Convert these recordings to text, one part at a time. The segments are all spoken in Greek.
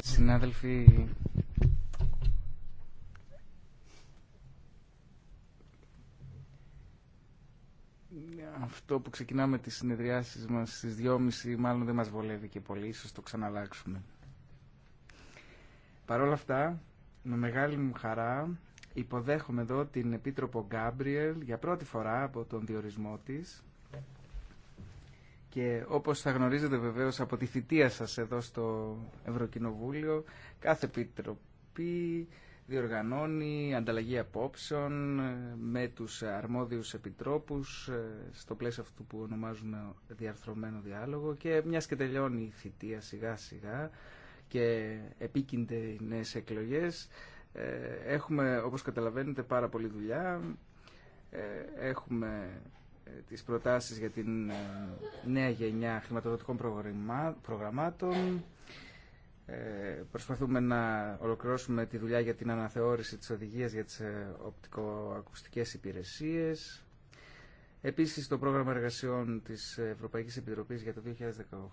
Συνάδελφοι, αυτό που ξεκινάμε τις συνεδριάσεις μας στις 2.30 μάλλον δεν μας βολεύει και πολύ, ίσως το ξαναλλάξουμε. Παρ' όλα αυτά, με μεγάλη μου χαρά υποδέχομαι εδώ την Επίτροπο Γκάμπριελ για πρώτη φορά από τον διορισμό της και όπως θα γνωρίζετε βεβαίως από τη θητεία σας εδώ στο Ευρωκοινοβούλιο, κάθε επιτροπή διοργανώνει ανταλλαγή απόψεων ε, με τους αρμόδιους επιτρόπους ε, στο πλαίσιο αυτού που ονομάζουμε διαρθρωμένο διάλογο και μιας και τελειώνει η θητεία σιγά σιγά και επίκυνται οι νέες εκλογές ε, έχουμε όπως καταλαβαίνετε πάρα πολλή δουλειά έχουμε τις προτάσεις για την ε, νέα γενιά χρηματοδοτικών προγραμμάτων. Ε, προσπαθούμε να ολοκληρώσουμε τη δουλειά για την αναθεώρηση της οδηγίας για τις ε, οπτικοακουστικές υπηρεσίες. Επίσης, το πρόγραμμα εργασιών της Ευρωπαϊκής Επιτροπής για το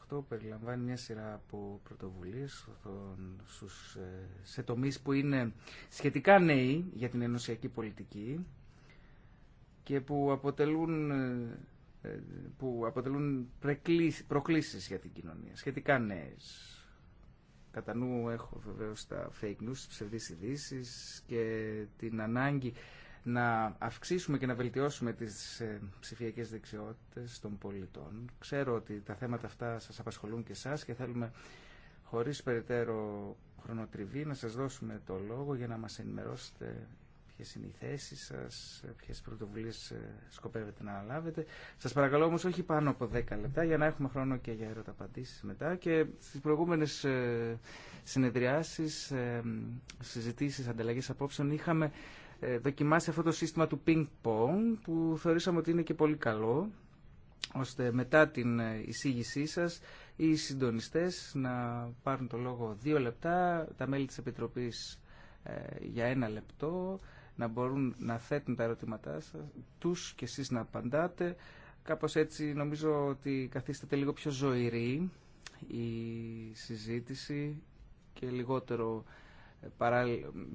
2018 περιλαμβάνει μια σειρά από πρωτοβουλίες σε τομείς που είναι σχετικά νέοι για την ενωσιακή πολιτική και που αποτελούν, ε, ε, που αποτελούν προκλήσεις για την κοινωνία, σχετικά νέες. Κατά νου έχω βεβαίως τα fake news, τις ψευδείς ειδήσει και την ανάγκη να αυξήσουμε και να βελτιώσουμε τις ε, ψηφιακές δεξιότητες των πολιτών. Ξέρω ότι τα θέματα αυτά σας απασχολούν και εσάς και θέλουμε χωρίς περαιτέρω χρονοτριβή να σας δώσουμε το λόγο για να μας ενημερώσετε ποιε είναι οι θέσει σα, ποιε πρωτοβουλίε ε, σκοπεύετε να λάβετε. Σα παρακαλώ όμω όχι πάνω από 10 λεπτά για να έχουμε χρόνο και για ερωταπαντήσει μετά και στι προηγούμενε συνεδριάσει, ε, συζητήσει, ανταλλαγέ απόψεων είχαμε ε, δοκιμάσει αυτό το σύστημα του ping-pong που θεωρήσαμε ότι είναι και πολύ καλό ώστε μετά την εισήγησή σας οι συντονιστές να πάρουν το λόγο δύο λεπτά, τα μέλη της Επιτροπής για ένα λεπτό να μπορούν να θέτουν τα ερωτήματά σας, τους και εσείς να απαντάτε. Κάπως έτσι νομίζω ότι καθίσταται λίγο πιο ζωηρή η συζήτηση και λιγότερο, ε, παρά,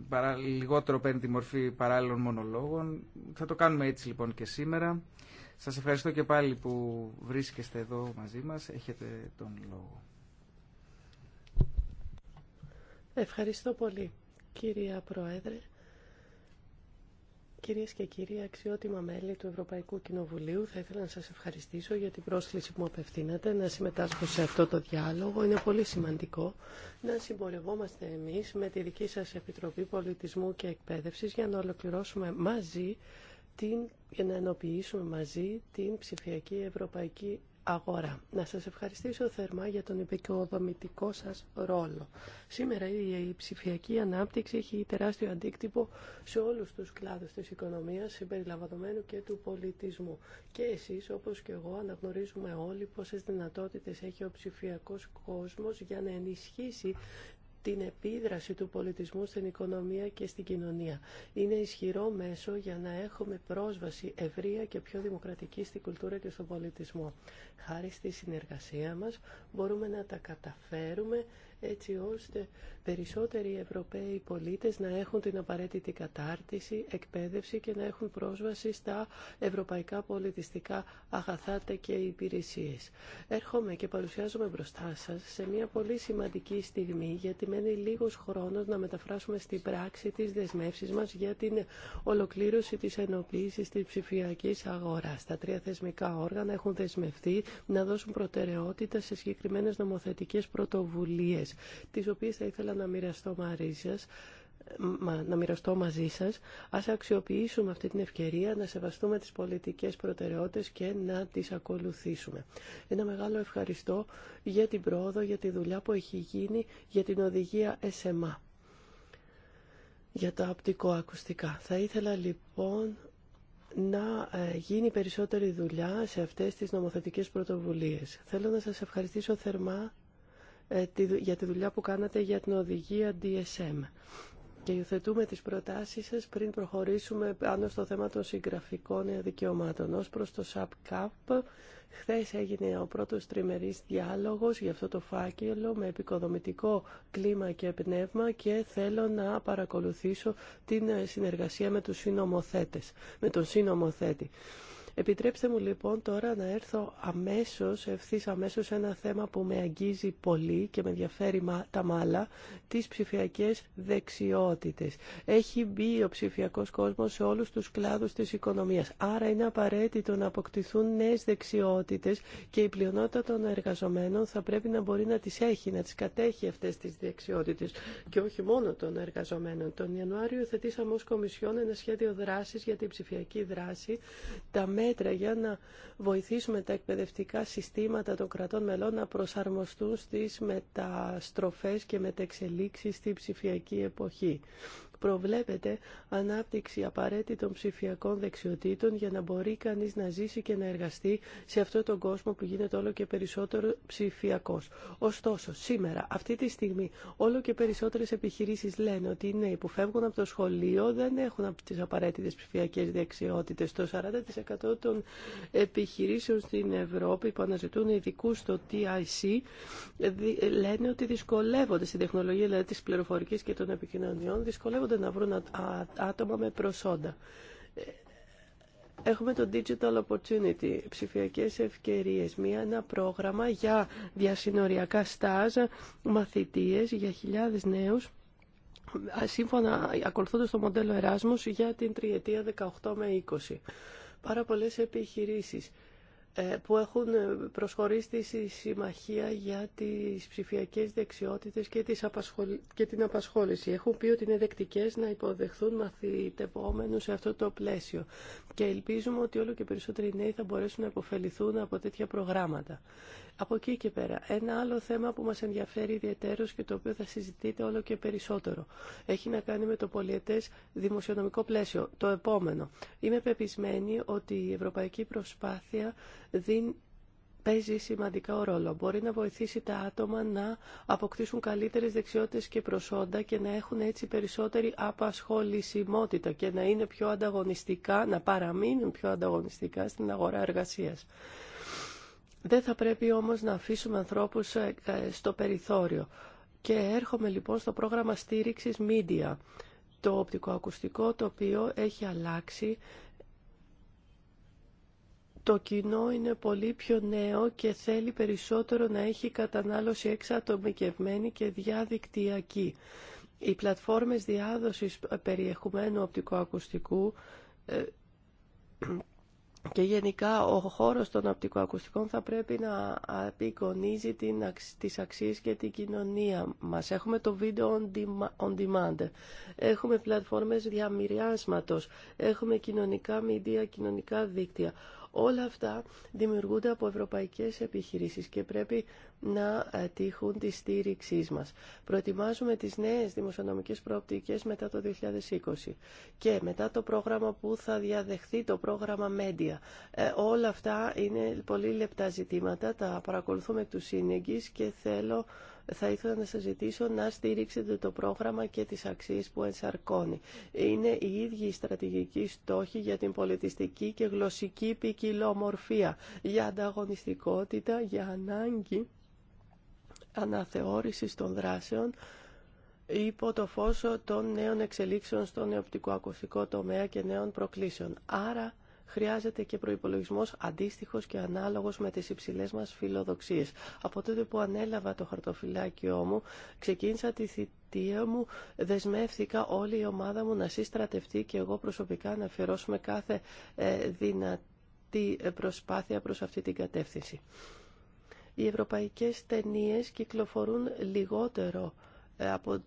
παρά, λιγότερο παίρνει τη μορφή παράλληλων μονολόγων. Θα το κάνουμε έτσι λοιπόν και σήμερα. Σας ευχαριστώ και πάλι που βρίσκεστε εδώ μαζί μας. Έχετε τον λόγο. Ευχαριστώ πολύ, κυρία Πρόεδρε. Κυρίες και κύριοι, αξιότιμα μέλη του Ευρωπαϊκού Κοινοβουλίου, θα ήθελα να σας ευχαριστήσω για την πρόσκληση που μου απευθύνατε να συμμετάσχω σε αυτό το διάλογο. Είναι πολύ σημαντικό να συμπορευόμαστε εμείς με τη δική σας Επιτροπή Πολιτισμού και Εκπαίδευσης για να ολοκληρώσουμε μαζί την, για να ενοποιήσουμε μαζί την ψηφιακή Ευρωπαϊκή αγορά. Να σας ευχαριστήσω θερμά για τον υπεκοδομητικό σας ρόλο. Σήμερα η ψηφιακή ανάπτυξη έχει τεράστιο αντίκτυπο σε όλους τους κλάδους της οικονομίας, συμπεριλαμβανομένου και του πολιτισμού. Και εσείς, όπως και εγώ, αναγνωρίζουμε όλοι πόσες δυνατότητες έχει ο ψηφιακός κόσμος για να ενισχύσει την επίδραση του πολιτισμού στην οικονομία και στην κοινωνία. Είναι ισχυρό μέσο για να έχουμε πρόσβαση ευρεία και πιο δημοκρατική στην κουλτούρα και στον πολιτισμό. Χάρη στη συνεργασία μας μπορούμε να τα καταφέρουμε έτσι ώστε περισσότεροι Ευρωπαίοι πολίτες να έχουν την απαραίτητη κατάρτιση, εκπαίδευση και να έχουν πρόσβαση στα ευρωπαϊκά πολιτιστικά αγαθάτε και υπηρεσίες. Έρχομαι και παρουσιάζομαι μπροστά σας σε μια πολύ σημαντική στιγμή γιατί μένει λίγος χρόνος να μεταφράσουμε στην πράξη τις δεσμεύσεις μας για την ολοκλήρωση της ενοποίησης της ψηφιακής αγοράς. Τα τρία θεσμικά όργανα έχουν δεσμευτεί να δώσουν προτεραιότητα σε συγκεκριμένες νομοθετικές πρωτοβουλίες τις οποίες θα ήθελα να μοιραστώ μαζί σας να μοιραστώ μαζί σας. Ας αξιοποιήσουμε αυτή την ευκαιρία να σεβαστούμε τις πολιτικές προτεραιότητες και να τις ακολουθήσουμε. Ένα μεγάλο ευχαριστώ για την πρόοδο, για τη δουλειά που έχει γίνει, για την οδηγία SMA, για τα ακουστικά. Θα ήθελα λοιπόν να ε, γίνει περισσότερη δουλειά σε αυτές τις νομοθετικές πρωτοβουλίες. Θέλω να σας ευχαριστήσω θερμά ε, για τη δουλειά που κάνατε για την οδηγία DSM. Και υιοθετούμε τις προτάσεις σας πριν προχωρήσουμε πάνω στο θέμα των συγγραφικών δικαιωμάτων. Ως προς το SAPCAP, χθες έγινε ο πρώτος τριμερής διάλογος για αυτό το φάκελο με επικοδομητικό κλίμα και πνεύμα και θέλω να παρακολουθήσω την συνεργασία με τους συνομοθέτες, με τον συνομοθέτη. Επιτρέψτε μου λοιπόν τώρα να έρθω αμέσως, ευθύς αμέσως, σε ένα θέμα που με αγγίζει πολύ και με ενδιαφέρει τα μάλα, τις ψηφιακές δεξιότητες. Έχει μπει ο ψηφιακός κόσμος σε όλους τους κλάδους της οικονομίας. Άρα είναι απαραίτητο να αποκτηθούν νέες δεξιότητες και η πλειονότητα των εργαζομένων θα πρέπει να μπορεί να τις έχει, να τις κατέχει αυτές τις δεξιότητες. Και όχι μόνο των εργαζομένων. Τον Ιανουάριο θετήσαμε ως Κομισιόν ένα σχέδιο δράσης για την ψηφιακή δράση μέτρα για να βοηθήσουμε τα εκπαιδευτικά συστήματα των κρατών μελών να προσαρμοστούν στις μεταστροφές και μετεξελίξεις στη ψηφιακή εποχή προβλέπεται ανάπτυξη απαραίτητων ψηφιακών δεξιοτήτων για να μπορεί κανείς να ζήσει και να εργαστεί σε αυτόν τον κόσμο που γίνεται όλο και περισσότερο ψηφιακός. Ωστόσο, σήμερα, αυτή τη στιγμή, όλο και περισσότερες επιχειρήσεις λένε ότι οι νέοι που φεύγουν από το σχολείο δεν έχουν τις απαραίτητες ψηφιακές δεξιότητες. Το 40% των επιχειρήσεων στην Ευρώπη που αναζητούν ειδικού στο TIC λένε ότι δυσκολεύονται στην τεχνολογία δηλαδή, της πληροφορικής και των επικοινωνιών, δυσκολεύονται να βρουν άτομα με προσόντα. Ε, έχουμε το Digital Opportunity, ψηφιακές ευκαιρίες, μία, ένα πρόγραμμα για διασυνοριακά στάζ, μαθητείες για χιλιάδες νέους, σύμφωνα, ακολουθώντας το μοντέλο Εράσμους για την τριετία 18 με 20. Πάρα πολλές επιχειρήσεις ε, που έχουν ε, προσχωρήσει στη Συμμαχία για τις ψηφιακές δεξιότητες και, τις απασχολ... και την απασχόληση. Έχουν πει ότι είναι δεκτικές να υποδεχθούν μαθητευόμενους σε αυτό το πλαίσιο και ελπίζουμε ότι όλο και περισσότεροι νέοι θα μπορέσουν να υποφεληθούν από τέτοια προγράμματα. Από εκεί και πέρα, ένα άλλο θέμα που μας ενδιαφέρει ιδιαίτερος και το οποίο θα συζητείτε όλο και περισσότερο έχει να κάνει με το πολιετές δημοσιονομικό πλαίσιο, το επόμενο. Είμαι πεπισμένη ότι η ευρωπαϊκή προσπάθεια δίν, παίζει σημαντικά ρόλο. Μπορεί να βοηθήσει τα άτομα να αποκτήσουν καλύτερες δεξιότητες και προσόντα και να έχουν έτσι περισσότερη απασχολησιμότητα και να είναι πιο ανταγωνιστικά, να παραμείνουν πιο ανταγωνιστικά στην αγορά εργασίας. Δεν θα πρέπει όμως να αφήσουμε ανθρώπους ε, ε, στο περιθώριο. Και έρχομαι λοιπόν στο πρόγραμμα στήριξης Media. Το οπτικοακουστικό οποίο έχει αλλάξει το κοινό είναι πολύ πιο νέο και θέλει περισσότερο να έχει κατανάλωση εξατομικευμένη και διαδικτυακή. Οι πλατφόρμες διάδοσης ε, περιεχομένου οπτικοακουστικού ε, και γενικά ο χώρος των οπτικοακουστικών θα πρέπει να απεικονίζει την, τις αξίες και την κοινωνία μας. Έχουμε το βίντεο on demand, έχουμε πλατφόρμες διαμοιράσματος, έχουμε κοινωνικά μηνδία, κοινωνικά δίκτυα. Όλα αυτά δημιουργούνται από ευρωπαϊκές επιχειρήσεις και πρέπει να ε, τύχουν τη στήριξή μας. Προετοιμάζουμε τις νέες δημοσιονομικές προοπτικές μετά το 2020 και μετά το πρόγραμμα που θα διαδεχθεί το πρόγραμμα Media. Ε, όλα αυτά είναι πολύ λεπτά ζητήματα, τα παρακολουθούμε του σύνεγγυς και θέλω θα ήθελα να σας ζητήσω να στηρίξετε το πρόγραμμα και τις αξίες που ενσαρκώνει. Είναι η ίδια η στρατηγική στόχη για την πολιτιστική και γλωσσική ποικιλομορφία, για ανταγωνιστικότητα, για ανάγκη αναθεώρησης των δράσεων υπό το φως των νέων εξελίξεων στον νεοπτικοακουστικό τομέα και νέων προκλήσεων. Άρα χρειάζεται και προϋπολογισμός αντίστοιχος και ανάλογος με τις υψηλές μας φιλοδοξίες. Από τότε που ανέλαβα το χαρτοφυλάκιό μου, ξεκίνησα τη θητεία μου, δεσμεύθηκα όλη η ομάδα μου να συστρατευτεί και εγώ προσωπικά να αφιερώσουμε κάθε ε, δυνατή ε, προσπάθεια προς αυτή την κατεύθυνση. Οι ευρωπαϊκές ταινίες κυκλοφορούν λιγότερο ε, από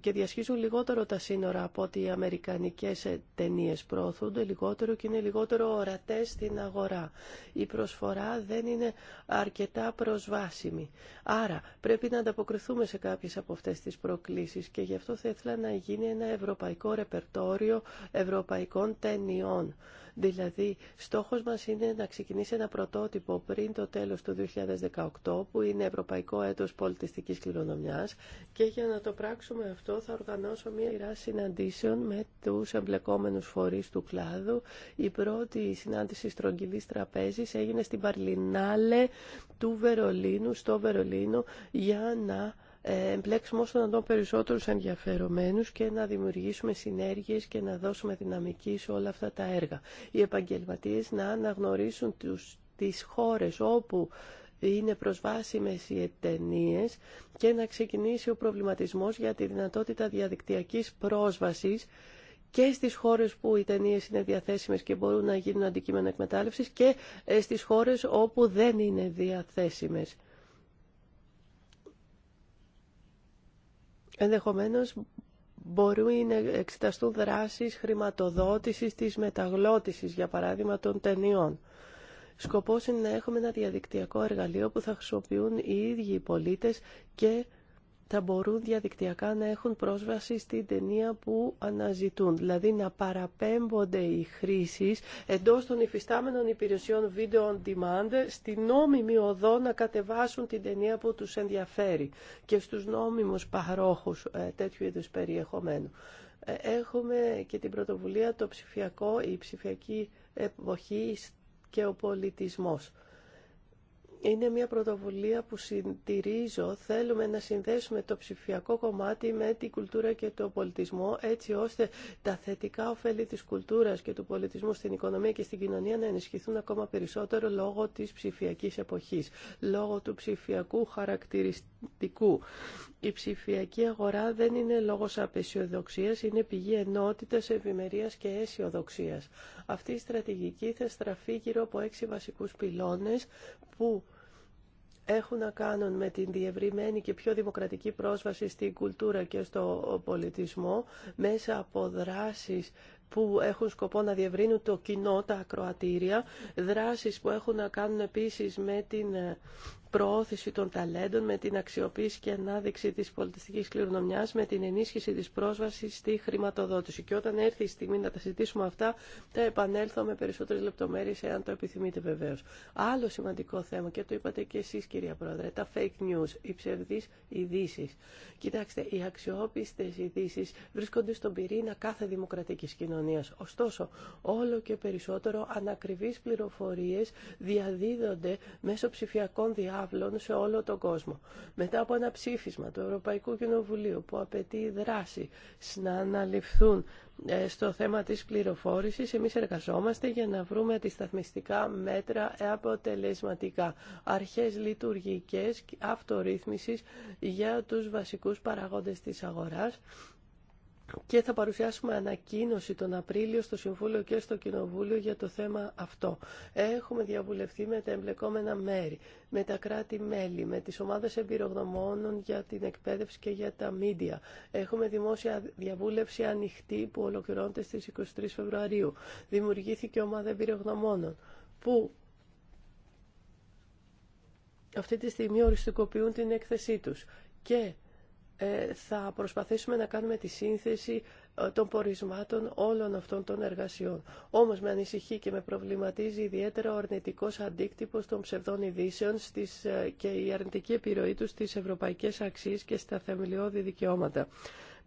και διασχίζουν λιγότερο τα σύνορα από ότι οι αμερικανικές ταινίε προωθούνται λιγότερο και είναι λιγότερο ορατές στην αγορά. Η προσφορά δεν είναι αρκετά προσβάσιμη. Άρα πρέπει να ανταποκριθούμε σε κάποιες από αυτές τις προκλήσεις και γι' αυτό θα ήθελα να γίνει ένα ευρωπαϊκό ρεπερτόριο ευρωπαϊκών ταινιών. Δηλαδή, στόχος μας είναι να ξεκινήσει ένα πρωτότυπο πριν το τέλος του 2018, που είναι Ευρωπαϊκό Έτος Πολιτιστικής Κληρονομιάς, και για να το πράξουμε αυτό θα οργανώσω μια σειρά συναντήσεων με τους εμπλεκόμενους φορείς του κλάδου. Η πρώτη συνάντηση στρογγυλής τραπέζης έγινε στην Παρλινάλε του Βερολίνου, στο Βερολίνο, για να ε, εμπλέξουμε όσο να τον περισσότερους ενδιαφερομένους και να δημιουργήσουμε συνέργειες και να δώσουμε δυναμική σε όλα αυτά τα έργα. Οι επαγγελματίες να αναγνωρίσουν τους, τις χώρες όπου είναι προσβάσιμες οι ταινίε και να ξεκινήσει ο προβληματισμός για τη δυνατότητα διαδικτυακής πρόσβασης και στις χώρες που οι ταινίε είναι διαθέσιμες και μπορούν να γίνουν αντικείμενα εκμετάλλευσης και ε, στις χώρες όπου δεν είναι διαθέσιμες. Ενδεχομένως μπορούν να εξεταστούν δράσεις χρηματοδότησης της μεταγλώτησης, για παράδειγμα, των ταινιών. Σκοπός είναι να έχουμε ένα διαδικτυακό εργαλείο που θα χρησιμοποιούν οι ίδιοι οι πολίτες και θα μπορούν διαδικτυακά να έχουν πρόσβαση στην ταινία που αναζητούν. Δηλαδή να παραπέμπονται οι χρήσει εντό των υφιστάμενων υπηρεσιών video on demand στη νόμιμη οδό να κατεβάσουν την ταινία που τους ενδιαφέρει και στους νόμιμους παρόχους ε, τέτοιου είδους περιεχομένου. Ε, έχουμε και την πρωτοβουλία το ψηφιακό, η ψηφιακή εποχή και ο πολιτισμός είναι μια πρωτοβουλία που συντηρίζω. Θέλουμε να συνδέσουμε το ψηφιακό κομμάτι με την κουλτούρα και τον πολιτισμό, έτσι ώστε τα θετικά ωφέλη της κουλτούρας και του πολιτισμού στην οικονομία και στην κοινωνία να ενισχυθούν ακόμα περισσότερο λόγω της ψηφιακής εποχής, λόγω του ψηφιακού χαρακτηριστικού. Η ψηφιακή αγορά δεν είναι λόγος απεσιοδοξίας, είναι πηγή ενότητας, ευημερία και αισιοδοξία. Αυτή η στρατηγική θα στραφεί γύρω από έξι βασικούς πυλώνες που έχουν να κάνουν με την διευρυμένη και πιο δημοκρατική πρόσβαση στην κουλτούρα και στο πολιτισμό μέσα από δράσεις που έχουν σκοπό να διευρύνουν το κοινό, τα ακροατήρια, δράσεις που έχουν να κάνουν επίσης με την ε, προώθηση των ταλέντων, με την αξιοποίηση και ανάδειξη της πολιτιστικής κληρονομιάς, με την ενίσχυση της πρόσβασης στη χρηματοδότηση. Και όταν έρθει η στιγμή να τα συζητήσουμε αυτά, θα επανέλθω με περισσότερες λεπτομέρειες, εάν το επιθυμείτε βεβαίως. Άλλο σημαντικό θέμα, και το είπατε και εσείς κυρία Πρόεδρε, τα fake news, οι ψευδείς ειδήσει. Κοιτάξτε, οι αξιόπιστες ειδήσει βρίσκονται στον πυρήνα κάθε δημοκρατική κοινωνία. Ωστόσο, όλο και περισσότερο ανακριβείς πληροφορίε διαδίδονται μέσω ψηφιακών σε όλο τον κόσμο. Μετά από ένα ψήφισμα του Ευρωπαϊκού Κοινοβουλίου που απαιτεί δράση να αναλυφθούν ε, στο θέμα της πληροφόρησης, εμείς εργαζόμαστε για να βρούμε αντισταθμιστικά μέτρα αποτελεσματικά, αρχές λειτουργικές αυτορύθμισης για τους βασικούς παραγόντες της αγοράς, και θα παρουσιάσουμε ανακοίνωση τον Απρίλιο στο Συμβούλιο και στο Κοινοβούλιο για το θέμα αυτό. Έχουμε διαβουλευτεί με τα εμπλεκόμενα μέρη, με τα κράτη-μέλη, με τις ομάδες εμπειρογνωμόνων για την εκπαίδευση και για τα μίντια. Έχουμε δημόσια διαβούλευση ανοιχτή που ολοκληρώνεται στις 23 Φεβρουαρίου. Δημιουργήθηκε ομάδα εμπειρογνωμόνων που αυτή τη στιγμή οριστικοποιούν την έκθεσή τους και ε, θα προσπαθήσουμε να κάνουμε τη σύνθεση ε, των πορισμάτων όλων αυτών των εργασιών. Όμως με ανησυχεί και με προβληματίζει ιδιαίτερα ο αρνητικός αντίκτυπος των ψευδών ειδήσεων στις, ε, και η αρνητική επιρροή τους στις ευρωπαϊκές αξίες και στα θεμελιώδη δικαιώματα.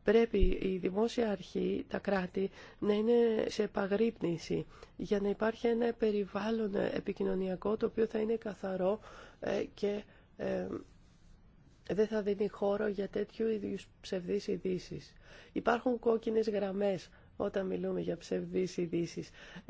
Πρέπει η δημόσια αρχή, τα κράτη, να είναι σε επαγρύπνηση για να υπάρχει ένα περιβάλλον επικοινωνιακό το οποίο θα είναι καθαρό και δεν θα δίνει χώρο για τέτοιου είδου ψευδείς ειδήσει. Υπάρχουν κόκκινες γραμμές όταν μιλούμε για ψευδείς ειδήσει.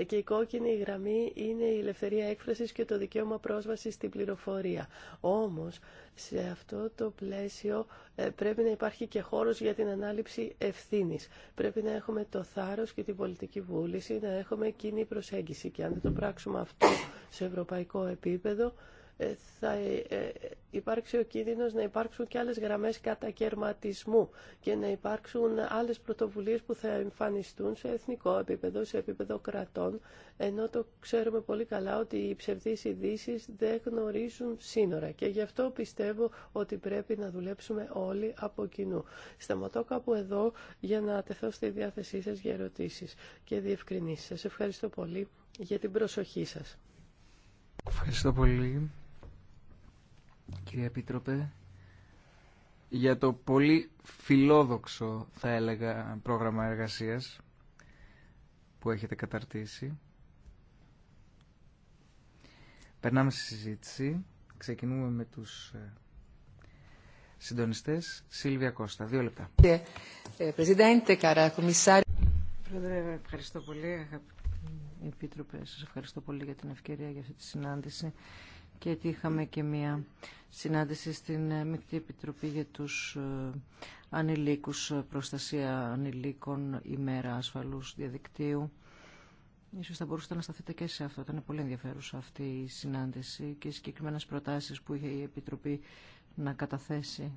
Και η κόκκινη γραμμή είναι η ελευθερία έκφρασης και το δικαίωμα πρόσβασης στην πληροφορία. Όμως, σε αυτό το πλαίσιο ε, πρέπει να υπάρχει και χώρος για την ανάληψη ευθύνης. Πρέπει να έχουμε το θάρρος και την πολιτική βούληση, να έχουμε κοινή προσέγγιση. Και αν δεν το πράξουμε αυτό σε ευρωπαϊκό επίπεδο, ε, θα ε, ε, υπάρξει ο κίνδυνος να υπάρξουν και άλλες γραμμές κατακαιρματισμού και να υπάρξουν άλλες πρωτοβουλίες που θα εμφανιστούν σε εθνικό επίπεδο, σε επίπεδο κρατών, ενώ το ξέρουμε πολύ καλά ότι οι ψευδείς ειδήσει δεν γνωρίζουν σύνορα και γι' αυτό πιστεύω ότι πρέπει να δουλέψουμε όλοι από κοινού. Σταματώ κάπου εδώ για να τεθώ στη διάθεσή σας για ερωτήσεις και διευκρινήσεις. Σας ευχαριστώ πολύ για την προσοχή σας. Ευχαριστώ πολύ κύριε Επίτροπε, για το πολύ φιλόδοξο, θα έλεγα, πρόγραμμα εργασίας που έχετε καταρτήσει. Περνάμε στη συζήτηση. Ξεκινούμε με τους ε, συντονιστές. Σίλβια Κώστα, δύο λεπτά. Ε, Πρόεδρε, ευχαριστώ πολύ, αγαπητοί επίτροπε. Σας ευχαριστώ πολύ για την ευκαιρία για αυτή τη συνάντηση και είχαμε και μία συνάντηση στην ε, Μικτή Επιτροπή για τους ε, ανηλίκους, ε, προστασία ανηλίκων, ημέρα ασφαλούς διαδικτύου. Ίσως θα μπορούσατε να σταθείτε και σε αυτό. Ήταν πολύ ενδιαφέρουσα αυτή η συνάντηση και οι συγκεκριμένε προτάσεις που είχε η Επιτροπή να καταθέσει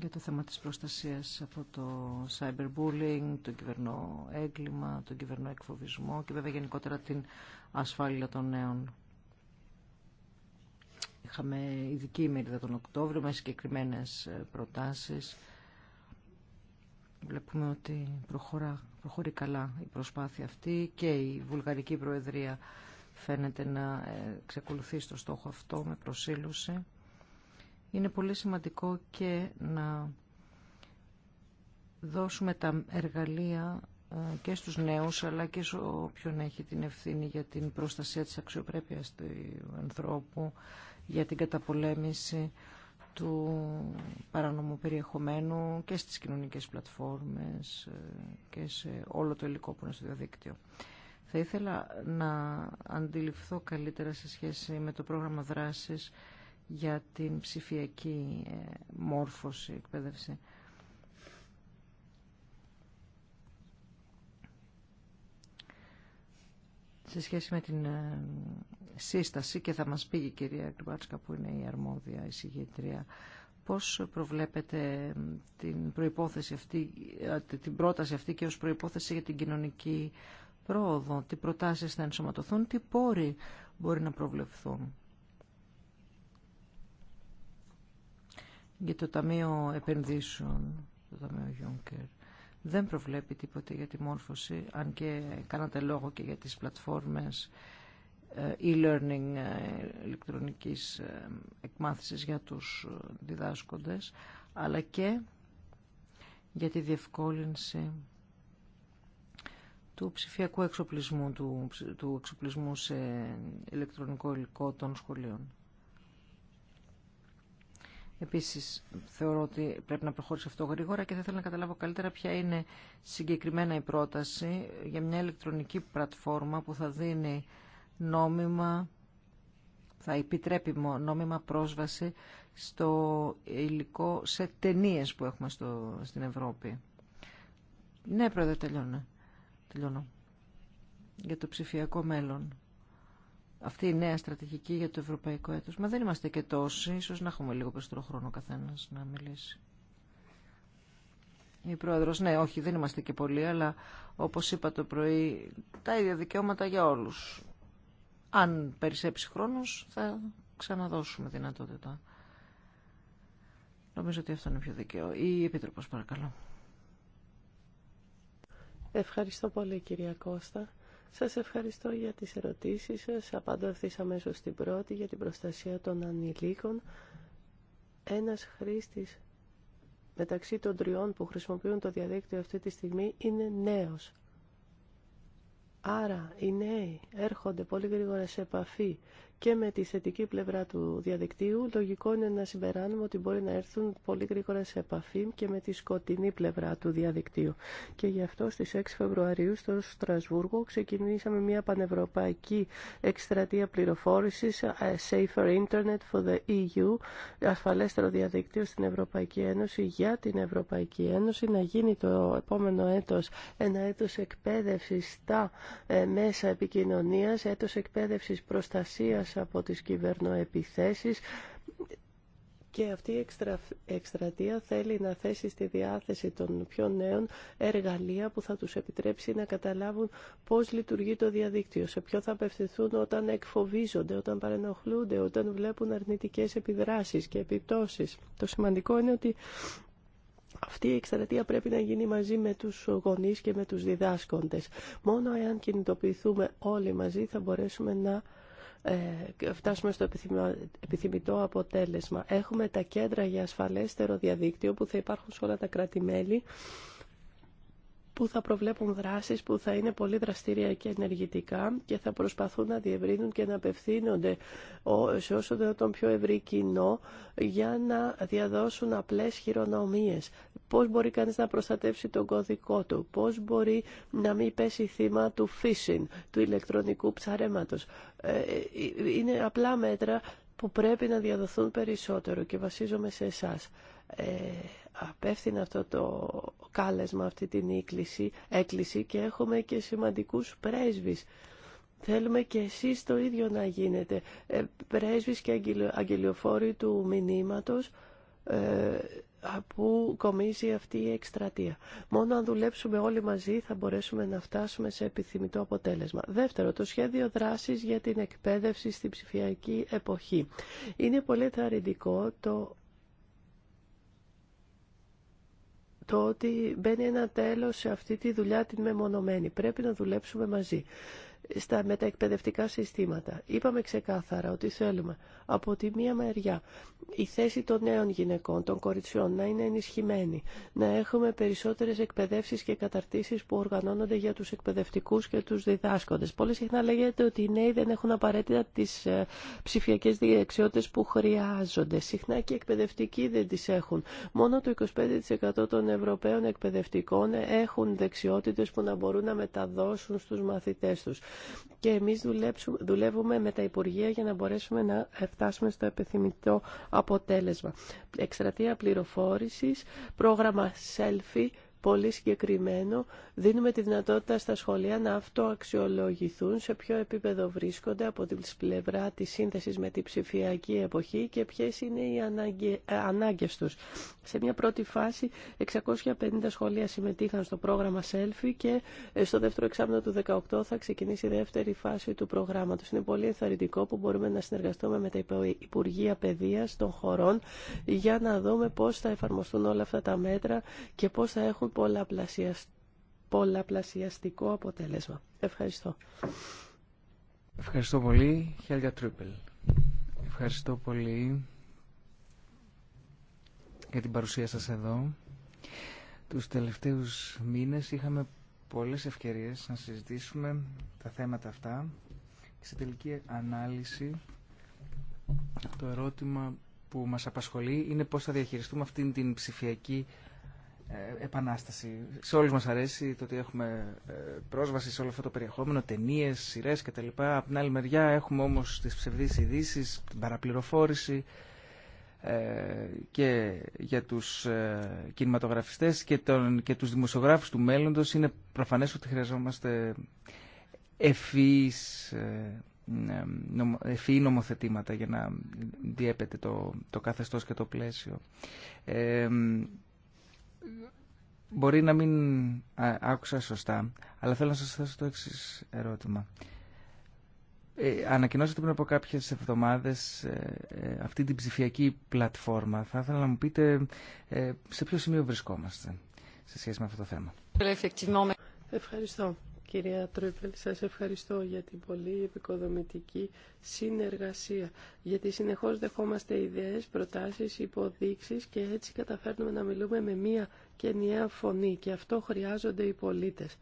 για το θέμα της προστασίας από το cyberbullying, το κυβερνό έγκλημα, το κυβερνό εκφοβισμό και βέβαια γενικότερα την ασφάλεια των νέων. Είχαμε ειδική ημερίδα τον Οκτώβριο με συγκεκριμένε ε, προτάσεις. Βλέπουμε ότι προχωρά, προχωρεί καλά η προσπάθεια αυτή και η Βουλγαρική Προεδρία φαίνεται να ε, ξεκολουθεί στο στόχο αυτό με προσήλωση. Είναι πολύ σημαντικό και να δώσουμε τα εργαλεία ε, και στους νέους αλλά και σε όποιον έχει την ευθύνη για την προστασία της αξιοπρέπειας του ανθρώπου για την καταπολέμηση του παρανομού περιεχομένου και στις κοινωνικές πλατφόρμες ε, και σε όλο το υλικό που είναι στο διαδίκτυο. Θα ήθελα να αντιληφθώ καλύτερα σε σχέση με το πρόγραμμα δράσης για την ψηφιακή ε, μόρφωση, εκπαίδευση. Σε σχέση με την ε, σύσταση και θα μας πει η κυρία Κρυμπάτσκα που είναι η αρμόδια εισηγήτρια πώς προβλέπετε την προϋπόθεση αυτή, ε, την πρόταση αυτή και ως προϋπόθεση για την κοινωνική πρόοδο, τι προτάσεις θα ενσωματωθούν, τι πόροι μπορεί να προβλεφθούν. Για το Ταμείο Επενδύσεων, το Ταμείο Juncker, δεν προβλέπει τίποτε για τη μόρφωση, αν και κάνατε λόγο και για τις πλατφόρμες ε, e-learning ε, ηλεκτρονικής ε, εκμάθησης για τους διδάσκοντες, αλλά και για τη διευκόλυνση του ψηφιακού εξοπλισμού, του, του εξοπλισμού σε ηλεκτρονικό υλικό των σχολείων. Επίσης, θεωρώ ότι πρέπει να προχωρήσει αυτό γρήγορα και θα ήθελα να καταλάβω καλύτερα ποια είναι συγκεκριμένα η πρόταση για μια ηλεκτρονική πλατφόρμα που θα δίνει νόμιμα, θα επιτρέπει νόμιμα πρόσβαση στο υλικό σε ταινίε που έχουμε στο, στην Ευρώπη. Ναι, πρόεδρε, τελειώνω. τελειώνω. Για το ψηφιακό μέλλον. Αυτή η νέα στρατηγική για το ευρωπαϊκό έτος. Μα δεν είμαστε και τόσοι. Ίσως να έχουμε λίγο περισσότερο χρόνο καθένας να μιλήσει. Η πρόεδρος, ναι, όχι, δεν είμαστε και πολλοί, αλλά όπως είπα το πρωί, τα ίδια δικαιώματα για όλους. Αν περισσέψει χρόνος θα ξαναδώσουμε δυνατότητα. Νομίζω ότι αυτό είναι πιο δίκαιο. Η Επίτροπος παρακαλώ. Ευχαριστώ πολύ κυρία Κώστα. Σας ευχαριστώ για τις ερωτήσεις σας. Απάντω ευθύς αμέσως στην πρώτη για την προστασία των ανηλίκων. Ένας χρήστης μεταξύ των τριών που χρησιμοποιούν το διαδίκτυο αυτή τη στιγμή είναι νέος Άρα οι νέοι έρχονται πολύ γρήγορα σε επαφή και με τη θετική πλευρά του διαδικτύου, λογικό είναι να συμπεράνουμε ότι μπορεί να έρθουν πολύ γρήγορα σε επαφή και με τη σκοτεινή πλευρά του διαδικτύου. Και γι' αυτό στις 6 Φεβρουαρίου στο Στρασβούργο ξεκινήσαμε μια πανευρωπαϊκή εκστρατεία πληροφόρησης ε, Safer Internet for the EU, ασφαλέστερο διαδικτύο στην Ευρωπαϊκή Ένωση για την Ευρωπαϊκή Ένωση, να γίνει το επόμενο έτος ένα έτος εκπαίδευσης στα ε, μέσα επικοινωνίας, έτος εκπαίδευσης προστασίας από τις κυβερνοεπιθέσεις και αυτή η εκστρατεία θέλει να θέσει στη διάθεση των πιο νέων εργαλεία που θα τους επιτρέψει να καταλάβουν πώς λειτουργεί το διαδίκτυο, σε ποιο θα απευθυνθούν όταν εκφοβίζονται, όταν παρενοχλούνται, όταν βλέπουν αρνητικές επιδράσεις και επιπτώσεις. Το σημαντικό είναι ότι αυτή η εκστρατεία πρέπει να γίνει μαζί με τους γονείς και με τους διδάσκοντες. Μόνο εάν κινητοποιηθούμε όλοι μαζί θα μπορέσουμε να ε, φτάσουμε στο επιθυμητό αποτέλεσμα. Έχουμε τα κέντρα για ασφαλέστερο διαδίκτυο που θα υπάρχουν σε όλα τα κράτη-μέλη που θα προβλέπουν δράσεις που θα είναι πολύ δραστήρια και ενεργητικά και θα προσπαθούν να διευρύνουν και να απευθύνονται σε όσο τον πιο ευρύ κοινό για να διαδώσουν απλές χειρονομίες. Πώς μπορεί κανείς να προστατεύσει τον κωδικό του, πώς μπορεί να μην πέσει θύμα του phishing, του ηλεκτρονικού ψαρέματος. Ε, ε, είναι απλά μέτρα που πρέπει να διαδοθούν περισσότερο και βασίζομαι σε εσάς. Ε, αυτό το κάλεσμα, αυτή την έκκληση, έκκληση και έχουμε και σημαντικούς πρέσβεις. Θέλουμε και εσείς το ίδιο να γίνετε. Ε, πρέσβεις και αγγελιοφόροι του μηνύματος ε, που κομίζει αυτή η εκστρατεία. Μόνο αν δουλέψουμε όλοι μαζί θα μπορέσουμε να φτάσουμε σε επιθυμητό αποτέλεσμα. Δεύτερο, το σχέδιο δράσης για την εκπαίδευση στην ψηφιακή εποχή. Είναι πολύ θαρρυντικό το το ότι μπαίνει ένα τέλος σε αυτή τη δουλειά την μεμονωμένη. Πρέπει να δουλέψουμε μαζί στα μεταεκπαιδευτικά συστήματα. Είπαμε ξεκάθαρα ότι θέλουμε από τη μία μεριά η θέση των νέων γυναικών, των κοριτσιών να είναι ενισχυμένη, να έχουμε περισσότερες εκπαιδεύσεις και καταρτήσεις που οργανώνονται για τους εκπαιδευτικούς και τους διδάσκοντες. Πολύ συχνά λέγεται ότι οι νέοι δεν έχουν απαραίτητα τις ε, ψηφιακές διεξιότητες που χρειάζονται. Συχνά και οι εκπαιδευτικοί δεν τις έχουν. Μόνο το 25% των Ευρωπαίων εκπαιδευτικών έχουν δεξιότητες που να μπορούν να μεταδώσουν στους μαθητές τους και εμείς δουλεύουμε με τα Υπουργεία για να μπορέσουμε να φτάσουμε στο επιθυμητό αποτέλεσμα. Εξτρατεία πληροφόρησης, πρόγραμμα selfie πολύ συγκεκριμένο. Δίνουμε τη δυνατότητα στα σχολεία να αυτοαξιολογηθούν σε ποιο επίπεδο βρίσκονται από την πλευρά της σύνθεσης με την ψηφιακή εποχή και ποιες είναι οι ε, ανάγκες τους. Σε μια πρώτη φάση 650 σχολεία συμμετείχαν στο πρόγραμμα Selfie και ε, στο δεύτερο εξάμεινο του 2018 θα ξεκινήσει η δεύτερη φάση του προγράμματος. Είναι πολύ ενθαρρυντικό που μπορούμε να συνεργαστούμε με τα Υπουργεία Παιδείας των χωρών για να δούμε πώς θα εφαρμοστούν όλα αυτά τα μέτρα και πώς θα έχουν πολλαπλασιαστικό αποτέλεσμα. Ευχαριστώ. Ευχαριστώ πολύ, Χέλια Τρίπελ. Ευχαριστώ πολύ για την παρουσία σας εδώ. Τους τελευταίους μήνες είχαμε πολλές ευκαιρίες να συζητήσουμε τα θέματα αυτά και στην τελική ανάλυση το ερώτημα που μας απασχολεί είναι πώς θα διαχειριστούμε αυτήν την ψηφιακή ε, επανάσταση. Σε όλους μας αρέσει το ότι έχουμε ε, πρόσβαση σε όλο αυτό το περιεχόμενο, ταινίες, σειρές κτλ. Από την άλλη μεριά έχουμε όμως τις ψευδείς ειδήσει, την παραπληροφόρηση ε, και για τους κινηματογραφιστές και, τον, και τους δημοσιογράφους του μέλλοντος είναι προφανές ότι χρειαζόμαστε ευφυείς ευφυή νομοθετήματα για να διέπεται το, το καθεστώς και το πλαίσιο. Ε, Μπορεί να μην άκουσα σωστά, αλλά θέλω να σας θέσω το εξή ερώτημα. Ε, ανακοινώσατε πριν από κάποιες εβδομάδες ε, ε, αυτή την ψηφιακή πλατφόρμα. Θα ήθελα να μου πείτε ε, σε ποιο σημείο βρισκόμαστε σε σχέση με αυτό το θέμα. Ευχαριστώ. Κυρία Τρούπελ, σας ευχαριστώ για την πολύ επικοδομητική συνεργασία, γιατί συνεχώς δεχόμαστε ιδέες, προτάσεις, υποδείξεις και έτσι καταφέρνουμε να μιλούμε με μία και ενιαία φωνή και αυτό χρειάζονται οι πολίτες.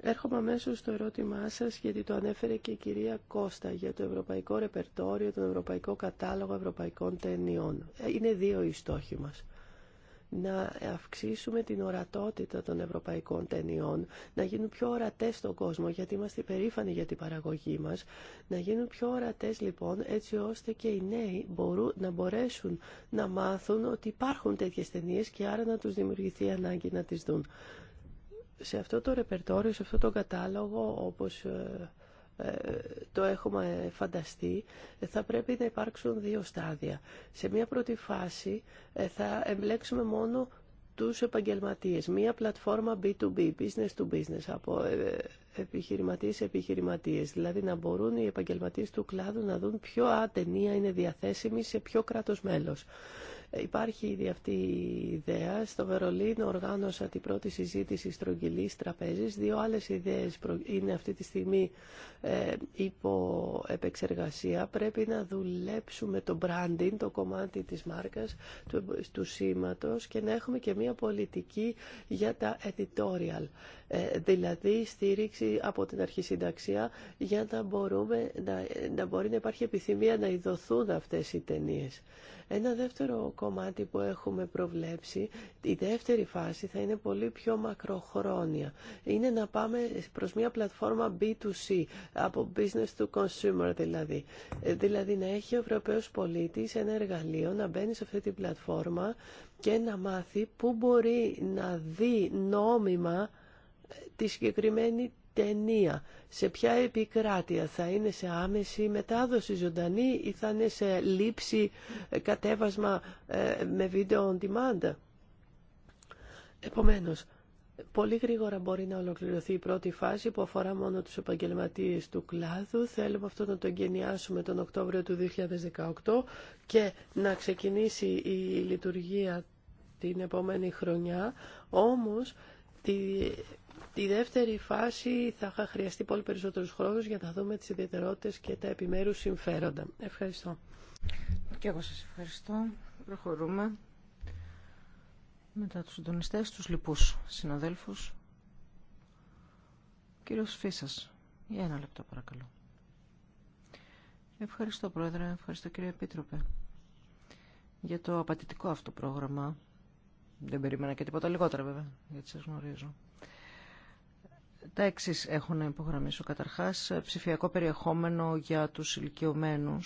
Έρχομαι αμέσω στο ερώτημά σα, γιατί το ανέφερε και η κυρία Κώστα για το ευρωπαϊκό ρεπερτόριο, τον ευρωπαϊκό κατάλογο ευρωπαϊκών ταινιών. Ε, είναι δύο οι στόχοι μας να αυξήσουμε την ορατότητα των ευρωπαϊκών ταινιών, να γίνουν πιο ορατές στον κόσμο, γιατί είμαστε υπερήφανοι για την παραγωγή μας, να γίνουν πιο ορατές λοιπόν έτσι ώστε και οι νέοι μπορούν, να μπορέσουν να μάθουν ότι υπάρχουν τέτοιες ταινίε και άρα να τους δημιουργηθεί ανάγκη να τις δουν. Σε αυτό το ρεπερτόριο, σε αυτό το κατάλογο, όπως... Ε, ε, το έχουμε φανταστεί, ε, θα πρέπει να υπάρξουν δύο στάδια. Σε μία πρώτη φάση ε, θα εμπλέξουμε μόνο τους επαγγελματίες. Μία πλατφόρμα B2B, business to business, από επιχειρηματίες σε επιχειρηματίες. Δηλαδή να μπορούν οι επαγγελματίες του κλάδου να δουν ποιο ατενία είναι διαθέσιμη σε ποιο κράτος μέλος. Υπάρχει ήδη αυτή η ιδέα. Στο Βερολίνο οργάνωσα την πρώτη συζήτηση στρογγυλή τραπέζη. Δύο άλλε ιδέε είναι αυτή τη στιγμή ε, υπό επεξεργασία. Πρέπει να δουλέψουμε το branding, το κομμάτι της μάρκας, του σήματο και να έχουμε και μια πολιτική για τα editorial. Ε, δηλαδή στήριξη από την αρχισυνταξία για να, μπορούμε, να, μπορεί να υπάρχει επιθυμία να ειδωθούν αυτές οι ταινίε. Ένα δεύτερο κομμάτι που έχουμε προβλέψει, η δεύτερη φάση θα είναι πολύ πιο μακροχρόνια. Είναι να πάμε προς μια πλατφόρμα B2C, από business to consumer δηλαδή. Ε, δηλαδή να έχει ο Ευρωπαίος πολίτης ένα εργαλείο, να μπαίνει σε αυτή την πλατφόρμα και να μάθει πού μπορεί να δει νόμιμα τη συγκεκριμένη ταινία. Σε ποια επικράτεια θα είναι σε άμεση μετάδοση ζωντανή ή θα είναι σε λήψη ε, κατέβασμα ε, με βίντεο on demand. Επομένως, Πολύ γρήγορα μπορεί να ολοκληρωθεί η πρώτη φάση που αφορά μόνο τους επαγγελματίες του κλάδου. Θέλουμε αυτό να το εγκαινιάσουμε τον Οκτώβριο του 2018 και να ξεκινήσει η λειτουργία την επόμενη χρονιά. Όμως, Τη δεύτερη φάση θα χρειαστεί πολύ περισσότερους χρόνους για να δούμε τις ιδιαιτερότητες και τα επιμέρους συμφέροντα. Ευχαριστώ. Και εγώ σας ευχαριστώ. Προχωρούμε. Μετά τους συντονιστές, τους λοιπούς συναδέλφους. Κύριος Φίσας, για ένα λεπτό παρακαλώ. Ευχαριστώ Πρόεδρε, ευχαριστώ κύριε Επίτροπε για το απατητικό αυτό πρόγραμμα. Δεν περίμενα και τίποτα λιγότερα βέβαια, γιατί σας γνωρίζω. Τα εξή έχω να υπογραμμίσω. Καταρχάς, ψηφιακό περιεχόμενο για τους ηλικιωμένου.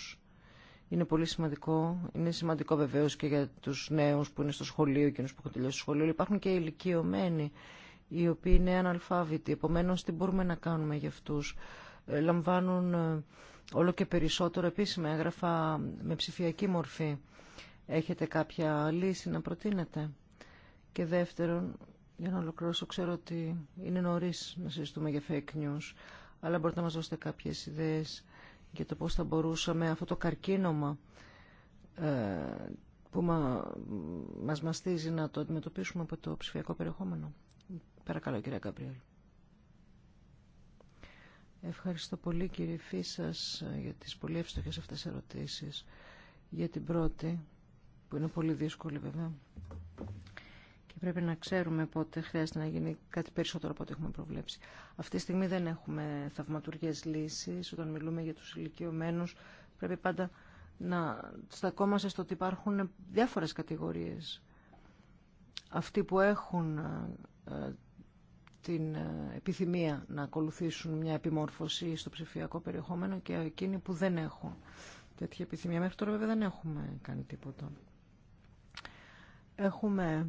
Είναι πολύ σημαντικό. Είναι σημαντικό βεβαίως και για τους νέους που είναι στο σχολείο, του που έχουν τελειώσει το σχολείο. Υπάρχουν και ηλικιωμένοι οι οποίοι είναι αναλφάβητοι. Επομένως, τι μπορούμε να κάνουμε για αυτούς. Ε, λαμβάνουν ε, όλο και περισσότερο επίσημα έγγραφα με ψηφιακή μορφή. Έχετε κάποια λύση να προτείνετε. Και δεύτερον, για να ολοκληρώσω, ξέρω ότι είναι νωρί να συζητούμε για fake news, αλλά μπορείτε να μα δώσετε κάποιε ιδέε για το πώ θα μπορούσαμε αυτό το καρκίνωμα ε, που μα μαστίζει να το αντιμετωπίσουμε από το ψηφιακό περιεχόμενο. Παρακαλώ, κυρία Καμπριέλ. Ευχαριστώ πολύ κύριε Φίσας για τις πολύ εύστοχες αυτές ερωτήσεις. Για την πρώτη, που είναι πολύ δύσκολη βέβαια, πρέπει να ξέρουμε πότε χρειάζεται να γίνει κάτι περισσότερο από ό,τι έχουμε προβλέψει. Αυτή τη στιγμή δεν έχουμε θαυματουργές λύσεις. Όταν μιλούμε για τους ηλικιωμένους πρέπει πάντα να στακόμαστε στο ότι υπάρχουν διάφορες κατηγορίες. Αυτοί που έχουν ε, την ε, επιθυμία να ακολουθήσουν μια επιμόρφωση στο ψηφιακό περιεχόμενο και εκείνοι που δεν έχουν τέτοια επιθυμία. Μέχρι τώρα βέβαια δεν έχουμε κάνει τίποτα. Έχουμε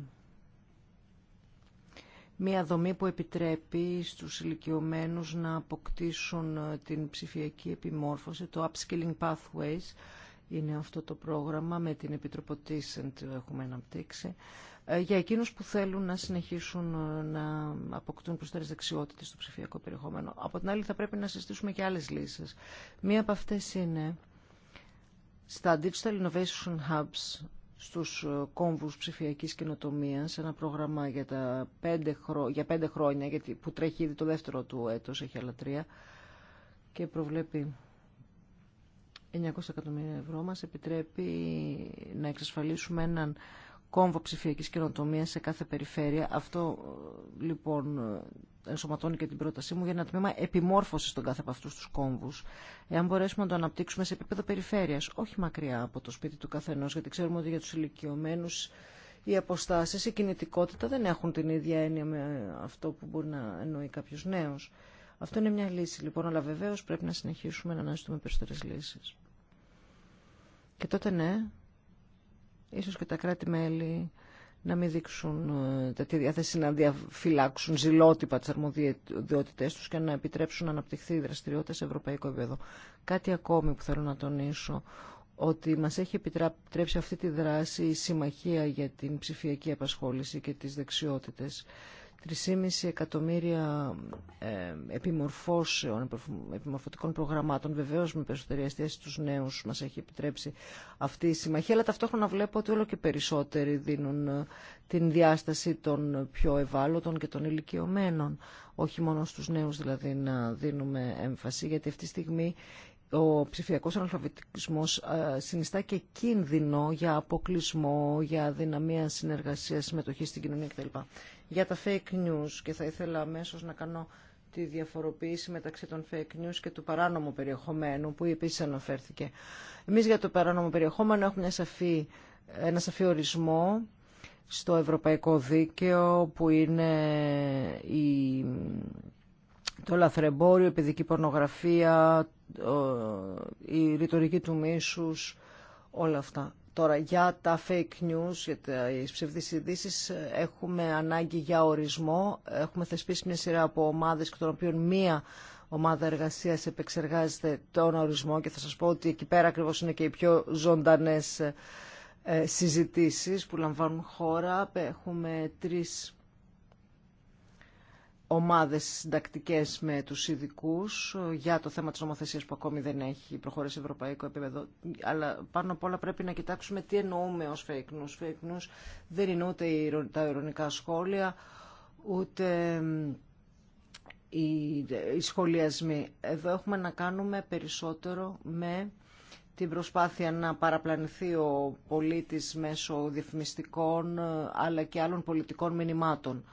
μια δομή που επιτρέπει στους ηλικιωμένου να αποκτήσουν ε, την ψηφιακή επιμόρφωση, το Upskilling Pathways, είναι αυτό το πρόγραμμα με την Επιτροπή Τίσεντ έχουμε αναπτύξει ε, για εκείνους που θέλουν να συνεχίσουν ε, να αποκτούν προσθέτες δεξιότητες στο ψηφιακό περιεχόμενο. Από την άλλη θα πρέπει να συστήσουμε και άλλες λύσεις. Μία από αυτές είναι στα Digital Innovation Hubs στους ε, κόμβους ψηφιακής σε ένα πρόγραμμα για, τα πέντε, για πέντε χρόνια γιατί που τρέχει ήδη το δεύτερο του έτος, έχει άλλα τρία και προβλέπει 900 εκατομμύρια ευρώ μας επιτρέπει να εξασφαλίσουμε έναν κόμβο ψηφιακής καινοτομία σε κάθε περιφέρεια. Αυτό ε, λοιπόν ενσωματώνει και την πρότασή μου για ένα τμήμα επιμόρφωση των κάθε από αυτού του κόμβου. Εάν μπορέσουμε να το αναπτύξουμε σε επίπεδο περιφέρεια, όχι μακριά από το σπίτι του καθενό, γιατί ξέρουμε ότι για του ηλικιωμένου οι αποστάσει, η κινητικότητα δεν έχουν την ίδια έννοια με αυτό που μπορεί να εννοεί κάποιο νέο. Αυτό είναι μια λύση λοιπόν, αλλά βεβαίω πρέπει να συνεχίσουμε να αναζητούμε περισσότερε λύσει. Και τότε ναι, ίσως και τα κράτη-μέλη να μην δείξουν ε, τέτοια διάθεση να διαφυλάξουν ζηλότυπα τι αρμοδιότητέ του και να επιτρέψουν να αναπτυχθεί η δραστηριότητα σε ευρωπαϊκό επίπεδο. Κάτι ακόμη που θέλω να τονίσω ότι μας έχει επιτρέψει αυτή τη δράση η Συμμαχία για την ψηφιακή απασχόληση και τις δεξιότητες 3,5 εκατομμύρια ε, επιμορφώσεων, επιμορφωτικών προγραμμάτων. βεβαίω με περισσότερη αστίαση στους νέου μα έχει επιτρέψει αυτή η συμμαχία, αλλά ταυτόχρονα βλέπω ότι όλο και περισσότεροι δίνουν ε, την διάσταση των πιο ευάλωτων και των ηλικιωμένων. Όχι μόνο στου νέου δηλαδή να δίνουμε έμφαση, γιατί αυτή τη στιγμή ο ψηφιακός αναλφαβητισμός ε, συνιστά και κίνδυνο για αποκλεισμό, για δυναμία συνεργασίας, συμμετοχή στην κοινωνία κτλ για τα fake news και θα ήθελα αμέσω να κάνω τη διαφοροποίηση μεταξύ των fake news και του παράνομου περιεχομένου που επίση αναφέρθηκε. Εμείς για το παράνομο περιεχόμενο έχουμε μια σαφή, ένα σαφή ορισμό στο ευρωπαϊκό δίκαιο που είναι η, το λαθρεμπόριο, η παιδική πορνογραφία, η ρητορική του μίσους, όλα αυτά. Τώρα για τα fake news, για τις ψευδείς ειδήσει έχουμε ανάγκη για ορισμό. Έχουμε θεσπίσει μια σειρά από ομάδες και των οποίων μία ομάδα εργασίας επεξεργάζεται τον ορισμό και θα σας πω ότι εκεί πέρα ακριβώς είναι και οι πιο ζωντανές ε, συζητήσεις που λαμβάνουν χώρα. Έχουμε τρεις ομάδες συντακτικέ με τους ειδικού ε, για το θέμα της νομοθεσίας που ακόμη δεν έχει προχωρήσει σε ευρωπαϊκό επίπεδο. Αλλά πάνω απ' όλα πρέπει να κοιτάξουμε τι εννοούμε ως fake news. Fake news δεν είναι ούτε τα ειρωνικά σχόλια, ούτε οι σχολιασμοί. Εδώ έχουμε να κάνουμε περισσότερο με την προσπάθεια να παραπλανηθεί ο πολίτης μέσω διαφημιστικών ε, αλλά και άλλων πολιτικών μηνυμάτων.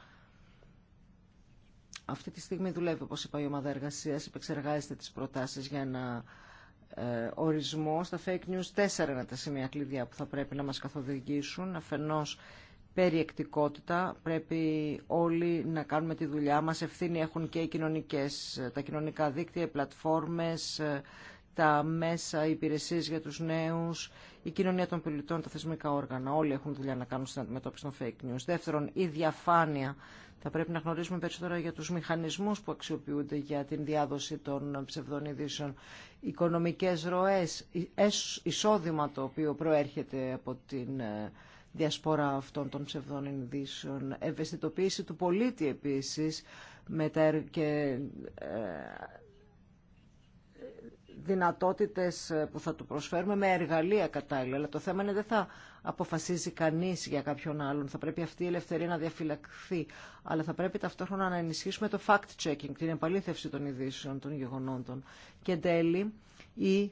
Αυτή τη στιγμή δουλεύει, όπως είπα, η ομάδα εργασίας, επεξεργάζεται τις προτάσεις για ένα ε, ορισμό στα fake news. Τέσσερα είναι τα σημεία κλειδιά που θα πρέπει να μας καθοδηγήσουν. Αφενός, περιεκτικότητα. Πρέπει όλοι να κάνουμε τη δουλειά μας. Ευθύνη έχουν και οι κοινωνικές, τα κοινωνικά δίκτυα, οι πλατφόρμες, ε, τα μέσα, οι υπηρεσίες για τους νέους, η κοινωνία των πολιτών, τα θεσμικά όργανα. Όλοι έχουν δουλειά να κάνουν στην αντιμετώπιση των fake news. Δεύτερον, η διαφάνεια θα πρέπει να γνωρίζουμε περισσότερα για τους μηχανισμούς που αξιοποιούνται για την διάδοση των ψευδών ειδήσεων, οικονομικές ροές, εισόδημα το οποίο προέρχεται από την ε, διασπορά αυτών των ψευδών ειδήσεων, ευαισθητοποίηση του πολίτη επίσης με τα και ε, δυνατότητες που θα του προσφέρουμε με εργαλεία κατάλληλα. Αλλά το θέμα είναι δεν θα αποφασίζει κανείς για κάποιον άλλον. Θα πρέπει αυτή η ελευθερία να διαφυλακθεί. Αλλά θα πρέπει ταυτόχρονα να ενισχύσουμε το fact-checking, την επαλήθευση των ειδήσεων, των γεγονότων. Και τέλει, η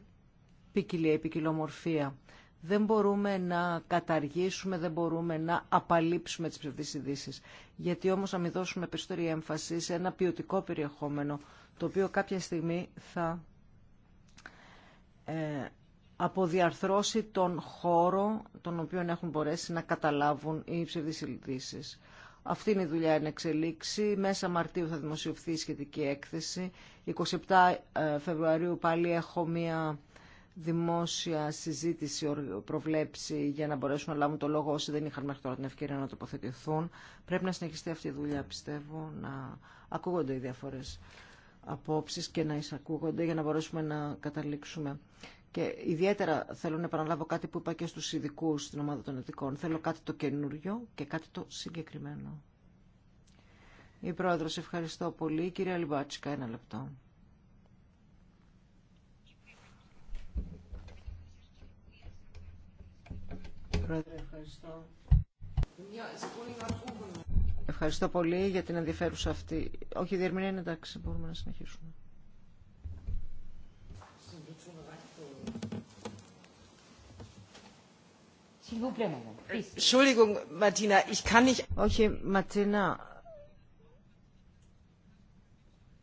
ποικιλία, η ποικιλομορφία. Δεν μπορούμε να καταργήσουμε, δεν μπορούμε να απαλείψουμε τις ψευδείς ειδήσει. Γιατί όμως να μην δώσουμε περισσότερη έμφαση σε ένα ποιοτικό περιεχόμενο, το οποίο κάποια στιγμή θα ε, αποδιαρθρώσει τον χώρο τον οποίο έχουν μπορέσει να καταλάβουν οι ψευδείς ειδήσει. Αυτή είναι η δουλειά εν εξελίξη. Μέσα Μαρτίου θα δημοσιευθεί η σχετική έκθεση. 27 ε, Φεβρουαρίου πάλι έχω μία δημόσια συζήτηση προβλέψη, για να μπορέσουν να λάβουν το λόγο όσοι δεν είχαν μέχρι τώρα την ευκαιρία να τοποθετηθούν. Πρέπει να συνεχιστεί αυτή η δουλειά, πιστεύω, να ακούγονται οι διαφορές απόψεις και να εισακούγονται για να μπορέσουμε να καταλήξουμε και ιδιαίτερα θέλω να επαναλάβω κάτι που είπα και στους ειδικού στην ομάδα των ειδικών. Θέλω κάτι το καινούριο και κάτι το συγκεκριμένο. Η Πρόεδρος, ευχαριστώ πολύ. Κυρία Λιμπάτσικα, ένα λεπτό. Πρόεδρε, ευχαριστώ. Ευχαριστώ πολύ για την ενδιαφέρουσα αυτή. Όχι, η διερμηνία είναι εντάξει, μπορούμε να συνεχίσουμε. Entschuldigung, Martina, ich kann nicht... Όχι, Ματίνα,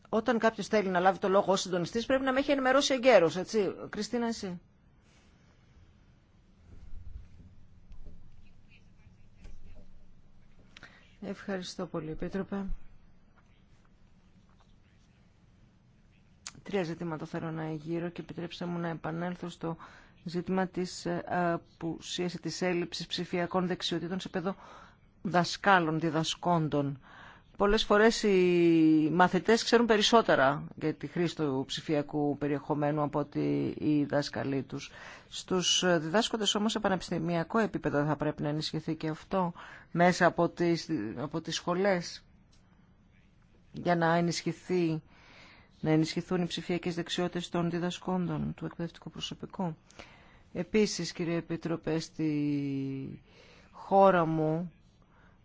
όταν κάποιο θέλει να λάβει το λόγο ω συντονιστή, πρέπει να με έχει ενημερώσει εγκαίρω, έτσι. Κριστίνα, εσύ. Ευχαριστώ πολύ, Επίτροπε. Τρία ζητήματα θέλω να γύρω και επιτρέψτε μου να επανέλθω στο ζήτημα της ε, απουσίας της έλλειψης ψηφιακών δεξιοτήτων σε παιδό δασκάλων, διδασκόντων. Πολλές φορές οι μαθητές ξέρουν περισσότερα για τη χρήση του ψηφιακού περιεχομένου από ότι οι δάσκαλοι τους. Στους διδάσκοντες όμως σε πανεπιστημιακό επίπεδο θα πρέπει να ενισχυθεί και αυτό μέσα από τις, από τις σχολές για να ενισχυθεί να ενισχυθούν οι ψηφιακές δεξιότητες των διδασκόντων του εκπαιδευτικού προσωπικού. Επίσης, κύριε Επίτροπε, στη χώρα μου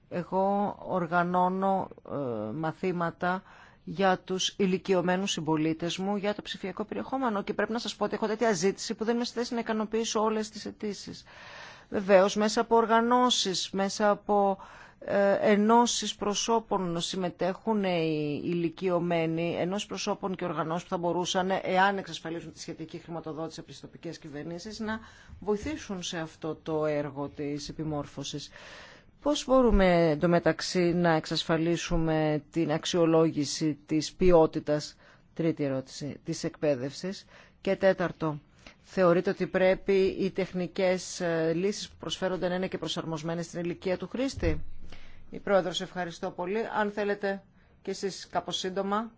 εγώ οργανώνω ε, μαθήματα για τους ηλικιωμένους συμπολίτε μου για το ψηφιακό περιεχόμενο και πρέπει να σας πω ότι έχω τέτοια ζήτηση που δεν είμαι στη θέση να ικανοποιήσω όλες τις αιτήσει. Βεβαίως, μέσα από οργανώσεις, μέσα από ε, ενώσεις προσώπων συμμετέχουν οι ηλικιωμένοι, ενώσεις προσώπων και οργανώσεις που θα μπορούσαν, εάν εξασφαλίσουν τη σχετική χρηματοδότηση από τις τοπικές κυβερνήσεις, να βοηθήσουν σε αυτό το έργο της επιμόρφωσης. Πώς μπορούμε εντωμεταξύ να εξασφαλίσουμε την αξιολόγηση της ποιότητας, τρίτη ερώτηση, της εκπαίδευσης και τέταρτο, Θεωρείτε ότι πρέπει οι τεχνικές ε, λύσεις που προσφέρονται να είναι και προσαρμοσμένες στην ηλικία του χρήστη. Η πρόεδρο. ευχαριστώ πολύ. Αν θέλετε και εσείς κάπως σύντομα.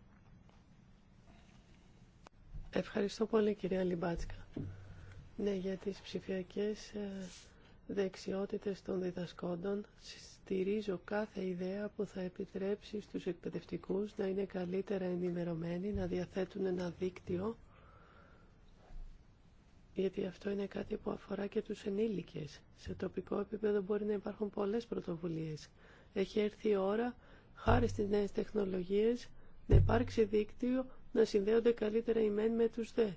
Ευχαριστώ πολύ κυρία Λιμπάτσκα. Ναι, για τις ψηφιακές ε, δεξιότητες των διδασκόντων στηρίζω κάθε ιδέα που θα επιτρέψει στους εκπαιδευτικούς να είναι καλύτερα ενημερωμένοι, να διαθέτουν ένα δίκτυο, γιατί αυτό είναι κάτι που αφορά και τους ενήλικες. Σε τοπικό επίπεδο μπορεί να υπάρχουν πολλές πρωτοβουλίες. Έχει έρθει η ώρα, χάρη στις νέες τεχνολογίες, να υπάρξει δίκτυο να συνδέονται καλύτερα οι μεν με τους δε,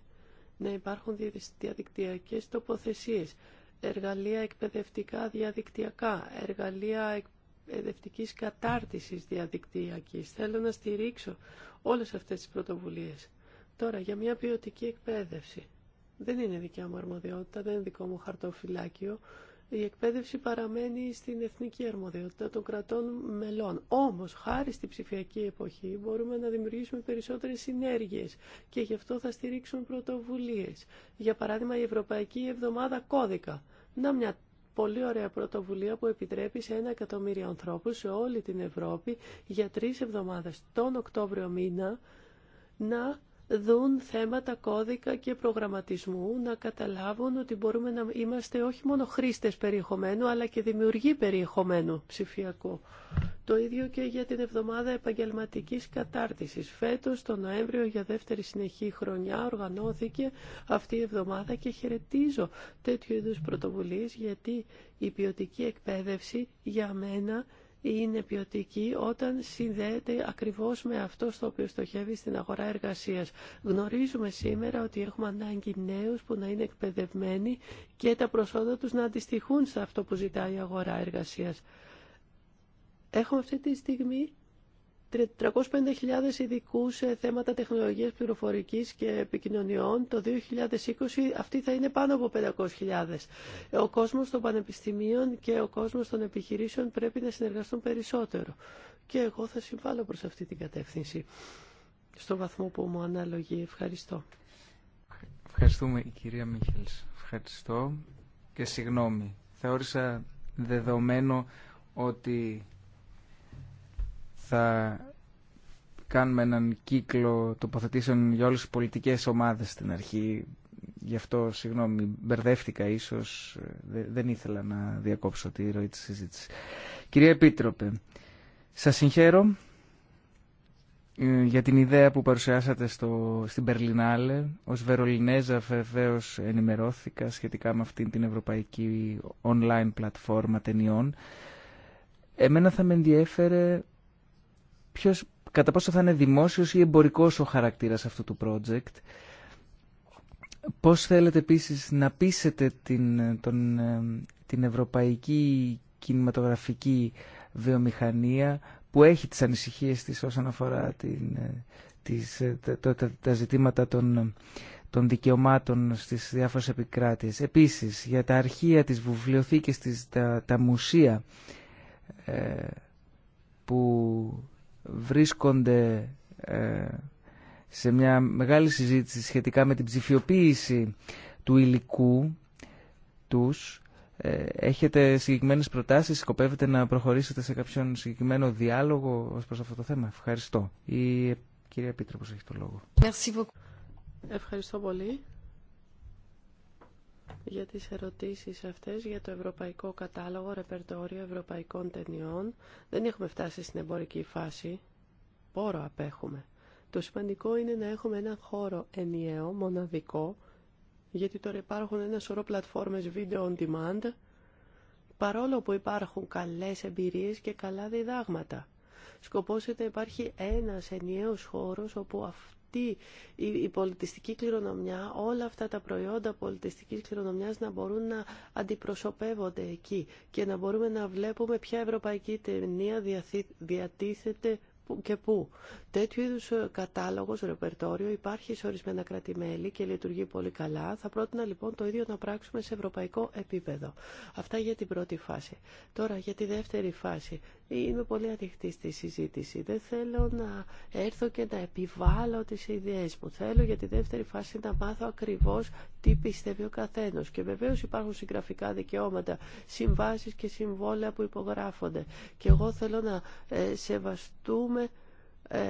να υπάρχουν διαδικτυακές τοποθεσίες, εργαλεία εκπαιδευτικά διαδικτυακά, εργαλεία εκπαιδευτικής κατάρτισης διαδικτυακής. Θέλω να στηρίξω όλες αυτές τις πρωτοβουλίες. Τώρα, για μια ποιοτική εκπαίδευση. Δεν είναι δικιά μου αρμοδιότητα, δεν είναι δικό μου χαρτοφυλάκιο η εκπαίδευση παραμένει στην εθνική αρμοδιότητα των κρατών μελών. Όμως, χάρη στη ψηφιακή εποχή, μπορούμε να δημιουργήσουμε περισσότερες συνέργειες και γι' αυτό θα στηρίξουν πρωτοβουλίες. Για παράδειγμα, η Ευρωπαϊκή Εβδομάδα Κώδικα. Να μια πολύ ωραία πρωτοβουλία που επιτρέπει σε ένα εκατομμύριο ανθρώπους σε όλη την Ευρώπη για τρεις εβδομάδες τον Οκτώβριο μήνα να δουν θέματα κώδικα και προγραμματισμού, να καταλάβουν ότι μπορούμε να είμαστε όχι μόνο χρήστες περιεχομένου, αλλά και δημιουργοί περιεχομένου ψηφιακού. Το ίδιο και για την εβδομάδα επαγγελματικής κατάρτισης. Φέτος, τον Νοέμβριο, για δεύτερη συνεχή χρονιά, οργανώθηκε αυτή η εβδομάδα και χαιρετίζω τέτοιου είδους πρωτοβουλίες, γιατί η ποιοτική εκπαίδευση για μένα είναι ποιοτική όταν συνδέεται ακριβώς με αυτό στο οποίο στοχεύει στην αγορά εργασίας. Γνωρίζουμε σήμερα ότι έχουμε ανάγκη νέους που να είναι εκπαιδευμένοι και τα προσόντα τους να αντιστοιχούν σε αυτό που ζητάει η αγορά εργασίας. Έχουμε αυτή τη στιγμή 350.000 ειδικού σε θέματα τεχνολογίας πληροφορικής και επικοινωνιών. Το 2020 αυτή θα είναι πάνω από 500.000. Ο κόσμος των πανεπιστημίων και ο κόσμος των επιχειρήσεων πρέπει να συνεργαστούν περισσότερο. Και εγώ θα συμβάλλω προς αυτή την κατεύθυνση, στο βαθμό που μου αναλογεί. Ευχαριστώ. Ευχαριστούμε η κυρία Μίχελ. Ευχαριστώ και συγγνώμη. Θεώρησα δεδομένο ότι θα κάνουμε έναν κύκλο τοποθετήσεων για όλες τις πολιτικές ομάδες στην αρχή. Γι' αυτό, συγγνώμη, μπερδεύτηκα ίσως, ε, δεν ήθελα να διακόψω τη ροή της συζήτησης. Κυρία Επίτροπε, σας συγχαίρω ε, για την ιδέα που παρουσιάσατε στο, στην Περλινάλε. Ως Βερολινέζα βεβαίω ενημερώθηκα σχετικά με αυτήν την ευρωπαϊκή online πλατφόρμα ταινιών. Εμένα θα με ενδιέφερε ποιος, κατά πόσο θα είναι δημόσιος ή εμπορικός ο χαρακτήρας αυτού του project. Πώς θέλετε επίσης να πείσετε την, τον, ε, την ευρωπαϊκή κινηματογραφική βιομηχανία που έχει τις ανησυχίες της όσον αφορά την, ε, τις, ε, τα, ζητήματα των, των δικαιωμάτων στις διάφορες επικράτειες. Επίσης, για τα αρχεία, της βιβλιοθήκες, τα, τα μουσεία που βρίσκονται ε, σε μια μεγάλη συζήτηση σχετικά με την ψηφιοποίηση του υλικού τους. Ε, έχετε συγκεκριμένες προτάσεις, σκοπεύετε να προχωρήσετε σε κάποιον συγκεκριμένο διάλογο ως προς αυτό το θέμα. Ευχαριστώ. Η ε, κυρία Πίτροπος έχει το λόγο. Ευχαριστώ πολύ για τις ερωτήσεις αυτές για το Ευρωπαϊκό Κατάλογο Ρεπερτόριο Ευρωπαϊκών Ταινιών. Δεν έχουμε φτάσει στην εμπορική φάση. Πόρο απέχουμε. Το σημαντικό είναι να έχουμε ένα χώρο ενιαίο, μοναδικό, γιατί τώρα υπάρχουν ένα σωρό πλατφόρμες video on demand, παρόλο που υπάρχουν καλές εμπειρίες και καλά διδάγματα. Σκοπός είναι να υπάρχει ένας ενιαίος χώρος όπου αυτό γιατί η πολιτιστική κληρονομιά, όλα αυτά τα προϊόντα πολιτιστικής κληρονομιάς να μπορούν να αντιπροσωπεύονται εκεί και να μπορούμε να βλέπουμε ποια ευρωπαϊκή ταινία διατίθεται και πού. Τέτοιου είδους ε, κατάλογος, ρεπερτόριο υπάρχει σε ορισμένα κρατημέλη και λειτουργεί πολύ καλά. Θα πρότεινα λοιπόν το ίδιο να πράξουμε σε ευρωπαϊκό επίπεδο. Αυτά για την πρώτη φάση. Τώρα για τη δεύτερη φάση. Είμαι πολύ ανοιχτή στη συζήτηση. Δεν θέλω να έρθω και να επιβάλλω τις ιδέες μου. Θέλω για τη δεύτερη φάση να μάθω ακριβώς τι πιστεύει ο καθένα. Και βεβαίως υπάρχουν συγγραφικά δικαιώματα, συμβάσει και συμβόλαια που υπογράφονται. Και εγώ θέλω να ε, σεβαστούμε ε,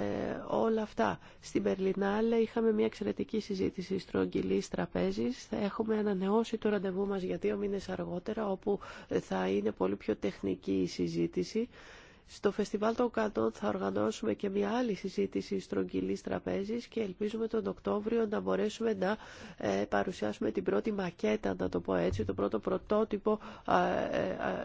όλα αυτά. Στην Περλινάλε είχαμε μια εξαιρετική συζήτηση στρογγυλής τραπέζης. Θα έχουμε ανανεώσει το ραντεβού μα για δύο μήνε αργότερα, όπου θα είναι πολύ πιο τεχνική η συζήτηση. Στο Φεστιβάλ των Κατών θα οργανώσουμε και μια άλλη συζήτηση στρογγυλής τραπέζης και ελπίζουμε τον Οκτώβριο να μπορέσουμε να ε, παρουσιάσουμε την πρώτη μακέτα, να το πω έτσι, το πρώτο πρωτότυπο ε,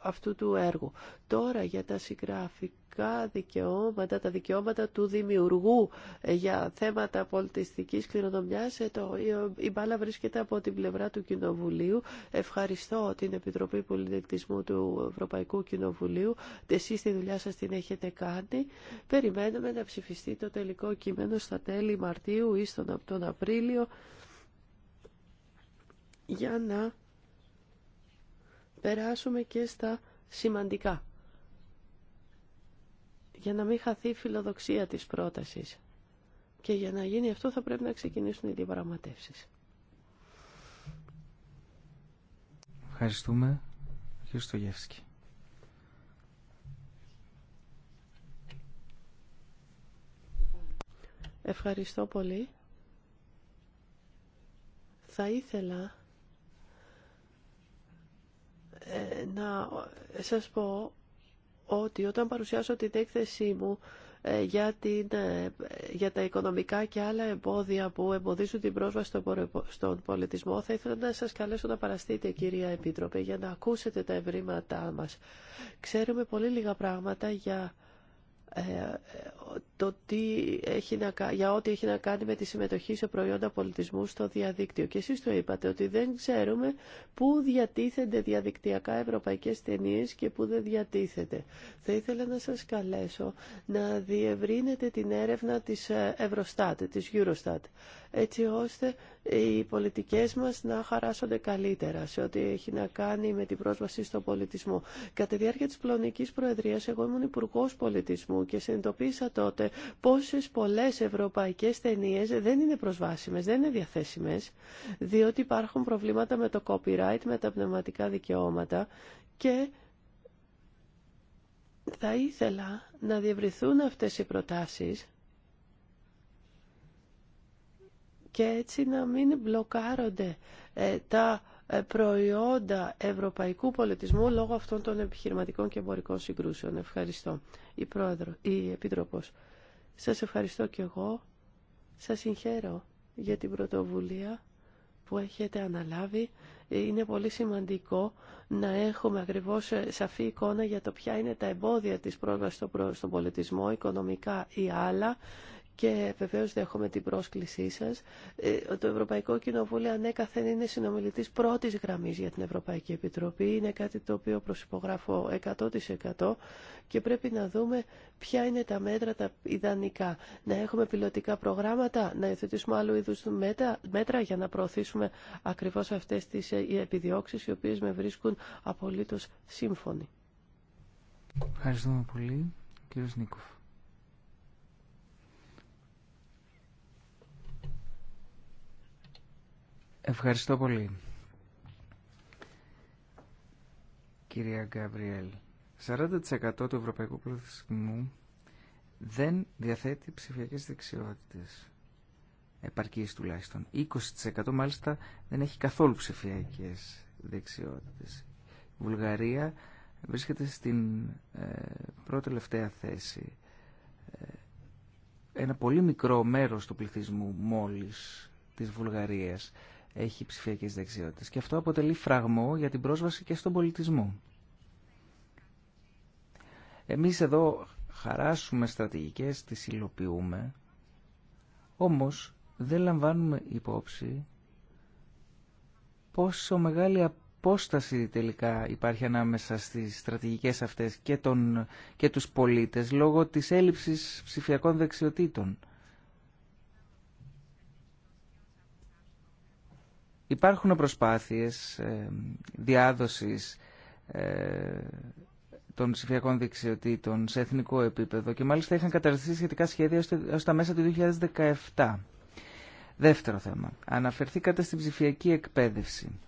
αυτού του έργου. Τώρα για τα συγγραφικά δικαιώματα, τα δικαιώματα του δημιουργού ε, για θέματα πολιτιστικής κληρονομιάς, ε, το, η μπάλα βρίσκεται από την πλευρά του Κοινοβουλίου. Ευχαριστώ την Επιτροπή Πολιτισμού του Ευρωπαϊκού Κοινοβουλίου. Εσείς τη δουλειά σας την έχετε κάνει. Περιμένουμε να ψηφιστεί το τελικό κείμενο στα τέλη Μαρτίου ή στον τον Απρίλιο για να περάσουμε και στα σημαντικά για να μην χαθεί η φιλοδοξία της πρότασης. Και για να γίνει αυτό θα πρέπει να ξεκινήσουν οι διαπραγματεύσει. Ευχαριστούμε. Κύριε Στογεύσκη. Ευχαριστώ πολύ. Θα ήθελα να σας πω ότι όταν παρουσιάσω την έκθεσή μου ε, για, την, ε, για τα οικονομικά και άλλα εμπόδια που εμποδίζουν την πρόσβαση στον πολιτισμό, θα ήθελα να σας καλέσω να παραστείτε, κυρία Επίτροπε, για να ακούσετε τα ευρήματά μας. Ξέρουμε πολύ λίγα πράγματα για ε, το τι έχει να, για ό,τι έχει να κάνει με τη συμμετοχή σε προϊόντα πολιτισμού στο διαδίκτυο. Και εσείς το είπατε ότι δεν ξέρουμε πού διατίθενται διαδικτυακά ευρωπαϊκές ταινίε και πού δεν διατίθενται. Θα ήθελα να σας καλέσω να διευρύνετε την έρευνα της ε, Ευρωστάτ, της Eurostat έτσι ώστε οι πολιτικές μας να χαράσσονται καλύτερα σε ό,τι έχει να κάνει με την πρόσβαση στον πολιτισμό. Κατά τη διάρκεια της Πλωνικής Προεδρίας, εγώ ήμουν υπουργό Πολιτισμού και συνειδητοποίησα τότε πόσες πολλές ευρωπαϊκές ταινίε δεν είναι προσβάσιμες, δεν είναι διαθέσιμες, διότι υπάρχουν προβλήματα με το copyright, με τα πνευματικά δικαιώματα και θα ήθελα να διευρυθούν αυτές οι προτάσεις και έτσι να μην μπλοκάρονται ε, τα ε, προϊόντα ευρωπαϊκού πολιτισμού λόγω αυτών των επιχειρηματικών και εμπορικών συγκρούσεων. Ευχαριστώ. Η, πρόεδρο, η Επίτροπος, σας ευχαριστώ και εγώ. Σας συγχαίρω για την πρωτοβουλία που έχετε αναλάβει. Είναι πολύ σημαντικό να έχουμε ακριβώς ε, σαφή εικόνα για το ποια είναι τα εμπόδια της πρόσβασης στον πολιτισμό, οικονομικά ή άλλα, και βεβαίω δέχομαι την πρόσκλησή σας. Ε, το Ευρωπαϊκό Κοινοβούλιο ανέκαθεν είναι συνομιλητής πρώτης γραμμής για την Ευρωπαϊκή Επιτροπή. Είναι κάτι το οποίο προσυπογράφω 100% και πρέπει να δούμε ποια είναι τα μέτρα τα ιδανικά. Να έχουμε πιλωτικά προγράμματα, να υιοθετήσουμε άλλου είδου μέτρα για να προωθήσουμε ακριβώς αυτές τις ε, επιδιώξεις οι οποίες με βρίσκουν απολύτως σύμφωνοι. Ευχαριστούμε πολύ. Κύριος Νίκοφ. Ευχαριστώ πολύ. Κυρία Γκαβριέλ, 40% του ευρωπαϊκού πληθυσμού δεν διαθέτει ψηφιακές δεξιότητες. Επαρκείς τουλάχιστον. 20% μάλιστα δεν έχει καθόλου ψηφιακές δεξιότητες. Η Βουλγαρία βρίσκεται στην ε, πρώτη τελευταία θέση. Ε, ένα πολύ μικρό μέρος του πληθυσμού μόλις της Βουλγαρίας έχει ψηφιακέ δεξιότητε. Και αυτό αποτελεί φραγμό για την πρόσβαση και στον πολιτισμό. Εμείς εδώ χαράσουμε στρατηγικές, τις υλοποιούμε, όμως δεν λαμβάνουμε υπόψη πόσο μεγάλη απόσταση τελικά υπάρχει ανάμεσα στις στρατηγικές αυτές και, τον, και τους πολίτες λόγω της έλλειψης ψηφιακών δεξιοτήτων. Υπάρχουν προσπάθειες ε, διάδοσης ε, των ψηφιακών δεξιοτήτων σε εθνικό επίπεδο και μάλιστα είχαν καταρριφθεί σχετικά σχέδια ως τα μέσα του 2017. Δεύτερο θέμα. Αναφερθήκατε στην ψηφιακή εκπαίδευση.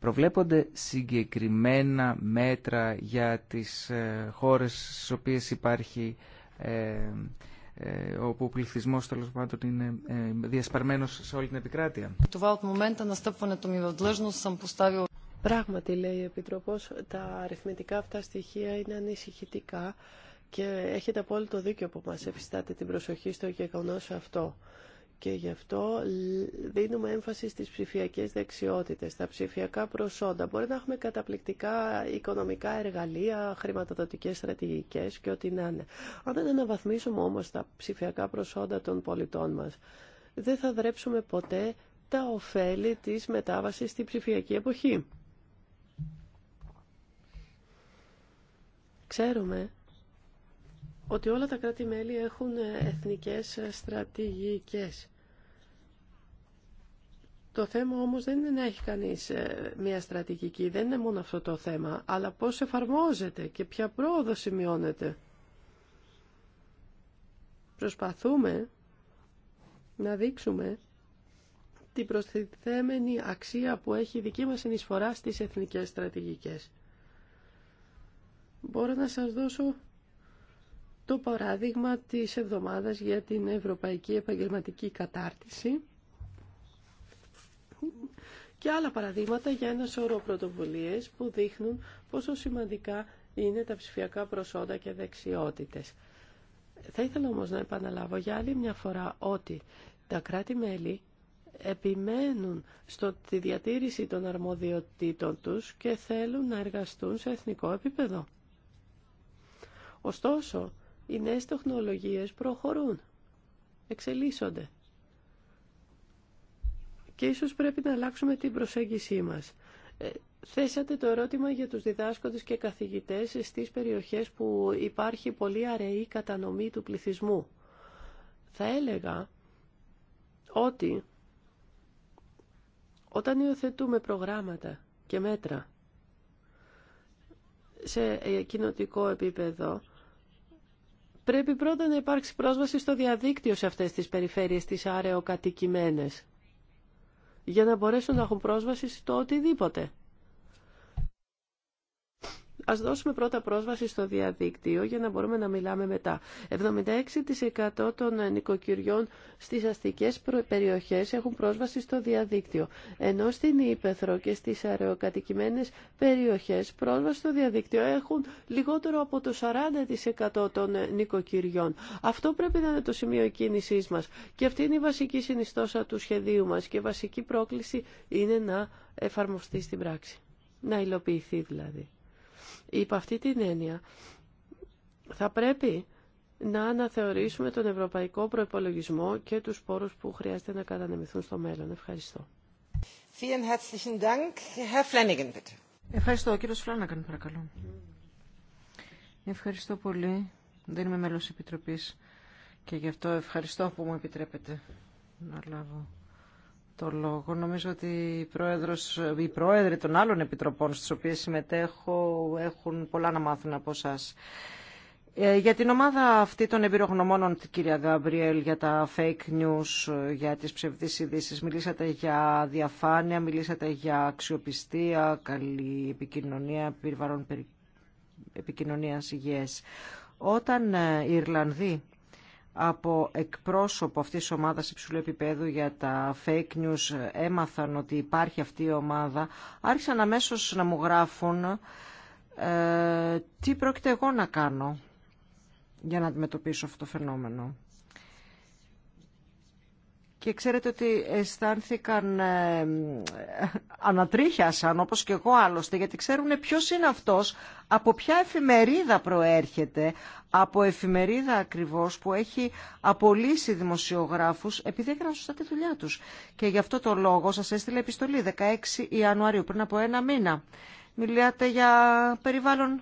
Προβλέπονται συγκεκριμένα μέτρα για τις ε, χώρες στις οποίες υπάρχει ε, όπου ο πληθυσμό τέλο πάντων είναι ε, διασπαρμένο σε όλη την επικράτεια. Πράγματι, λέει η Επιτροπό, τα αριθμητικά αυτά στοιχεία είναι ανησυχητικά και έχετε απόλυτο δίκιο που μα επιστάτε την προσοχή στο γεγονό αυτό και γι' αυτό δίνουμε έμφαση στις ψηφιακές δεξιότητες, στα ψηφιακά προσόντα. Μπορεί να έχουμε καταπληκτικά οικονομικά εργαλεία, χρηματοδοτικές στρατηγικές και ό,τι να είναι. Αν δεν αναβαθμίσουμε όμως τα ψηφιακά προσόντα των πολιτών μας, δεν θα δρέψουμε ποτέ τα ωφέλη της μετάβασης στην ψηφιακή εποχή. Ξέρουμε ότι όλα τα κράτη-μέλη έχουν εθνικές στρατηγικές το θέμα όμως δεν είναι να έχει κανείς ε, μια στρατηγική, δεν είναι μόνο αυτό το θέμα, αλλά πώς εφαρμόζεται και ποια πρόοδο σημειώνεται. Προσπαθούμε να δείξουμε την προσθεθέμενη αξία που έχει η δική μας συνεισφορά στις εθνικές στρατηγικές. Μπορώ να σας δώσω το παράδειγμα της εβδομάδας για την Ευρωπαϊκή Επαγγελματική Κατάρτιση και άλλα παραδείγματα για ένα σωρό πρωτοβουλίε που δείχνουν πόσο σημαντικά είναι τα ψηφιακά προσόντα και δεξιότητες. Θα ήθελα όμως να επαναλάβω για άλλη μια φορά ότι τα κράτη-μέλη επιμένουν στο τη διατήρηση των αρμοδιοτήτων τους και θέλουν να εργαστούν σε εθνικό επίπεδο. Ωστόσο, οι νέες τεχνολογίες προχωρούν, εξελίσσονται και ίσως πρέπει να αλλάξουμε την προσέγγισή μας. Ε, θέσατε το ερώτημα για τους διδάσκοντες και καθηγητές στις περιοχές που υπάρχει πολύ αραιή κατανομή του πληθυσμού. Θα έλεγα ότι όταν υιοθετούμε προγράμματα και μέτρα σε ε, κοινοτικό επίπεδο, πρέπει πρώτα να υπάρξει πρόσβαση στο διαδίκτυο σε αυτές τις περιφέρειες, τις αραιοκατοικημένες για να μπορέσουν να έχουν πρόσβαση στο οτιδήποτε. Ας δώσουμε πρώτα πρόσβαση στο διαδίκτυο για να μπορούμε να μιλάμε μετά. 76% των νοικοκυριών στις αστικές περιοχές έχουν πρόσβαση στο διαδίκτυο. Ενώ στην Ήπεθρο και στις αεροκατοικημένες περιοχές πρόσβαση στο διαδίκτυο έχουν λιγότερο από το 40% των νοικοκυριών. Αυτό πρέπει να είναι το σημείο κίνησής μας. Και αυτή είναι η βασική συνιστόσα του σχεδίου μας και η βασική πρόκληση είναι να εφαρμοστεί στην πράξη. Να υλοποιηθεί δηλαδή. Υπ' αυτή την έννοια θα πρέπει να αναθεωρήσουμε τον ευρωπαϊκό προϋπολογισμό και τους πόρους που χρειάζεται να κατανεμηθούν στο μέλλον. Ευχαριστώ. Ευχαριστώ. Κύριος Φλάνακαν, παρακαλώ. Ευχαριστώ πολύ. Δεν είμαι μέλος Επιτροπής και γι' αυτό ευχαριστώ που μου επιτρέπετε να λάβω το λόγο. Νομίζω ότι οι, πρόεδρος, οι πρόεδροι των άλλων επιτροπών στις οποίες συμμετέχω έχουν πολλά να μάθουν από εσά. Για την ομάδα αυτή των εμπειρογνωμόνων, κυρία Γκάμπριελ, για τα fake news, για τις ψευδείς ειδήσει, μιλήσατε για διαφάνεια, μιλήσατε για αξιοπιστία, καλή επικοινωνία, περι... επικοινωνίας υγιές. Όταν ε, οι Ιρλανδοί από εκπρόσωπο αυτής της ομάδας υψηλού επίπεδου για τα fake news έμαθαν ότι υπάρχει αυτή η ομάδα, άρχισαν αμέσως να μου γράφουν ε, τι πρόκειται εγώ να κάνω για να αντιμετωπίσω αυτό το φαινόμενο. Και ξέρετε ότι αισθάνθηκαν, ε, ανατρίχιασαν όπως και εγώ άλλωστε, γιατί ξέρουν ποιος είναι αυτός, από ποια εφημερίδα προέρχεται, από εφημερίδα ακριβώς που έχει απολύσει δημοσιογράφους επειδή έκαναν σωστά τη δουλειά τους. Και γι' αυτό το λόγο σας έστειλε επιστολή 16 Ιανουαρίου, πριν από ένα μήνα. Μιλάτε για περιβάλλον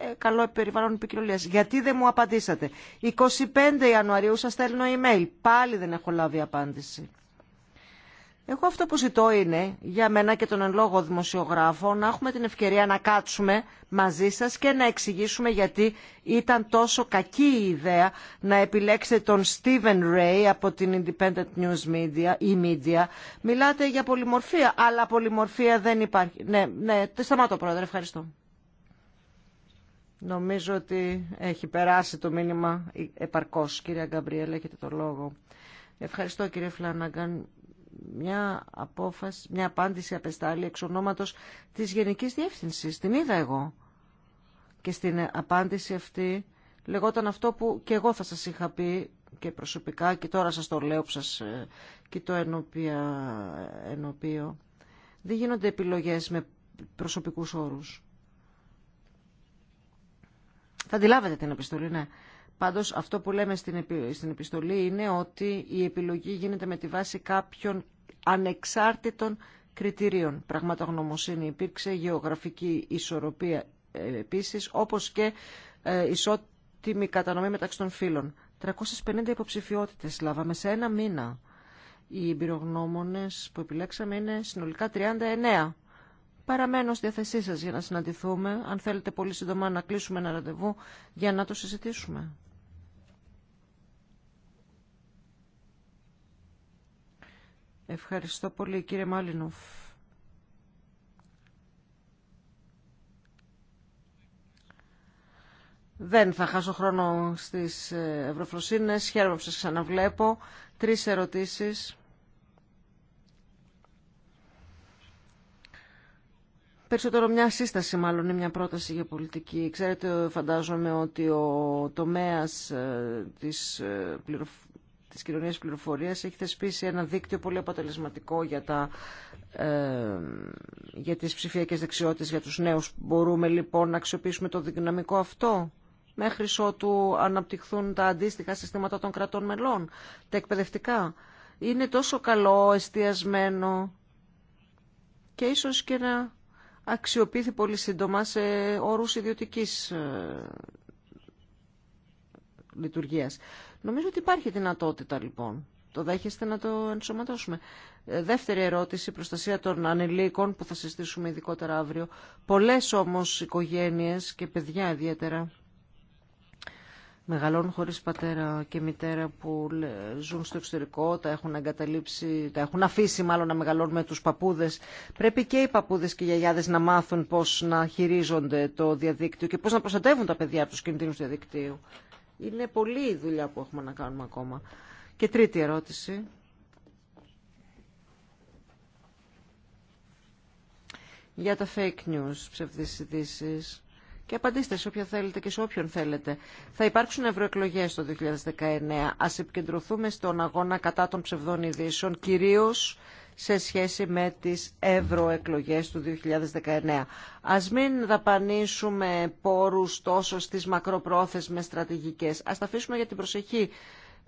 ε, καλό περιβάλλον επικοινωνία. Γιατί δεν μου απαντήσατε. 25 Ιανουαρίου σας στέλνω email. Πάλι δεν έχω λάβει απάντηση. Εγώ αυτό που ζητώ είναι για μένα και τον εν λόγω δημοσιογράφο να έχουμε την ευκαιρία να κάτσουμε μαζί σας και να εξηγήσουμε γιατί ήταν τόσο κακή η ιδέα να επιλέξετε τον Steven Ray από την Independent News Media ή Media. Μιλάτε για πολυμορφία, αλλά πολυμορφία δεν υπάρχει. Ναι, ναι, σταμάτω πρόεδρε, ευχαριστώ. Νομίζω ότι έχει περάσει το μήνυμα επαρκώς. Κυρία Γκαμπριέλα, έχετε το λόγο. Ευχαριστώ κύριε Φλάναγκαν. Μια απόφαση, μια απάντηση απεστάλλει εξ ονόματος της Γενικής Διεύθυνσης. Την είδα εγώ. Και στην απάντηση αυτή λεγόταν αυτό που και εγώ θα σας είχα πει και προσωπικά και τώρα σας το λέω που σας ε, κοιτώ ενωπία, Δεν γίνονται επιλογές με προσωπικούς όρους. Θα αντιλάβετε την επιστολή, ναι. Πάντως αυτό που λέμε στην, στην επιστολή είναι ότι η επιλογή γίνεται με τη βάση κάποιων ανεξάρτητων κριτηρίων. Πραγματογνωμοσύνη υπήρξε, γεωγραφική ισορροπία ε, επίσης, όπως και ε, ισότιμη κατανομή μεταξύ των φύλων. 350 υποψηφιότητε, λάβαμε σε ένα μήνα. Οι εμπειρογνώμονε που επιλέξαμε είναι συνολικά 39 παραμένω στη διαθεσή σας για να συναντηθούμε, αν θέλετε πολύ σύντομα να κλείσουμε ένα ραντεβού για να το συζητήσουμε. Ευχαριστώ πολύ κύριε Μάλινοφ. Δεν θα χάσω χρόνο στις ε, ευρωφροσύνες. Χαίρομαι που σας ξαναβλέπω. Τρεις ερωτήσεις. Περισσότερο μια σύσταση μάλλον ή μια πρόταση για πολιτική. Ξέρετε, φαντάζομαι ότι ο τομέας ε, της, ε, πληροφ... της κοινωνίας πληροφορίας έχει θεσπίσει ένα δίκτυο πολύ αποτελεσματικό για, τα, ε, για τις ψηφιακές δεξιότητες για τους νέους. Μπορούμε λοιπόν να αξιοποιήσουμε το δυναμικό αυτό μέχρι ότου αναπτυχθούν τα αντίστοιχα συστήματα των κρατών μελών, τα εκπαιδευτικά. Είναι τόσο καλό εστιασμένο και ίσως και να αξιοποιηθεί πολύ σύντομα σε όρους ιδιωτικής ε, λειτουργίας. Νομίζω ότι υπάρχει δυνατότητα λοιπόν. Το δέχεστε να το ενσωματώσουμε. Ε, δεύτερη ερώτηση, προστασία των ανελίκων, που θα συστήσουμε ειδικότερα αύριο. Πολλές όμως οικογένειες και παιδιά ιδιαίτερα μεγαλώνουν χωρίς πατέρα και μητέρα που ζουν στο εξωτερικό, τα έχουν εγκαταλείψει, τα έχουν αφήσει μάλλον να μεγαλώνουν με τους παππούδες. Πρέπει και οι παππούδες και οι γιαγιάδες να μάθουν πώς να χειρίζονται το διαδίκτυο και πώς να προστατεύουν τα παιδιά από τους κινδύνους του διαδικτύου. Είναι πολλή η δουλειά που έχουμε να κάνουμε ακόμα. Και τρίτη ερώτηση. Για τα fake news, ψευδείς ειδήσει και απαντήστε σε όποια θέλετε και σε όποιον θέλετε. Θα υπάρξουν ευρωεκλογέ το 2019. Ας επικεντρωθούμε στον αγώνα κατά των ψευδών ειδήσεων, κυρίω σε σχέση με τις ευρωεκλογέ του 2019. Ας μην δαπανίσουμε πόρους τόσο στις μακροπρόθεσμες στρατηγικές. Α τα αφήσουμε για την προσεχή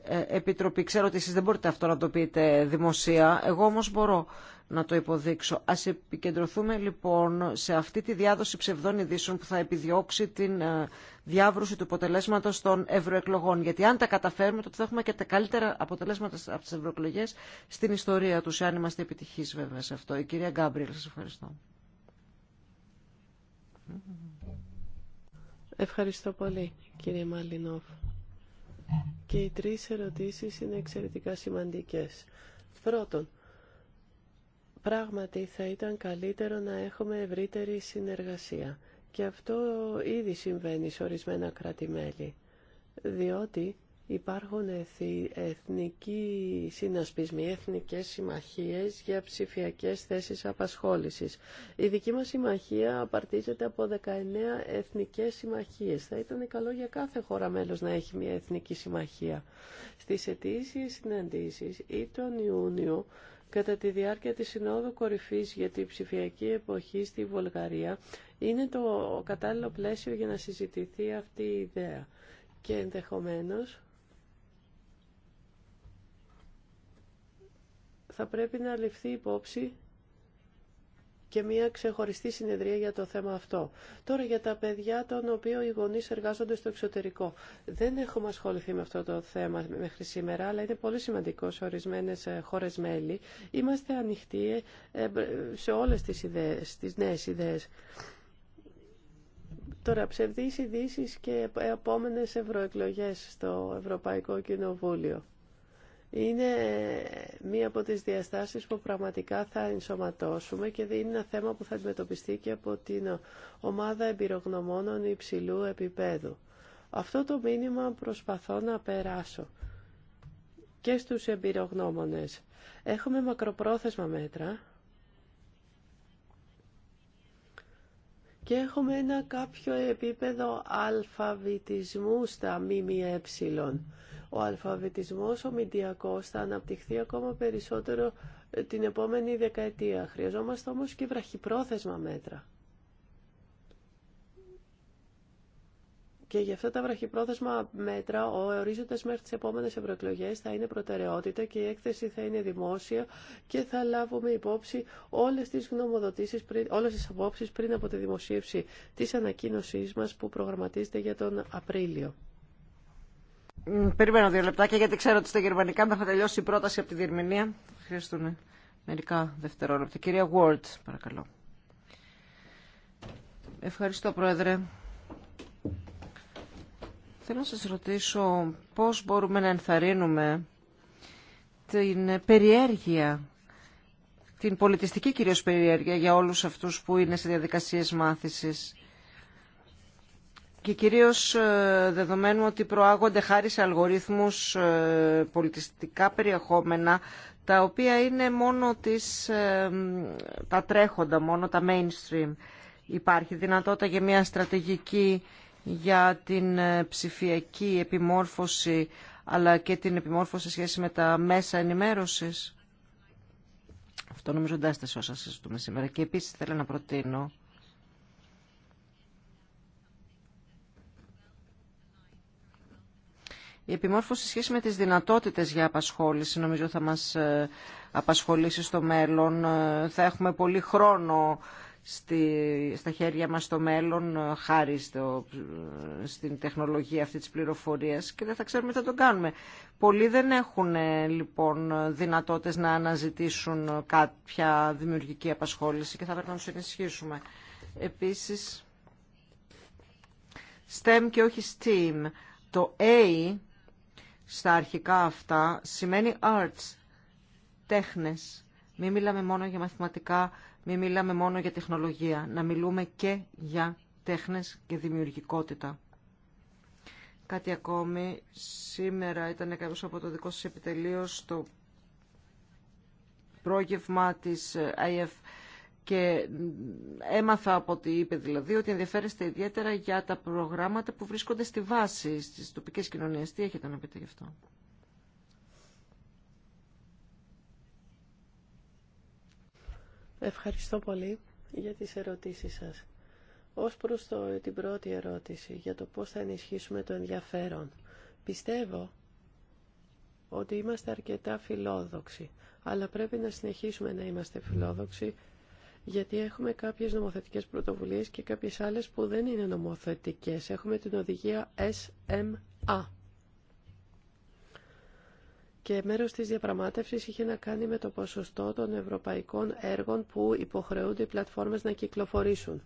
ε, επιτροπή. Ξέρω ότι εσείς δεν μπορείτε αυτό να το πείτε δημοσία, εγώ όμως μπορώ να το υποδείξω. Ας επικεντρωθούμε λοιπόν σε αυτή τη διάδοση ψευδών ειδήσεων που θα επιδιώξει την ε, διάβρωση του αποτελέσματος των ευρωεκλογών. Γιατί αν τα καταφέρουμε τότε θα έχουμε και τα καλύτερα αποτελέσματα από τις ευρωεκλογέ στην ιστορία του αν είμαστε επιτυχείς βέβαια σε αυτό. Η κυρία Γκάμπριελ, σας ευχαριστώ. Ευχαριστώ πολύ, κύριε Μαλινόφ. Και οι τρεις ερωτήσεις είναι εξαιρετικά σημαντικές. Πρώτον, Πράγματι θα ήταν καλύτερο να έχουμε ευρύτερη συνεργασία. Και αυτό ήδη συμβαίνει σε ορισμένα κράτη-μέλη, διότι υπάρχουν εθνικοί συνασπισμοί, εθνικές συμμαχίες για ψηφιακές θέσεις απασχόλησης. Η δική μας συμμαχία απαρτίζεται από 19 εθνικές συμμαχίες. Θα ήταν καλό για κάθε χώρα μέλος να έχει μια εθνική συμμαχία. Στις αιτήσεις συναντήσεις ή τον Ιούνιο κατά τη διάρκεια της Συνόδου Κορυφής για την ψηφιακή εποχή στη Βολγαρία είναι το κατάλληλο πλαίσιο για να συζητηθεί αυτή η ιδέα. Και ενδεχομένως θα πρέπει να ληφθεί υπόψη και μια ξεχωριστή συνεδρία για το θέμα αυτό. Τώρα για τα παιδιά των οποίων οι γονείς εργάζονται στο εξωτερικό. Δεν έχουμε ασχοληθεί με αυτό το θέμα μέχρι σήμερα, αλλά είναι πολύ σημαντικό σε ορισμένες ε, χώρες μέλη. Είμαστε ανοιχτοί ε, ε, σε όλες τις, ιδέες, τις νέες ιδέες. Τώρα, ψευδείς ειδήσει και επόμενες ευρωεκλογές στο Ευρωπαϊκό Κοινοβούλιο είναι μία από τις διαστάσεις που πραγματικά θα ενσωματώσουμε και είναι ένα θέμα που θα αντιμετωπιστεί και από την ομάδα εμπειρογνωμόνων υψηλού επίπεδου. Αυτό το μήνυμα προσπαθώ να περάσω και στους εμπειρογνώμονες. Έχουμε μακροπρόθεσμα μέτρα και έχουμε ένα κάποιο επίπεδο αλφαβητισμού στα ΜΜΕ. Ο αλφαβητισμός, ο μηντιακός θα αναπτυχθεί ακόμα περισσότερο ε, την επόμενη δεκαετία. Χρειαζόμαστε όμως και βραχυπρόθεσμα μέτρα. Και για αυτά τα βραχυπρόθεσμα μέτρα, ο ορίζοντα μέχρι τι επόμενε ευρωεκλογέ θα είναι προτεραιότητα και η έκθεση θα είναι δημόσια και θα λάβουμε υπόψη όλε τι γνωμοδοτήσει, όλε τι απόψει πριν από τη δημοσίευση τη ανακοίνωσή μα που προγραμματίζεται για τον Απρίλιο. Περιμένω δύο λεπτάκια γιατί ξέρω ότι στα γερμανικά με θα τελειώσει η πρόταση από τη διερμηνία. χρειαστούν μερικά δευτερόλεπτα. Κυρία Ward, παρακαλώ. Ευχαριστώ, Πρόεδρε. Θέλω να σας ρωτήσω πώς μπορούμε να ενθαρρύνουμε την περιέργεια, την πολιτιστική κυρίως περιέργεια για όλους αυτούς που είναι σε διαδικασίες μάθησης και κυρίως ε, δεδομένου ότι προάγονται χάρη σε αλγορίθμους ε, πολιτιστικά περιεχόμενα τα οποία είναι μόνο ε, τα τρέχοντα, μόνο τα mainstream. Υπάρχει δυνατότητα για μια στρατηγική για την ψηφιακή επιμόρφωση αλλά και την επιμόρφωση σε σχέση με τα μέσα ενημέρωσης. Αυτό νομίζω εντάσσεται σε όσα συζητούμε σήμερα. Και επίσης θέλω να προτείνω Η επιμόρφωση σχέση με τις δυνατότητες για απασχόληση νομίζω θα μας ε, απασχολήσει στο μέλλον. Ε, θα έχουμε πολύ χρόνο στη, στα χέρια μας στο μέλλον ε, χάρη στην τεχνολογία αυτή της πληροφορίας και δεν θα ξέρουμε τι θα τον κάνουμε. Πολλοί δεν έχουν λοιπόν δυνατότητες να αναζητήσουν κάποια δημιουργική απασχόληση και θα πρέπει να τους ενισχύσουμε. Επίσης, STEM και όχι STEAM. Το A στα αρχικά αυτά σημαίνει arts, τέχνες. Μην μιλάμε μόνο για μαθηματικά, μην μιλάμε μόνο για τεχνολογία. Να μιλούμε και για τέχνες και δημιουργικότητα. Κάτι ακόμη, σήμερα ήταν κάποιος από το δικό σας επιτελείο στο πρόγευμα της IF και έμαθα από ό,τι είπε δηλαδή ότι ενδιαφέρεστε ιδιαίτερα για τα προγράμματα που βρίσκονται στη βάση, στις τοπικές κοινωνίες. Τι έχετε να πείτε γι' αυτό. Ευχαριστώ πολύ για τις ερωτήσεις σας. Ως προς την πρώτη ερώτηση για το πώς θα ενισχύσουμε το ενδιαφέρον. Πιστεύω ότι είμαστε αρκετά φιλόδοξοι, αλλά πρέπει να συνεχίσουμε να είμαστε φιλόδοξοι γιατί έχουμε κάποιες νομοθετικές πρωτοβουλίες και κάποιες άλλες που δεν είναι νομοθετικές. Έχουμε την οδηγία SMA. Και μέρος της διαπραγμάτευσης είχε να κάνει με το ποσοστό των ευρωπαϊκών έργων που υποχρεούνται οι πλατφόρμες να κυκλοφορήσουν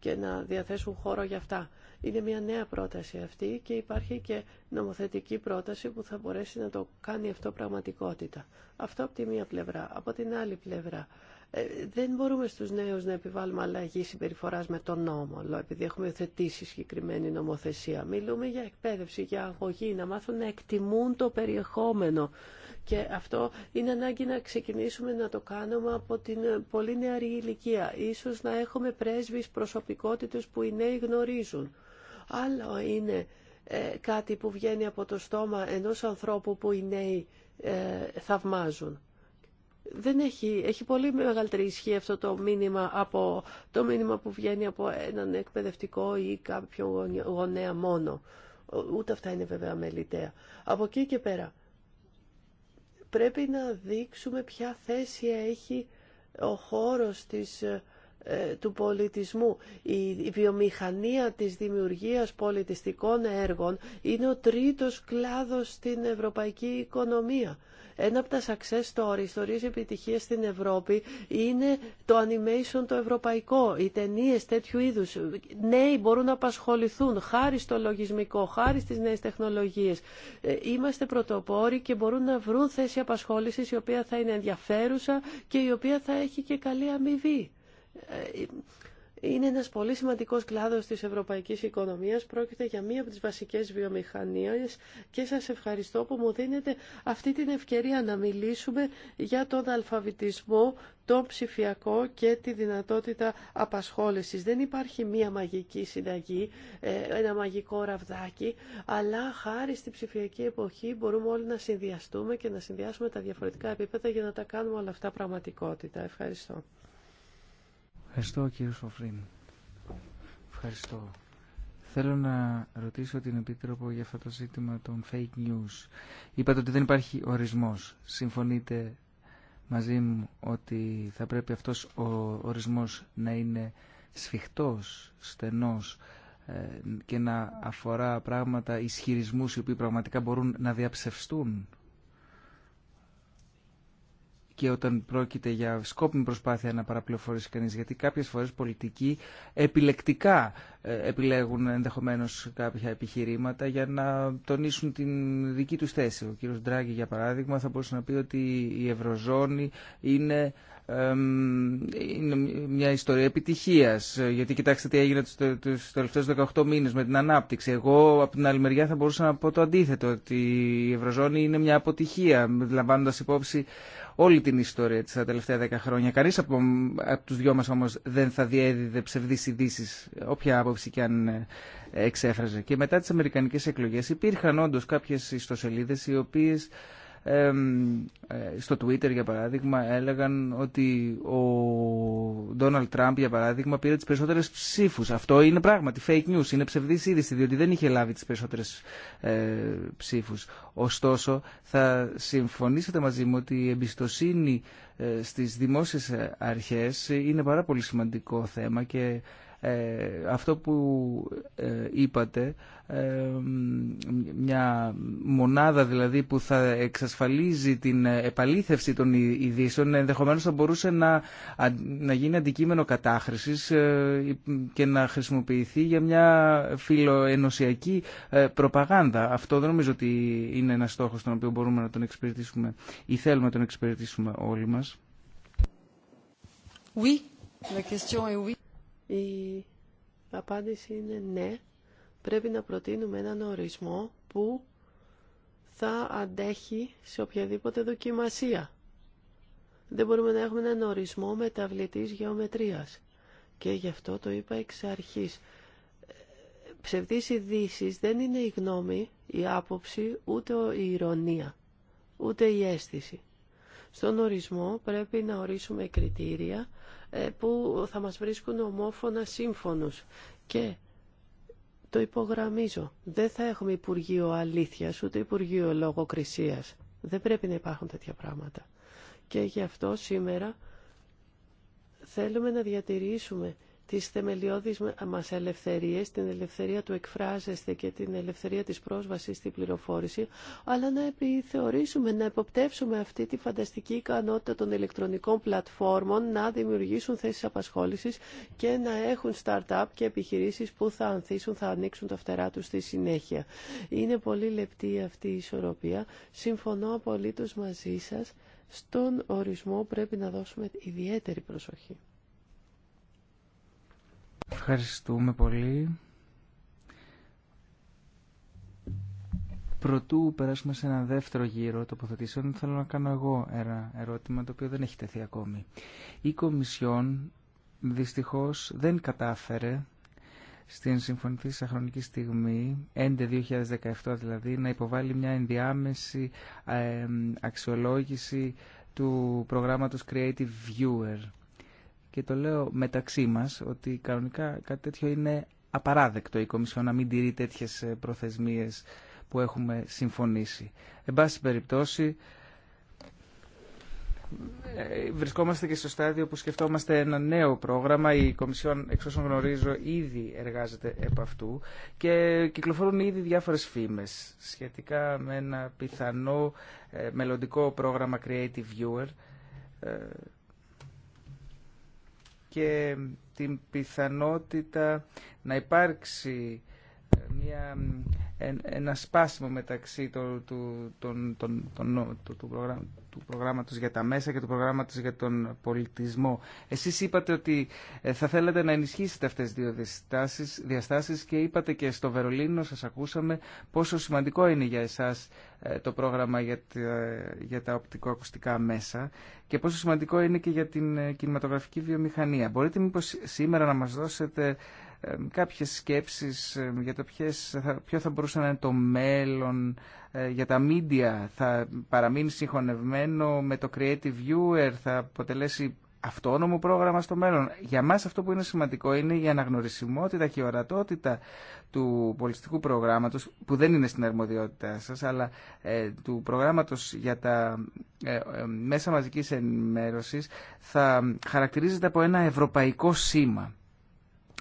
και να διαθέσουν χώρο για αυτά. Είναι μια νέα πρόταση αυτή και υπάρχει και νομοθετική πρόταση που θα μπορέσει να το κάνει αυτό πραγματικότητα. Αυτό από τη μία πλευρά. Από την άλλη πλευρά ε, δεν μπορούμε στους νέους να επιβάλλουμε αλλαγή συμπεριφοράς με τον νόμο, επειδή έχουμε θετήσει συγκεκριμένη νομοθεσία. Μιλούμε για εκπαίδευση, για αγωγή, να μάθουν να εκτιμούν το περιεχόμενο. Και αυτό είναι ανάγκη να ξεκινήσουμε να το κάνουμε από την πολύ νεαρή ηλικία. Ίσως να έχουμε πρέσβεις προσωπικότητες που οι νέοι γνωρίζουν. Άλλο είναι ε, κάτι που βγαίνει από το στόμα ενός ανθρώπου που οι νέοι ε, θαυμάζουν δεν έχει, έχει πολύ μεγαλύτερη ισχύ αυτό το μήνυμα από το μήνυμα που βγαίνει από έναν εκπαιδευτικό ή καποιο γονέα μόνο. Ούτε αυτά είναι βέβαια μελιτέα. Από εκεί και πέρα πρέπει να δείξουμε ποια θέση έχει ο χώρος της, ε, του πολιτισμού. Η βιομηχανία της δημιουργίας πολιτιστικών έργων είναι ο τρίτος κλάδος στην ευρωπαϊκή οικονομία. Ένα από τα success stories, ιστορίες επιτυχίες στην Ευρώπη είναι το animation το ευρωπαϊκό, οι ταινίε τέτοιου είδους. Νέοι μπορούν να απασχοληθούν χάρη στο λογισμικό, χάρη στις νέες τεχνολογίες. Ε, είμαστε πρωτοπόροι και μπορούν να βρουν θέση απασχόλησης η οποία θα είναι ενδιαφέρουσα και η οποία θα έχει και καλή αμοιβή. Ε, είναι ένας πολύ σημαντικός κλάδος της ευρωπαϊκής οικονομίας. Πρόκειται για μία από τις βασικές βιομηχανίες και σας ευχαριστώ που μου δίνετε αυτή την ευκαιρία να μιλήσουμε για τον αλφαβητισμό, τον ψηφιακό και τη δυνατότητα απασχόλησης. Δεν υπάρχει μία μαγική συνταγή, ε, ένα μαγικό ραβδάκι, αλλά χάρη στη ψηφιακή εποχή μπορούμε όλοι να συνδυαστούμε και να συνδυάσουμε τα διαφορετικά επίπεδα για να τα κάνουμε όλα αυτά πραγματικότητα. Ευχαριστώ. Ευχαριστώ κύριε Σοφρίν. Ευχαριστώ. Θέλω να ρωτήσω την Επίτροπο για αυτό το ζήτημα των fake news. Είπατε ότι δεν υπάρχει ορισμός. Συμφωνείτε μαζί μου ότι θα πρέπει αυτός ο ορισμός να είναι σφιχτός, στενός ε, και να αφορά πράγματα, ισχυρισμούς οι οποίοι πραγματικά μπορούν να διαψευστούν και όταν πρόκειται για σκόπιμη προσπάθεια να παραπληροφορήσει κανείς, γιατί κάποιες φορές πολιτικοί επιλεκτικά ε, επιλέγουν ενδεχομένως κάποια επιχειρήματα για να τονίσουν την δική τους θέση. Ο κύριος Ντράγκη, για παράδειγμα, θα μπορούσε να πει ότι η Ευρωζώνη είναι μια ιστορία επιτυχίας γιατί κοιτάξτε τι έγινε τους τελευταίους 18 μήνες με την ανάπτυξη εγώ από την άλλη μεριά θα μπορούσα να πω το αντίθετο ότι η Ευρωζώνη είναι μια αποτυχία λαμβάνοντας υπόψη όλη την ιστορία της τα τελευταία δέκα χρόνια. Κανείς από, από τους δυο μας όμως δεν θα διέδιδε ψευδείς ειδήσει, όποια άποψη και αν ε, εξέφραζε. Και μετά τις αμερικανικές εκλογές υπήρχαν όντως κάποιες ιστοσελίδες οι οποίες ε, στο Twitter για παράδειγμα έλεγαν ότι ο Ντόναλτ Τραμπ για παράδειγμα πήρε τις περισσότερες ψήφους. Αυτό είναι πράγματι fake news, είναι ψευδής είδηση διότι δεν είχε λάβει τις περισσότερες ε, ψήφους. Ωστόσο θα συμφωνήσετε μαζί μου ότι η εμπιστοσύνη ε, στις δημόσιες αρχές είναι πάρα πολύ σημαντικό θέμα και αυτό που είπατε ε, μια μονάδα δηλαδή που θα εξασφαλίζει την επαλήθευση των ειδήσεων ενδεχομένως θα μπορούσε να, να γίνει αντικείμενο κατάχρησης ε, και να χρησιμοποιηθεί για μια φιλοενωσιακή ε, προπαγάνδα. Αυτό δεν νομίζω ότι είναι ένα στόχο τον οποίο μπορούμε να τον εξυπηρετήσουμε ή θέλουμε να τον εξυπηρετήσουμε όλοι μας. Oui, la question est oui. Η απάντηση είναι ναι πρέπει να προτείνουμε έναν ορισμό που θα αντέχει σε οποιαδήποτε δοκιμασία. Δεν μπορούμε να έχουμε έναν ορισμό μεταβλητής γεωμετρίας. Και γι' αυτό το είπα εξ αρχής. Ψευδείς ειδήσει δεν είναι η γνώμη, η άποψη, ούτε η ηρωνία, ούτε η αίσθηση. Στον ορισμό πρέπει να ορίσουμε κριτήρια ε, που θα μας βρίσκουν ομόφωνα σύμφωνους και το υπογραμμίζω. Δεν θα έχουμε Υπουργείο Αλήθειας, ούτε Υπουργείο Λογοκρισίας. Δεν πρέπει να υπάρχουν τέτοια πράγματα. Και γι' αυτό σήμερα θέλουμε να διατηρήσουμε τις θεμελιώδεις μας ελευθερίες, την ελευθερία του εκφράζεστε και την ελευθερία της πρόσβασης στην πληροφόρηση, αλλά να επιθεωρήσουμε, να εποπτεύσουμε αυτή τη φανταστική ικανότητα των ηλεκτρονικών πλατφόρμων να δημιουργήσουν θέσεις απασχόλησης και να έχουν start-up και επιχειρήσεις που θα ανθίσουν, θα ανοίξουν τα φτερά τους στη συνέχεια. Είναι πολύ λεπτή αυτή η ισορροπία. Συμφωνώ απολύτως μαζί σας. Στον ορισμό πρέπει να δώσουμε ιδιαίτερη προσοχή. Ευχαριστούμε πολύ. Προτού περάσουμε σε ένα δεύτερο γύρο τοποθετήσεων, θέλω να κάνω εγώ ένα ερώτημα το οποίο δεν έχει τεθεί ακόμη. Η Κομισιόν δυστυχώς δεν κατάφερε στην Συμφωνητή χρονικη χρονική έντε 11-2017 δηλαδή, να υποβάλει μια ενδιάμεση ε, αξιολόγηση του προγράμματος Creative Viewer και το λέω μεταξύ μας ότι κανονικά κάτι τέτοιο είναι απαράδεκτο η Κομισιόν να μην τηρεί τέτοιες ε, προθεσμίες που έχουμε συμφωνήσει. Εν πάση περιπτώσει, ε, βρισκόμαστε και στο στάδιο που σκεφτόμαστε ένα νέο πρόγραμμα. Η Κομισιόν, εξ όσων γνωρίζω, ήδη εργάζεται επ' αυτού και κυκλοφορούν ήδη διάφορες φήμες σχετικά με ένα πιθανό ε, μελλοντικό πρόγραμμα Creative Viewer και την πιθανότητα να υπάρξει μια ένα σπάσιμο μεταξύ του, του, του, του προγράμματος για τα μέσα και του προγράμματος για τον πολιτισμό. Εσείς είπατε ότι ε, θα θέλατε να ενισχύσετε αυτές τις δύο διαστάσεις, και είπατε και στο Βερολίνο, σας ακούσαμε, πόσο σημαντικό είναι για εσάς ε, το πρόγραμμα για τα, για τα οπτικοακουστικά μέσα και πόσο σημαντικό είναι και για την ε, κινηματογραφική βιομηχανία. Μπορείτε μήπως σήμερα να μας δώσετε ε, κάποιες σκέψεις ε, για το ποιο θα μπορούσε να είναι το μέλλον ε, για τα media. Θα παραμείνει συγχωνευμένο με το Creative Viewer, θα αποτελέσει αυτόνομο πρόγραμμα στο μέλλον. Για μας αυτό που είναι σημαντικό είναι η αναγνωρισιμότητα και η ορατότητα του πολιστικού προγράμματος, που δεν είναι στην αρμοδιότητά σας, αλλά του προγράμματος για τα μέσα μαζικής ενημέρωσης, θα χαρακτηρίζεται από ένα ευρωπαϊκό σήμα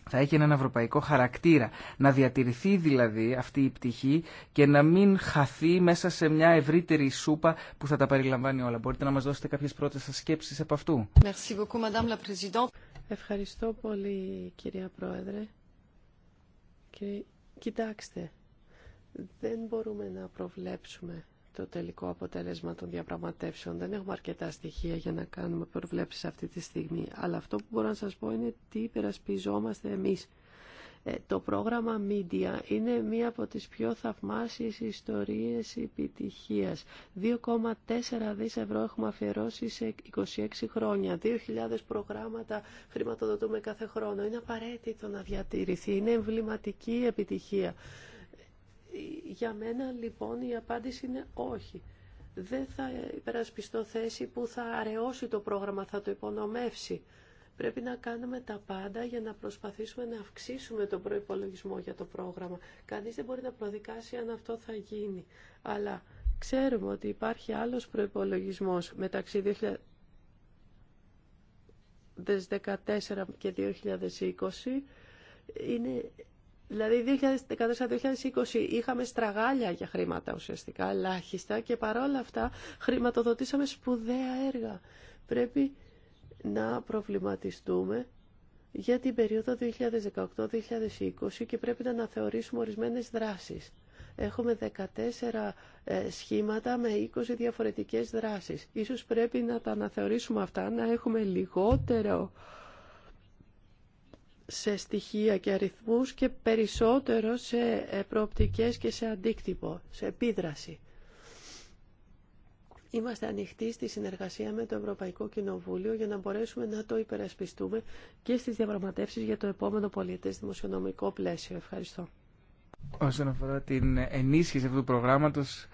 θα έχει έναν ευρωπαϊκό χαρακτήρα. Να διατηρηθεί δηλαδή αυτή η πτυχή και να μην χαθεί μέσα σε μια ευρύτερη σούπα που θα τα περιλαμβάνει όλα. Μπορείτε να μας δώσετε κάποιες πρώτες σας σκέψεις από αυτού. Ευχαριστώ πολύ κυρία Πρόεδρε. Και... Κοιτάξτε, δεν μπορούμε να προβλέψουμε το τελικό αποτέλεσμα των διαπραγματεύσεων. Δεν έχουμε αρκετά στοιχεία για να κάνουμε προβλέψεις αυτή τη στιγμή. Αλλά αυτό που μπορώ να σας πω είναι τι υπερασπιζόμαστε εμείς. Ε, το πρόγραμμα Media είναι μία από τις πιο θαυμάσιες ιστορίες επιτυχίας. 2,4 δις ευρώ έχουμε αφιερώσει σε 26 χρόνια. 2.000 προγράμματα χρηματοδοτούμε κάθε χρόνο. Είναι απαραίτητο να διατηρηθεί. Είναι εμβληματική επιτυχία. Για μένα λοιπόν η απάντηση είναι όχι. Δεν θα υπερασπιστώ θέση που θα αραιώσει το πρόγραμμα, θα το υπονομεύσει. Πρέπει να κάνουμε τα πάντα για να προσπαθήσουμε να αυξήσουμε τον προϋπολογισμό για το πρόγραμμα. Κανείς δεν μπορεί να προδικάσει αν αυτό θα γίνει. Αλλά ξέρουμε ότι υπάρχει άλλος προϋπολογισμός μεταξύ 2014 και 2020. Είναι Δηλαδή 2014-2020 είχαμε στραγάλια για χρήματα ουσιαστικά, ελάχιστα και παρόλα αυτά χρηματοδοτήσαμε σπουδαία έργα. Πρέπει να προβληματιστούμε για την περίοδο 2018-2020 και πρέπει να αναθεωρήσουμε ορισμένες δράσεις. Έχουμε 14 ε, σχήματα με 20 διαφορετικές δράσεις. Ίσως πρέπει να τα αναθεωρήσουμε αυτά, να έχουμε λιγότερο σε στοιχεία και αριθμούς και περισσότερο σε ε, προοπτικές και σε αντίκτυπο, σε επίδραση. Είμαστε ανοιχτοί στη συνεργασία με το Ευρωπαϊκό Κοινοβούλιο για να μπορέσουμε να το υπερασπιστούμε και στις διαπραγματεύσεις για το επόμενο πολιτεύσιο δημοσιονομικό πλαίσιο. Ευχαριστώ. Όσον αφορά την ενίσχυση αυτού του προγράμματος,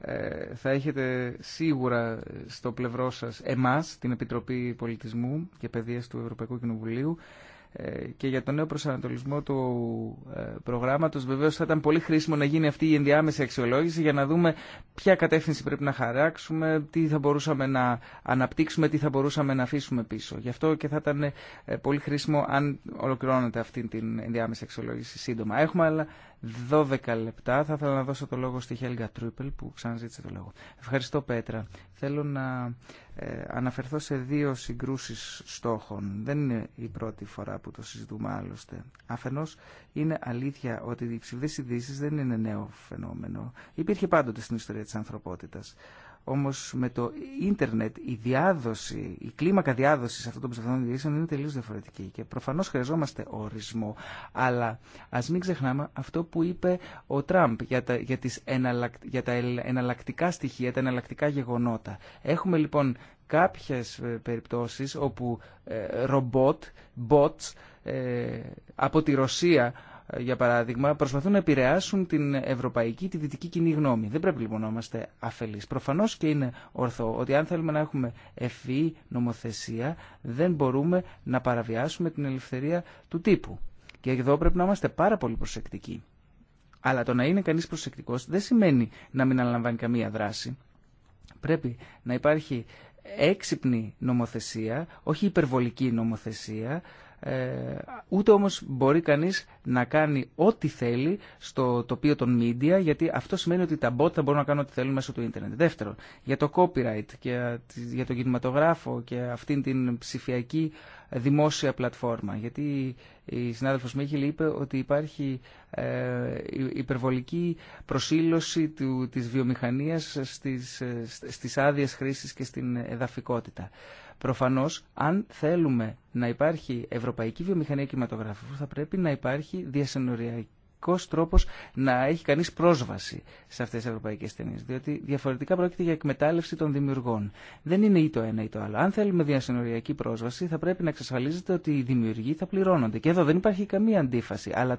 ε, θα έχετε σίγουρα στο πλευρό σας εμάς, την Επιτροπή Πολιτισμού και Παιδείας του Ευρωπαϊκού Κοινοβουλίου, ε, και για τον νέο προσανατολισμό του ε, προγράμματος βεβαίως θα ήταν πολύ χρήσιμο να γίνει αυτή η ενδιάμεση αξιολόγηση για να δούμε ποια κατεύθυνση πρέπει να χαράξουμε, τι θα μπορούσαμε να αναπτύξουμε, τι θα μπορούσαμε να αφήσουμε πίσω. Γι' αυτό και θα ήταν ε, πολύ χρήσιμο αν ολοκληρώνεται αυτή την ενδιάμεση αξιολόγηση σύντομα. αλλά 12 λεπτά. Θα ήθελα να δώσω το λόγο στη Χέλγα Τρούπελ που ξαναζήτησε το λόγο. Ευχαριστώ Πέτρα. Θέλω να ε, αναφερθώ σε δύο συγκρούσεις στόχων. Δεν είναι η πρώτη φορά που το συζητούμε άλλωστε. Αφενός είναι αλήθεια ότι οι ψηφιδές ειδήσει δεν είναι νέο φαινόμενο. Υπήρχε πάντοτε στην ιστορία της ανθρωπότητας. Όμως με το ίντερνετ η διάδοση, η κλίμακα διάδοσης αυτών των ψευδών ειδήσεων είναι τελείως διαφορετική και προφανώς χρειαζόμαστε ορισμό. Αλλά ας μην ξεχνάμε αυτό που είπε ο Τραμπ για τα, για, τις για τα εναλλακτικά στοιχεία, τα εναλλακτικά γεγονότα. Έχουμε λοιπόν κάποιες ε, περιπτώσεις όπου ε, ρομπότ, bots ε, από τη Ρωσία για παράδειγμα, προσπαθούν να επηρεάσουν την ευρωπαϊκή, τη δυτική κοινή γνώμη. Δεν πρέπει λοιπόν να είμαστε αφελεί. Προφανώ και είναι ορθό ότι αν θέλουμε να έχουμε ευφυή νομοθεσία, δεν μπορούμε να παραβιάσουμε την ελευθερία του τύπου. Και εδώ πρέπει να είμαστε πάρα πολύ προσεκτικοί. Αλλά το να είναι κανεί προσεκτικό δεν σημαίνει να μην αναλαμβάνει καμία δράση. Πρέπει να υπάρχει έξυπνη νομοθεσία, όχι υπερβολική νομοθεσία, ε, ούτε όμως μπορεί κανείς να κάνει ό,τι θέλει στο τοπίο των media, γιατί αυτό σημαίνει ότι τα bot θα μπορούν να κάνουν ό,τι θέλουν μέσω του ίντερνετ. Δεύτερον, για το copyright και ε, για τον κινηματογράφο και αυτήν την ψηφιακή δημόσια πλατφόρμα. Γιατί η συνάδελφος Μίχηλ είπε ότι υπάρχει ε, υπερβολική προσήλωση του, της βιομηχανίας στις, στις άδειες χρήσης και στην εδαφικότητα. Προφανώς, αν θέλουμε να υπάρχει ευρωπαϊκή βιομηχανία κινηματογράφου, θα πρέπει να υπάρχει διασυνοριακή τρόπος να έχει κανείς πρόσβαση σε αυτές τις ευρωπαϊκές ταινίες, διότι διαφορετικά πρόκειται για εκμετάλλευση των δημιουργών. Δεν είναι ή το ένα ή το άλλο. Αν θέλουμε διασυνοριακή πρόσβαση θα πρέπει να εξασφαλίζεται ότι οι δημιουργοί θα πληρώνονται. Και εδώ δεν υπάρχει καμία αντίφαση, αλλά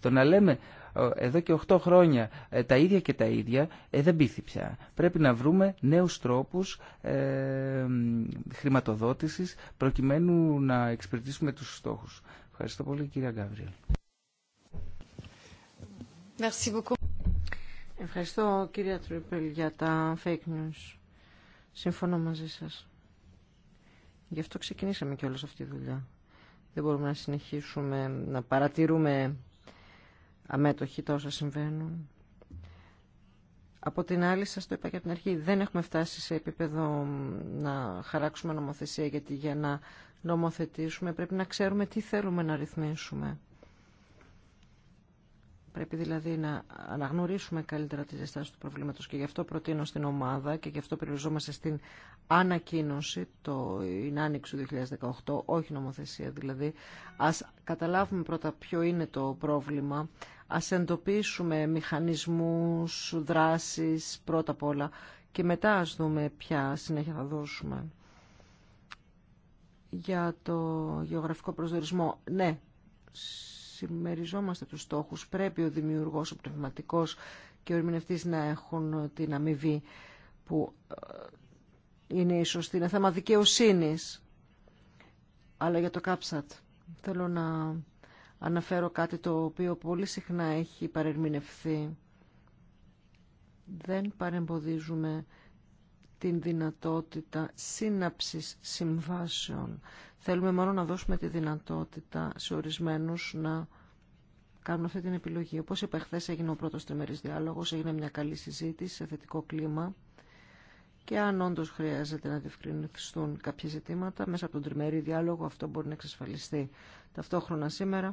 το να λέμε ε, εδώ και 8 χρόνια ε, τα ίδια και τα ίδια, ε, δεν πείθει πια. Πρέπει να βρούμε νέους τρόπους ε, χρηματοδότησης προκειμένου να εξυπηρετήσουμε τους στόχους. Ευχαριστώ πολύ κυρία Γκάβριελ. Ευχαριστώ κυρία Τρουπελ για τα fake news. Συμφωνώ μαζί σας. Γι' αυτό ξεκινήσαμε και αυτή τη δουλειά. Δεν μπορούμε να συνεχίσουμε να παρατηρούμε αμέτωχοι τόσα συμβαίνουν. Από την άλλη, σας το είπα και από την αρχή, δεν έχουμε φτάσει σε επίπεδο να χαράξουμε νομοθεσία, γιατί για να νομοθετήσουμε πρέπει να ξέρουμε τι θέλουμε να ρυθμίσουμε. Πρέπει δηλαδή να αναγνωρίσουμε καλύτερα τις διαστάσεις του προβλήματος και γι' αυτό προτείνω στην ομάδα και γι' αυτό περιοριζόμαστε στην ανακοίνωση το του 2018, όχι νομοθεσία δηλαδή. Ας καταλάβουμε πρώτα ποιο είναι το πρόβλημα, ας εντοπίσουμε μηχανισμούς, δράσεις πρώτα απ' όλα και μετά ας δούμε ποια συνέχεια θα δώσουμε. Για το γεωγραφικό προσδορισμό, ναι, συμμεριζόμαστε τους στόχους. Πρέπει ο δημιουργός, ο πνευματικός και ο ερμηνευτής να έχουν την αμοιβή που ε, είναι η σωστή. Είναι θέμα δικαιοσύνη. Αλλά για το κάψατ θέλω να αναφέρω κάτι το οποίο πολύ συχνά έχει παρερμηνευθεί. Δεν παρεμποδίζουμε την δυνατότητα σύναψης συμβάσεων Θέλουμε μόνο να δώσουμε τη δυνατότητα σε ορισμένου να κάνουν αυτή την επιλογή. Όπως είπα χθε, έγινε ο πρώτος τριμερής διάλογος, έγινε μια καλή συζήτηση σε θετικό κλίμα και αν όντω χρειάζεται να διευκρινιστούν κάποια ζητήματα, μέσα από τον τριμερή διάλογο αυτό μπορεί να εξασφαλιστεί. Ταυτόχρονα σήμερα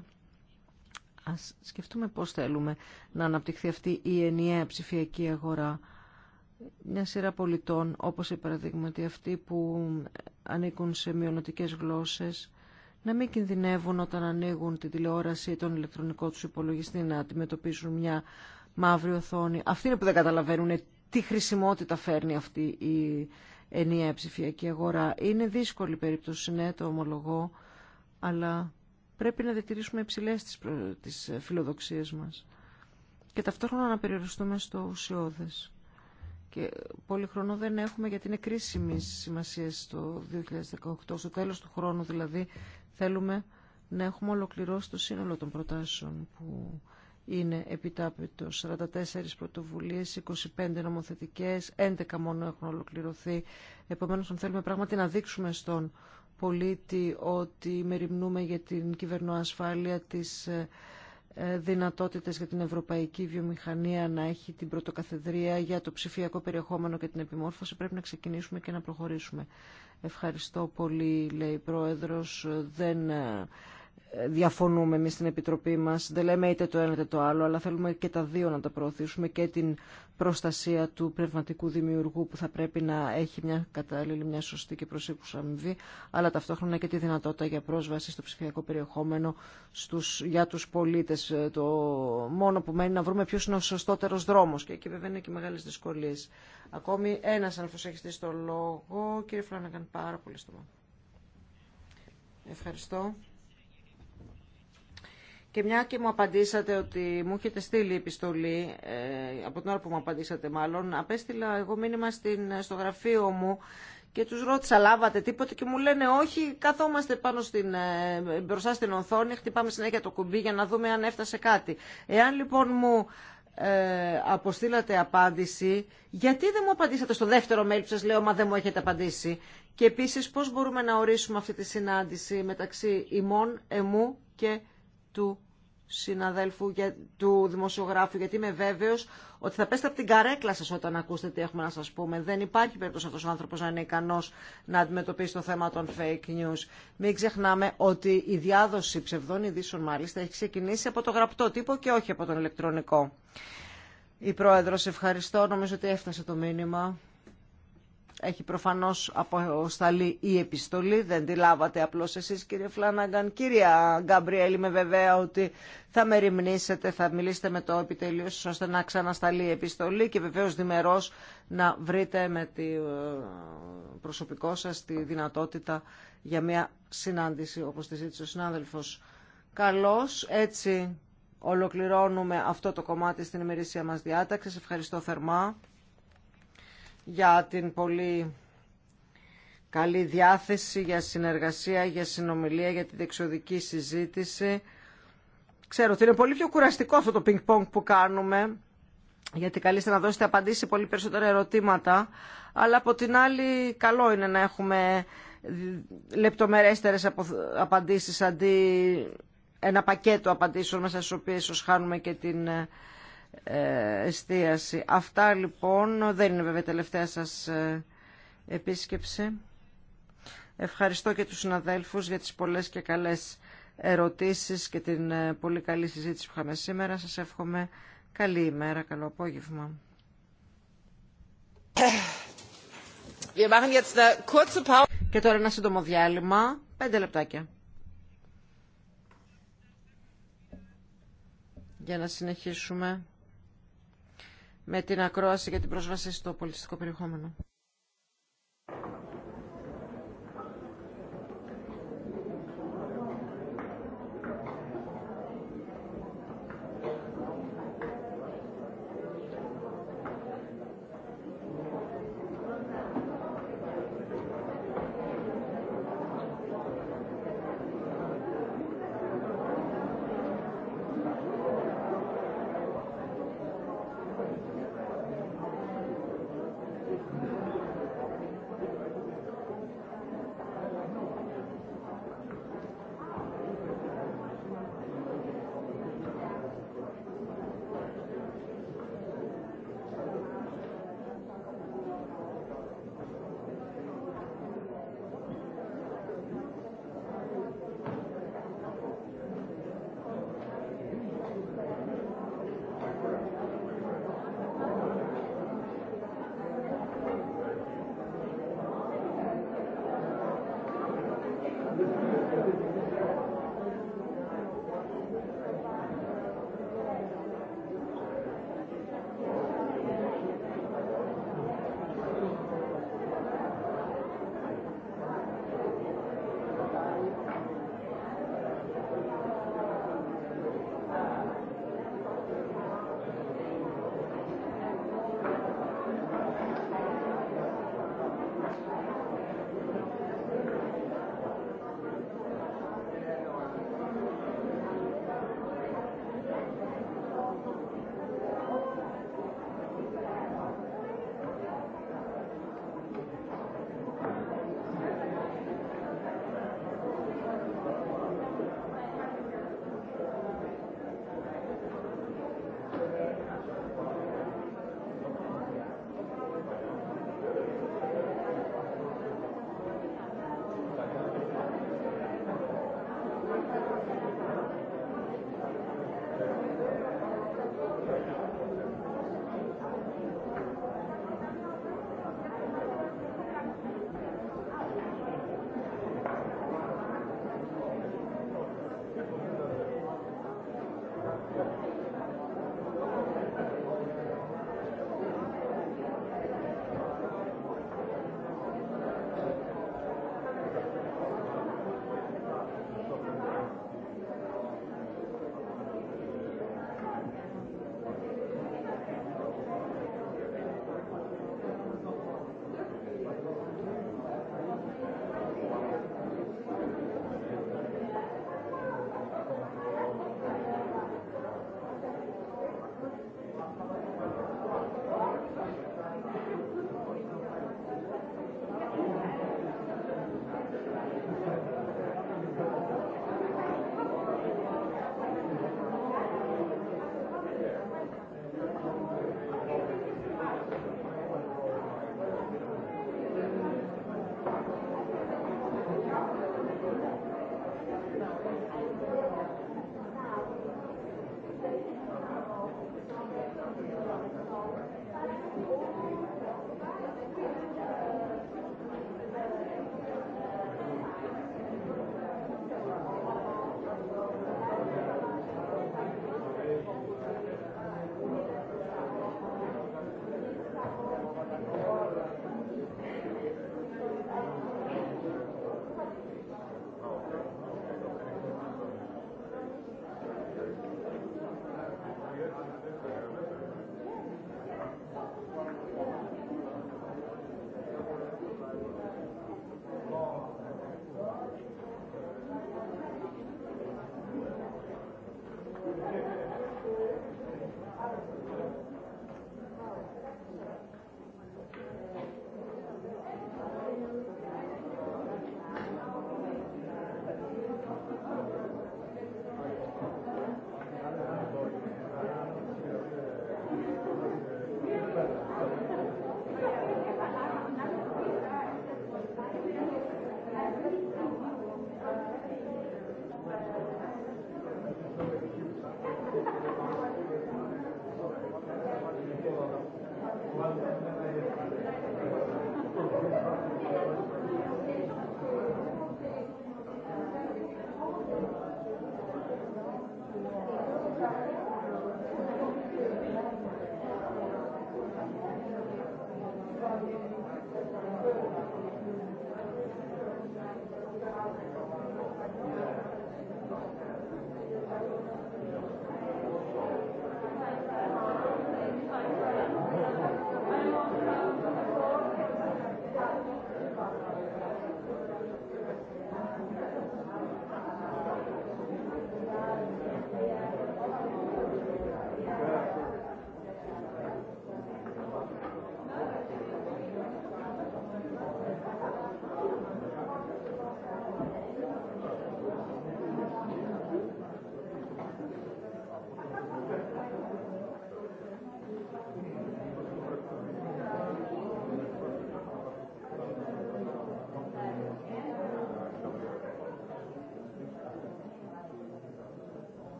Α σκεφτούμε πώ θέλουμε να αναπτυχθεί αυτή η ενιαία ψηφιακή αγορά μια σειρά πολιτών, όπως οι παραδείγματοι αυτοί που ανήκουν σε μειονοτικές γλώσσες, να μην κινδυνεύουν όταν ανοίγουν τη τηλεόραση ή τον ηλεκτρονικό τους υπολογιστή να αντιμετωπίσουν μια μαύρη οθόνη. Αυτοί είναι που δεν καταλαβαίνουν τι χρησιμότητα φέρνει αυτή η ενιαία ψηφιακή αγορά. Είναι δύσκολη περίπτωση, ναι, το ομολογώ, αλλά πρέπει να διατηρήσουμε υψηλέ τις φιλοδοξίες μας και ταυτόχρονα να περιοριστούμε στο ουσιώδες και πολύ χρόνο δεν έχουμε γιατί είναι κρίσιμη σημασία το 2018. Στο τέλος του χρόνου δηλαδή θέλουμε να έχουμε ολοκληρώσει το σύνολο των προτάσεων που είναι επιτάπητο. 44 πρωτοβουλίες, 25 νομοθετικές, 11 μόνο έχουν ολοκληρωθεί. Επομένως, αν θέλουμε πράγματι να δείξουμε στον πολίτη ότι μεριμνούμε για την κυβερνοασφάλεια, της ε, ε, δυνατότητες για την ευρωπαϊκή βιομηχανία να έχει την πρωτοκαθεδρία για το ψηφιακό περιεχόμενο και την επιμόρφωση πρέπει να ξεκινήσουμε και να προχωρήσουμε. Ευχαριστώ πολύ, λέει η Πρόεδρος. Δεν ε, διαφωνούμε εμεί στην Επιτροπή μα. Δεν λέμε είτε το ένα είτε το άλλο, αλλά θέλουμε και τα δύο να τα προωθήσουμε και την προστασία του πνευματικού δημιουργού που θα πρέπει να έχει μια κατάλληλη, μια σωστή και προσήκουσα αμοιβή, αλλά ταυτόχρονα και τη δυνατότητα για πρόσβαση στο ψηφιακό περιεχόμενο στους, για του πολίτε. Ε, το μόνο που μένει να βρούμε ποιο είναι ο σωστότερο δρόμο. και εκεί βέβαια είναι και μεγάλε δυσκολίε. Ακόμη ένα άνθρωπος έχει στήσει το λόγο. Κύριε Φλάνναγκαν, πάρα πολύ στο. Ευχαριστώ. Και μια και μου απαντήσατε ότι μου έχετε στείλει επιστολή, ε, από την ώρα που μου απαντήσατε μάλλον, απέστειλα εγώ μήνυμα στην, στο γραφείο μου και τους ρώτησα λάβατε τίποτα και μου λένε όχι, καθόμαστε πάνω στην, ε, μπροστά στην οθόνη, χτυπάμε συνέχεια το κουμπί για να δούμε αν έφτασε κάτι. Εάν λοιπόν μου ε, αποστήλατε απάντηση, γιατί δεν μου απαντήσατε στο δεύτερο mail που σας λέω, μα δεν μου έχετε απαντήσει. Και επίσης πώς μπορούμε να ορίσουμε αυτή τη συνάντηση μεταξύ ημών, εμού και του συναδέλφου, του δημοσιογράφου, γιατί είμαι βέβαιο ότι θα πέστε από την καρέκλα σα όταν ακούσετε τι έχουμε να σα πούμε. Δεν υπάρχει περίπτωση αυτό ο άνθρωπο να είναι ικανό να αντιμετωπίσει το θέμα των fake news. Μην ξεχνάμε ότι η διάδοση ψευδών ειδήσεων μάλιστα έχει ξεκινήσει από το γραπτό τύπο και όχι από τον ηλεκτρονικό. Η πρόεδρο, ευχαριστώ. Νομίζω ότι έφτασε το μήνυμα. Έχει προφανώς αποσταλεί η επιστολή, δεν τη λάβατε απλώς εσείς κύριε Φλάναγκαν. Κυρία Γκαμπριέλη, είμαι βέβαια ότι θα με ρημνήσετε, θα μιλήσετε με το επιτελείο σας ώστε να ξανασταλεί η επιστολή και βεβαίως διμερώς να βρείτε με το ε, προσωπικό σας τη δυνατότητα για μια συνάντηση όπως τη ζήτησε ο συνάδελφος. Καλώς, έτσι ολοκληρώνουμε αυτό το κομμάτι στην ημερήσια μας διάταξη. ευχαριστώ θερμά για την πολύ καλή διάθεση για συνεργασία, για συνομιλία, για τη δεξιοδική συζήτηση. Ξέρω ότι είναι πολύ πιο κουραστικό αυτό το πινκ-πονγκ που κάνουμε, γιατί καλείστε να δώσετε απαντήσει σε πολύ περισσότερα ερωτήματα, αλλά από την άλλη καλό είναι να έχουμε λεπτομερέστερες απαντήσεις αντί ένα πακέτο απαντήσεων μέσα στις οποίες χάνουμε και την ε, εστίαση. Αυτά λοιπόν δεν είναι βέβαια τελευταία σας ε, επίσκεψη. Ευχαριστώ και τους συναδέλφους για τις πολλές και καλές ερωτήσεις και την ε, πολύ καλή συζήτηση που είχαμε σήμερα. Σας εύχομαι καλή ημέρα, καλό απόγευμα. Και τώρα ένα σύντομο διάλειμμα, πέντε λεπτάκια. Για να συνεχίσουμε με την ακρόαση για την πρόσβαση στο πολιτιστικό περιεχόμενο.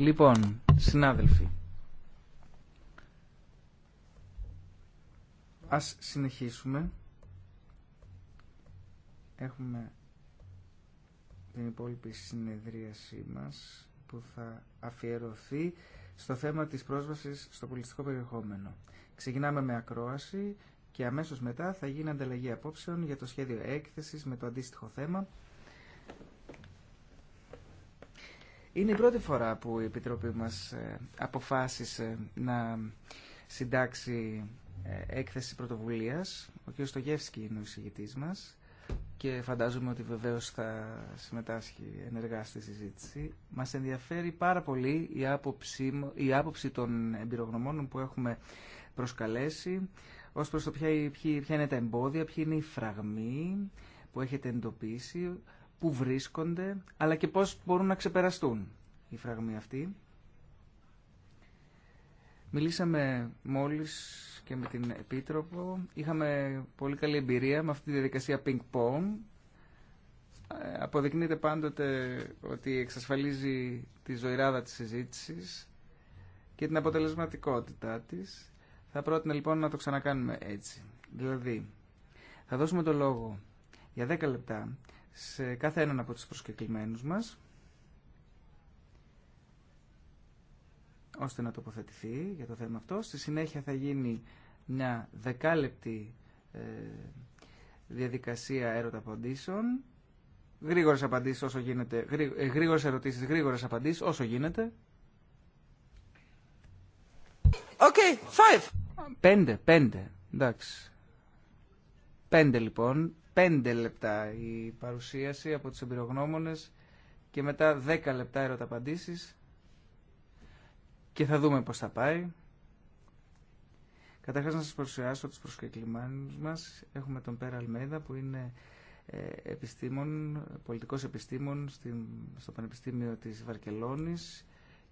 Λοιπόν, συνάδελφοι, ας συνεχίσουμε. Έχουμε την υπόλοιπη συνεδρίασή μας που θα αφιερωθεί στο θέμα της πρόσβασης στο πολιτιστικό περιεχόμενο. Ξεκινάμε με ακρόαση και αμέσως μετά θα γίνει ανταλλαγή απόψεων για το σχέδιο έκθεσης με το αντίστοιχο θέμα Είναι η πρώτη φορά που η Επιτροπή μας ε, αποφάσισε να συντάξει ε, έκθεση πρωτοβουλίας. Ο κ. Στογεύσκη είναι ο εισηγητής μας και φαντάζομαι ότι βεβαίως θα συμμετάσχει ενεργά στη συζήτηση. Μας ενδιαφέρει πάρα πολύ η άποψη, η άποψη των εμπειρογνωμόνων που έχουμε προσκαλέσει ως προς το ποια, ποια είναι τα εμπόδια, ποια είναι η φραγμή που έχετε εντοπίσει που βρίσκονται, αλλά και πώς μπορούν να ξεπεραστούν οι φραγμοί αυτοί. Μιλήσαμε μόλις και με την Επίτροπο. Είχαμε πολύ καλή εμπειρία με αυτή τη διαδικασία ping-pong. Ε, αποδεικνύεται πάντοτε ότι εξασφαλίζει τη ζωηράδα της συζήτησης και την αποτελεσματικότητά της. Θα πρότεινα λοιπόν να το ξανακάνουμε έτσι. Δηλαδή, θα δώσουμε το λόγο για 10 λεπτά σε κάθε έναν από τους προσκεκλημένους μας ώστε να τοποθετηθεί για το θέμα αυτό. Στη συνέχεια θα γίνει μια δεκάλεπτη ε, διαδικασία έρωτα απαντήσεων. Γρήγορες απαντήσεις όσο γίνεται, ε, γρήγορες ερωτήσεις, γρήγορες απαντήσεις όσο γίνεται. Okay, five. Πέντε, πέντε, εντάξει. Πέντε λοιπόν, 5 λεπτά η παρουσίαση από τους εμπειρογνώμονες και μετά 10 λεπτά ερωταπαντήσεις και θα δούμε πώς θα πάει. Καταρχάς να σας παρουσιάσω τους προσκεκλημένους μας. Έχουμε τον Πέρα Αλμέδα που είναι ε, επιστήμον, πολιτικός επιστήμον στο Πανεπιστήμιο της Βαρκελόνης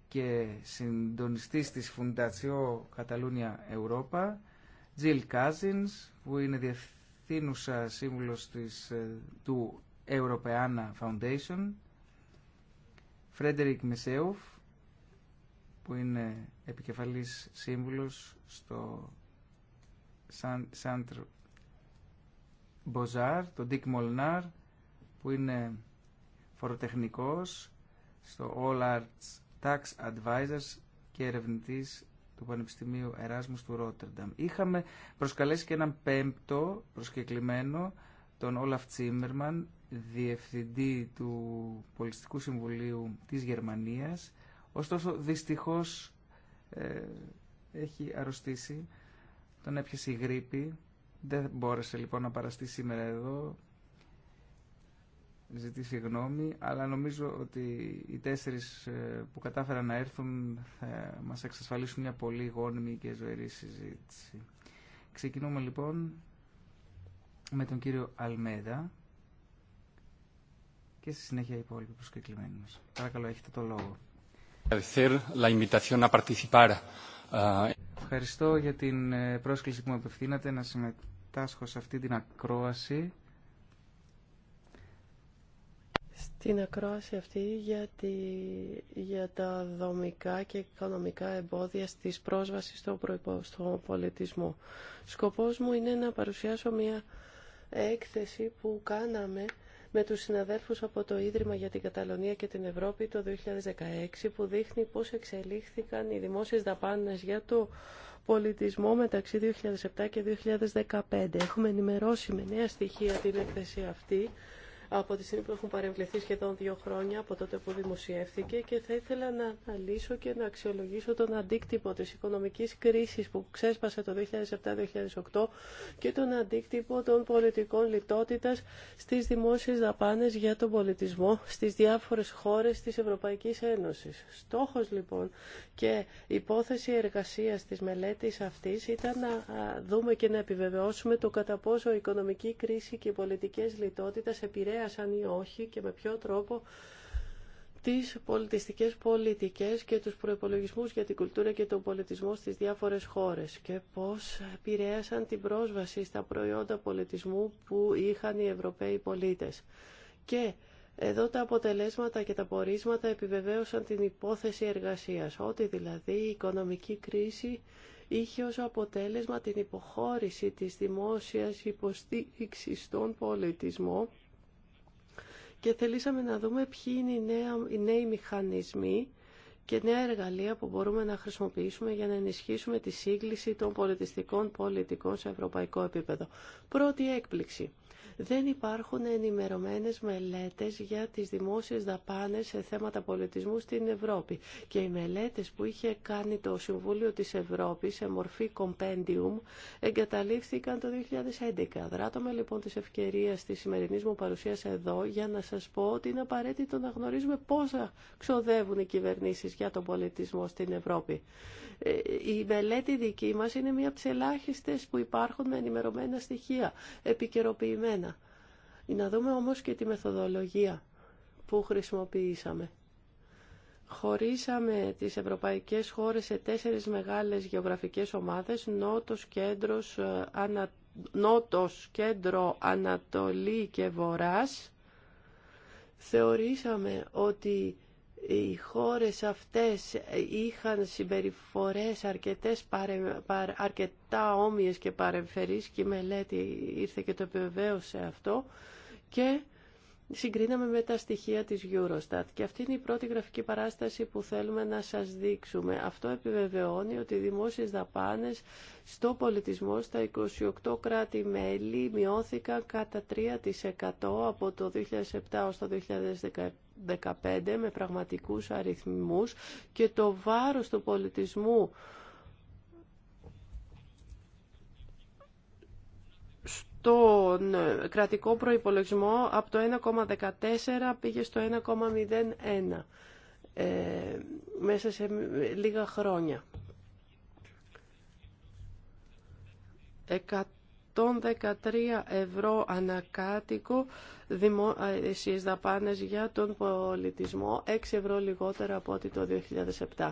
και συντονιστή της Φουντατσιό Καταλούνια Ευρώπα. Jill Κάζινς που είναι ευθύνουσα σύμβουλος της, ε, του Europeana Foundation, Φρέντερικ Μεσέουφ, που είναι επικεφαλής σύμβουλος στο Σάντρ Μποζάρ, τον Ντίκ Μολνάρ, που είναι φοροτεχνικός στο All Arts Tax Advisors και ερευνητής του Πανεπιστημίου Εράσμου του Ρότερνταμ. Είχαμε προσκαλέσει και έναν πέμπτο προσκεκλημένο, τον Όλαφ Τσίμερμαν, διευθυντή του Πολιστικού Συμβουλίου της Γερμανίας. Ωστόσο, δυστυχώς ε, έχει αρρωστήσει, τον έπιασε η γρήπη. Δεν μπόρεσε λοιπόν να παραστεί σήμερα εδώ ζητήσει γνώμη, αλλά νομίζω ότι οι τέσσερις ε, που κατάφεραν να έρθουν θα μας εξασφαλίσουν μια πολύ γόνιμη και ζωηρή συζήτηση. Ξεκινούμε λοιπόν με τον κύριο Αλμέδα και στη συνέχεια οι υπόλοιποι προσκεκλημένοι μας. Παρακαλώ, έχετε το λόγο. Ε, Ευχαριστώ για την ε, πρόσκληση που μου απευθύνατε να συμμετάσχω σε αυτή την ακρόαση. την ακρόαση αυτή για, τη, για τα δομικά και οικονομικά εμπόδια στις πρόσβαση στον στο πολιτισμό. Σκοπός μου είναι να παρουσιάσω μια έκθεση που κάναμε με τους συναδέλφους από το Ίδρυμα για την Καταλωνία και την Ευρώπη το 2016 που δείχνει πώς εξελίχθηκαν οι δημόσιες δαπάνες για το πολιτισμό μεταξύ 2007 και 2015. Έχουμε ενημερώσει με νέα στοιχεία την έκθεση αυτή από τη στιγμή που έχουν παρεμβληθεί σχεδόν δύο χρόνια από τότε που δημοσιεύθηκε και θα ήθελα να αναλύσω και να αξιολογήσω τον αντίκτυπο της οικονομικής κρίσης που ξέσπασε το 2007-2008 και τον αντίκτυπο των πολιτικών λιτότητας στις δημόσιες δαπάνες για τον πολιτισμό στις διάφορες χώρες της Ευρωπαϊκής Ένωσης. Στόχος λοιπόν και υπόθεση εργασίας της μελέτης αυτής ήταν να δούμε και να επιβεβαιώσουμε το κατά πόσο η οικονομική κρίση και οι πολιτικές λιτότητες επηρέασαν επηρέασαν ή όχι και με ποιο τρόπο τις πολιτιστικές πολιτικές και τους προϋπολογισμούς για την κουλτούρα και τον πολιτισμό στις διάφορες χώρες και πώς επηρέασαν την πρόσβαση στα προϊόντα πολιτισμού που είχαν οι Ευρωπαίοι πολίτες. Και εδώ τα αποτελέσματα και τα πορίσματα επιβεβαίωσαν την υπόθεση εργασίας, ότι δηλαδή η οικονομική κρίση είχε ως αποτέλεσμα την υποχώρηση της δημόσιας υποστήριξης στον πολιτισμό και θελήσαμε να δούμε ποιοι είναι οι, νέοι μηχανισμοί και νέα εργαλεία που μπορούμε να χρησιμοποιήσουμε για να ενισχύσουμε τη σύγκληση των πολιτιστικών πολιτικών σε ευρωπαϊκό επίπεδο. Πρώτη έκπληξη δεν υπάρχουν ενημερωμένες μελέτες για τις δημόσιες δαπάνες σε θέματα πολιτισμού στην Ευρώπη. Και οι μελέτες που είχε κάνει το Συμβούλιο της Ευρώπης σε μορφή compendium εγκαταλείφθηκαν το 2011. Δράτομαι λοιπόν της ευκαιρίας της σημερινή μου παρουσίας εδώ για να σας πω ότι είναι απαραίτητο να γνωρίζουμε πόσα ξοδεύουν οι κυβερνήσεις για τον πολιτισμό στην Ευρώπη. Ε, η μελέτη δική μας είναι μία από τις ελάχιστες που υπάρχουν με ενημερωμένα στοιχεία, επικαιροποιημένα. Να δούμε όμως και τη μεθοδολογία που χρησιμοποιήσαμε. Χωρίσαμε τις ευρωπαϊκές χώρες σε τέσσερις μεγάλες γεωγραφικές ομάδες, νότος, κέντρος, ε, ανα... νότος, κέντρο, ανατολή και βοράς. Θεωρήσαμε ότι οι χώρες αυτές είχαν συμπεριφορές αρκετές παρε, αρκετά όμοιες και παρεμφερείς και η μελέτη ήρθε και το επιβεβαίωσε αυτό και συγκρίναμε με τα στοιχεία της Eurostat. Και αυτή είναι η πρώτη γραφική παράσταση που θέλουμε να σας δείξουμε. Αυτό επιβεβαιώνει ότι οι δημόσιες δαπάνες στο πολιτισμό στα 28 κράτη-μέλη μειώθηκαν κατά 3% από το 2007 ως το 2015 με πραγματικούς αριθμούς και το βάρος του πολιτισμού τον ε, κρατικό προϋπολογισμό από το 1,14 πήγε στο 1,01 ε, μέσα σε λίγα χρόνια. 113 ευρώ ανακάτοικο δημόσιες δαπάνες για τον πολιτισμό 6 ευρώ λιγότερα από ό,τι το 2007.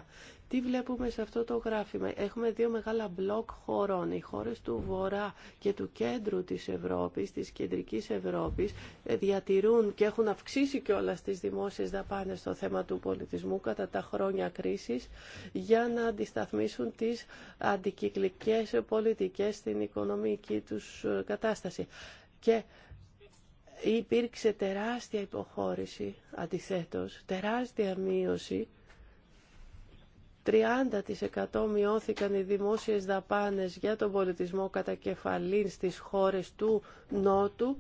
Τι βλέπουμε σε αυτό το γράφημα. Έχουμε δύο μεγάλα μπλοκ χωρών. Οι χώρες του Βορρά και του κέντρου της Ευρώπης, της κεντρικής Ευρώπης, ε, διατηρούν και έχουν αυξήσει κιόλα τις δημόσιες δαπάνες στο θέμα του πολιτισμού κατά τα χρόνια κρίσης για να αντισταθμίσουν τις αντικυκλικές πολιτικές στην οικονομική τους ε, κατάσταση. Και υπήρξε τεράστια υποχώρηση, αντιθέτως, τεράστια μείωση 30% μειώθηκαν οι δημόσιες δαπάνες για τον πολιτισμό κατά κεφαλήν στις χώρες του Νότου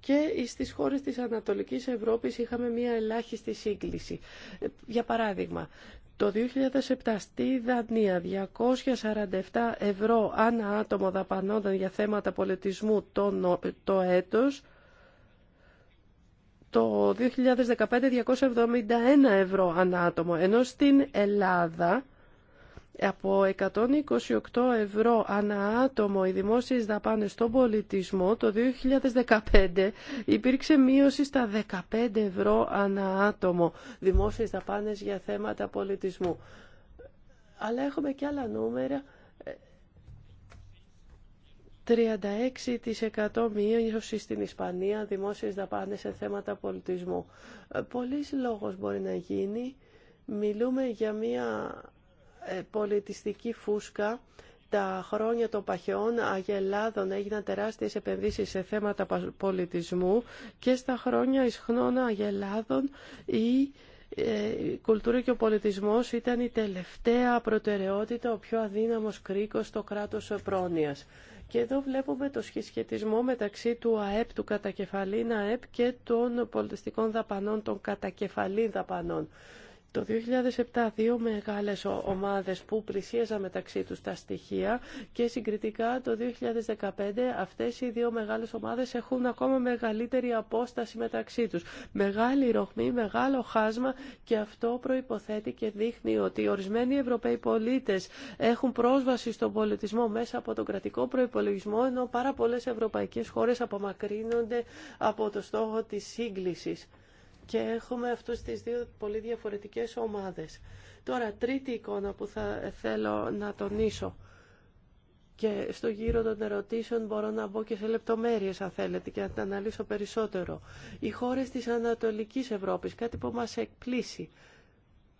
και στις χώρες της Ανατολικής Ευρώπης είχαμε μία ελάχιστη σύγκληση. Ε, για παράδειγμα, το 2007 στη Δανία 247 ευρώ ανά άτομο δαπανόταν για θέματα πολιτισμού το έτος, το 2015 271 ευρώ ανά άτομο, ενώ στην Ελλάδα από 128 ευρώ ανά άτομο οι δημόσιες δαπάνες στον πολιτισμό το 2015 υπήρξε μείωση στα 15 ευρώ ανά άτομο δημόσιες δαπάνες για θέματα πολιτισμού. Αλλά έχουμε και άλλα νούμερα 36% μείωση στην Ισπανία δημόσιες δαπάνες σε θέματα πολιτισμού. Ε, πολλής λόγος μπορεί να γίνει. Μιλούμε για μια ε, πολιτιστική φούσκα. Τα χρόνια των παχαιών αγελάδων έγιναν τεράστιες επενδύσεις σε θέματα πολιτισμού και στα χρόνια ισχνών αγελάδων η ε, η κουλτούρα και ο πολιτισμός ήταν η τελευταία προτεραιότητα, ο πιο αδύναμος κρίκος στο κράτος πρόνοιας. Και εδώ βλέπουμε το σχετισμό μεταξύ του ΑΕΠ, του κατακεφαλήν ΑΕΠ και των πολιτιστικών δαπανών, των κατακεφαλήν δαπανών. Το 2007 δύο μεγάλες ομάδες που πλησίαζαν μεταξύ τους τα στοιχεία και συγκριτικά το 2015 αυτές οι δύο μεγάλες ομάδες έχουν ακόμα μεγαλύτερη απόσταση μεταξύ τους. Μεγάλη ροχμή, μεγάλο χάσμα και αυτό προϋποθέτει και δείχνει ότι ορισμένοι Ευρωπαίοι πολίτες έχουν πρόσβαση στον πολιτισμό μέσα από τον κρατικό προϋπολογισμό ενώ πάρα πολλές ευρωπαϊκές χώρες απομακρύνονται από το στόχο της σύγκλησης. Και έχουμε αυτούς τις δύο πολύ διαφορετικές ομάδες. Τώρα, τρίτη εικόνα που θα θέλω να τονίσω και στο γύρο των ερωτήσεων μπορώ να μπω και σε λεπτομέρειες αν θέλετε και να τα αναλύσω περισσότερο. Οι χώρες της Ανατολικής Ευρώπης, κάτι που μας εκπλήσει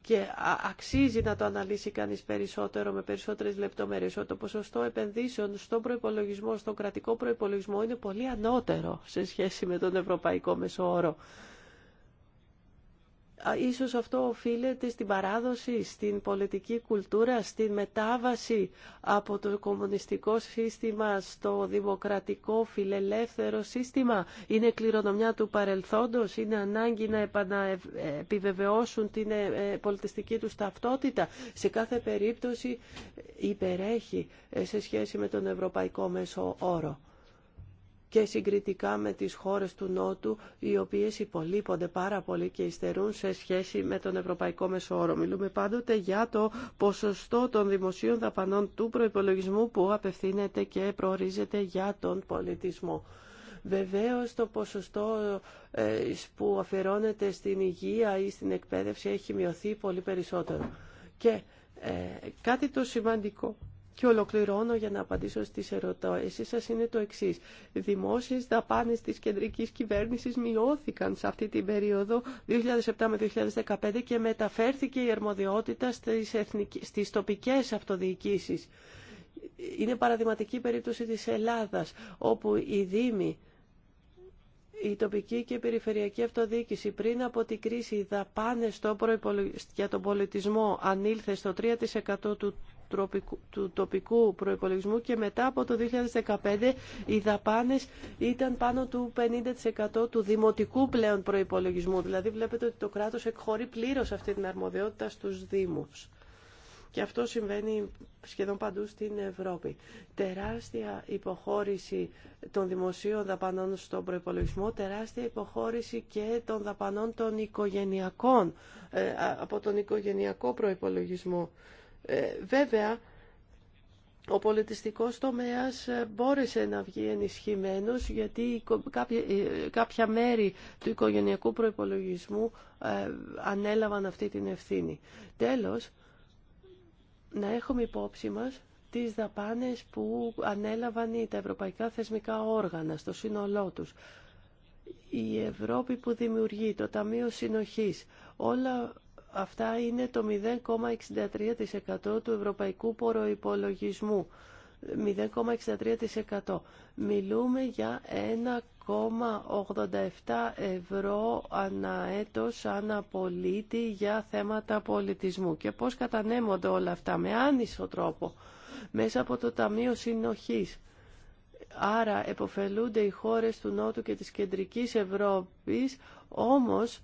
και αξίζει να το αναλύσει κανείς περισσότερο με περισσότερες λεπτομέρειες ότι το ποσοστό επενδύσεων στον προϋπολογισμό, στον κρατικό προϋπολογισμό είναι πολύ ανώτερο σε σχέση με τον ευρωπαϊκό Μεσοόρο Ίσως αυτό οφείλεται στην παράδοση, στην πολιτική κουλτούρα, στην μετάβαση από το κομμουνιστικό σύστημα στο δημοκρατικό φιλελεύθερο σύστημα. Είναι κληρονομιά του παρελθόντος, είναι ανάγκη να ε, επιβεβαιώσουν την ε, ε, πολιτιστική τους ταυτότητα. Σε κάθε περίπτωση υπερέχει σε σχέση με τον ευρωπαϊκό μέσο όρο και συγκριτικά με τις χώρες του Νότου, οι οποίες υπολείπονται πάρα πολύ και υστερούν σε σχέση με τον Ευρωπαϊκό Μεσόωρο. Μιλούμε πάντοτε για το ποσοστό των δημοσίων δαπανών του προϋπολογισμού που απευθύνεται και προορίζεται για τον πολιτισμό. Βεβαίως το ποσοστό ε, που αφαιρώνεται στην υγεία ή στην εκπαίδευση έχει μειωθεί πολύ περισσότερο. Και ε, κάτι το σημαντικό και ολοκληρώνω για να απαντήσω στις ερωτήσεις σας είναι το εξής. Δημόσιες δαπάνες της κεντρικής κυβέρνησης μειώθηκαν σε αυτή την περίοδο 2007 με 2015 και μεταφέρθηκε η αρμοδιότητα στις, εθνικές, στις τοπικές αυτοδιοικήσεις. Είναι παραδειγματική περίπτωση της Ελλάδας όπου οι Δήμοι η τοπική και περιφερειακή αυτοδιοίκηση πριν από την κρίση οι δαπάνες για τον πολιτισμό ανήλθε στο 3% του του τοπικού προϋπολογισμού και μετά από το 2015 οι δαπάνες ήταν πάνω του 50% του δημοτικού πλέον προϋπολογισμού. Δηλαδή βλέπετε ότι το κράτος εκχωρεί πλήρως αυτή την αρμοδιότητα στους Δήμους. Και αυτό συμβαίνει σχεδόν παντού στην Ευρώπη. Τεράστια υποχώρηση των δημοσίων δαπανών στον προϋπολογισμό, τεράστια υποχώρηση και των δαπανών των οικογενειακών, ε, από τον οικογενειακό προπολογισμό ε, βέβαια, ο πολιτιστικός τομέας ε, μπόρεσε να βγει ενισχυμένος γιατί ε, κάποια μέρη του οικογενειακού προϋπολογισμού ανέλαβαν αυτή την ευθύνη. Τέλος, να έχουμε υπόψη μας τις δαπάνες που ανέλαβαν τα ευρωπαϊκά θεσμικά όργανα στο σύνολό τους. Η Ευρώπη που δημιουργεί, το Ταμείο Συνοχής, όλα Αυτά είναι το 0,63% του ευρωπαϊκού ποροϋπολογισμού. 0,63%. Μιλούμε για 1,87 ευρώ ανά έτος, ανά πολίτη για θέματα πολιτισμού. Και πώς κατανέμονται όλα αυτά με άνισο τρόπο μέσα από το Ταμείο Συνοχής. Άρα εποφελούνται οι χώρες του Νότου και της Κεντρικής Ευρώπης, όμως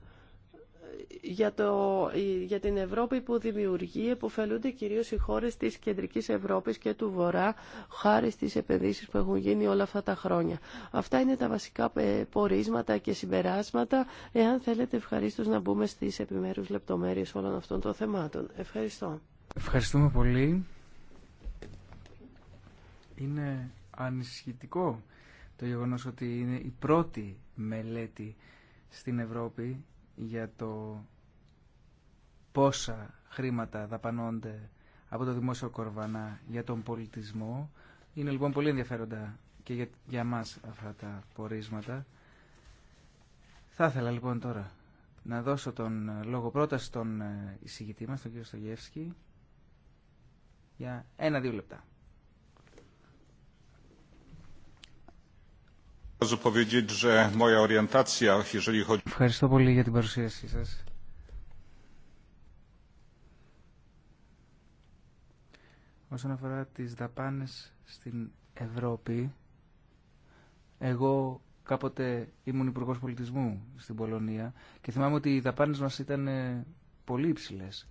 για, το, για την Ευρώπη που δημιουργεί επωφελούνται κυρίως οι χώρες της Κεντρικής Ευρώπης και του Βορρά χάρη στις επενδύσεις που έχουν γίνει όλα αυτά τα χρόνια. Αυτά είναι τα βασικά ε, πορίσματα και συμπεράσματα. Εάν θέλετε ευχαρίστω να μπούμε στις επιμέρους λεπτομέρειες όλων αυτών των θεμάτων. Ευχαριστώ. Ευχαριστούμε πολύ. Είναι ανησυχητικό το γεγονός ότι είναι η πρώτη μελέτη στην Ευρώπη για το πόσα χρήματα δαπανώνται από το Δημόσιο Κορβανά για τον πολιτισμό. Είναι λοιπόν πολύ ενδιαφέροντα και για, για μας αυτά τα πορίσματα. Θα ήθελα λοιπόν τώρα να δώσω τον ε, λόγο πρώτα στον ε, εισηγητή μας, τον κύριο Στογεύσκη, για ένα-δύο λεπτά. Ευχαριστώ πολύ για την παρουσίασή σας. Όσον αφορά τις δαπάνες στην Ευρώπη, εγώ κάποτε ήμουν υπουργό πολιτισμού στην Πολωνία και θυμάμαι ότι οι δαπάνες μας ήταν ε, πολύ υψηλές.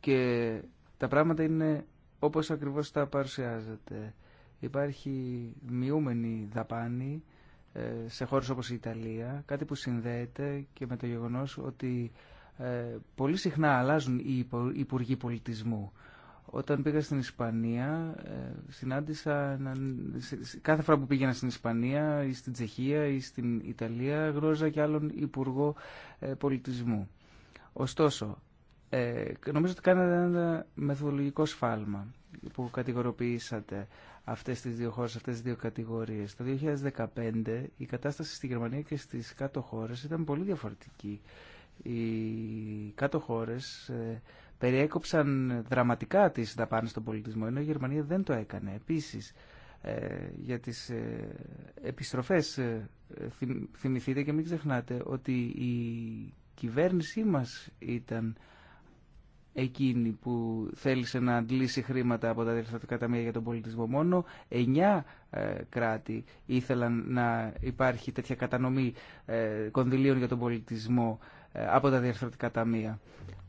Και τα πράγματα είναι όπως ακριβώς τα παρουσιάζεται υπάρχει μειούμενη δαπάνη ε, σε χώρες όπως η Ιταλία, κάτι που συνδέεται και με το γεγονός ότι ε, πολύ συχνά αλλάζουν οι υπουργοί πολιτισμού. Όταν πήγα στην Ισπανία, ε, συνάντησα, κάθε φορά που πήγαινα στην Ισπανία ή στην Τσεχία ή στην Ιταλία, γνώριζα και άλλον υπουργό πολιτισμού. Ωστόσο, νομίζω ότι κάνατε ένα μεθοδολογικό σφάλμα που κατηγοροποιήσατε αυτές τις δύο χώρες, αυτές τις δύο κατηγορίες. Το 2015 η κατάσταση στη Γερμανία και στις κάτω χώρες ήταν πολύ διαφορετική. Οι κάτω χώρες ε, περιέκοψαν δραματικά τις δαπάνες στον πολιτισμό, ενώ η Γερμανία δεν το έκανε. Επίσης, ε, για τις ε, επιστροφές θυμηθείτε και μην ξεχνάτε ότι η κυβέρνησή μας ήταν εκείνη που θέλησε να αντλήσει χρήματα από τα διευθυντικά ταμεία για τον πολιτισμό μόνο. Εννιά ε, κράτη ήθελαν να υπάρχει τέτοια κατανομή ε, κονδυλίων για τον πολιτισμό ε, από τα διευθυντικά ταμεία.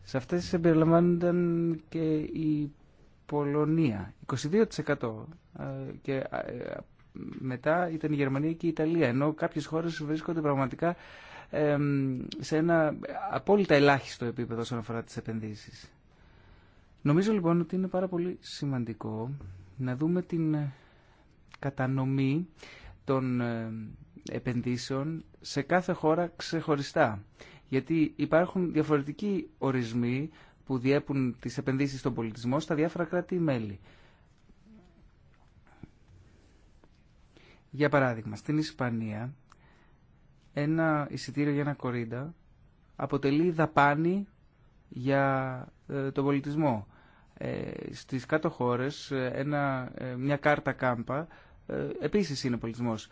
Σε αυτές συμπεριλαμβάνονταν και η Πολωνία, 22% και μετά ήταν η Γερμανία και η Ιταλία, ενώ κάποιες χώρες βρίσκονται πραγματικά σε ένα απόλυτα ελάχιστο επίπεδο όσον αφορά τις επενδύσεις. Νομίζω λοιπόν ότι είναι πάρα πολύ σημαντικό να δούμε την ε, κατανομή των ε, επενδύσεων σε κάθε χώρα ξεχωριστά. Γιατί υπάρχουν διαφορετικοί ορισμοί που διέπουν τις επενδύσεις στον πολιτισμό στα διάφορα κράτη-μέλη. Για παράδειγμα, στην Ισπανία ένα εισιτήριο για ένα κορίντα αποτελεί δαπάνη για ε, τον πολιτισμό. Ε, στις κάτω χώρες ε, ένα, μια κάρτα κάμπα επίσης είναι πολιτισμός.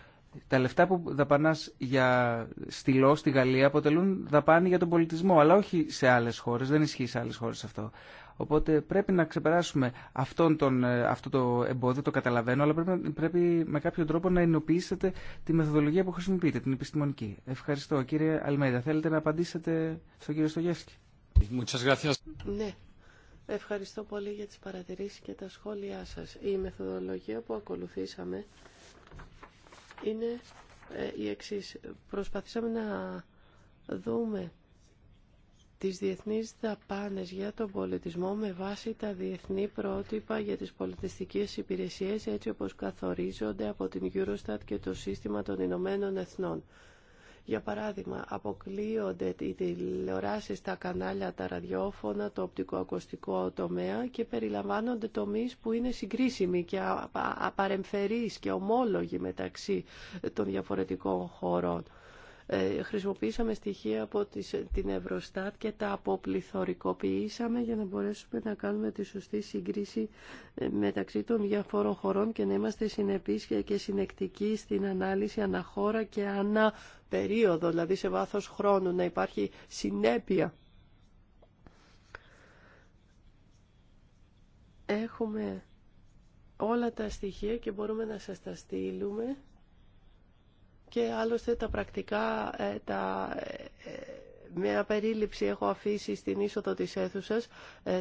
Τα λεφτά που δαπανάς για στυλό στη Γαλλία αποτελούν δαπάνη για τον πολιτισμό, αλλά όχι σε άλλες χώρες, δεν ισχύει σε άλλες χώρες αυτό. Οπότε πρέπει να ξεπεράσουμε αυτόν τον, ε, αυτό το εμπόδιο, το καταλαβαίνω, αλλά πρέπει, με κάποιο τρόπο να ενοποιήσετε τη μεθοδολογία που χρησιμοποιείτε, την επιστημονική. Ευχαριστώ. Κύριε Αλμέδα, θέλετε να απαντήσετε στον κύριο Στογεύσκη. Ναι. Ευχαριστώ πολύ για τις παρατηρήσεις και τα σχόλιά σας. Η μεθοδολογία που ακολουθήσαμε είναι ε, η εξής. Προσπαθήσαμε να δούμε τις διεθνείς δαπάνες για τον πολιτισμό με βάση τα διεθνή πρότυπα για τις πολιτιστικές υπηρεσίες έτσι όπως καθορίζονται από την Eurostat και το σύστημα των Ηνωμένων Εθνών. Για παράδειγμα, αποκλείονται οι τηλεοράσει, στα κανάλια, τα ραδιόφωνα, το οπτικοακουστικό τομέα και περιλαμβάνονται τομεί που είναι συγκρίσιμοι και απαρεμφερεί και ομόλογοι μεταξύ των διαφορετικών χωρών. Ε, χρησιμοποίησαμε στοιχεία από την Ευρωστάτ και τα αποπληθωρικοποιήσαμε για να μπορέσουμε να κάνουμε τη σωστή συγκρίση ε, μεταξύ των διαφόρων χωρών και να είμαστε συνεπείς και συνεκτικοί στην ανάλυση αναχώρα και ανά περίοδο, δηλαδή σε βάθος χρόνου, να υπάρχει συνέπεια. Έχουμε όλα τα στοιχεία και μπορούμε να σας τα στείλουμε και άλλωστε τα πρακτικά ε, τα, ε, ε, μια περίληψη έχω αφήσει στην είσοδο της αίθουσας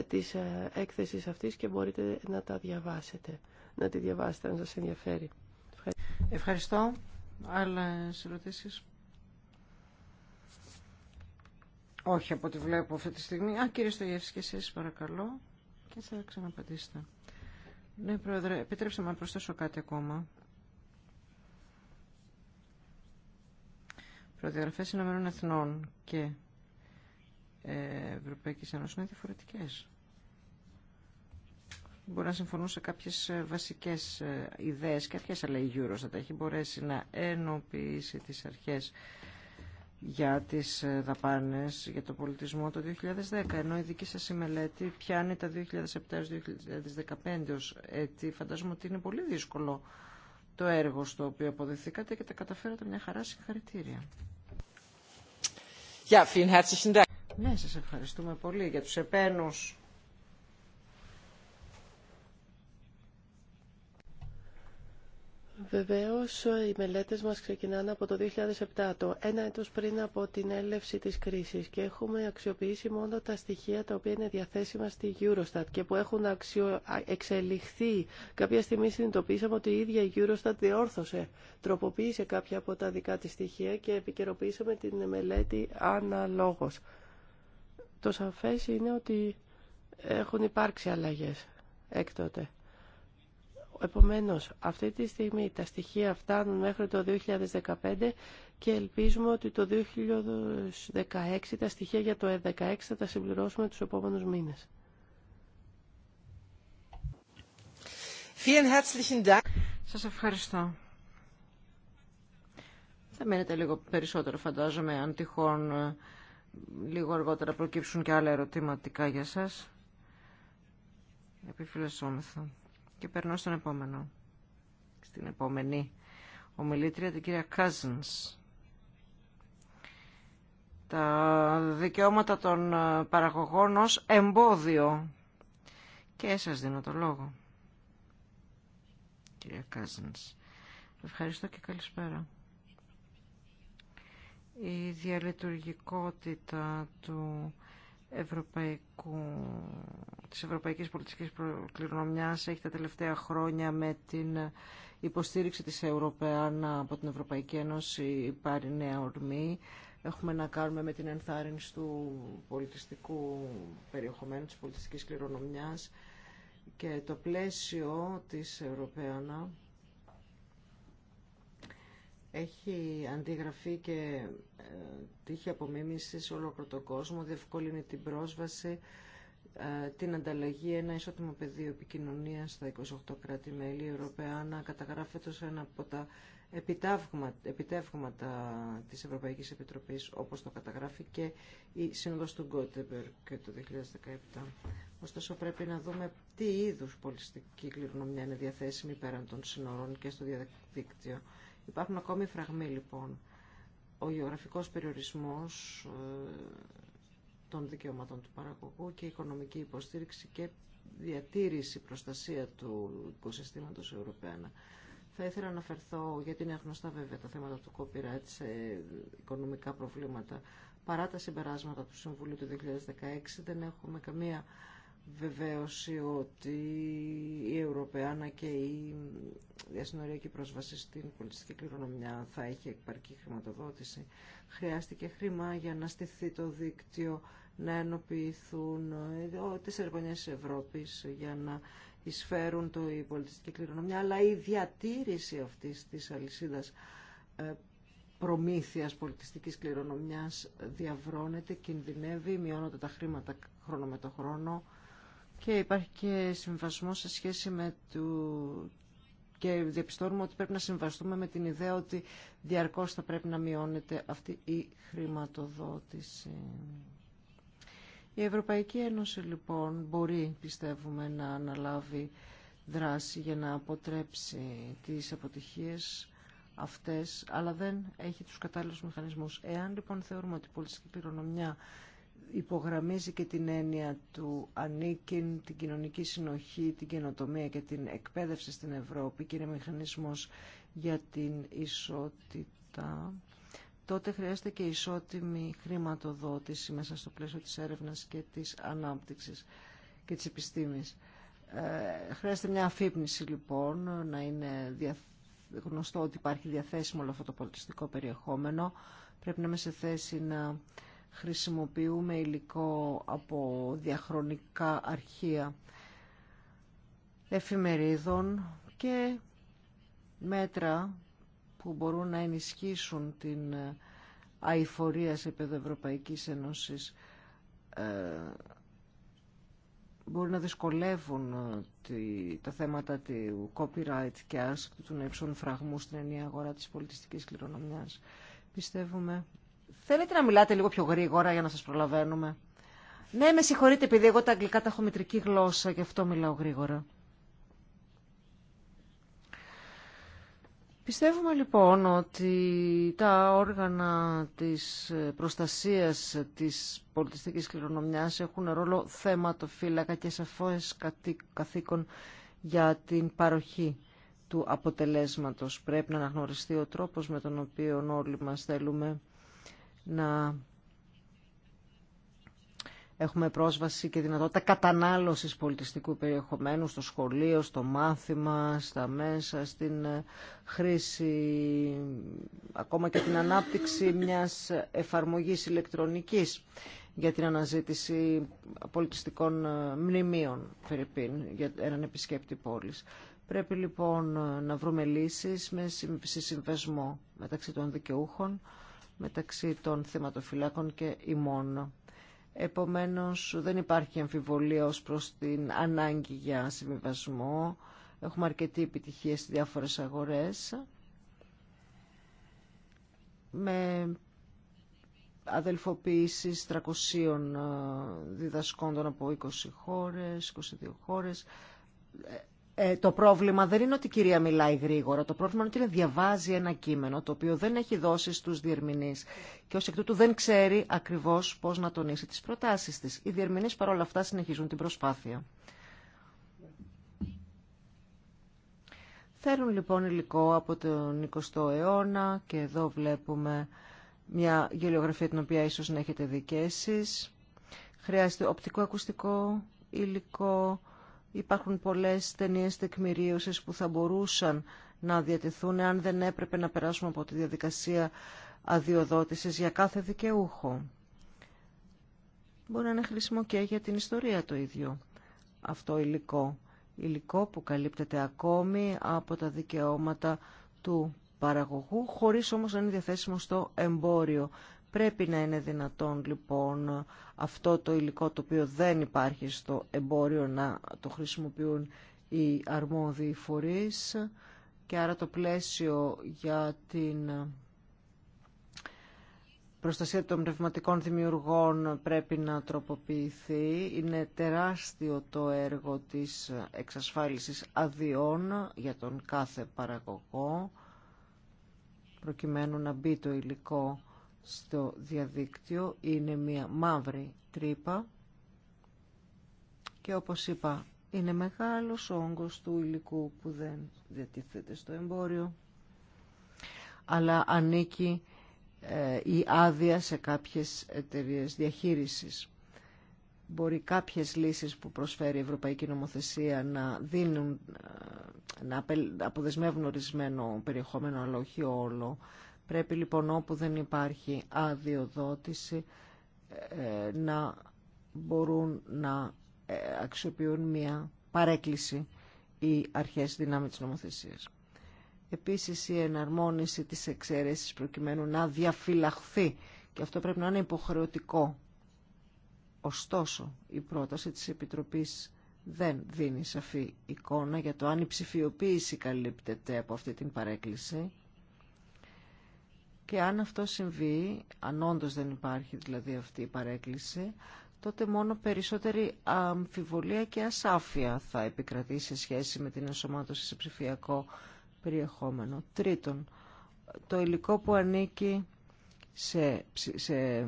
της έκθεσης αυτής και μπορείτε να τα διαβάσετε, να τη διαβάσετε αν σας ενδιαφέρει. Ευχαριστώ. Άλλες ερωτήσεις. Όχι από ό,τι βλέπω αυτή τη στιγμή. Α, κύριε Στογεύση και εσείς παρακαλώ και θα ξαναπατήσετε. Ναι, Πρόεδρε, επιτρέψτε μου να προσθέσω κάτι ακόμα. προδιαγραφές Ηνωμένων Εθνών και ε, Ευρωπαϊκής Ένωση είναι διαφορετικέ. Μπορεί να συμφωνούν σε κάποιες ε, βασικές ε, ιδέες και αρχές, αλλά η Eurostat έχει μπορέσει να ενοποιήσει τις αρχές για τις δαπάνες για το πολιτισμό το 2010 ενώ η δική σας η μελέτη πιάνει τα 2007-2015 ως έτη φαντάζομαι ότι είναι πολύ δύσκολο το έργο στο οποίο αποδεθήκατε και τα καταφέρατε μια χαρά συγχαρητήρια. Ja, vielen herzlichen Dank. Ναι, σας ευχαριστούμε πολύ για τους επένους Βεβαίως οι μελέτες μας ξεκινάνε από το 2007, το ένα έτος πριν από την έλευση της κρίσης και έχουμε αξιοποιήσει μόνο τα στοιχεία τα οποία είναι διαθέσιμα στη Eurostat και που έχουν εξελιχθεί. Κάποια στιγμή συνειδητοποίησαμε ότι η ίδια η Eurostat διόρθωσε, τροποποίησε κάποια από τα δικά της στοιχεία και επικαιροποιήσαμε την μελέτη αναλόγω. Το σαφές είναι ότι έχουν υπάρξει αλλαγές έκτοτε. Επομένως, αυτή τη στιγμή τα στοιχεία φτάνουν μέχρι το 2015 και ελπίζουμε ότι το 2016 τα στοιχεία για το 2016 θα τα συμπληρώσουμε τους επόμενους μήνες. Σας ευχαριστώ. Θα μένετε λίγο περισσότερο φαντάζομαι αν τυχόν ε, λίγο αργότερα προκύψουν και άλλα ερωτηματικά για σας. Επιφυλασσόμεθα. Και περνώ στον επόμενο. Στην επόμενη ομιλήτρια, την κυρία Cousins. Τα δικαιώματα των ε, παραγωγών ως εμπόδιο. Και σας δίνω το λόγο. Κυρία Cousins. Ευχαριστώ και καλησπέρα. Η διαλειτουργικότητα του ευρωπαϊκού της Ευρωπαϊκής Πολιτικής Κληρονομιάς έχει τα τελευταία χρόνια με την υποστήριξη της Ευρωπαϊκής από την Ευρωπαϊκή Ένωση πάρει νέα ορμή. Έχουμε να κάνουμε με την ενθάρρυνση του πολιτιστικού περιεχομένου της πολιτιστικής κληρονομιάς και το πλαίσιο της Ευρωπαίανα έχει αντιγραφεί και ε, τύχει απομίμηση σε όλο τον κόσμο, διευκολύνει την πρόσβαση ε, την ανταλλαγή ένα ισότιμο πεδίο επικοινωνία στα 28 κράτη-μέλη. ευρωπαία να καταγράφεται ως ένα από τα επιτεύγματα της Ευρωπαϊκής Επιτροπής, όπως το καταγράφει και η Σύνοδος του και το 2017. Ωστόσο, πρέπει να δούμε τι είδους πολιστική κληρονομιά είναι διαθέσιμη πέραν των σύνορων και στο διαδίκτυο. Υπάρχουν ακόμη φραγμοί, λοιπόν. Ο γεωγραφικός περιορισμός ε, των δικαιωμάτων του παραγωγού και οικονομική υποστήριξη και διατήρηση, προστασία του οικοσυστήματος Ευρωπαίνα. Θα ήθελα να αναφερθώ, γιατί είναι γνωστά βέβαια τα θέματα του copyright σε οικονομικά προβλήματα, παρά τα συμπεράσματα του Συμβουλίου του 2016 δεν έχουμε καμία βεβαίωση ότι η Ευρωπαίνα και η διασυνοριακή πρόσβαση στην πολιτιστική κληρονομιά θα έχει επαρκή χρηματοδότηση. Χρειάστηκε χρήμα για να στηθεί το δίκτυο να ενοποιηθούν ε, τις της Ευρώπης για να εισφέρουν το, η πολιτιστική κληρονομιά, αλλά η διατήρηση αυτής της αλυσίδας ε, προμήθειας πολιτιστικής κληρονομιάς διαβρώνεται, κινδυνεύει, μειώνονται τα χρήματα χρόνο με το χρόνο και υπάρχει και συμβασμό σε σχέση με το... και διαπιστώνουμε ότι πρέπει να συμβαστούμε με την ιδέα ότι διαρκώς θα πρέπει να μειώνεται αυτή η χρηματοδότηση. Η Ευρωπαϊκή Ένωση λοιπόν μπορεί, πιστεύουμε, να αναλάβει δράση για να αποτρέψει τις αποτυχίες αυτές, αλλά δεν έχει τους κατάλληλους μηχανισμούς. Εάν λοιπόν θεωρούμε ότι η πολιτική κληρονομιά υπογραμμίζει και την έννοια του ανήκειν, την κοινωνική συνοχή, την καινοτομία και την εκπαίδευση στην Ευρώπη και είναι μηχανισμός για την ισότητα, τότε χρειάζεται και ισότιμη χρηματοδότηση μέσα στο πλαίσιο της έρευνας και της ανάπτυξης και της επιστήμης. Ε, χρειάζεται μια αφύπνιση λοιπόν, να είναι γνωστό ότι υπάρχει διαθέσιμο όλο αυτό το πολιτιστικό περιεχόμενο. Πρέπει να είμαστε σε θέση να χρησιμοποιούμε υλικό από διαχρονικά αρχεία εφημερίδων και μέτρα που μπορούν να ενισχύσουν την ε, αηφορία σε επίπεδο Ευρωπαϊκής Ένωσης ε, μπορεί να δυσκολεύουν ε, τα θέματα του copyright και του να υψώνουν φραγμού στην ενιαία αγορά της πολιτιστικής κληρονομιάς. Πιστεύουμε. Θέλετε να μιλάτε λίγο πιο γρήγορα για να σας προλαβαίνουμε. Ναι, με συγχωρείτε επειδή εγώ τα αγγλικά τα έχω μητρική γλώσσα και αυτό μιλάω γρήγορα. Πιστεύουμε λοιπόν ότι τα όργανα της προστασίας της πολιτιστικής κληρονομιάς έχουν ρόλο θέματοφύλακα και σαφώς καθήκον για την παροχή του αποτελέσματος. Πρέπει να αναγνωριστεί ο τρόπος με τον οποίο όλοι μας θέλουμε να Έχουμε πρόσβαση και δυνατότητα κατανάλωσης πολιτιστικού περιεχομένου στο σχολείο, στο μάθημα, στα μέσα, στην ε, χρήση, ακόμα και την ανάπτυξη μιας εφαρμογής ηλεκτρονικής για την αναζήτηση πολιτιστικών ε, μνημείων, Φερρυπίν, για έναν επισκέπτη πόλης. Πρέπει λοιπόν ε, να βρούμε λύσεις με συμβεσμό μεταξύ των δικαιούχων, μεταξύ των θεματοφυλάκων και ημών Επομένως δεν υπάρχει αμφιβολία ως προς την ανάγκη για συμβιβασμό. Έχουμε αρκετή επιτυχία στις διάφορες αγορές. Με αδελφοποίησης 300 ε, διδασκόντων από 20 χώρες, 22 χώρες. Ε, ε, το πρόβλημα δεν είναι ότι η κυρία μιλάει γρήγορα. Το πρόβλημα είναι ότι διαβάζει ένα κείμενο το οποίο δεν έχει δώσει στους διερμηνείς και ως εκ τούτου δεν ξέρει ακριβώς πώς να τονίσει τις προτάσεις της. Οι διερμηνείς παρόλα αυτά συνεχίζουν την προσπάθεια. Θέλουν λοιπόν υλικό από τον 20ο αιώνα και εδώ βλέπουμε μια γελιογραφία την οποία ίσως να έχετε δει και εσείς. Χρειάζεται οπτικό-ακουστικό υλικό, Υπάρχουν πολλές ταινίες τεκμηρίωσης που θα μπορούσαν να διατηθούν αν δεν έπρεπε να περάσουμε από τη διαδικασία αδειοδότησης για κάθε δικαιούχο. Μπορεί να είναι χρήσιμο και για την ιστορία το ίδιο αυτό υλικό. Υλικό που καλύπτεται ακόμη από τα δικαιώματα του παραγωγού, χωρίς όμως να είναι διαθέσιμο στο εμπόριο. Πρέπει να είναι δυνατόν λοιπόν αυτό το υλικό το οποίο δεν υπάρχει στο εμπόριο να το χρησιμοποιούν οι αρμόδιοι φορείς και άρα το πλαίσιο για την προστασία των πνευματικών δημιουργών πρέπει να τροποποιηθεί. Είναι τεράστιο το έργο της εξασφάλισης αδειών για τον κάθε παραγωγό προκειμένου να μπει το υλικό στο διαδίκτυο είναι μια μαύρη τρύπα και όπως είπα είναι μεγάλος όγκος του υλικού που δεν διατίθεται στο εμπόριο αλλά ανήκει ε, η άδεια σε κάποιες εταιρείες διαχείρισης. Μπορεί κάποιες λύσεις που προσφέρει η Ευρωπαϊκή Νομοθεσία να, δίνουν, ε, να αποδεσμεύουν ορισμένο περιεχόμενο αλλά όχι όλο Πρέπει λοιπόν όπου δεν υπάρχει αδειοδότηση ε, να μπορούν να ε, αξιοποιούν μια παρέκκληση οι αρχές δυνάμει της νομοθεσίας. Επίσης η εναρμόνιση της εξαίρεσης προκειμένου να διαφυλαχθεί και αυτό πρέπει να είναι υποχρεωτικό. Ωστόσο η πρόταση της Επιτροπής δεν δίνει σαφή εικόνα για το αν η ψηφιοποίηση καλύπτεται από αυτή την παρέκκληση και αν αυτό συμβεί, αν όντω δεν υπάρχει δηλαδή αυτή η παρέκκληση, τότε μόνο περισσότερη αμφιβολία και ασάφεια θα επικρατήσει σε σχέση με την ενσωμάτωση σε ψηφιακό περιεχόμενο. Τρίτον, το υλικό που ανήκει σε, σε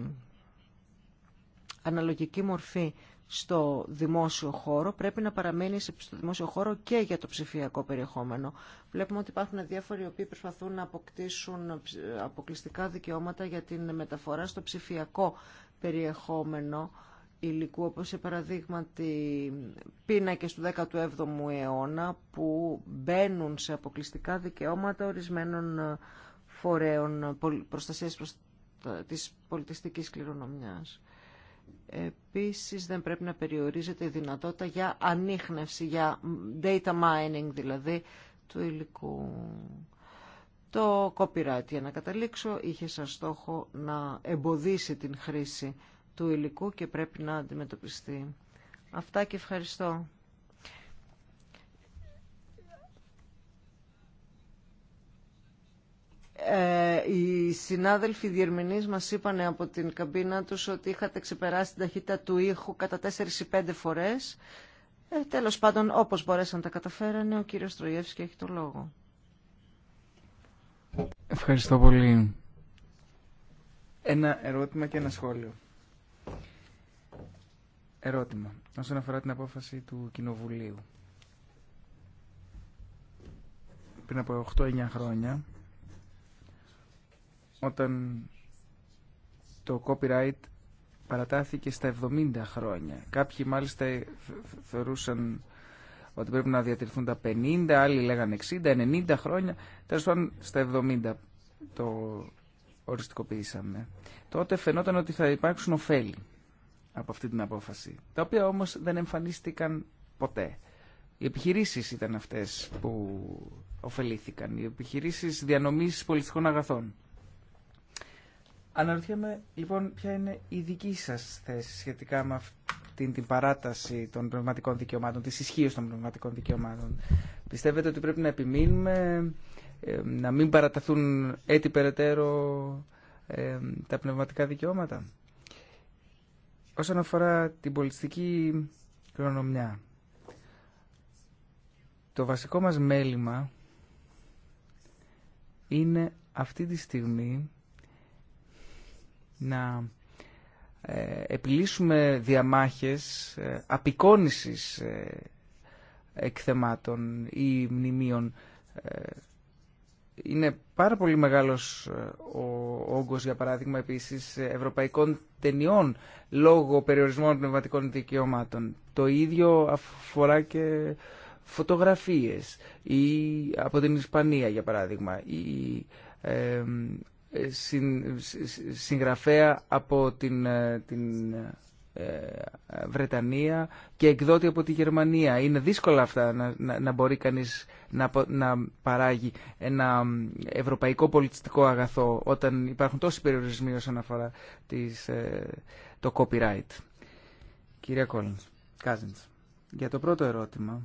αναλογική μορφή στο δημόσιο χώρο πρέπει να παραμένει στο δημόσιο χώρο και για το ψηφιακό περιεχόμενο. Βλέπουμε ότι υπάρχουν διάφοροι οι οποίοι προσπαθούν να αποκτήσουν ε, αποκλειστικά δικαιώματα για την μεταφορά στο ψηφιακό περιεχόμενο υλικού, όπως σε παραδείγματι πίνακες του 17ου αιώνα που μπαίνουν σε αποκλειστικά δικαιώματα ορισμένων ε, φορέων ε, προστασίας της πολιτιστικής κληρονομιάς. Επίσης δεν πρέπει να περιορίζεται η δυνατότητα για ανείχνευση, για data mining δηλαδή του υλικού. Το copyright, για να καταλήξω, είχε σαν στόχο να εμποδίσει την χρήση του υλικού και πρέπει να αντιμετωπιστεί. Αυτά και ευχαριστώ. ε, οι συνάδελφοι διερμηνείς μας είπαν από την καμπίνα τους ότι είχατε ξεπεράσει την ταχύτητα του ήχου κατά 4 5 φορές. Ε, τέλος πάντων, όπως μπορέσαν τα καταφέρανε, ο κύριος Τρογεύης και έχει το λόγο. Ευχαριστώ πολύ. Ένα ερώτημα και ένα σχόλιο. Ερώτημα. Όσον αφορά την απόφαση του Κοινοβουλίου. Πριν από 8-9 χρόνια, όταν το copyright παρατάθηκε στα 70 χρόνια. Κάποιοι μάλιστα θεωρούσαν ότι πρέπει να διατηρηθούν τα 50, άλλοι λέγανε 60, 90 χρόνια. Τέλος πάντων στα 70 το οριστικοποιήσαμε. Τότε φαινόταν ότι θα υπάρξουν ωφέλη από αυτή την απόφαση, τα οποία όμως δεν εμφανίστηκαν ποτέ. Οι επιχειρήσεις ήταν αυτές που ωφελήθηκαν, οι επιχειρήσεις διανομής πολιτικών αγαθών. Αναρωτιέμαι λοιπόν ποια είναι η δική σας θέση σχετικά με αυτήν την παράταση των πνευματικών δικαιωμάτων, τη ισχύω των πνευματικών δικαιωμάτων. Πιστεύετε ότι πρέπει να επιμείνουμε, ε, να μην παραταθούν έτσι περαιτέρω ε, τα πνευματικά δικαιώματα. Όσον αφορά την πολιτιστική κληρονομιά, το βασικό μας μέλημα είναι αυτή τη στιγμή να ε, επιλύσουμε διαμάχες ε, απεικόνησης ε, εκθεμάτων ή μνημείων. Είναι πάρα πολύ μεγάλος ο όγκος, για παράδειγμα, επίσης ευρωπαϊκών ταινιών λόγω περιορισμών πνευματικών δικαιωμάτων. Το ίδιο αφορά και φωτογραφίες ή από την Ισπανία, για παράδειγμα, ή συγγραφέα από την, ε, ε, Βρετανία και εκδότη από τη Γερμανία. Είναι δύσκολα αυτά να, να, να μπορεί κανείς να, να παράγει ένα ευρωπαϊκό πολιτιστικό αγαθό όταν υπάρχουν τόσοι περιορισμοί όσον αφορά ε, το copyright. Κυρία Κόλλινς, για το πρώτο ερώτημα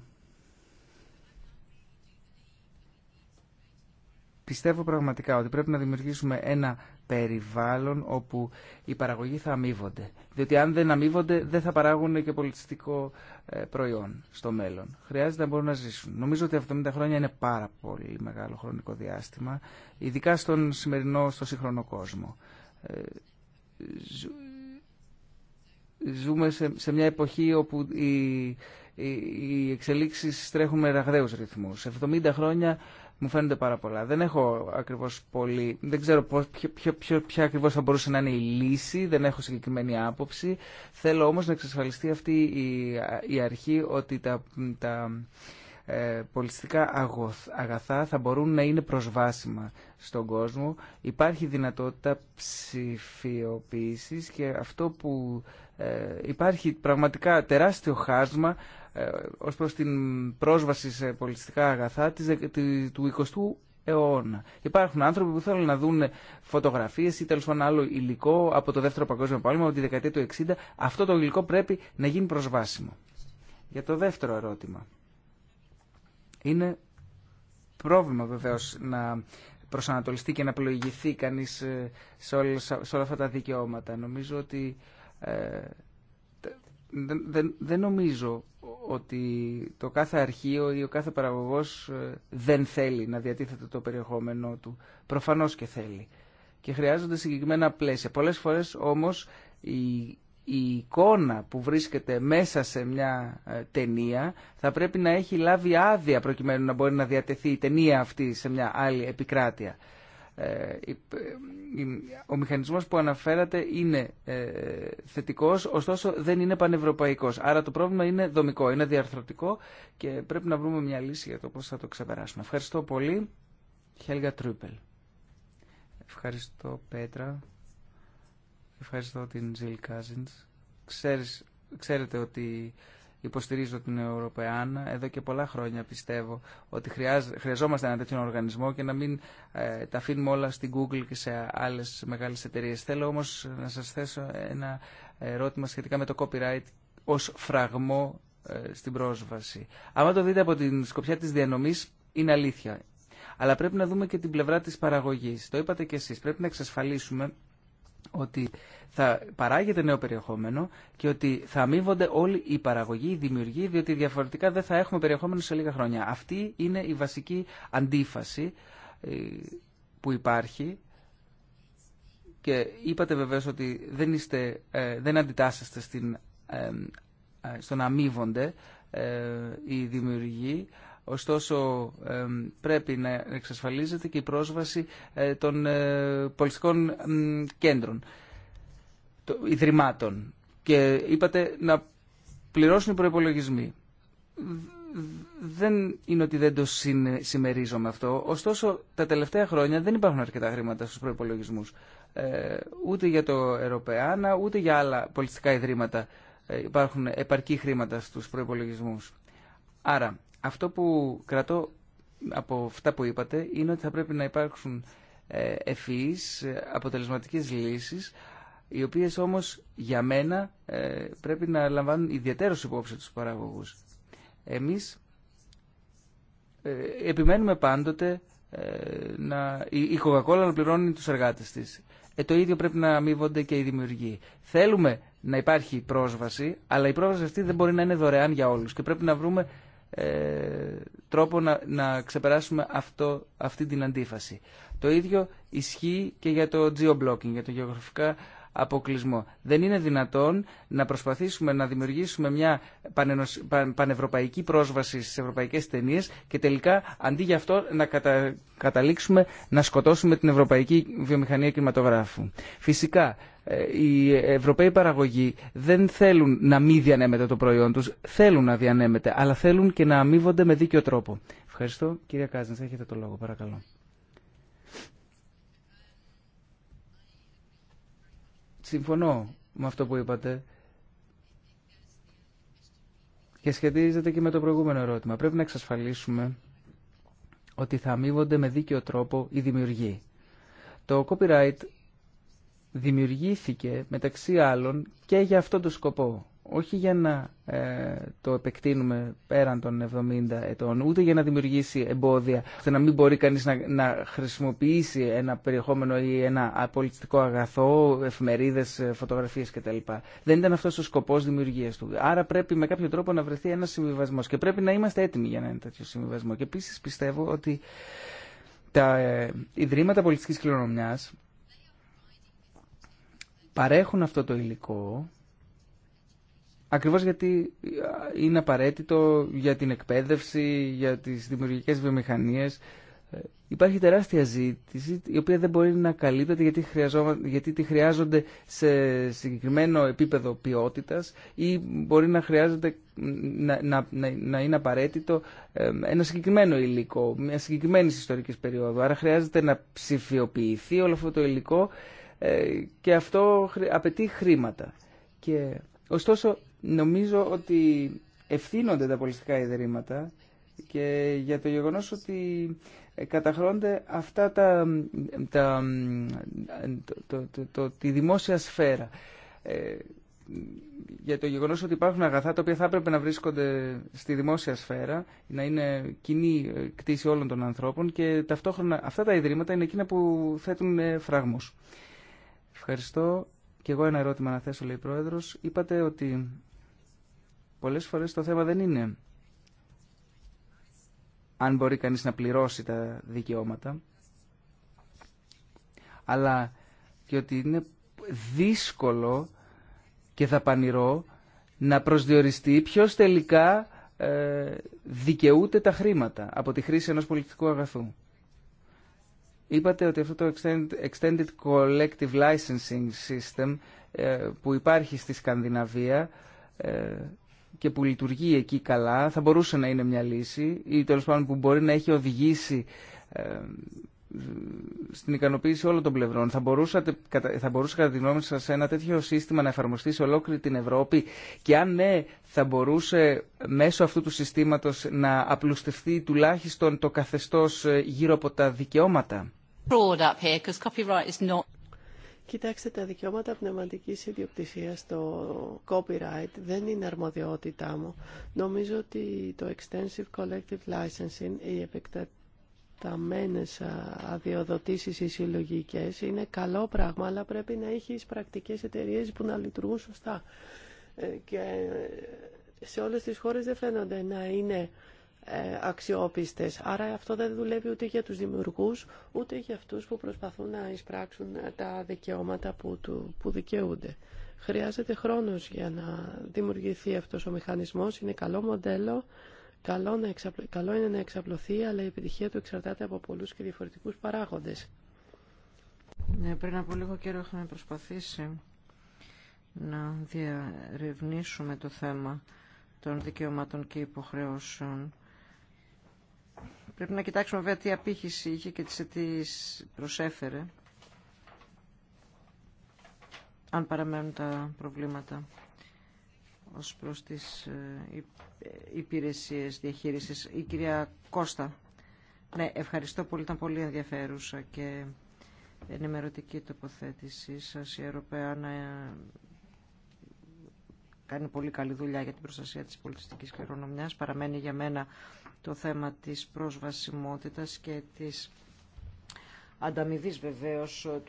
πιστεύω πραγματικά ότι πρέπει να δημιουργήσουμε ένα περιβάλλον όπου οι παραγωγοί θα αμείβονται. Διότι αν δεν αμείβονται δεν θα παράγουν και πολιτιστικό ε, προϊόν στο μέλλον. Χρειάζεται να μπορούν να ζήσουν. Νομίζω ότι 70 χρόνια είναι πάρα πολύ μεγάλο χρονικό διάστημα, ειδικά στον σημερινό, στο σύγχρονο κόσμο. Ε, ζούμε σε μια εποχή όπου οι οι εξελίξεις τρέχουν με ραγδαίους ρυθμούς. Σε 70 χρόνια μου φαίνονται πάρα πολλά. Δεν έχω ακριβώς πολύ... Δεν ξέρω πώς, ποιο, ποιο, ποια ακριβώς θα μπορούσε να είναι η λύση. Δεν έχω συγκεκριμένη άποψη. Θέλω όμως να εξασφαλιστεί αυτή η, η αρχή ότι τα... τα ε, αγωθ αγαθά θα μπορούν να είναι προσβάσιμα στον κόσμο. Υπάρχει δυνατότητα ψηφιοποίησης και αυτό που ε, υπάρχει πραγματικά τεράστιο χάσμα ε, ως προς την πρόσβαση σε πολιτιστικά αγαθά του 20ου αιώνα. Υπάρχουν άνθρωποι που θέλουν να δουν φωτογραφίες ή τέλο πάντων άλλο υλικό από το Δεύτερο Παγκόσμιο Πόλεμο, από τη δεκαετία του 60. Αυτό το υλικό πρέπει να γίνει προσβάσιμο. Για το δεύτερο ερώτημα. Είναι πρόβλημα βεβαίω να προσανατολιστεί και να πλοηγηθεί κανείς ε, σε όλα, αυτά τα δικαιώματα. Νομίζω ότι ε, δεν, νομίζω ότι το κάθε αρχείο ή ο κάθε παραγωγός ε, δεν θέλει να διατίθεται το περιεχόμενό του. Προφανώς και θέλει. Και χρειάζονται συγκεκριμένα πλαίσια. Πολλές φορές όμως η, η εικόνα που βρίσκεται μέσα σε μια ε, ταινία θα πρέπει να έχει λάβει άδεια προκειμένου να μπορεί να διατεθεί η ταινία αυτή σε μια άλλη επικράτεια. Ε, ο μηχανισμός που αναφέρατε είναι ε, θετικός, ωστόσο δεν είναι πανευρωπαϊκός. Άρα το πρόβλημα είναι δομικό, είναι διαρθρωτικό και πρέπει να βρούμε μια λύση για το πώς θα το ξεπεράσουμε. Ευχαριστώ πολύ. Χέλγα Τρούπελ. Ευχαριστώ Πέτρα. Ευχαριστώ την Ζιλ Κάζινς. ξέρετε ότι υποστηρίζω την Ευρωπαϊάν, εδώ και πολλά χρόνια πιστεύω ότι χρειαζόμαστε ένα τέτοιο οργανισμό και να μην ε, τα αφήνουμε όλα στην Google και σε άλλες μεγάλες εταιρείες. Θέλω όμως να σας θέσω ένα ερώτημα σχετικά με το copyright ως φραγμό ε, στην πρόσβαση. Άμα το δείτε από την σκοπιά της διανομής είναι αλήθεια. Αλλά πρέπει να δούμε και την πλευρά της παραγωγής. Το είπατε και εσείς. Πρέπει να εξασφαλίσουμε ότι θα παράγεται νέο περιεχόμενο και ότι θα αμείβονται όλοι οι παραγωγοί, οι δημιουργοί, διότι διαφορετικά δεν θα έχουμε περιεχόμενο σε λίγα χρόνια. Αυτή είναι η βασική αντίφαση ε, που υπάρχει και είπατε βεβαίως ότι δεν, είστε, ε, δεν αντιτάσσεστε στην, ε, στο να αμείβονται οι δημιουργοί, Ωστόσο πρέπει να εξασφαλίζεται και η πρόσβαση ε, των ε, πολιτικών κέντρων, ιδρυμάτων. Και είπατε να πληρώσουν οι προπολογισμοί. Δεν είναι ότι δεν το συμμερίζομαι αυτό. Ωστόσο, τα τελευταία χρόνια δεν υπάρχουν αρκετά χρήματα στους προϋπολογισμούς. Ε, ούτε για το Ευρωπαίνα, ούτε για άλλα πολιτιστικά ιδρύματα υπάρχουν επαρκή χρήματα στους προπολογισμού. Άρα, αυτό που κρατώ από αυτά που είπατε είναι ότι θα πρέπει να υπάρξουν ε, ευφυείς, αποτελεσματικές λύσεις, οι οποίες όμως για μένα ε, πρέπει να λαμβάνουν ιδιαίτερο υπόψη τους παραγωγούς. Εμείς ε, επιμένουμε πάντοτε να... η κοκακόλα να πληρώνει τους εργάτες της. Ε, το ίδιο πρέπει να αμείβονται και οι δημιουργοί. Θέλουμε να υπάρχει πρόσβαση, αλλά η πρόσβαση αυτή δεν μπορεί να είναι δωρεάν για όλους και πρέπει να βρούμε ε, τρόπο να, να ξεπεράσουμε αυτό, αυτή την αντίφαση. Το ίδιο ισχύει και για το geo-blocking, για το γεωγραφικά αποκλεισμό. Δεν είναι δυνατόν να προσπαθήσουμε να δημιουργήσουμε μια πανευρωπαϊκή πρόσβαση στι ευρωπαϊκές ταινίε και τελικά αντί για αυτό να κατα... καταλήξουμε να σκοτώσουμε την ευρωπαϊκή βιομηχανία κινηματογράφου. Φυσικά, ε, οι Ευρωπαίοι παραγωγοί δεν θέλουν να μην διανέμεται το προϊόν τους, θέλουν να διανέμεται, αλλά θέλουν και να αμείβονται με δίκιο τρόπο. Ευχαριστώ. Κυρία Κάζινς, έχετε το λόγο, παρακαλώ. συμφωνώ με αυτό που είπατε και σχετίζεται και με το προηγούμενο ερώτημα. Πρέπει να εξασφαλίσουμε ότι θα αμείβονται με δίκαιο τρόπο οι δημιουργοί. Το copyright δημιουργήθηκε μεταξύ άλλων και για αυτόν τον σκοπό όχι για να ε, το επεκτείνουμε πέραν των 70 ετών, ούτε για να δημιουργήσει εμπόδια, ώστε να μην μπορεί κανείς να, να χρησιμοποιήσει ένα περιεχόμενο ή ένα πολιτιστικό αγαθό, εφημερίδες, ε, φωτογραφίες κτλ. Δεν ήταν αυτός ο σκοπός δημιουργίας του. Άρα πρέπει με κάποιο τρόπο να βρεθεί ένας συμβιβασμός και πρέπει να είμαστε έτοιμοι για να είναι τέτοιο συμβιβασμό. Και επίση πιστεύω ότι τα ε, Ιδρύματα Πολιτιστικής Κληρονομιάς παρέχουν αυτό το υλικό Ακριβώς γιατί ε, είναι απαραίτητο για την εκπαίδευση, για τις δημιουργικές βιομηχανίες. Ε, υπάρχει τεράστια ζήτηση η οποία δεν μπορεί να καλύπτεται γιατί, γιατί τη χρειάζονται σε συγκεκριμένο επίπεδο ποιότητας ή μπορεί να χρειάζεται να, να, να είναι απαραίτητο ένα συγκεκριμένο υλικό, μια συγκεκριμένη ιστορική περίοδου. Άρα χρειάζεται να ψηφιοποιηθεί όλο αυτό το υλικό ε, και αυτό απαιτεί χρήματα. Και Ωστόσο, Νομίζω ότι ευθύνονται τα πολιτικά ιδρύματα και για το γεγονός ότι ε, καταχρώνται αυτά τα, τα το, το, τη δημόσια σφαίρα. Ε, για το γεγονός ότι υπάρχουν αγαθά τα οποία θα έπρεπε να βρίσκονται στη δημόσια σφαίρα, να είναι κοινή ε, κτήση όλων των ανθρώπων και ταυτόχρονα αυτά τα ιδρύματα είναι εκείνα που θέτουν ε, φράγμους. Ευχαριστώ. Και εγώ ένα ερώτημα να θέσω, λέει η Πρόεδρος. Είπατε ότι πολλές φορές το θέμα δεν είναι αν μπορεί κανείς να πληρώσει τα δικαιώματα, αλλά και ότι είναι δύσκολο και δαπανηρό να προσδιοριστεί ποιος τελικά ε, δικαιούται τα χρήματα από τη χρήση ενός πολιτικού αγαθού. Είπατε ότι αυτό το Extended Collective Licensing System ε, που υπάρχει στη Σκανδιναβία ε, και που λειτουργεί εκεί καλά θα μπορούσε να είναι μια λύση ή τέλο πάντων που μπορεί να έχει οδηγήσει ε, στην ικανοποίηση όλων των πλευρών. Θα, μπορούσατε, θα μπορούσε κατά τη γνώμη σας ένα τέτοιο σύστημα να εφαρμοστεί σε ολόκληρη την Ευρώπη και αν ναι θα μπορούσε μέσω αυτού του συστήματος να απλουστευτεί τουλάχιστον το καθεστώς ε, γύρω από τα δικαιώματα. Κοιτάξτε, τα δικαιώματα πνευματικής ιδιοκτησίας, το copyright, δεν είναι αρμοδιότητά μου. Νομίζω ότι το Extensive Collective Licensing, οι επεκταταμένες αδειοδοτήσεις οι συλλογικέ είναι καλό πράγμα, αλλά πρέπει να έχει πρακτικές εταιρείε που να λειτουργούν σωστά. Ε, και ε, σε όλες τις χώρες δεν φαίνονται να είναι ε, αξιόπιστες. Άρα αυτό δεν δουλεύει ούτε για τους δημιουργούς, ούτε για αυτούς που προσπαθούν να εισπράξουν τα δικαιώματα που, του, που δικαιούνται. Χρειάζεται χρόνος για να δημιουργηθεί αυτός ο μηχανισμός. Είναι καλό μοντέλο, καλό, είναι να εξαπλωθεί, αλλά η επιτυχία του εξαρτάται από πολλούς και διαφορετικούς παράγοντες. Ναι, πριν από λίγο καιρό είχαμε προσπαθήσει να διαρευνήσουμε το θέμα των δικαιωμάτων και υποχρεώσεων Πρέπει να κοιτάξουμε βέβαια τι απήχηση είχε και τις προσέφερε. Αν παραμένουν τα προβλήματα ως προς τις ε, ε, υπηρεσίες διαχείρισης. Η κυρία Κώστα. Ναι, ευχαριστώ πολύ. Ήταν πολύ ενδιαφέρουσα και ενημερωτική τοποθέτησή Σα Η Ευρωπαϊκή ε, κάνει πολύ καλή δουλειά για την προστασία της πολιτιστικής κληρονομιάς. Παραμένει για μένα το θέμα της προσβασιμότητας και της ανταμοιβή βεβαίω ε,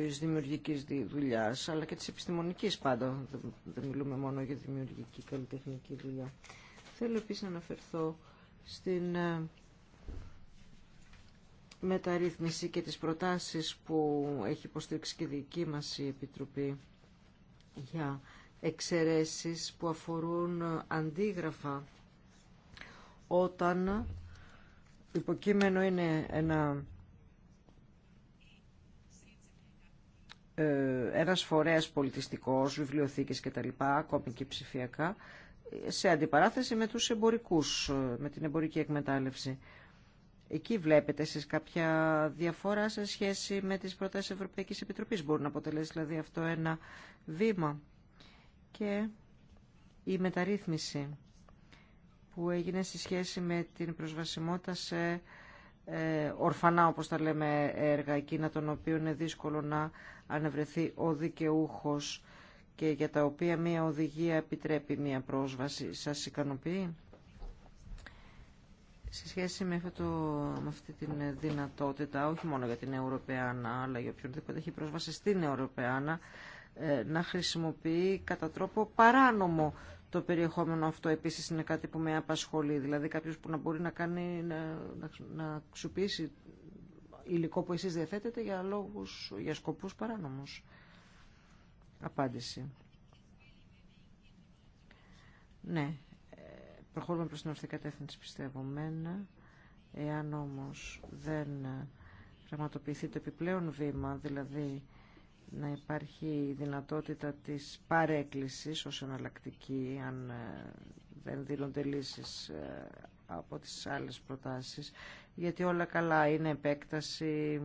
τη δημιουργική δουλειά, αλλά και τη επιστημονική πάντα. Δεν μιλούμε μόνο για δημιουργική καλλιτεχνική δουλειά. Θέλω επίση να αναφερθώ στην ε, μεταρρύθμιση και τις προτάσεις που έχει υποστήριξει και δική μας η Επιτροπή για εξαιρέσεις που αφορούν ε, αντίγραφα όταν υποκείμενο είναι ένα ε, ένας φορέας πολιτιστικός, βιβλιοθήκες κτλ, ακόμη και ψηφιακά, σε αντιπαράθεση με τους εμπορικούς, με την εμπορική εκμετάλλευση. Εκεί βλέπετε εσείς κάποια διαφορά σε σχέση με τις προτάσεις Ευρωπαϊκής Επιτροπής. Μπορεί να αποτελέσει δηλαδή αυτό ένα βήμα. Και η μεταρρύθμιση που έγινε σε σχέση με την προσβασιμότητα σε ε, ορφανά, όπως τα λέμε, έργα εκείνα των οποίων είναι δύσκολο να ανεβρεθεί ο δικαιούχος και για τα οποία μία οδηγία επιτρέπει μία πρόσβαση. Σας ικανοποιεί? σε σχέση με, αυτό με αυτή τη δυνατότητα, όχι μόνο για την Ευρωπαϊκή, αλλά για οποιονδήποτε έχει πρόσβαση στην Ευρωπαϊκή, ε, να χρησιμοποιεί κατά τρόπο παράνομο το περιεχόμενο αυτό επίσης είναι κάτι που με απασχολεί. Δηλαδή κάποιος που να μπορεί να, κάνει, να, να, ξουπίσει υλικό που εσείς διαθέτετε για, λόγους, για σκοπούς παράνομους. Απάντηση. Ναι, προχωρούμε προς την ορθή κατεύθυνση πιστεύω μένα. Εάν όμως δεν πραγματοποιηθεί το επιπλέον βήμα, δηλαδή να υπάρχει δυνατότητα της παρέκκλησης ως εναλλακτική αν ε, δεν δίνονται λύσεις ε, από τις άλλες προτάσεις γιατί όλα καλά είναι επέκταση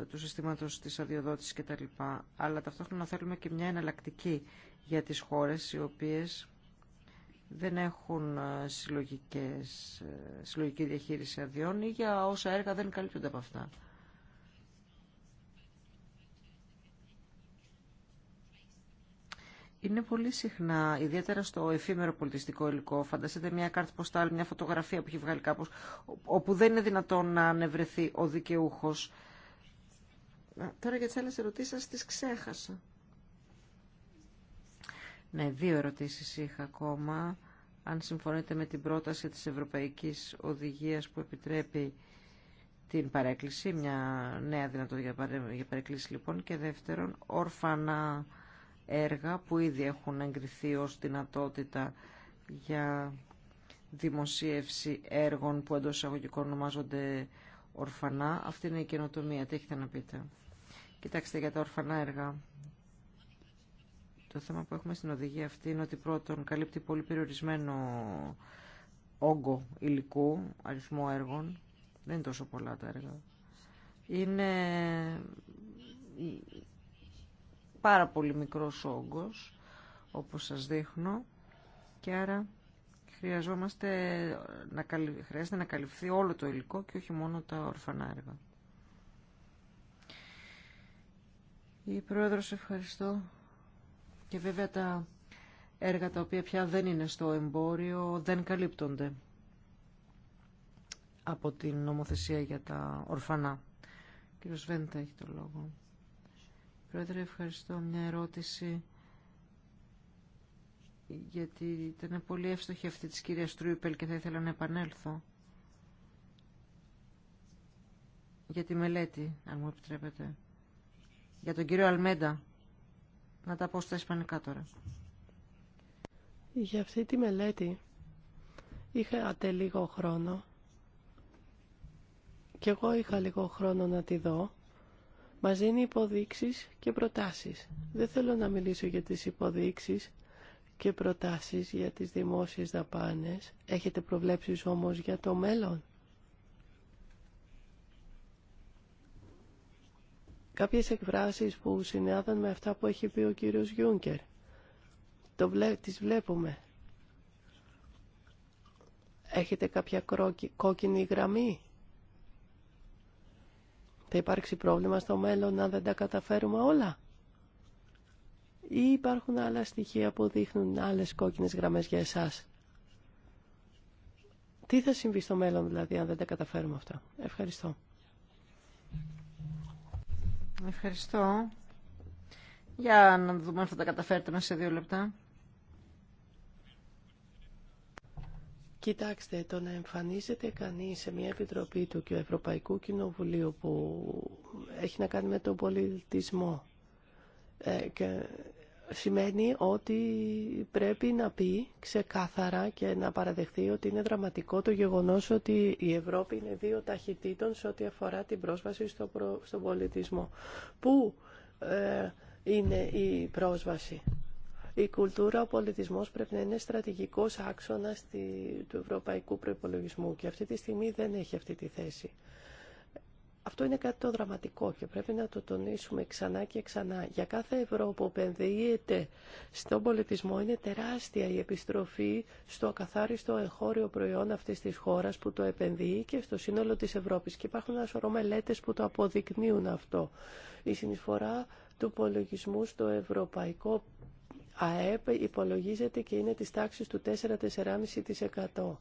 ε, του συστήματος της αδειοδότησης κτλ. Αλλά ταυτόχρονα θέλουμε και μια εναλλακτική για τις χώρες οι οποίες δεν έχουν συλλογικές, συλλογική διαχείριση αδειών ή για όσα έργα δεν καλύπτονται από αυτά. είναι πολύ συχνά, ιδιαίτερα στο εφήμερο πολιτιστικό υλικό, φανταστείτε μια κάρτα ποστάλ, μια φωτογραφία που έχει βγάλει κάπως, όπου δεν είναι δυνατόν να ανεβρεθεί ο δικαιούχος. Τώρα για τις άλλες ερωτήσεις σας τις ξέχασα. Ναι, δύο ερωτήσεις είχα ακόμα. Αν συμφωνείτε με την πρόταση της Ευρωπαϊκής Οδηγίας που επιτρέπει την παρέκκληση, μια νέα δυνατότητα για παρέκκληση λοιπόν, και δεύτερον, όρφανα έργα που ήδη έχουν εγκριθεί ως δυνατότητα για δημοσίευση έργων που εντός εισαγωγικών ονομάζονται ορφανά. Αυτή είναι η καινοτομία. Τι έχετε να πείτε. Κοιτάξτε για τα ορφανά έργα. Το θέμα που έχουμε στην οδηγία αυτή είναι ότι πρώτον καλύπτει πολύ περιορισμένο όγκο υλικού, αριθμό έργων. Δεν είναι τόσο πολλά τα έργα. Είναι πάρα πολύ μικρός όγκος, όπως σας δείχνω, και άρα χρειαζόμαστε να χρειάζεται να καλυφθεί όλο το υλικό και όχι μόνο τα ορφανά έργα. Η Πρόεδρος ευχαριστώ και βέβαια τα έργα τα οποία πια δεν είναι στο εμπόριο δεν καλύπτονται από την νομοθεσία για τα ορφανά. Ο κύριος έχει το λόγο. Πρόεδρε, ευχαριστώ. Μια ερώτηση γιατί ήταν πολύ εύστοχη αυτή της κυρίας Τρούιπελ και θα ήθελα να επανέλθω για τη μελέτη, αν μου επιτρέπετε. Για τον κύριο Αλμέντα. Να τα πω στα ισπανικά τώρα. Για αυτή τη μελέτη είχα λίγο χρόνο και εγώ είχα λίγο χρόνο να τη δω μας δίνει υποδείξεις και προτάσεις. Δεν θέλω να μιλήσω για τις υποδείξεις και προτάσεις για τις δημόσιες δαπάνες. Έχετε προβλέψεις όμως για το μέλλον. Κάποιες εκφράσεις που συνάδαν με αυτά που έχει πει ο κύριος Γιούνκερ. Το βλέ... Τις βλέπουμε. Έχετε κάποια κόκκινη γραμμή θα υπάρξει πρόβλημα στο μέλλον αν δεν τα καταφέρουμε όλα. Ή υπάρχουν άλλα στοιχεία που δείχνουν άλλες κόκκινες γραμμές για εσάς. Τι θα συμβεί στο μέλλον δηλαδή αν δεν τα καταφέρουμε αυτά. Ευχαριστώ. Ευχαριστώ. Για να δούμε αν θα τα καταφέρετε μέσα σε δύο λεπτά. Κοιτάξτε, το να εμφανίζεται κανείς σε μια επιτροπή του και ο Ευρωπαϊκού Κοινοβουλίου που έχει να κάνει με τον πολιτισμό ε, και σημαίνει ότι πρέπει να πει ξεκάθαρα και να παραδεχθεί ότι είναι δραματικό το γεγονός ότι η Ευρώπη είναι δύο ταχυτήτων σε ό,τι αφορά την πρόσβαση στο προ... στον πολιτισμό. Πού ε, είναι η πρόσβαση η κουλτούρα, ο πολιτισμό πρέπει να είναι στρατηγικός άξονας του ευρωπαϊκού προπολογισμού. και αυτή τη στιγμή δεν έχει αυτή τη θέση. Αυτό είναι κάτι το δραματικό και πρέπει να το τονίσουμε ξανά και ξανά. Για κάθε ευρώ που επενδύεται στον πολιτισμό είναι τεράστια η επιστροφή στο ακαθάριστο εγχώριο προϊόν αυτής της χώρας που το επενδύει και στο σύνολο της Ευρώπης. Και υπάρχουν ένα σωρό μελέτες που το αποδεικνύουν αυτό. Η συνεισφορά του πολιτισμού στο ευρωπαϊκό ΑΕΠ υπολογίζεται και είναι της τάξης του 4-4,5%.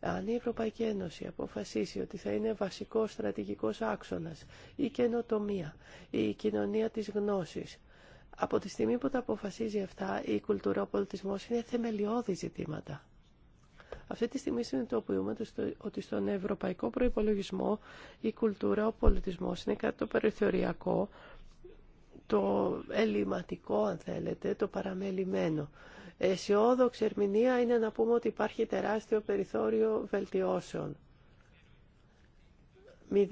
Αν η Ευρωπαϊκή Ένωση αποφασίσει ότι θα είναι βασικός στρατηγικός άξονας η καινοτομία, η κοινωνία της γνώσης, από τη στιγμή που τα αποφασίζει αυτά, η κουλτούρα, ο πολιτισμός είναι θεμελιώδη ζητήματα. Αυτή τη στιγμή συνειδητοποιούμε ότι στον ευρωπαϊκό προϋπολογισμό η κουλτούρα, ο πολιτισμός είναι κάτι το περιθωριακό, το ελληματικό αν θέλετε, το παραμελημένο. Αισιόδοξη ερμηνεία είναι να πούμε ότι υπάρχει τεράστιο περιθώριο βελτιώσεων. 0,70%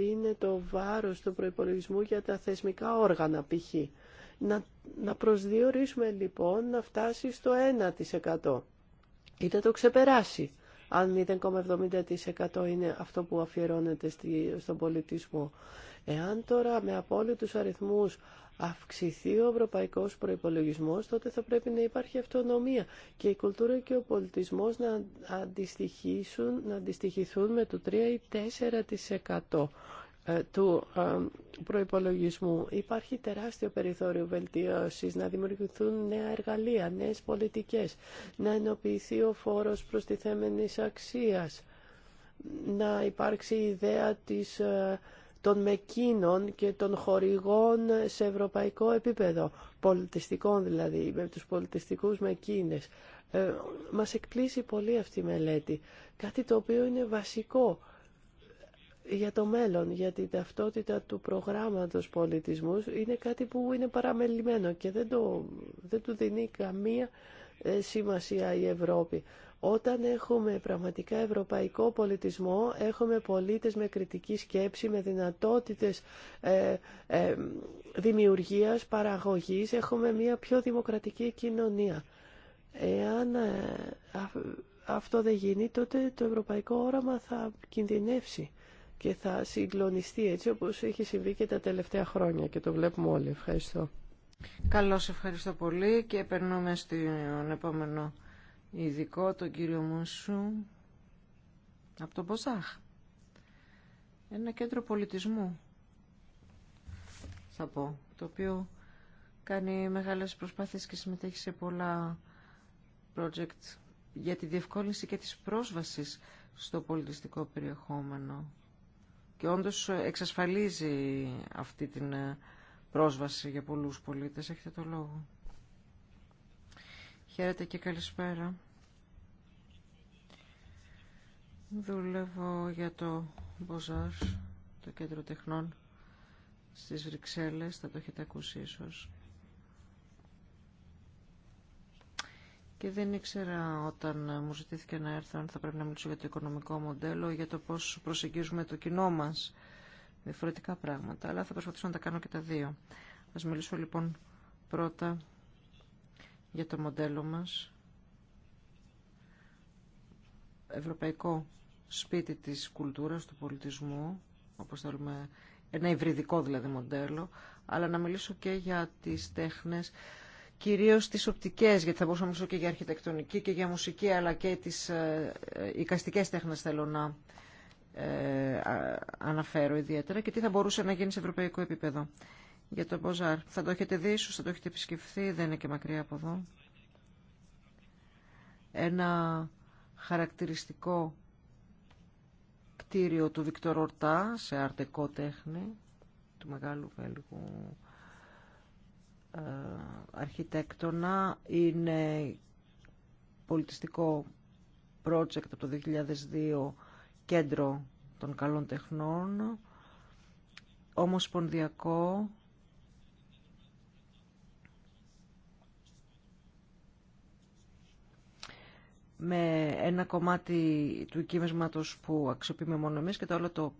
είναι το βάρος του προϋπολογισμού για τα θεσμικά όργανα π.χ. Να, να προσδιορίσουμε λοιπόν να φτάσει στο 1% ή να το ξεπεράσει αν 0,70% είναι αυτό που αφιερώνεται στον πολιτισμό. Εάν τώρα με απόλυτους αριθμούς αυξηθεί ο ευρωπαϊκός προϋπολογισμός, τότε θα πρέπει να υπάρχει αυτονομία και η κουλτούρα και ο πολιτισμός να, να αντιστοιχηθούν με το 3 ή 4% ε, του ε, προϋπολογισμού. Υπάρχει τεράστιο περιθώριο βελτίωσης, να δημιουργηθούν νέα εργαλεία, νέες πολιτικές, να ενοποιηθεί ο φόρος προστιθέμενης αξίας, να υπάρξει η ιδέα της ε, των μεκίνων και των χορηγών σε ευρωπαϊκό επίπεδο, πολιτιστικών δηλαδή, με τους πολιτιστικούς μεκίνες. Ε, μας εκπλήσει πολύ αυτή η μελέτη, κάτι το οποίο είναι βασικό για το μέλλον, για την ταυτότητα του προγράμματος πολιτισμού είναι κάτι που είναι παραμελημένο και δεν, το, δεν του δίνει καμία ε, σημασία η Ευρώπη. Όταν έχουμε πραγματικά ευρωπαϊκό πολιτισμό, έχουμε πολίτες με κριτική σκέψη, με δυνατότητες ε, ε δημιουργίας, παραγωγής, έχουμε μια πιο δημοκρατική κοινωνία. Εάν ε, αυτό δεν γίνει, τότε το ευρωπαϊκό όραμα θα κινδυνεύσει και θα συγκλονιστεί έτσι όπως έχει συμβεί και τα τελευταία χρόνια και το βλέπουμε όλοι. Ευχαριστώ. Καλώς, ευχαριστώ πολύ και περνούμε στον επόμενο ειδικό τον κύριο Μούσου από τον Ποζάχ. Ένα κέντρο πολιτισμού, θα πω, το οποίο κάνει μεγάλες προσπάθειες και συμμετέχει σε πολλά project για τη διευκόλυνση και της πρόσβασης στο πολιτιστικό περιεχόμενο και όντως εξασφαλίζει αυτή την ε, πρόσβαση για πολλούς πολίτες. Έχετε το λόγο. Χαίρετε και καλησπέρα. Δουλεύω για το Μποζάρ, το κέντρο τεχνών στις Βρυξέλλες, θα το έχετε ακούσει ίσως. Και δεν ήξερα όταν μου ζητήθηκε να έρθω αν θα πρέπει να μιλήσω για το οικονομικό μοντέλο, για το πώς προσεγγίζουμε το κοινό μας. Διαφορετικά πράγματα, αλλά θα προσπαθήσω να τα κάνω και τα δύο. Ας μιλήσω λοιπόν πρώτα για το μοντέλο μας. Ευρωπαϊκό σπίτι της κουλτούρας, του πολιτισμού, όπως θέλουμε, ένα υβριδικό δηλαδή μοντέλο, αλλά να μιλήσω και για τις τέχνες, κυρίως τις οπτικές, γιατί θα μπορούσα να μιλήσω και για αρχιτεκτονική και για μουσική, αλλά και τις ε, ε τέχνες θέλω να ε, αναφέρω ιδιαίτερα και τι θα μπορούσε να γίνει σε ευρωπαϊκό επίπεδο για το Μποζάρ. Θα το έχετε δει, ίσως θα το έχετε επισκεφθεί, δεν είναι και μακριά από εδώ. Ένα χαρακτηριστικό κτίριο του Βικτόρ Ορτά σε αρτεκό τέχνη του μεγάλου Βέλγου ε, αρχιτέκτονα είναι πολιτιστικό project από το 2002 κέντρο των καλών τεχνών ομοσπονδιακό με ένα κομμάτι του κύβεσματος που αξιοποιούμε μόνο εμείς και το όλο το,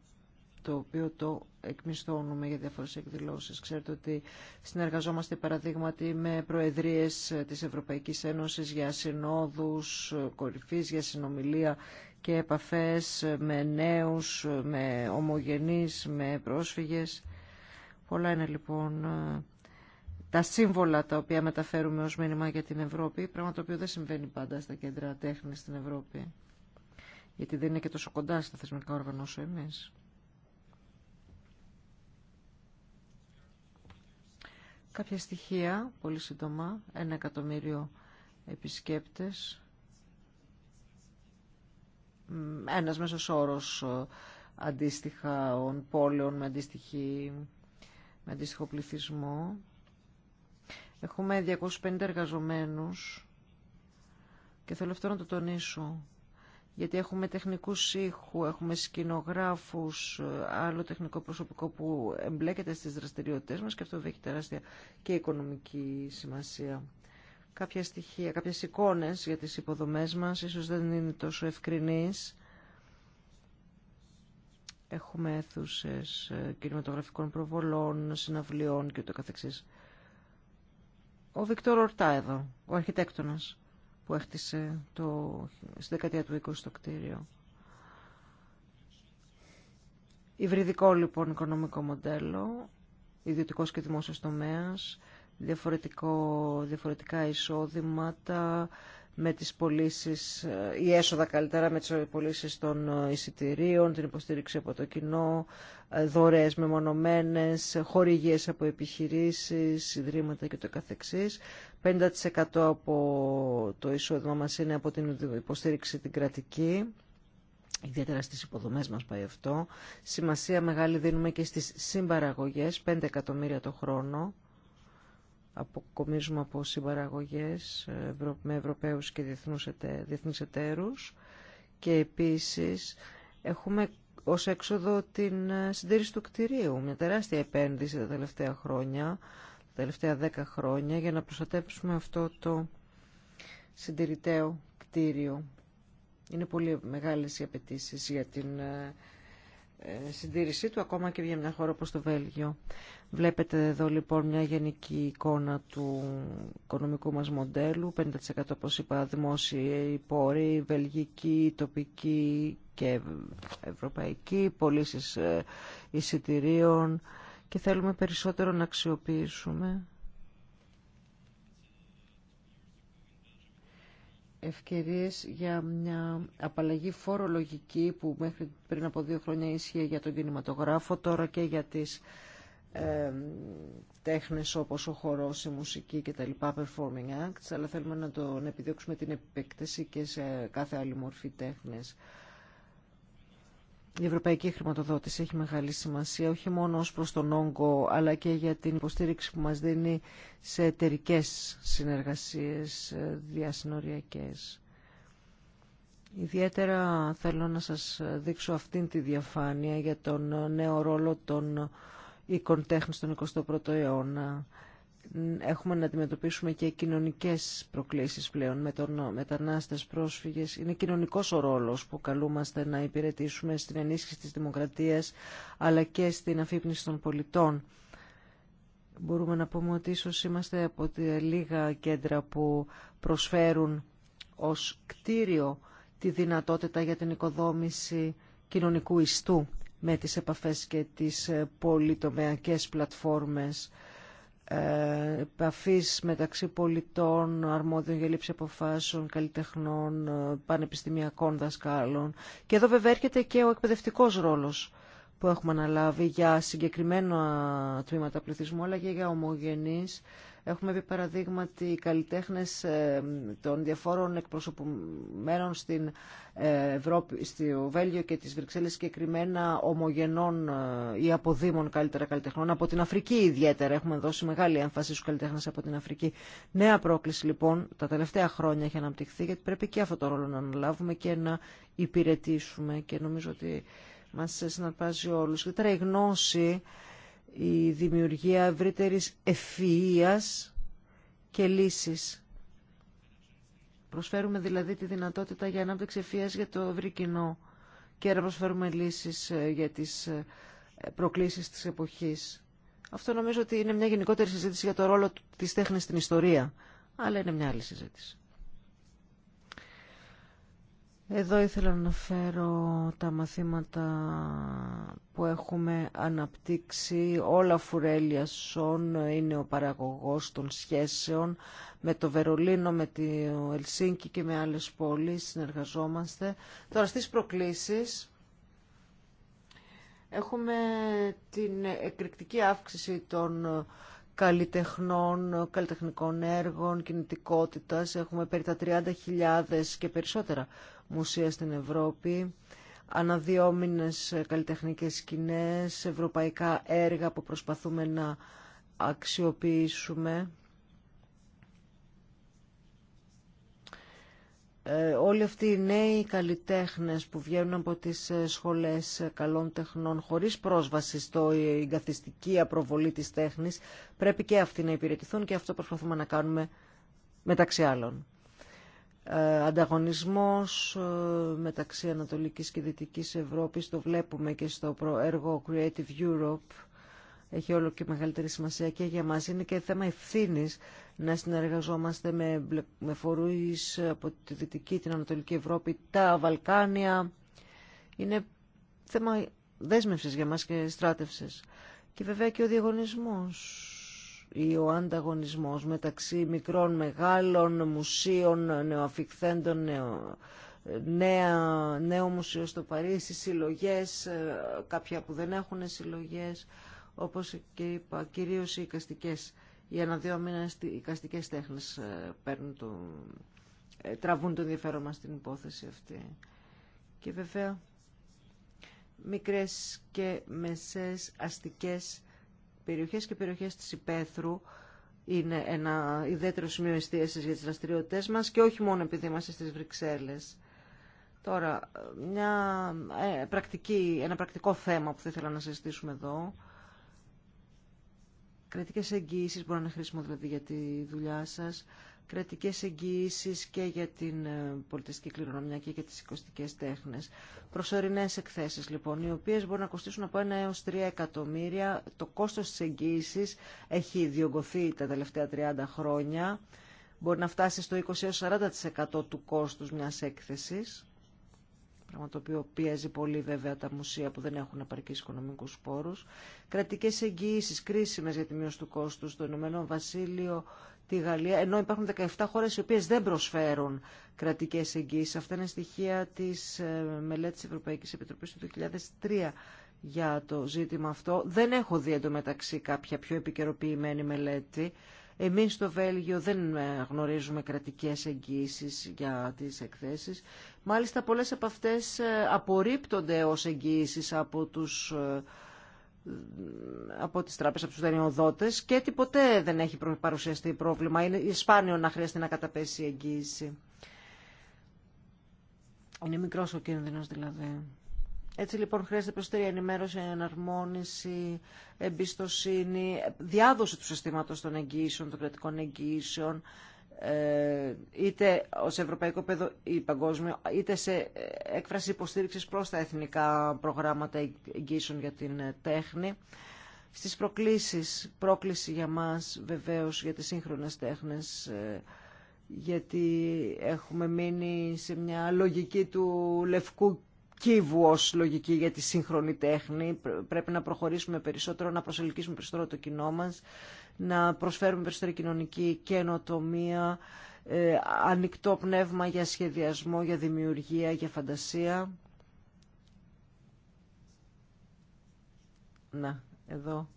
το οποίο το εκμισθώνουμε για διάφορες εκδηλώσεις. Ξέρετε ότι συνεργαζόμαστε παραδείγματι με προεδρίες της Ευρωπαϊκής Ένωσης για συνόδους, κορυφής, για συνομιλία και επαφές με νέους, με ομογενείς, με πρόσφυγες. Πολλά είναι λοιπόν τα σύμβολα τα οποία μεταφέρουμε ως μήνυμα για την Ευρώπη, πράγμα το οποίο δεν συμβαίνει πάντα στα κέντρα τέχνης στην Ευρώπη, γιατί δεν είναι και τόσο κοντά στα θεσμικά όργανα όσο εμείς. Κάποια στοιχεία, πολύ σύντομα, ένα εκατομμύριο επισκέπτες, ένας μέσος όρος ε, αντίστοιχα πόλεων με, με αντίστοιχο πληθυσμό, Έχουμε 250 εργαζομένους και θέλω αυτό να το τονίσω. Γιατί έχουμε τεχνικού ήχου, έχουμε σκηνογράφους, άλλο τεχνικό προσωπικό που εμπλέκεται στις δραστηριότητες μας και αυτό έχει τεράστια και οικονομική σημασία. Κάποια στοιχεία, κάποιες εικόνες για τις υποδομές μας, ίσως δεν είναι τόσο ευκρινείς. Έχουμε αίθουσες ε, κινηματογραφικών προβολών, συναυλιών και ο Βικτόρ Ορτά εδώ, ο αρχιτέκτονας που έχτισε το, στη δεκαετία του 20 το κτίριο. Υβριδικό λοιπόν οικονομικό μοντέλο, ιδιωτικός και δημόσιο τομέα, διαφορετικά εισόδηματα, με τις πωλήσει, ε, η έσοδα καλύτερα με τις πωλήσει των ε, εισιτηρίων, την υποστήριξη από το κοινό, ε, δωρεές μεμονωμένες, χορηγίες από επιχειρήσεις, ιδρύματα και το καθεξής. 50% από το εισόδημα μας είναι από την υποστήριξη την κρατική. Ιδιαίτερα στις υποδομές μας πάει αυτό. Σημασία μεγάλη δίνουμε και στις συμπαραγωγές, 5 εκατομμύρια το χρόνο αποκομίζουμε από συμπαραγωγές με Ευρωπαίους και διεθνούς εταίρους, και επίσης έχουμε ως έξοδο την ε, συντήρηση του κτηρίου. Μια τεράστια επένδυση τα τελευταία χρόνια, τα τελευταία δέκα χρόνια για να προστατέψουμε αυτό το συντηρητέο κτίριο. Είναι πολύ μεγάλες οι απαιτήσει για την ε, ε, συντήρησή του, ακόμα και για μια χώρα όπως το Βέλγιο. Βλέπετε εδώ λοιπόν μια γενική εικόνα του οικονομικού μας μοντέλου, 50% όπως είπα δημόσιοι πόροι, βελγική, τοπική και ευρωπαϊκή, πωλήσει ε, εισιτηρίων και θέλουμε περισσότερο να αξιοποιήσουμε ευκαιρίες για μια απαλλαγή φορολογική που μέχρι πριν από δύο χρόνια ίσχυε για τον κινηματογράφο, τώρα και για τις ε, τέχνες όπως ο χορός, η μουσική και τα λοιπά, performing acts, αλλά θέλουμε να επιδιώξουμε την επέκταση και σε κάθε άλλη μορφή τέχνες. Η ευρωπαϊκή χρηματοδότηση έχει μεγάλη σημασία, όχι μόνο ως προς τον όγκο, αλλά και για την υποστήριξη που μας δίνει σε εταιρικέ συνεργασίες διασυνοριακές. Ιδιαίτερα θέλω να σας δείξω αυτήν τη διαφάνεια για τον νέο ρόλο των τέχνης στον 21ο αιώνα. Έχουμε να αντιμετωπίσουμε και κοινωνικές προκλήσεις πλέον με τον μετανάστες, πρόσφυγες. Είναι κοινωνικός ο ρόλος που καλούμαστε να υπηρετήσουμε στην ενίσχυση της δημοκρατίας αλλά και στην αφύπνιση των πολιτών. Μπορούμε να πούμε ότι ίσως είμαστε από τα λίγα κέντρα που προσφέρουν ως κτίριο τη δυνατότητα για την οικοδόμηση κοινωνικού ιστού με τις επαφές και τις ε, πολυτομεακές πλατφόρμες ε, επαφής μεταξύ πολιτών, αρμόδιων για λήψη αποφάσεων, καλλιτεχνών, ε, πανεπιστημιακών δασκάλων. Και εδώ βέβαια έρχεται και ο εκπαιδευτικός ρόλος που έχουμε αναλάβει για συγκεκριμένα τμήματα πληθυσμού, αλλά και για ομογενείς Έχουμε δει παραδείγματι οι καλλιτέχνες ε, των διαφόρων εκπροσωπουμένων στην ε, Ευρώπη, στο Βέλγιο και τη Βρυξέλλες συγκεκριμένα ομογενών ε, ή αποδήμων καλύτερα καλλιτεχνών. Από την Αφρική ιδιαίτερα έχουμε δώσει μεγάλη έμφαση στου καλλιτέχνε από την Αφρική. Νέα πρόκληση λοιπόν τα τελευταία χρόνια έχει αναπτυχθεί γιατί πρέπει και αυτό το ρόλο να αναλάβουμε και να υπηρετήσουμε και νομίζω ότι μας συναρπάζει όλους. Ιδιαίτερα η γνώση η δημιουργία ευρύτερης ευφυΐας και λύσης. Προσφέρουμε δηλαδή τη δυνατότητα για ανάπτυξη ευφυΐας για το ευρύ κοινό και να προσφέρουμε λύσεις ε, για τις ε, προκλήσεις της εποχής. Αυτό νομίζω ότι είναι μια γενικότερη συζήτηση για το ρόλο της τέχνης στην ιστορία, αλλά είναι μια άλλη συζήτηση. Εδώ ήθελα να φέρω τα μαθήματα που έχουμε αναπτύξει. Όλα Φουρέλια Σον είναι ο παραγωγός των σχέσεων με το Βερολίνο, με το Ελσίνκι και με άλλες πόλεις συνεργαζόμαστε. Τώρα στις προκλήσεις έχουμε την εκρηκτική αύξηση των καλλιτεχνών, καλλιτεχνικών έργων, κινητικότητας. Έχουμε περί τα 30.000 και περισσότερα μουσεία στην Ευρώπη, αναδιόμινες ε, καλλιτεχνικές σκηνές, ευρωπαϊκά έργα που προσπαθούμε να αξιοποιήσουμε. Ε, όλοι αυτοί οι νέοι καλλιτέχνες που βγαίνουν από τις ε, σχολές καλών τεχνών χωρίς πρόσβαση στο εγκαθιστική απροβολή της τέχνης πρέπει και αυτοί να υπηρετηθούν και αυτό προσπαθούμε να κάνουμε μεταξύ άλλων. Ε, ανταγωνισμός ε, μεταξύ Ανατολικής και Δυτικής Ευρώπης. Το βλέπουμε και στο έργο Creative Europe. Έχει όλο και μεγαλύτερη σημασία και για μας. Είναι και θέμα ευθύνη να συνεργαζόμαστε με, με φορούς από τη Δυτική, την Ανατολική Ευρώπη, τα Βαλκάνια. Είναι θέμα δέσμευσης για μας και στράτευσης. Και βέβαια και ο διαγωνισμός ή ο ανταγωνισμός μεταξύ μικρών, μεγάλων, μουσείων, νεοαφιχθέντων, νεο, νέα, νέο μουσείο στο Παρίσι, συλλογές, ε, κάποια που δεν έχουν συλλογές, όπως και είπα, κυρίως οι οικαστικές. Για ένα-δύο οι οικαστικές τέχνες ε, παίρνουν ε, τραβούν το ενδιαφέρον μας στην υπόθεση αυτή. Και βέβαια, μικρές και μεσές αστικές περιοχές και περιοχές της υπαίθρου είναι ένα ιδιαίτερο σημείο εστίασης για τις δραστηριότητες μας και όχι μόνο επειδή είμαστε στις Βρυξέλλες. Τώρα, μια, ε, πρακτική, ένα πρακτικό θέμα που θα ήθελα να συζητήσουμε εδώ. Κρατικές εγγύησεις μπορούν να χρήσιμο δηλαδή για τη δουλειά σας κρατικές εγγυήσεις και για την ε, πολιτιστική κληρονομιά και για τις οικοστικές τέχνες. Προσωρινές εκθέσεις λοιπόν, οι οποίες μπορούν να κοστίσουν από 1 έως 3 εκατομμύρια. Το κόστος της εγγύησης έχει διωγγωθεί τα τελευταία 30 χρόνια. Μπορεί να φτάσει στο 20 40% του κόστους μιας έκθεσης. Πράγμα το οποίο πιέζει πολύ βέβαια τα μουσεία που δεν έχουν επαρκεί οικονομικού πόρου. Κρατικέ εγγυήσει κρίσιμε για τη μείωση του κόστου στο Ηνωμένο Βασίλειο τη Γαλλία, ενώ υπάρχουν 17 χώρες οι οποίες δεν προσφέρουν κρατικές εγγύσει. Αυτά είναι στοιχεία της ε, μελέτης Ευρωπαϊκής Επιτροπής του 2003 για το ζήτημα αυτό. Δεν έχω δει εντωμεταξύ κάποια πιο επικαιροποιημένη μελέτη. Εμείς στο Βέλγιο δεν ε, γνωρίζουμε κρατικές εγγύησεις για τις εκθέσεις. Μάλιστα πολλές από αυτές ε, απορρίπτονται ως εγγύησεις από τους από τις τράπεζες, από τους δανειοδότες και τίποτε δεν έχει παρουσιαστεί πρόβλημα. Είναι σπάνιο να χρειάζεται να καταπέσει η εγγύηση. Είναι μικρός ο κίνδυνος δηλαδή. Έτσι λοιπόν χρειάζεται περισσότερη ενημέρωση, εναρμόνιση, εμπιστοσύνη, διάδοση του συστήματος των εγγύησεων, των κρατικών εγγύησεων, ε, είτε ως ευρωπαϊκό παιδό ή παγκόσμιο, είτε σε έκφραση υποστήριξης προς τα εθνικά προγράμματα εγγύσεων για την τέχνη. Στις προκλήσεις, πρόκληση για μας βεβαίως για τις σύγχρονες τέχνες, ε, γιατί έχουμε μείνει σε μια λογική του λευκού κύβου ως λογική για τη σύγχρονη τέχνη. Πρέπει να προχωρήσουμε περισσότερο, να προσελκύσουμε περισσότερο το κοινό μας να προσφέρουμε περισσότερη κοινωνική καινοτομία, ε, ανοιχτό πνεύμα για σχεδιασμό, για δημιουργία, για φαντασία. Να, εδώ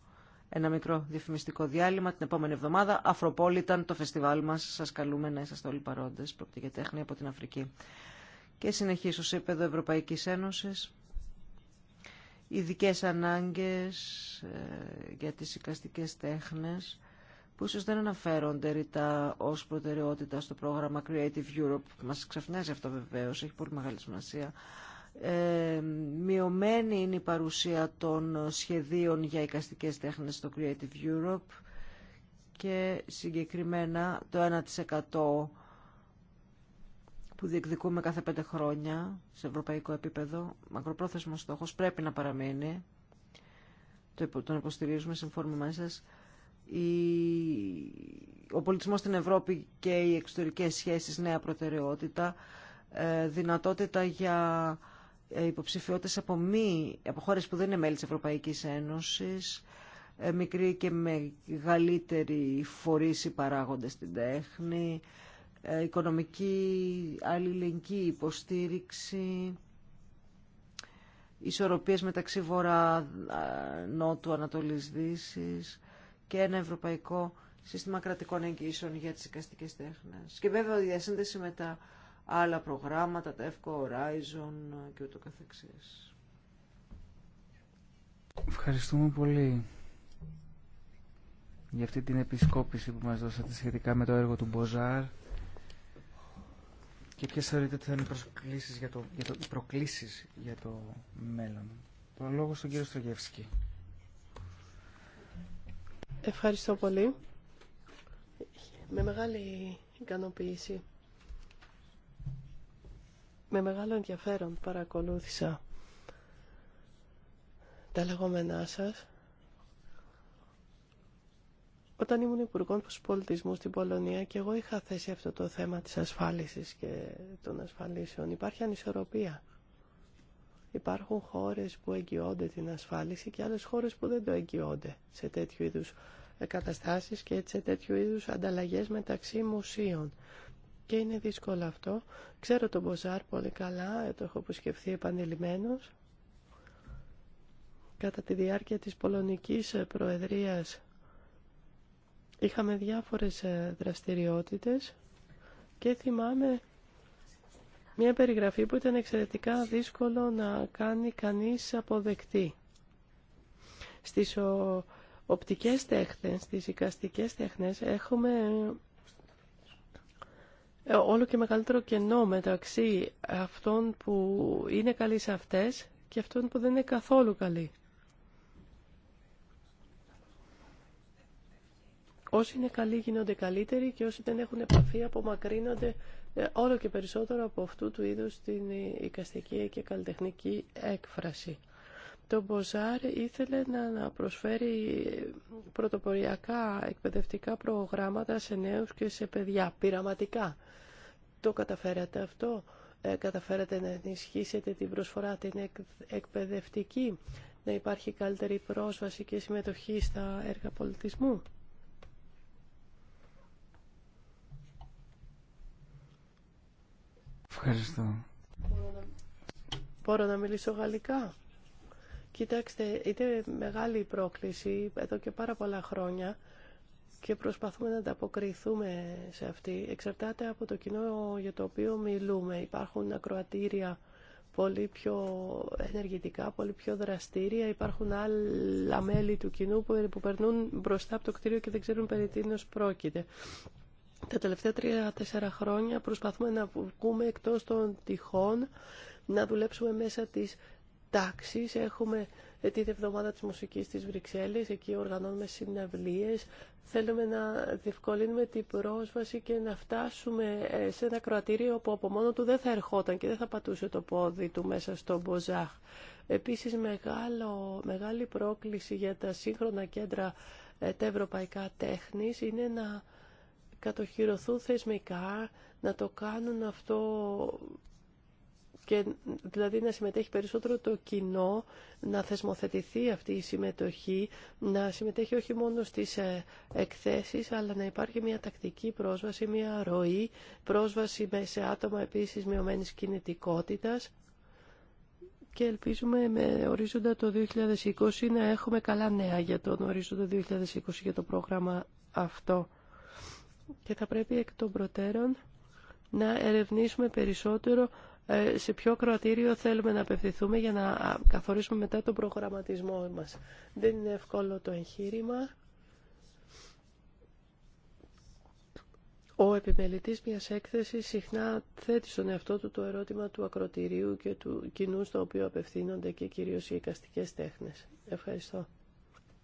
ένα μικρό διαφημιστικό διάλειμμα την επόμενη εβδομάδα. Αφροπόλιταν το φεστιβάλ μας. Σας καλούμε να είσαστε όλοι παρόντες. Πρόκειται για τέχνη από την Αφρική. Και συνεχίσω σε επίπεδο Ευρωπαϊκής Ένωσης ειδικέ ανάγκες ε, για τις οικαστικές τέχνες που ίσως δεν αναφέρονται ρητά ως προτεραιότητα στο πρόγραμμα Creative Europe μας ξαφνιάζει αυτό βεβαίως, έχει πολύ μεγάλη σημασία ε, μειωμένη είναι η παρουσία των σχεδίων για οικαστικές τέχνες στο Creative Europe και συγκεκριμένα το που διεκδικούμε κάθε πέντε χρόνια σε ευρωπαϊκό επίπεδο, μακροπρόθεσμος στόχος πρέπει να παραμείνει, το, τον υποστηρίζουμε, συμφώνουμε μαζί σας, η... ο πολιτισμός στην Ευρώπη και οι εξωτερικές σχέσεις, νέα προτεραιότητα, ε, δυνατότητα για ε, υποψηφιότητες από, μη, από χώρες που δεν είναι μέλη της Ευρωπαϊκής Ένωσης, ε, μικροί και μεγαλύτεροι φορείς ή παράγοντες στην τέχνη, ε, οικονομική αλληλεγγύη, υποστήριξη, ισορροπίες μεταξύ Βορρά, ε, Νότου, Ανατολής, Δύσης και ένα ευρωπαϊκό σύστημα κρατικών εγγύσεων για τις Εικαστικές τέχνες. Και βέβαια η διασύνδεση με τα άλλα προγράμματα, τα ΕΦΚΟ, Horizon και ούτω καθεξής. Ευχαριστούμε πολύ για αυτή την επισκόπηση που μας δώσατε σχετικά με το έργο του Μποζάρ και ποιες θεωρείτε ότι θα προκλήσεις για το, για το, για το μέλλον. Το λόγο στον κύριο Στρογεύσκη. Ευχαριστώ πολύ. Με μεγάλη ικανοποίηση. Με μεγάλο ενδιαφέρον παρακολούθησα τα λεγόμενά σας όταν ήμουν υπουργό πολιτισμού στην Πολωνία και εγώ είχα θέσει αυτό το θέμα της ασφάλισης και των ασφαλίσεων, υπάρχει ανισορροπία. Υπάρχουν χώρες που εγγυώνται την ασφάλιση και άλλες χώρες που δεν το εγγυώνται σε τέτοιου είδους καταστάσεις και σε τέτοιου είδους ανταλλαγές μεταξύ μουσείων. Και είναι δύσκολο αυτό. Ξέρω τον Μποζάρ πολύ καλά, ε, το έχω επισκεφθεί επανειλημμένος. Κατά τη διάρκεια της πολωνικής προεδρίας Είχαμε διάφορες ε, δραστηριότητες και θυμάμαι μια περιγραφή που ήταν εξαιρετικά δύσκολο να κάνει κανείς αποδεκτή. Στις οπτικές τέχνες, στις οικαστικές τέχνες έχουμε ε, όλο και μεγαλύτερο κενό μεταξύ αυτών που είναι καλοί σε αυτές και αυτών που δεν είναι καθόλου καλοί. Όσοι είναι καλοί γίνονται καλύτεροι και όσοι δεν έχουν επαφή απομακρύνονται ε, όλο και περισσότερο από αυτού του είδους την οικαστική και καλλιτεχνική έκφραση. Το Μποζάρ ήθελε να προσφέρει πρωτοποριακά εκπαιδευτικά προγράμματα σε νέους και σε παιδιά, πειραματικά. Το καταφέρατε αυτό, ε, καταφέρατε να ενισχύσετε την προσφορά την εκπαιδευτική, να υπάρχει καλύτερη πρόσβαση και συμμετοχή στα έργα πολιτισμού. Ευχαριστώ. Μπορώ να μιλήσω γαλλικά. Κοιτάξτε, είτε μεγάλη η πρόκληση εδώ και πάρα πολλά χρόνια και προσπαθούμε να ανταποκριθούμε σε αυτή. Εξαρτάται από το κοινό για το οποίο μιλούμε. Υπάρχουν ακροατήρια πολύ πιο ενεργητικά, πολύ πιο δραστήρια. Υπάρχουν άλλα μέλη του κοινού που περνούν μπροστά από το κτίριο και δεν ξέρουν περί τίνος πρόκειται. Τα τελευταία τρία-τέσσερα χρόνια προσπαθούμε να βγούμε εκτός των τυχών, να δουλέψουμε μέσα της τάξης. Έχουμε ε, την εβδομάδα της μουσικής της Βρυξέλλης, εκεί οργανώνουμε συναυλίες. Θέλουμε να διευκολύνουμε την πρόσβαση και να φτάσουμε ε, σε ένα κροατήριο που από μόνο του δεν θα ερχόταν και δεν θα πατούσε το πόδι του μέσα στο Μποζάχ. Επίσης μεγάλο, μεγάλη πρόκληση για τα σύγχρονα κέντρα ε, τα ευρωπαϊκά τέχνης είναι να κατοχυρωθούν θεσμικά, να το κάνουν αυτό και δηλαδή να συμμετέχει περισσότερο το κοινό, να θεσμοθετηθεί αυτή η συμμετοχή, να συμμετέχει όχι μόνο στις ε, εκθέσεις, αλλά να υπάρχει μια τακτική πρόσβαση, μια ροή, πρόσβαση σε άτομα επίσης μειωμένης κινητικότητας, και ελπίζουμε με ορίζοντα το 2020 να έχουμε καλά νέα για τον ορίζοντα 2020 για το πρόγραμμα αυτό και θα πρέπει εκ των προτέρων να ερευνήσουμε περισσότερο ε, σε ποιο κρατήριο θέλουμε να απευθυνθούμε για να καθορίσουμε μετά τον προγραμματισμό μας. Δεν είναι εύκολο το εγχείρημα. Ο επιμελητής μιας έκθεσης συχνά θέτει στον εαυτό του το ερώτημα του ακροτηρίου και του κοινού στο οποίο απευθύνονται και κυρίως οι εικαστικές τέχνες. Ευχαριστώ.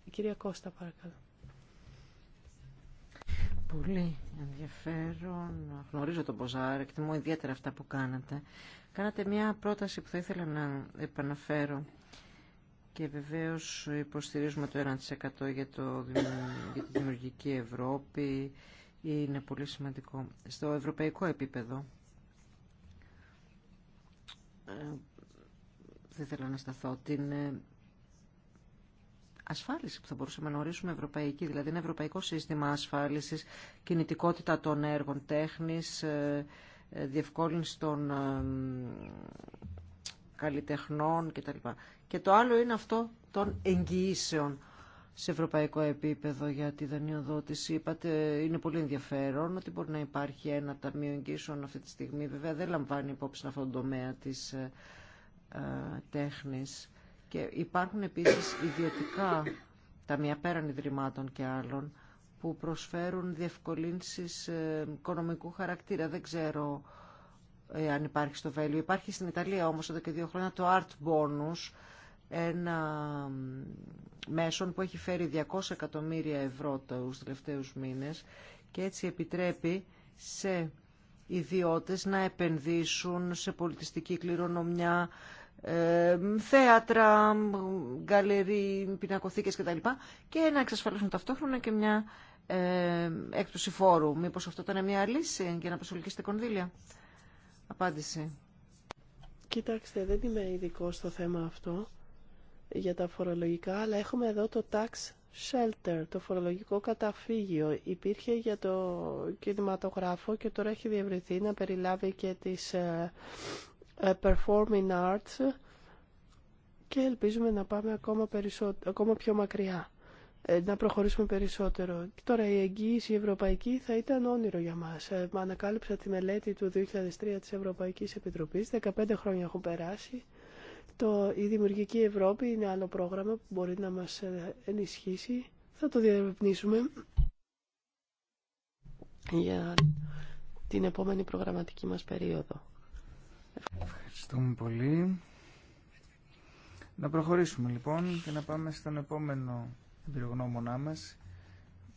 Η κυρία Κώστα παρακαλώ πολύ ενδιαφέρον. Γνωρίζω τον Μποζάρ, εκτιμώ ιδιαίτερα αυτά που κάνατε. Κάνατε μια πρόταση που θα ήθελα να επαναφέρω και βεβαίως υποστηρίζουμε το 1% για, το, για τη δημιουργική Ευρώπη. Είναι πολύ σημαντικό. Στο ευρωπαϊκό επίπεδο ε, θα ήθελα να σταθώ την ε, ασφάλιση που θα μπορούσαμε να ορίσουμε ευρωπαϊκή, δηλαδή ένα ευρωπαϊκό σύστημα ασφάλισης, κινητικότητα των έργων τέχνης, ε, ε, διευκόλυνση των ε, καλλιτεχνών κτλ. Και το άλλο είναι αυτό των εγγυήσεων σε ευρωπαϊκό επίπεδο για τη δανειοδότηση. Είπατε, είναι πολύ ενδιαφέρον ότι μπορεί να υπάρχει ένα ταμείο εγγύσεων αυτή τη στιγμή. Βέβαια δεν λαμβάνει υπόψη αυτόν τον τομέα της ε, τέχνης. Και υπάρχουν επίσης ιδιωτικά ταμεία πέραν ιδρυμάτων και άλλων που προσφέρουν διευκολύνσεις ε, οικονομικού χαρακτήρα. Δεν ξέρω ε, αν υπάρχει στο Βέλιο. Υπάρχει στην Ιταλία όμως εδώ και δύο χρόνια το Art Bonus, ένα μέσον που έχει φέρει 200 εκατομμύρια ευρώ τους τελευταίους μήνες και έτσι επιτρέπει σε ιδιώτες να επενδύσουν σε πολιτιστική κληρονομιά, θέατρα, γκαλερί, πινακοθήκες κτλ. Και να εξασφαλίσουν ταυτόχρονα και μια ε, έκπτωση φόρου. Μήπως αυτό ήταν μια λύση για να προσελκύσετε κονδύλια. Απάντηση. Κοιτάξτε, δεν είμαι ειδικό στο θέμα αυτό για τα φορολογικά, αλλά έχουμε εδώ το tax shelter, το φορολογικό καταφύγιο. Υπήρχε για το κινηματογράφο και τώρα έχει διευρυνθεί να περιλάβει και τις ε, ε, performing arts και ελπίζουμε να πάμε ακόμα, ακόμα πιο μακριά, ε, να προχωρήσουμε περισσότερο. τώρα η εγγύηση ευρωπαϊκή θα ήταν όνειρο για μας. Ε, ανακάλυψα τη μελέτη του 2003 της Ευρωπαϊκής Επιτροπής, 15 χρόνια έχουν περάσει. Το, η Δημιουργική Ευρώπη είναι άλλο πρόγραμμα που μπορεί να μας ενισχύσει. Θα το διερευνήσουμε για την επόμενη προγραμματική μας περίοδο. Ευχαριστούμε πολύ. Να προχωρήσουμε λοιπόν και να πάμε στον επόμενο εμπειρογνώμονά μας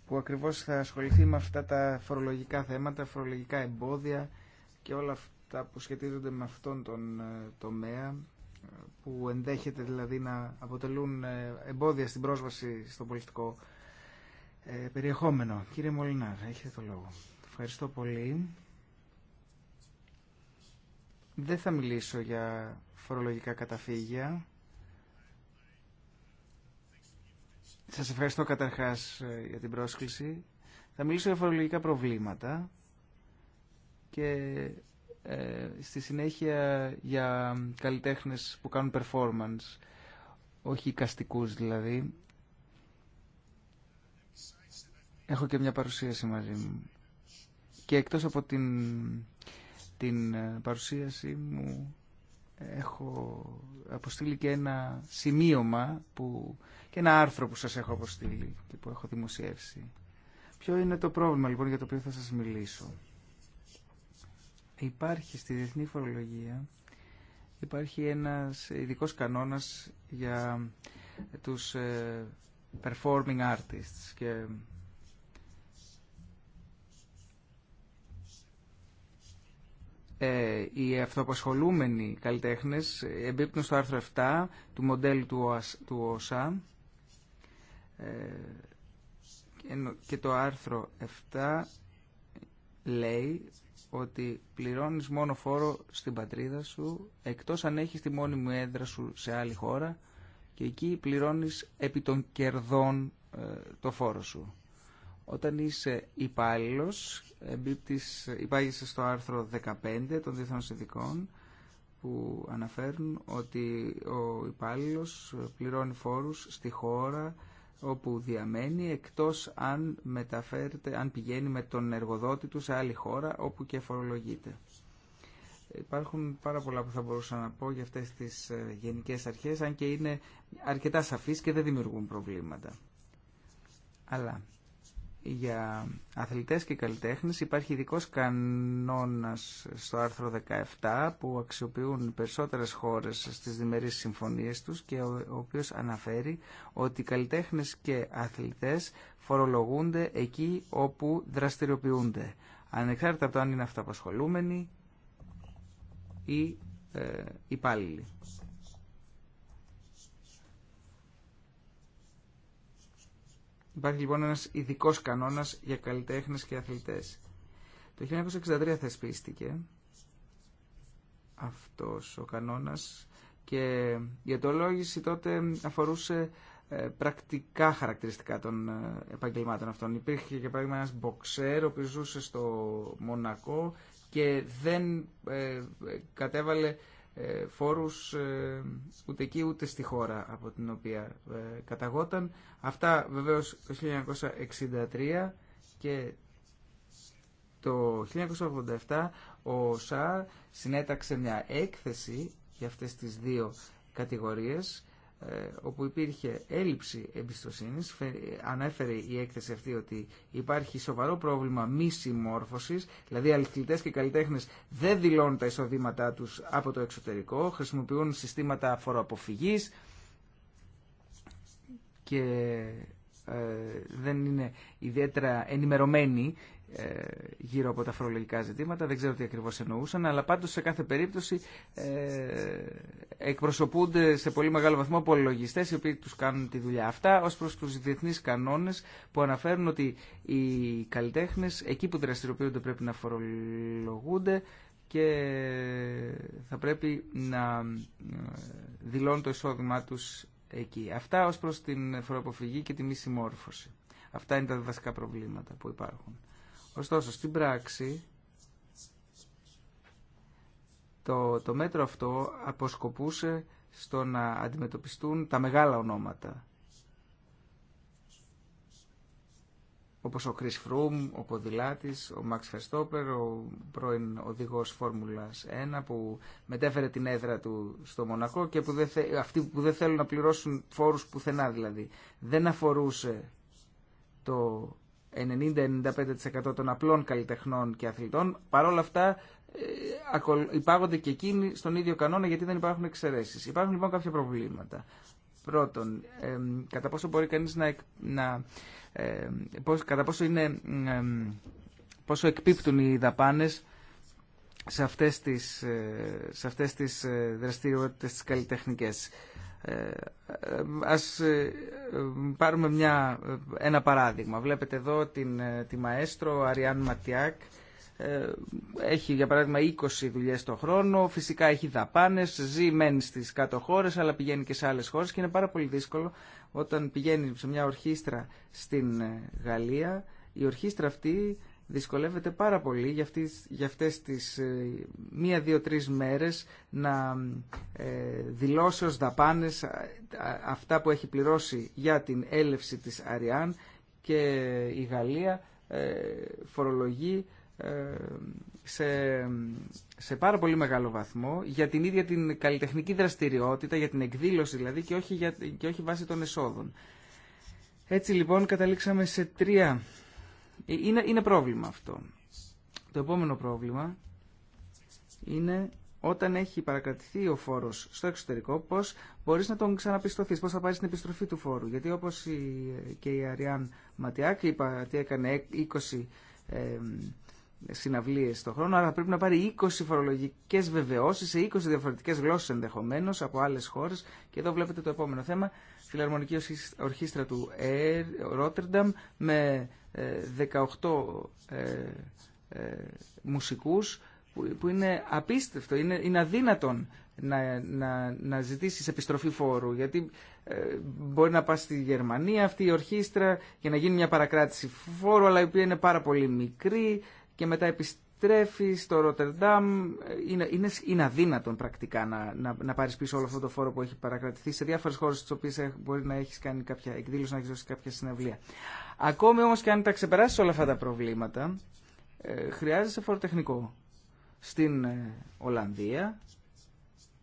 που ακριβώς θα ασχοληθεί με αυτά τα φορολογικά θέματα, φορολογικά εμπόδια και όλα αυτά που σχετίζονται με αυτόν τον ε, τομέα που ενδέχεται δηλαδή να αποτελούν ε, εμπόδια στην πρόσβαση στο πολιτικό ε, περιεχόμενο. Κύριε Μολυνά, έχετε το λόγο. Ευχαριστώ πολύ. Δεν θα μιλήσω για φορολογικά καταφύγια. Σας ευχαριστώ καταρχάς ε, για την πρόσκληση. Θα μιλήσω για φορολογικά προβλήματα και ε, στη συνέχεια για καλλιτέχνες που κάνουν performance, όχι καστικούς, δηλαδή. Έχω και μια παρουσίαση μαζί μου. Και εκτός από την την ε, παρουσίασή μου έχω αποστείλει και ένα σημείωμα που, και ένα άρθρο που σας έχω αποστείλει και που έχω δημοσιεύσει. Ποιο είναι το πρόβλημα λοιπόν για το οποίο θα σας μιλήσω. Υπάρχει στη διεθνή φορολογία υπάρχει ένας ειδικό κανόνας για τους ε, performing artists και Ε, οι αυτοαπασχολούμενοι καλλιτέχνες εμπίπτουν στο άρθρο 7 του μοντέλου του ΟΣΑ ε, και το άρθρο 7 λέει ότι πληρώνεις μόνο φόρο στην πατρίδα σου εκτός αν έχεις τη μόνιμη έδρα σου σε άλλη χώρα και εκεί πληρώνεις επί των κερδών ε, το φόρο σου. Όταν είσαι υπάλληλο, υπάγεσαι στο άρθρο 15 των Διεθνών Συνδικών που αναφέρουν ότι ο υπάλληλο πληρώνει φόρους στη χώρα όπου διαμένει εκτός αν, μεταφέρεται, αν πηγαίνει με τον εργοδότη του σε άλλη χώρα όπου και φορολογείται. Υπάρχουν πάρα πολλά που θα μπορούσα να πω για αυτές τις ε, γενικές αρχές αν και είναι αρκετά σαφείς και δεν δημιουργούν προβλήματα. Αλλά για αθλητές και καλλιτέχνες υπάρχει ειδικό κανόνας στο άρθρο 17 που αξιοποιούν περισσότερες χώρες στις διμερείς συμφωνίες τους και ο οποίος αναφέρει ότι οι καλλιτέχνες και αθλητές φορολογούνται εκεί όπου δραστηριοποιούνται ανεξάρτητα από το αν είναι αυτοαπασχολούμενοι ή ε, υπάλληλοι. Υπάρχει λοιπόν ένας ειδικό κανόνας για καλλιτέχνες και αθλητές. Το 1963 θεσπίστηκε αυτός ο κανόνας και η εντολόγηση τότε αφορούσε ε, πρακτικά χαρακτηριστικά των ε, επαγγελμάτων αυτών. Υπήρχε για παράδειγμα ένας μποξέρ ο οποίος ζούσε στο Μονακό και δεν ε, κατέβαλε ε, φόρους ε, ούτε εκεί ούτε στη χώρα από την οποία ε, καταγόταν. Αυτά βεβαίως το 1963 και το 1987 ο ΣΑ συνέταξε μια έκθεση για αυτές τις δύο κατηγορίες ε, όπου υπήρχε έλλειψη εμπιστοσύνης. Ανέφερε η έκθεση αυτή ότι υπάρχει σοβαρό πρόβλημα μη συμμόρφωσης, δηλαδή αληθλητές και καλλιτέχνες δεν δηλώνουν τα εισοδήματά τους από το εξωτερικό, χρησιμοποιούν συστήματα φοροαποφυγής και ε, δεν είναι ιδιαίτερα ενημερωμένοι ε, γύρω από τα φορολογικά ζητήματα. Δεν ξέρω τι ακριβώ εννοούσαν, αλλά πάντως σε κάθε περίπτωση ε, εκπροσωπούνται σε πολύ μεγάλο βαθμό πολυλογιστέ οι οποίοι του κάνουν τη δουλειά αυτά ω προ του διεθνεί κανόνε που αναφέρουν ότι οι καλλιτέχνε εκεί που δραστηριοποιούνται πρέπει να φορολογούνται και θα πρέπει να ε, δηλώνουν το εισόδημά του εκεί. Αυτά ως προς την φοροαποφυγή και τη μη συμμόρφωση. Αυτά είναι τα βασικά προβλήματα που υπάρχουν. Ωστόσο, στην πράξη, το, το μέτρο αυτό αποσκοπούσε στο να αντιμετωπιστούν τα μεγάλα ονόματα. Όπως ο Chris Froome, ο Ποδηλάτης, ο Μαξ Verstopper, ο πρώην οδηγός Φόρμουλας 1 που μετέφερε την έδρα του στο Μονακό και που δεν αυτοί που δεν θέλουν να πληρώσουν φόρους πουθενά δηλαδή. Δεν αφορούσε το 90-95% των απλών καλλιτεχνών και αθλητών. Παρ' όλα αυτά ε, υπάγονται και εκείνοι στον ίδιο κανόνα γιατί δεν υπάρχουν εξαιρέσει. Υπάρχουν λοιπόν κάποια προβλήματα. Πρώτον, κατά πόσο μπορεί κανείς να... να πώς, κατά πόσο είναι... Ε, πόσο εκπίπτουν οι δαπάνες σε αυτές τις, ε, σε αυτές τις ε, δραστηριότητες ε, ας ε, πάρουμε μια, ένα παράδειγμα. Βλέπετε εδώ την, ε, τη μαέστρο Αριάν Ματιάκ. Έχει για παράδειγμα 20 δουλειές το χρόνο, φυσικά έχει δαπάνες, ζει, μένει στις κάτω χώρες αλλά πηγαίνει και σε άλλες χώρες και είναι πάρα πολύ δύσκολο όταν πηγαίνει σε μια ορχήστρα στην Γαλλία. Η ορχήστρα αυτή δυσκολεύεται πάρα πολύ για, αυτές, για αυτές τις ε, μία-δύο-τρεις μέρες να ε, δηλώσει ως δαπάνες αυτά που έχει πληρώσει για την έλευση της Αριάν και η Γαλλία ε, φορολογεί σε, σε πάρα πολύ μεγάλο βαθμό για την ίδια την καλλιτεχνική δραστηριότητα, για την εκδήλωση δηλαδή και όχι, για, και όχι βάσει των εσόδων. Έτσι λοιπόν καταλήξαμε σε τρία είναι, είναι πρόβλημα αυτό. Το επόμενο πρόβλημα είναι όταν έχει παρακρατηθεί ο φόρος στο εξωτερικό, πώς μπορείς να τον ξαναπιστωθείς, πώς θα πάρει την επιστροφή του φόρου. Γιατί όπω και η Αριάν Ματιάκ, είπα ότι έκανε 20 ε, συναυλίες το χρόνο, άρα πρέπει να πάρει 20 φορολογικές βεβαιώσεις σε 20 διαφορετικές γλώσσες ενδεχομένως από άλλες χώρες και εδώ βλέπετε το επόμενο θέμα Φιλαρμονική Ορχήστρα του Air, Rotterdam με 18 ε, ε, ε, μουσικούς που είναι απίστευτο, είναι, είναι αδύνατον να, να, να ζητήσεις επιστροφή φόρου γιατί μπορεί να πας στη Γερμανία αυτή η ορχήστρα για να γίνει μια παρακράτηση φόρου αλλά η οποία είναι πάρα πολύ μικρή και μετά επιστρέφει επιστρέφει στο Ρότερνταμ. Είναι, είναι, είναι αδύνατον πρακτικά να, να, να πάρει πίσω όλο αυτό το φόρο που έχει παρακρατηθεί σε διάφορε χώρε τι οποίε μπορεί να έχει κάνει κάποια εκδήλωση, να έχει δώσει κάποια συναυλία. Ακόμη όμω και αν τα ξεπεράσει όλα αυτά τα προβλήματα, ε, χρειάζεσαι φοροτεχνικό. Στην ε, Ολλανδία,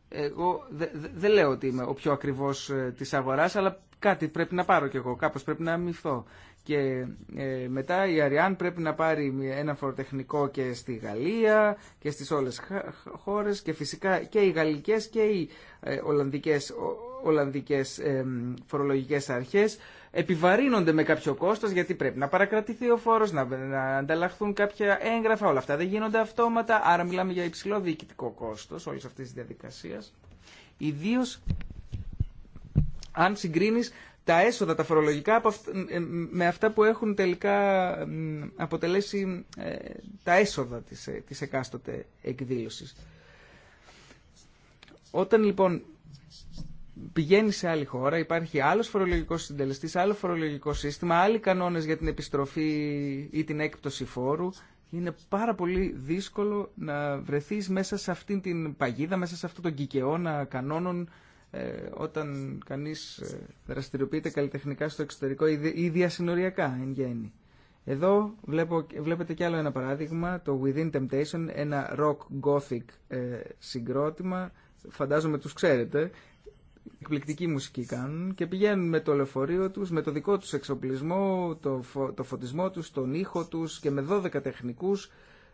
εγώ δεν λέω ότι είμαι ο πιο ακριβώς ε, της αλλά κάτι πρέπει να πάρω κι εγώ, κάπω πρέπει να αμυφθώ και ε, μετά η Αριάν πρέπει να πάρει ένα φοροτεχνικό και στη Γαλλία και στις όλες χώρες και φυσικά και οι γαλλικές και οι ε, ολλανδικές, ολλανδικές φορολογικές αρχές επιβαρύνονται με κάποιο κόστος γιατί πρέπει να παρακρατηθεί ο φόρος, να, να ανταλλαχθούν κάποια έγγραφα, όλα αυτά δεν γίνονται αυτόματα, άρα μιλάμε για υψηλό διοικητικό κόστος όλης αυτής της διαδικασίας. Ιδίως αν συγκρίνεις τα έσοδα, τα φορολογικά, ε, με αυτά που έχουν τελικά αποτελέσει ε, τα έσοδα της, ε, της εκάστοτε εκδήλωσης. Όταν λοιπόν πηγαίνει σε άλλη χώρα, υπάρχει άλλος φορολογικός συντελεστής, άλλο φορολογικό σύστημα, άλλοι κανόνες για την επιστροφή ή την έκπτωση φόρου, είναι πάρα πολύ δύσκολο να βρεθείς μέσα σε αυτήν την παγίδα, μέσα σε αυτόν τον κικαιώνα κανόνων ε, όταν κανείς ε, δραστηριοποιείται καλλιτεχνικά στο εξωτερικό ή διασυνοριακά εν γέννη. Εδώ βλέπω, βλέπετε κι άλλο ένα παράδειγμα, το Within Temptation, ένα rock gothic ε, συγκρότημα, φαντάζομαι τους ξέρετε, εκπληκτική μουσική κάνουν και πηγαίνουν με το λεωφορείο τους, με το δικό τους εξοπλισμό, το, το φωτισμό τους, τον ήχο τους και με 12 τεχνικούς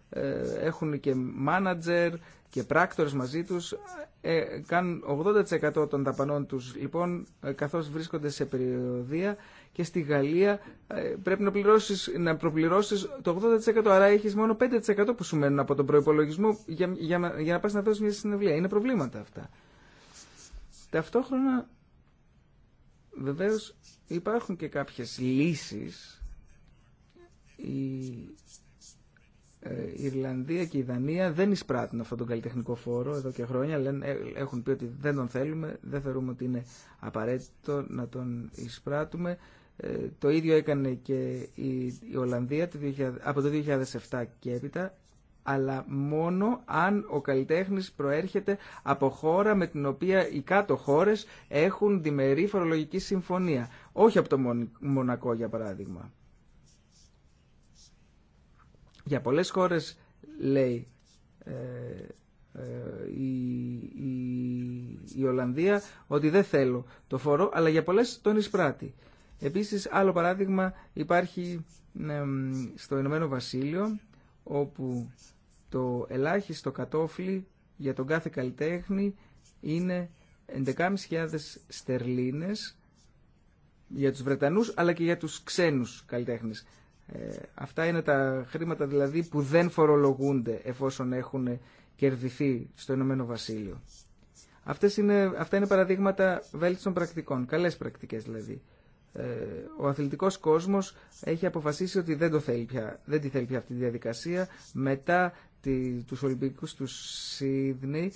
ε, έχουν και μάνατζερ και πράκτορες μαζί τους, ε, κάνουν 80% των δαπανών τους λοιπόν ε, καθώς βρίσκονται σε περιοδία και στη Γαλλία πρέπει να, πληρώσεις, να προπληρώσεις το 80% άρα έχεις μόνο 5% που σου μένουν από τον προϋπολογισμό για, για, για να πας να δώσεις μια συνευλία. Είναι προβλήματα αυτά. Ταυτόχρονα βεβαίως υπάρχουν και κάποιες λύσεις ε, η Ιρλανδία και η Δανία δεν εισπράττουν αυτόν τον καλλιτεχνικό φόρο εδώ και χρόνια. Λένε, ε, έχουν πει ότι δεν τον θέλουμε, δεν θεωρούμε ότι είναι απαραίτητο να τον εισπράττουμε. Ε, το ίδιο έκανε και η, Ολλανδία από το 2007 και έπειτα, αλλά μόνο αν ο καλλιτέχνης προέρχεται από χώρα με την οποία οι κάτω χώρες έχουν διμερή φορολογική συμφωνία. Όχι από το Μονακό, για παράδειγμα. Για πολλές χώρες, λέει ε, ε, η, η, Ολλανδία, ότι δεν θέλω το φόρο, αλλά για πολλές τον εισπράττει. Επίσης, άλλο παράδειγμα υπάρχει ε, στο Ηνωμένο Βασίλειο, όπου το ελάχιστο κατόφλι για τον κάθε καλλιτέχνη είναι 11.500 στερλίνες για τους Βρετανούς αλλά και για τους ξένους καλλιτέχνες. Ε, αυτά είναι τα χρήματα δηλαδή που δεν φορολογούνται εφόσον έχουν κερδιθεί στο Ηνωμένο Βασίλειο. Αυτές είναι, αυτά είναι παραδείγματα βέλτιστων πρακτικών, καλές πρακτικές δηλαδή. Ε, ο αθλητικός κόσμος έχει αποφασίσει ότι δεν, το θέλει πια, δεν τη θέλει πια αυτή τη διαδικασία. Μετά τη, τους Ολυμπιακούς του Σίδνη,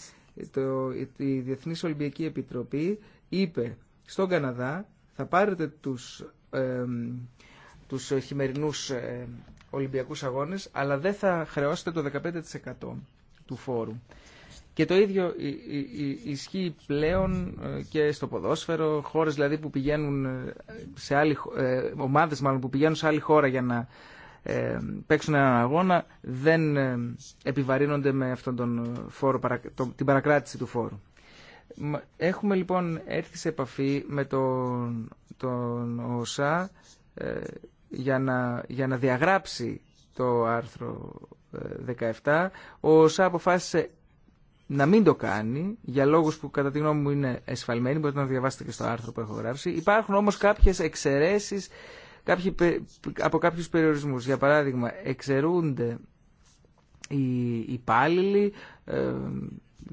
το, η Διεθνής Ολυμπιακή Επιτροπή είπε στον Καναδά θα πάρετε τους τους ε, χειμερινούς ε, Ολυμπιακούς Αγώνες, αλλά δεν θα χρεώσετε το 15% του φόρου. Και το ίδιο ισχύει πλέον ε, και στο ποδόσφαιρο, χώρες δηλαδή που πηγαίνουν σε άλλη, ομάδες μάλλον που πηγαίνουν σε άλλη χώρα για να παίξουν έναν αγώνα, δεν επιβαρύνονται με αυτόν τον φόρο, την παρακράτηση του φόρου. Έχουμε λοιπόν έρθει σε επαφή με τον, τον ΟΣΑ για να, για να διαγράψει το άρθρο 17. Ε, Ο ΣΑ αποφάσισε να μην το κάνει, για λόγους που κατά τη γνώμη μου είναι εσφαλμένοι, μπορείτε να διαβάσετε και στο άρθρο που έχω γράψει. Υπάρχουν όμως κάποιες εξαιρέσεις κάποιοι, από κάποιους περιορισμούς. Για παράδειγμα, εξαιρούνται οι υπάλληλοι ε,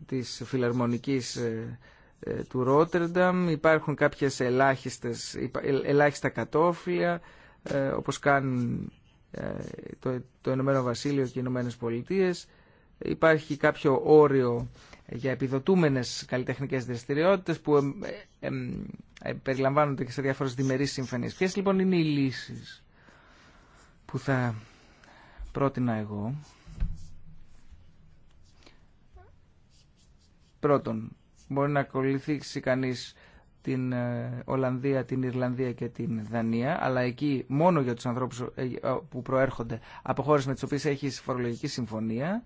της φιλαρμονικής ε, ε, του Ρότερνταμ, υπάρχουν κάποιες ελάχιστες, ελάχιστα κατόφλια, ε, όπως κάνουν ε, το, το Ηνωμένο Βασίλειο και οι Ηνωμένε Πολιτείε. Υπάρχει κάποιο όριο για επιδοτούμενες καλλιτεχνικές δραστηριότητες που ε, περιλαμβάνονται και σε διάφορες διμερείς συμφωνίες. Ποιες λοιπόν είναι οι λύσεις που θα πρότεινα εγώ. Πρώτον, μπορεί να ακολουθήσει κανείς την ε, Ολλανδία, την Ιρλανδία και την Δανία, αλλά εκεί μόνο για τους ανθρώπους ε, ε, που προέρχονται από χώρες με τις οποίες έχει φορολογική συμφωνία.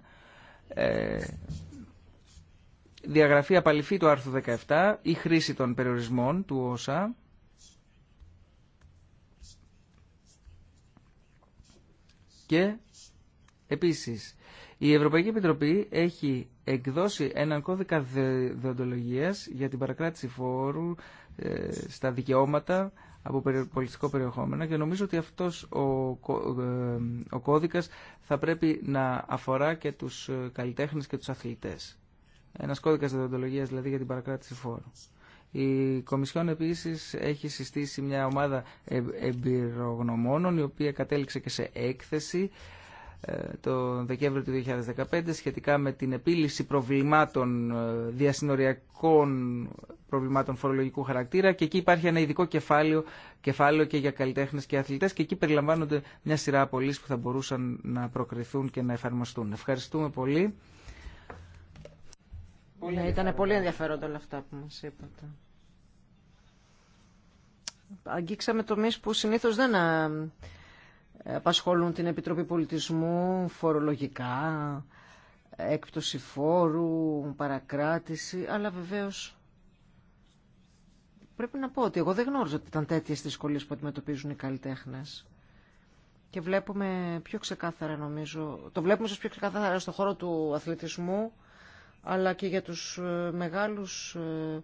Διαγραφή απαλληφή του άρθρου 17 ή χρήση των περιορισμών του ΩΣΑ. Και επίσης η Ευρωπαϊκή Επιτροπή έχει εκδώσει έναν κώδικα δεοντολογίας για την παρακράτηση φόρου ε, στα δικαιώματα από πολιτιστικό περιεχόμενο και νομίζω ότι αυτός ο, ε, ο κώδικας θα πρέπει να αφορά και τους ε, καλλιτέχνες και τους αθλητές. Ένας κώδικας δεοντολογίας δηλαδή για την παρακράτηση φόρου. Η Κομισιόν επίσης έχει συστήσει μια ομάδα εμπειρογνωμόνων η οποία κατέληξε και σε έκθεση ε, το Δεκέμβριο του 2015 σχετικά με την επίλυση προβλημάτων ε, διασυνοριακών προβλημάτων φορολογικού χαρακτήρα και εκεί υπάρχει ένα ειδικό κεφάλαιο, κεφάλαιο και για καλλιτέχνες και αθλητές και εκεί περιλαμβάνονται μια σειρά απολύσεις που θα μπορούσαν να προκριθούν και να εφαρμοστούν. Ευχαριστούμε πολύ. Ναι, ήταν πολύ ενδιαφέροντα όλα αυτά που μας είπατε. Αγγίξαμε τομείς που συνήθως δεν απασχολούν την Επιτροπή Πολιτισμού, φορολογικά, έκπτωση φόρου, παρακράτηση, αλλά βεβαίως πρέπει να πω ότι εγώ δεν γνώριζα ότι ήταν τέτοιε δυσκολίε που αντιμετωπίζουν οι καλλιτέχνε. Και βλέπουμε πιο ξεκάθαρα νομίζω, το βλέπουμε σας πιο ξεκάθαρα στον χώρο του αθλητισμού, αλλά και για τους ε, μεγάλους ε,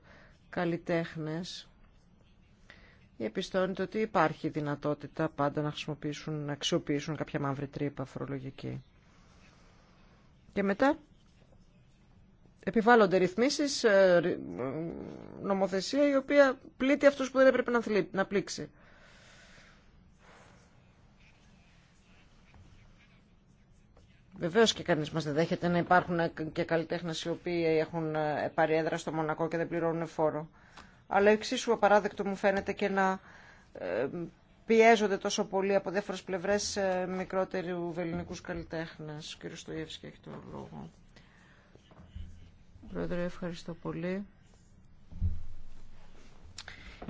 καλλιτέχνες διαπιστώνεται ότι υπάρχει δυνατότητα πάντα να χρησιμοποιήσουν, να αξιοποιήσουν κάποια μαύρη τρύπα φορολογική. Και μετά επιβάλλονται ρυθμίσεις, ε, νομοθεσία η οποία πλήττει αυτούς που δεν έπρεπε να πλήξει. Βεβαίως και κανείς μας δεν δέχεται να υπάρχουν και καλλιτέχνες οι οποίοι έχουν ε, πάρει έδρα στο Μονακό και δεν πληρώνουν φόρο αλλά εξίσου απαράδεκτο μου φαίνεται και να ε, πιέζονται τόσο πολύ από διάφορες πλευρές ε, μικρότερου ελληνικούς καλλιτέχνες. Ο Στοιεύσκη έχει το λόγο. Πρόεδρε, ευχαριστώ πολύ.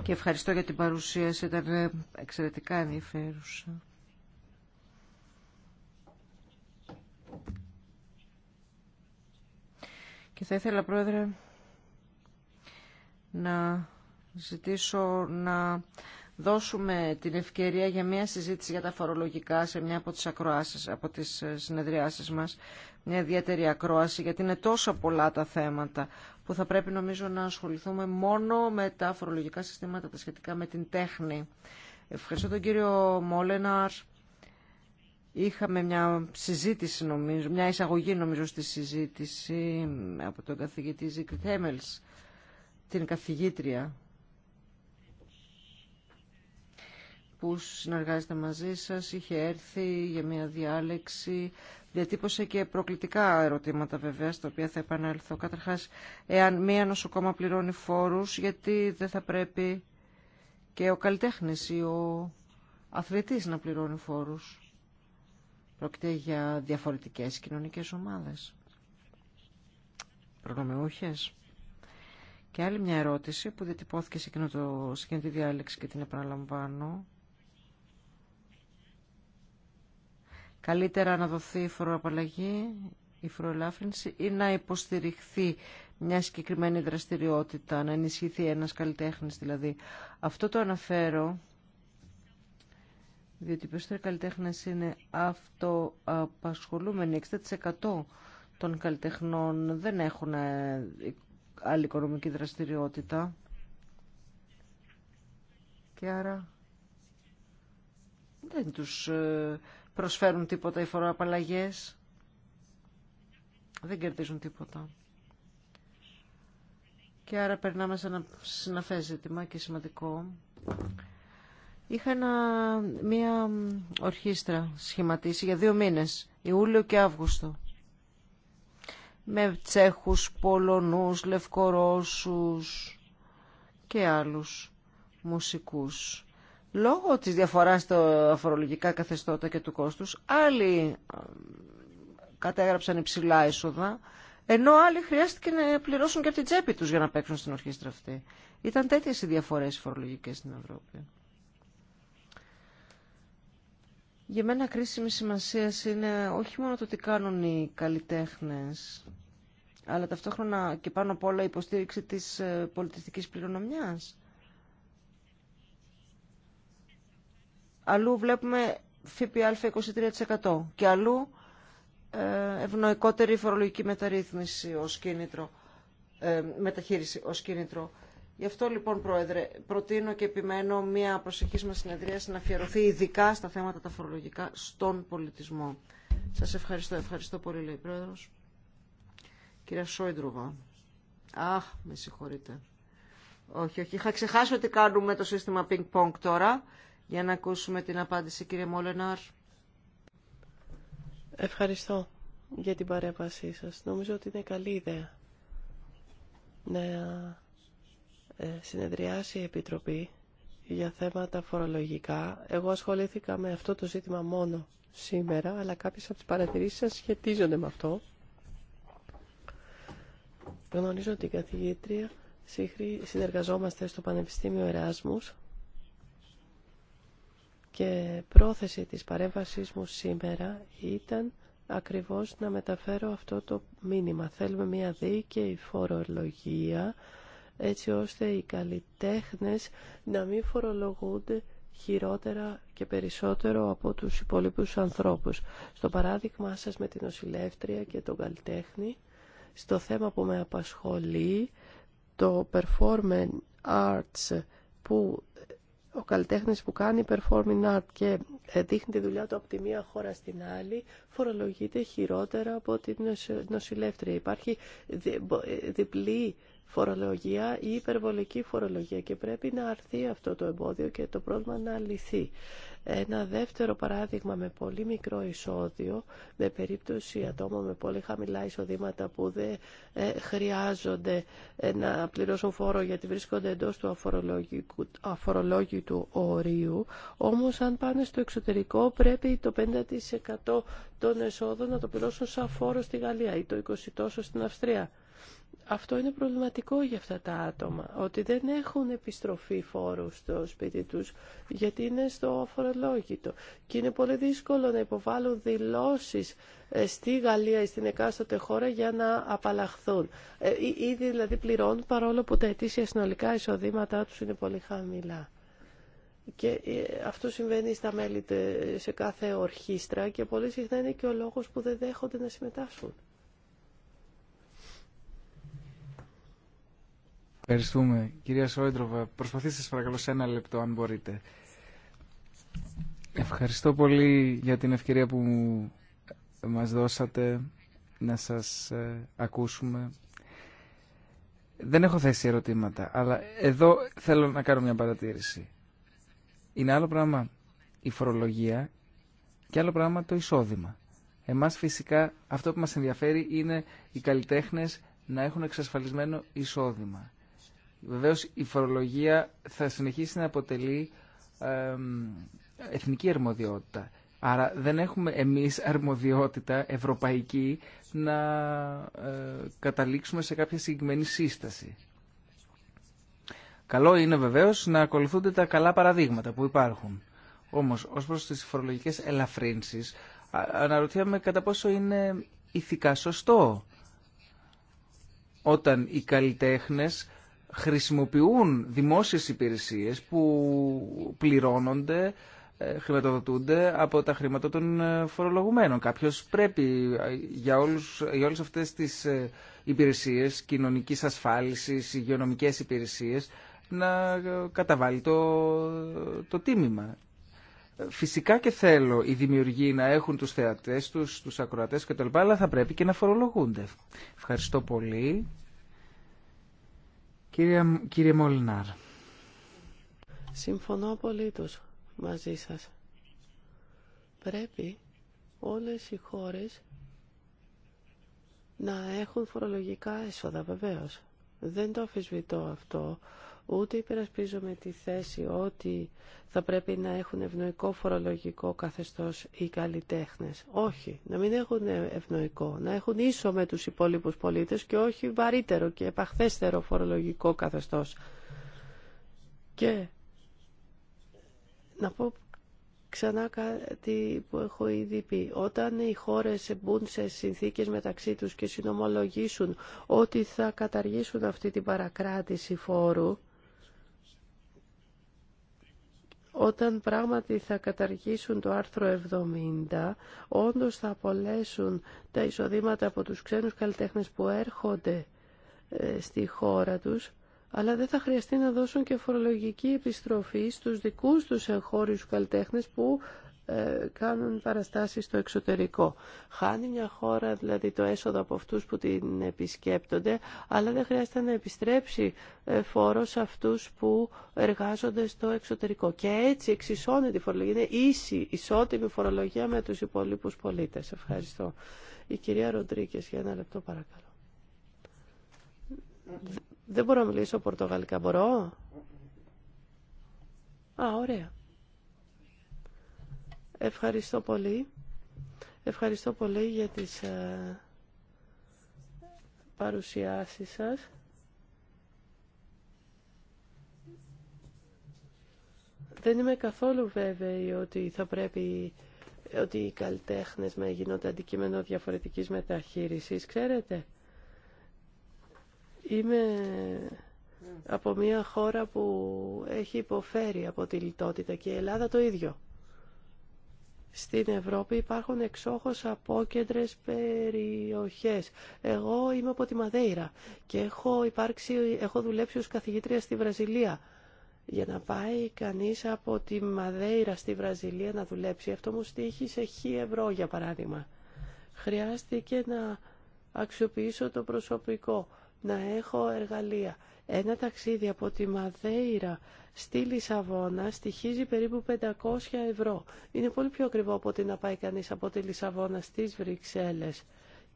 Και ευχαριστώ για την παρουσίαση, ήταν ε, εξαιρετικά ενδιαφέρουσα. Και θα ήθελα, Πρόεδρε, να ζητήσω να δώσουμε την ευκαιρία για μια συζήτηση για τα φορολογικά σε μια από τις ακροάσεις, από τις ε, συνεδριάσεις μας, μια ιδιαίτερη ακρόαση, γιατί είναι τόσο πολλά τα θέματα που θα πρέπει νομίζω να ασχοληθούμε μόνο με τα φορολογικά συστήματα, τα σχετικά με την τέχνη. Ευχαριστώ τον κύριο Μόλεναρ. Είχαμε μια συζήτηση νομίζω, μια εισαγωγή νομίζω στη συζήτηση από τον καθηγητή Ζικ Θέμελς την καθηγήτρια που συνεργάζεται μαζί σας, είχε έρθει για μια διάλεξη, διατύπωσε και προκλητικά ερωτήματα βέβαια, τα οποία θα επανέλθω. Καταρχάς, εάν μία νοσοκόμα πληρώνει φόρους, γιατί δεν θα πρέπει και ο καλλιτέχνης ή ο αθλητής να πληρώνει φόρους. Πρόκειται για διαφορετικές κοινωνικές ομάδες. Προνομιούχες. Και άλλη μια ερώτηση που διατυπώθηκε σε, εκείνο το, σχέδιο εκείνη τη διάλεξη και την επαναλαμβάνω. Καλύτερα να δοθεί η φοροαπαλλαγή, η φοροελάφρυνση ή να υποστηριχθεί μια συγκεκριμένη δραστηριότητα, να ενισχυθεί ένας καλλιτέχνης δηλαδή. Αυτό το αναφέρω διότι οι περισσότεροι καλλιτέχνε είναι αυτοαπασχολούμενοι. 60% των καλλιτεχνών δεν έχουν ε, άλλη οικονομική δραστηριότητα και άρα δεν τους ε, προσφέρουν τίποτα οι φοροαπαλλαγές, δεν κερδίζουν τίποτα. Και άρα περνάμε σε ένα συναφές ζήτημα και σημαντικό. Είχα μία ορχήστρα σχηματίσει για δύο μήνες, Ιούλιο και Αύγουστο με Τσέχους, Πολωνούς, Λευκορώσους και άλλους μουσικούς. Λόγω της διαφοράς στα φορολογικά καθεστώτα και του κόστους, άλλοι ε, κατέγραψαν υψηλά έσοδα, ενώ άλλοι χρειάστηκε να πληρώσουν και από την τσέπη τους για να παίξουν στην ορχήστρα αυτή. Ήταν τέτοιες οι διαφορές φορολογικές στην Ευρώπη. Για μένα κρίσιμη σημασία είναι όχι μόνο το τι κάνουν οι καλλιτέχνες, αλλά ταυτόχρονα και πάνω απ' όλα η υποστήριξη της ε, πολιτιστικής πληρονομιάς. Αλλού βλέπουμε ΦΠΑ 23% και αλλού ε, ευνοϊκότερη φορολογική μεταρρύθμιση ως κίνητρο, ε, μεταχείριση ως κίνητρο. Γι' αυτό λοιπόν, Πρόεδρε, προτείνω και επιμένω μια προσεχή μα συνεδρία να αφιερωθεί ειδικά στα θέματα τα φορολογικά στον πολιτισμό. Σα ευχαριστώ, ευχαριστώ πολύ, λέει Πρόεδρο. Κυρία Σόιντρουβα. Αχ, με συγχωρείτε. Όχι, όχι. Είχα ξεχάσει ότι κάνουμε το σύστημα ping-pong τώρα. Για να ακούσουμε την απάντηση, κύριε Μόλεναρ. Ευχαριστώ για την παρέμβασή σας. Νομίζω ότι είναι καλή ιδέα να ε, συνεδριάσει η Επιτροπή για θέματα φορολογικά. Εγώ ασχολήθηκα με αυτό το ζήτημα μόνο σήμερα, αλλά κάποιες από τις παρατηρήσεις σας σχετίζονται με αυτό. Γνωρίζω την καθηγήτρια. Συνεργαζόμαστε στο Πανεπιστήμιο Εράσμους και πρόθεση της παρέμβασής μου σήμερα ήταν ακριβώς να μεταφέρω αυτό το μήνυμα. Θέλουμε μια δίκαιη φορολογία έτσι ώστε οι καλλιτέχνες να μην φορολογούνται χειρότερα και περισσότερο από τους υπόλοιπους ανθρώπους. Στο παράδειγμα σας με την νοσηλεύτρια και τον καλλιτέχνη, στο θέμα που με απασχολεί, το performing arts που ο καλλιτέχνης που κάνει performing art και ε, δείχνει τη δουλειά του από τη μία χώρα στην άλλη φορολογείται χειρότερα από την νοσηλεύτρια. Υπάρχει ε, διπλή φορολογία ή υπερβολική φορολογία και πρέπει να αρθεί αυτό το εμπόδιο και το πρόβλημα να λυθεί. Ένα δεύτερο παράδειγμα με πολύ μικρό εισόδιο, με περίπτωση ατόμων με πολύ χαμηλά εισοδήματα που δεν ε, χρειάζονται ε, να πληρώσουν φόρο γιατί βρίσκονται εντός του αφορολόγητου ορίου, όμως αν πάνε στο εξωτερικό πρέπει το 50% των εσόδων να το πληρώσουν σαν φόρο στη Γαλλία ή το 20% τόσο στην Αυστρία. Αυτό είναι προβληματικό για αυτά τα άτομα, ότι δεν έχουν επιστροφή φόρου στο σπίτι τους, γιατί είναι στο φορολόγητο. Και είναι πολύ δύσκολο να υποβάλουν δηλώσεις ε, στη Γαλλία ή στην εκάστοτε χώρα για να απαλλαχθούν. Ε, ήδη δηλαδή πληρώνουν παρόλο που τα αιτήσια συνολικά εισοδήματά τους είναι πολύ χαμηλά. Και ε, αυτό συμβαίνει στα μέλη σε κάθε ορχήστρα και πολύ συχνά είναι και ο λόγος που δεν δέχονται να συμμετάσχουν. Ευχαριστούμε. Κυρία Σόιντροβα, προσπαθήστε σας παρακαλώ σε ένα λεπτό αν μπορείτε. Ευχαριστώ πολύ για την ευκαιρία που μας δώσατε να σας ε, ακούσουμε. Δεν έχω θέσει ερωτήματα, αλλά εδώ θέλω να κάνω μια παρατήρηση. Είναι άλλο πράγμα η φορολογία και άλλο πράγμα το εισόδημα. Εμάς φυσικά αυτό που μας ενδιαφέρει είναι οι καλλιτέχνες να έχουν εξασφαλισμένο εισόδημα. Βεβαίως η φορολογία θα συνεχίσει να αποτελεί εθνική αρμοδιότητα. Άρα δεν έχουμε εμείς αρμοδιότητα ευρωπαϊκή να ε, καταλήξουμε σε κάποια συγκεκριμένη σύσταση. Καλό είναι βεβαίως να ακολουθούνται τα καλά παραδείγματα που υπάρχουν. Όμως, ως προς τις φορολογικές ελαφρύνσεις, αναρωτιέμαι κατά πόσο είναι ηθικά σωστό όταν οι καλλιτέχνες χρησιμοποιούν δημόσιες υπηρεσίες που πληρώνονται, ε, χρηματοδοτούνται από τα χρήματα των ε, φορολογουμένων. Κάποιος πρέπει ε, για, όλους, για όλες αυτές τις υπηρεσίες κοινωνικής ασφάλισης, υγειονομικές υπηρεσίες να καταβάλει το, το τίμημα. Φυσικά και θέλω οι δημιουργοί να έχουν τους θεατές τους, τους ακροατές κτλ. αλλά θα πρέπει και να φορολογούνται. Ευχαριστώ πολύ. Κύριε, κύριε Μολινάρ. Συμφωνώ απολύτως μαζί σας. Πρέπει όλες οι χώρες να έχουν φορολογικά έσοδα βεβαίως. Δεν το αφισβητώ αυτό ούτε υπερασπίζομαι τη θέση ότι θα πρέπει να έχουν ευνοϊκό φορολογικό καθεστώς οι καλλιτέχνε. Όχι, να μην έχουν ευνοϊκό, να έχουν ίσο με τους υπόλοιπους πολίτες και όχι βαρύτερο και επαχθέστερο φορολογικό καθεστώς. Και να πω ξανά κάτι που έχω ήδη πει. Όταν οι χώρες μπουν σε συνθήκες μεταξύ τους και συνομολογήσουν ότι θα καταργήσουν αυτή την παρακράτηση φόρου, όταν πράγματι θα καταργήσουν το άρθρο 70, όντως θα απολέσουν τα εισοδήματα από τους ξένους καλλιτέχνες που έρχονται ε, στη χώρα τους, αλλά δεν θα χρειαστεί να δώσουν και φορολογική επιστροφή στους δικούς τους εγχώριους καλλιτέχνες που ε, κάνουν παραστάσεις στο εξωτερικό. Χάνει μια χώρα δηλαδή το έσοδο από αυτούς που την επισκέπτονται, αλλά δεν χρειάζεται να επιστρέψει ε, φόρο σε αυτούς που εργάζονται στο εξωτερικό. Και έτσι εξισώνεται η φορολογία. Είναι ίση, ισότιμη φορολογία με τους υπολείπους πολίτες. Ευχαριστώ. Η κυρία Ροντρίκες, για ένα λεπτό παρακαλώ. Δεν μπορώ να μιλήσω πορτογαλικά, μπορώ. Α, ωραία. Ευχαριστώ πολύ. Ευχαριστώ πολύ για τις ε, παρουσιάσεις σας. Δεν είμαι καθόλου βέβαιη ότι θα πρέπει ότι οι καλλιτέχνες με γίνονται αντικείμενο διαφορετικής μεταχείρισης. Ξέρετε, είμαι από μια χώρα που έχει υποφέρει από τη λιτότητα και η Ελλάδα το ίδιο στην Ευρώπη υπάρχουν εξόχως απόκεντρες περιοχές. Εγώ είμαι από τη Μαδέιρα και έχω, υπάρξει, έχω δουλέψει ως καθηγήτρια στη Βραζιλία. Για να πάει κανείς από τη Μαδέιρα στη Βραζιλία να δουλέψει, αυτό μου στήχει σε χι ευρώ για παράδειγμα. Χρειάστηκε να αξιοποιήσω το προσωπικό, να έχω εργαλεία. Ένα ταξίδι από τη Μαδέιρα στη Λισαβόνα στοιχίζει περίπου 500 ευρώ. Είναι πολύ πιο ακριβό από ότι να πάει κανείς από τη Λισαβόνα στις Βρυξέλλες.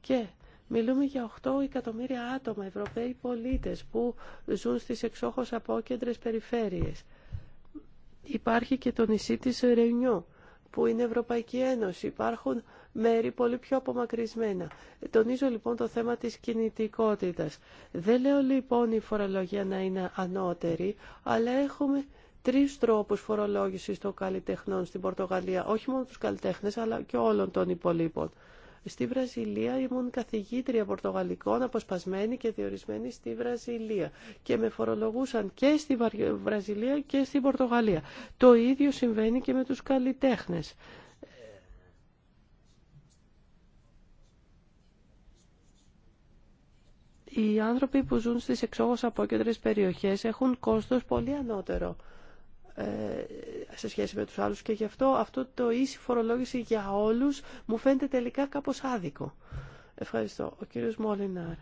Και Μιλούμε για 8 εκατομμύρια άτομα, Ευρωπαίοι πολίτες, που ζουν στις εξόχως απόκεντρες περιφέρειες. Υπάρχει και το νησί της Ρενιού που είναι Ευρωπαϊκή Ένωση. Υπάρχουν μέρη πολύ πιο απομακρυσμένα. Τονίζω λοιπόν το θέμα της κινητικότητας. Δεν λέω λοιπόν η φορολογία να είναι ανώτερη, αλλά έχουμε τρεις τρόπους φορολόγησης των καλλιτεχνών στην Πορτογαλία, όχι μόνο τους καλλιτέχνες, αλλά και όλων των υπολείπων. Στη Βραζιλία ήμουν καθηγήτρια Πορτογαλικών, αποσπασμένη και διορισμένη στη Βραζιλία. Και με φορολογούσαν και στη Βραζιλία και στην Πορτογαλία. Το ίδιο συμβαίνει και με τους καλλιτέχνες. Οι άνθρωποι που ζουν στις εξωγως απόκεντρες περιοχές έχουν κόστος πολύ ανώτερο ε, σε σχέση με τους άλλους και γι' αυτό αυτό το ίση φορολόγηση για όλους μου φαίνεται τελικά κάπως άδικο. Ευχαριστώ. Ο κύριος Μόλιναρ.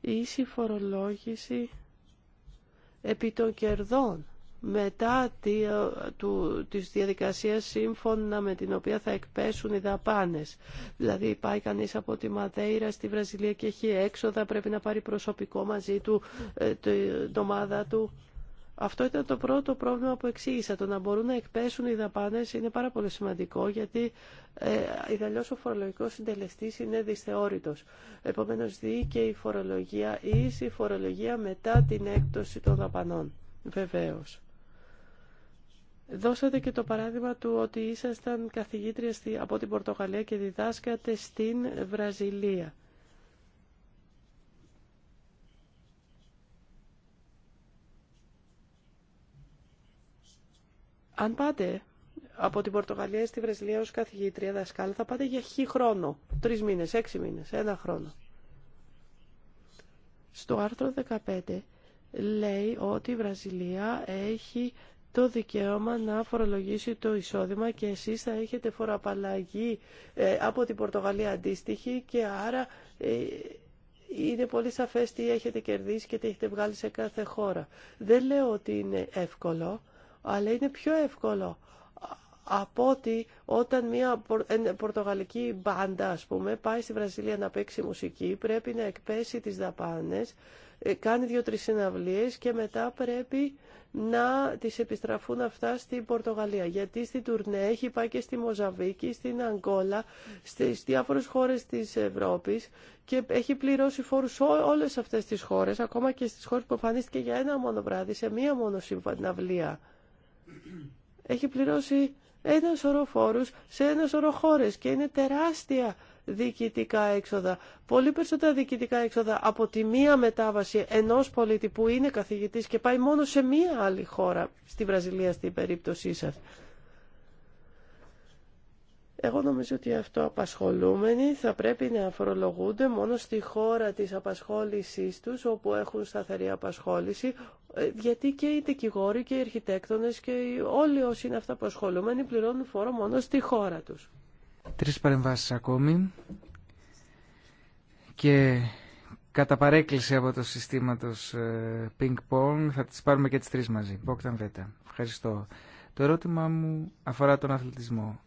Η ίση φορολόγηση επί των κερδών μετά τη της σύμφωνα με την οποία θα εκπέσουν οι δαπάνες. Δηλαδή πάει κανείς από τη Μαδέιρα στη Βραζιλία και έχει έξοδα, πρέπει να πάρει προσωπικό μαζί του, ε, την ομάδα του. Αυτό ήταν το πρώτο πρόβλημα που εξήγησα. Το να μπορούν να εκπέσουν οι δαπάνες είναι πάρα πολύ σημαντικό γιατί ε, ο φορολογικός συντελεστής είναι δυσθεώρητος. Επομένως η φορολογία ή η φορολογία μετά την έκπτωση των δαπανών. Βεβαίως. Δώσατε και το παράδειγμα του ότι ήσασταν καθηγήτρια από την Πορτογαλία και διδάσκατε στην Βραζιλία. Αν πάτε από την Πορτογαλία στη Βραζιλία ως καθηγήτρια δασκάλα, θα πάτε για χι χρόνο, τρεις μήνες, έξι μήνες, ένα χρόνο. Στο άρθρο 15 λέει ότι η Βραζιλία έχει το δικαίωμα να φορολογήσει το εισόδημα και εσείς θα έχετε φοροαπαλλαγή ε, από την Πορτογαλία αντίστοιχη και άρα ε, είναι πολύ σαφές τι έχετε κερδίσει και τι έχετε βγάλει σε κάθε χώρα. Δεν λέω ότι είναι εύκολο, αλλά είναι πιο εύκολο από ότι όταν μια πορτογαλική μπάντα, ας πούμε, πάει στη Βραζιλία να παίξει μουσική, πρέπει να εκπέσει τις δαπάνες, ε, κάνει δύο-τρεις συναυλίες και μετά πρέπει να τις επιστραφούν αυτά στην Πορτογαλία. Γιατί στη Τουρνέ έχει πάει και στη Μοζαβίκη, στην Αγκόλα, στις διάφορες χώρες της Ευρώπης και έχει πληρώσει φόρους όλες αυτές τις χώρες, ακόμα και στις χώρες που εμφανίστηκε για ένα μόνο βράδυ, σε μία μόνο αυλία. Έχει πληρώσει ένα σωρό φόρους σε ένα σωρό χώρες και είναι τεράστια διοικητικά έξοδα. Πολύ περισσότερα διοικητικά έξοδα από τη μία μετάβαση ενός πολίτη που είναι καθηγητής και πάει μόνο σε μία άλλη χώρα, στη Βραζιλία στην περίπτωσή σας. Εγώ νομίζω ότι αυτό απασχολούμενοι θα πρέπει να αφορολογούνται μόνο στη χώρα της απασχόλησής τους, όπου έχουν σταθερή απασχόληση, ε, γιατί και οι δικηγόροι και οι αρχιτέκτονες και όλοι όσοι είναι αυτά απασχολούμενοι πληρώνουν φόρο μόνο στη χώρα τους. Τρεις παρεμβάσεις ακόμη και κατά παρέκκληση από το συστήματος ε, ping-pong θα τις πάρουμε και τις τρεις μαζί. Πόκταν Βέτα. Ευχαριστώ. Το ερώτημά μου αφορά τον αθλητισμό.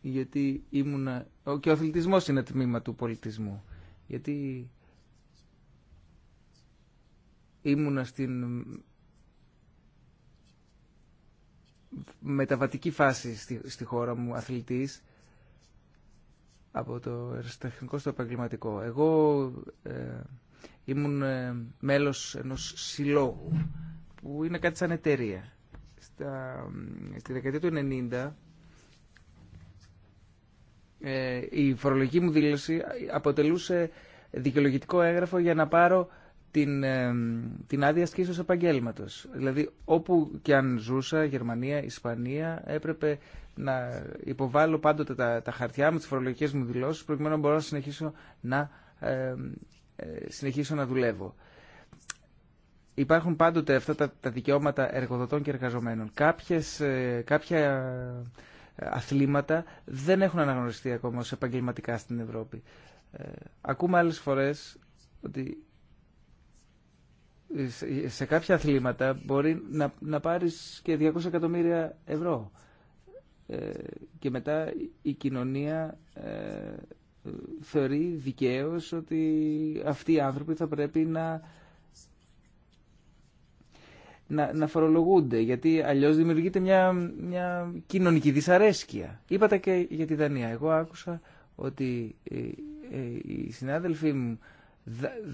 Γιατί ήμουνα... Και ο αθλητισμός είναι τμήμα του πολιτισμού. Γιατί ήμουνα στην μεταβατική φάση στη, στη χώρα μου αθλητής από το ερασιτεχνικό στο επαγγελματικό. Εγώ ε, ήμουν ε, μέλος ενός συλλόγου που είναι κάτι σαν εταιρεία. Στα, στη δεκαετία του 90 ε, η φορολογική μου δήλωση αποτελούσε δικαιολογητικό έγγραφο για να πάρω την, την άδεια σκήσεω επαγγέλματο. Δηλαδή όπου και αν ζούσα, Γερμανία, Ισπανία, έπρεπε να υποβάλω πάντοτε τα, τα χαρτιά μου, τι φορολογικέ μου δηλώσει προκειμένου να μπορώ να συνεχίσω να, ε, συνεχίσω να δουλεύω. Υπάρχουν πάντοτε αυτά τα, τα δικαιώματα εργοδοτών και εργαζομένων. Κάποιες, ε, κάποια αθλήματα δεν έχουν αναγνωριστεί ακόμα ως επαγγελματικά στην Ευρώπη. Ε, ακούμε άλλες φορές ότι σε κάποια αθλήματα μπορεί να, να πάρεις και 200 εκατομμύρια ευρώ. Ε, και μετά η κοινωνία ε, θεωρεί δικαίως ότι αυτοί οι άνθρωποι θα πρέπει να, να, φορολογούνται, γιατί αλλιώς δημιουργείται μια, μια κοινωνική δυσαρέσκεια. Είπατε και για τη Δανία. Εγώ άκουσα ότι ε, ε οι συνάδελφοί μου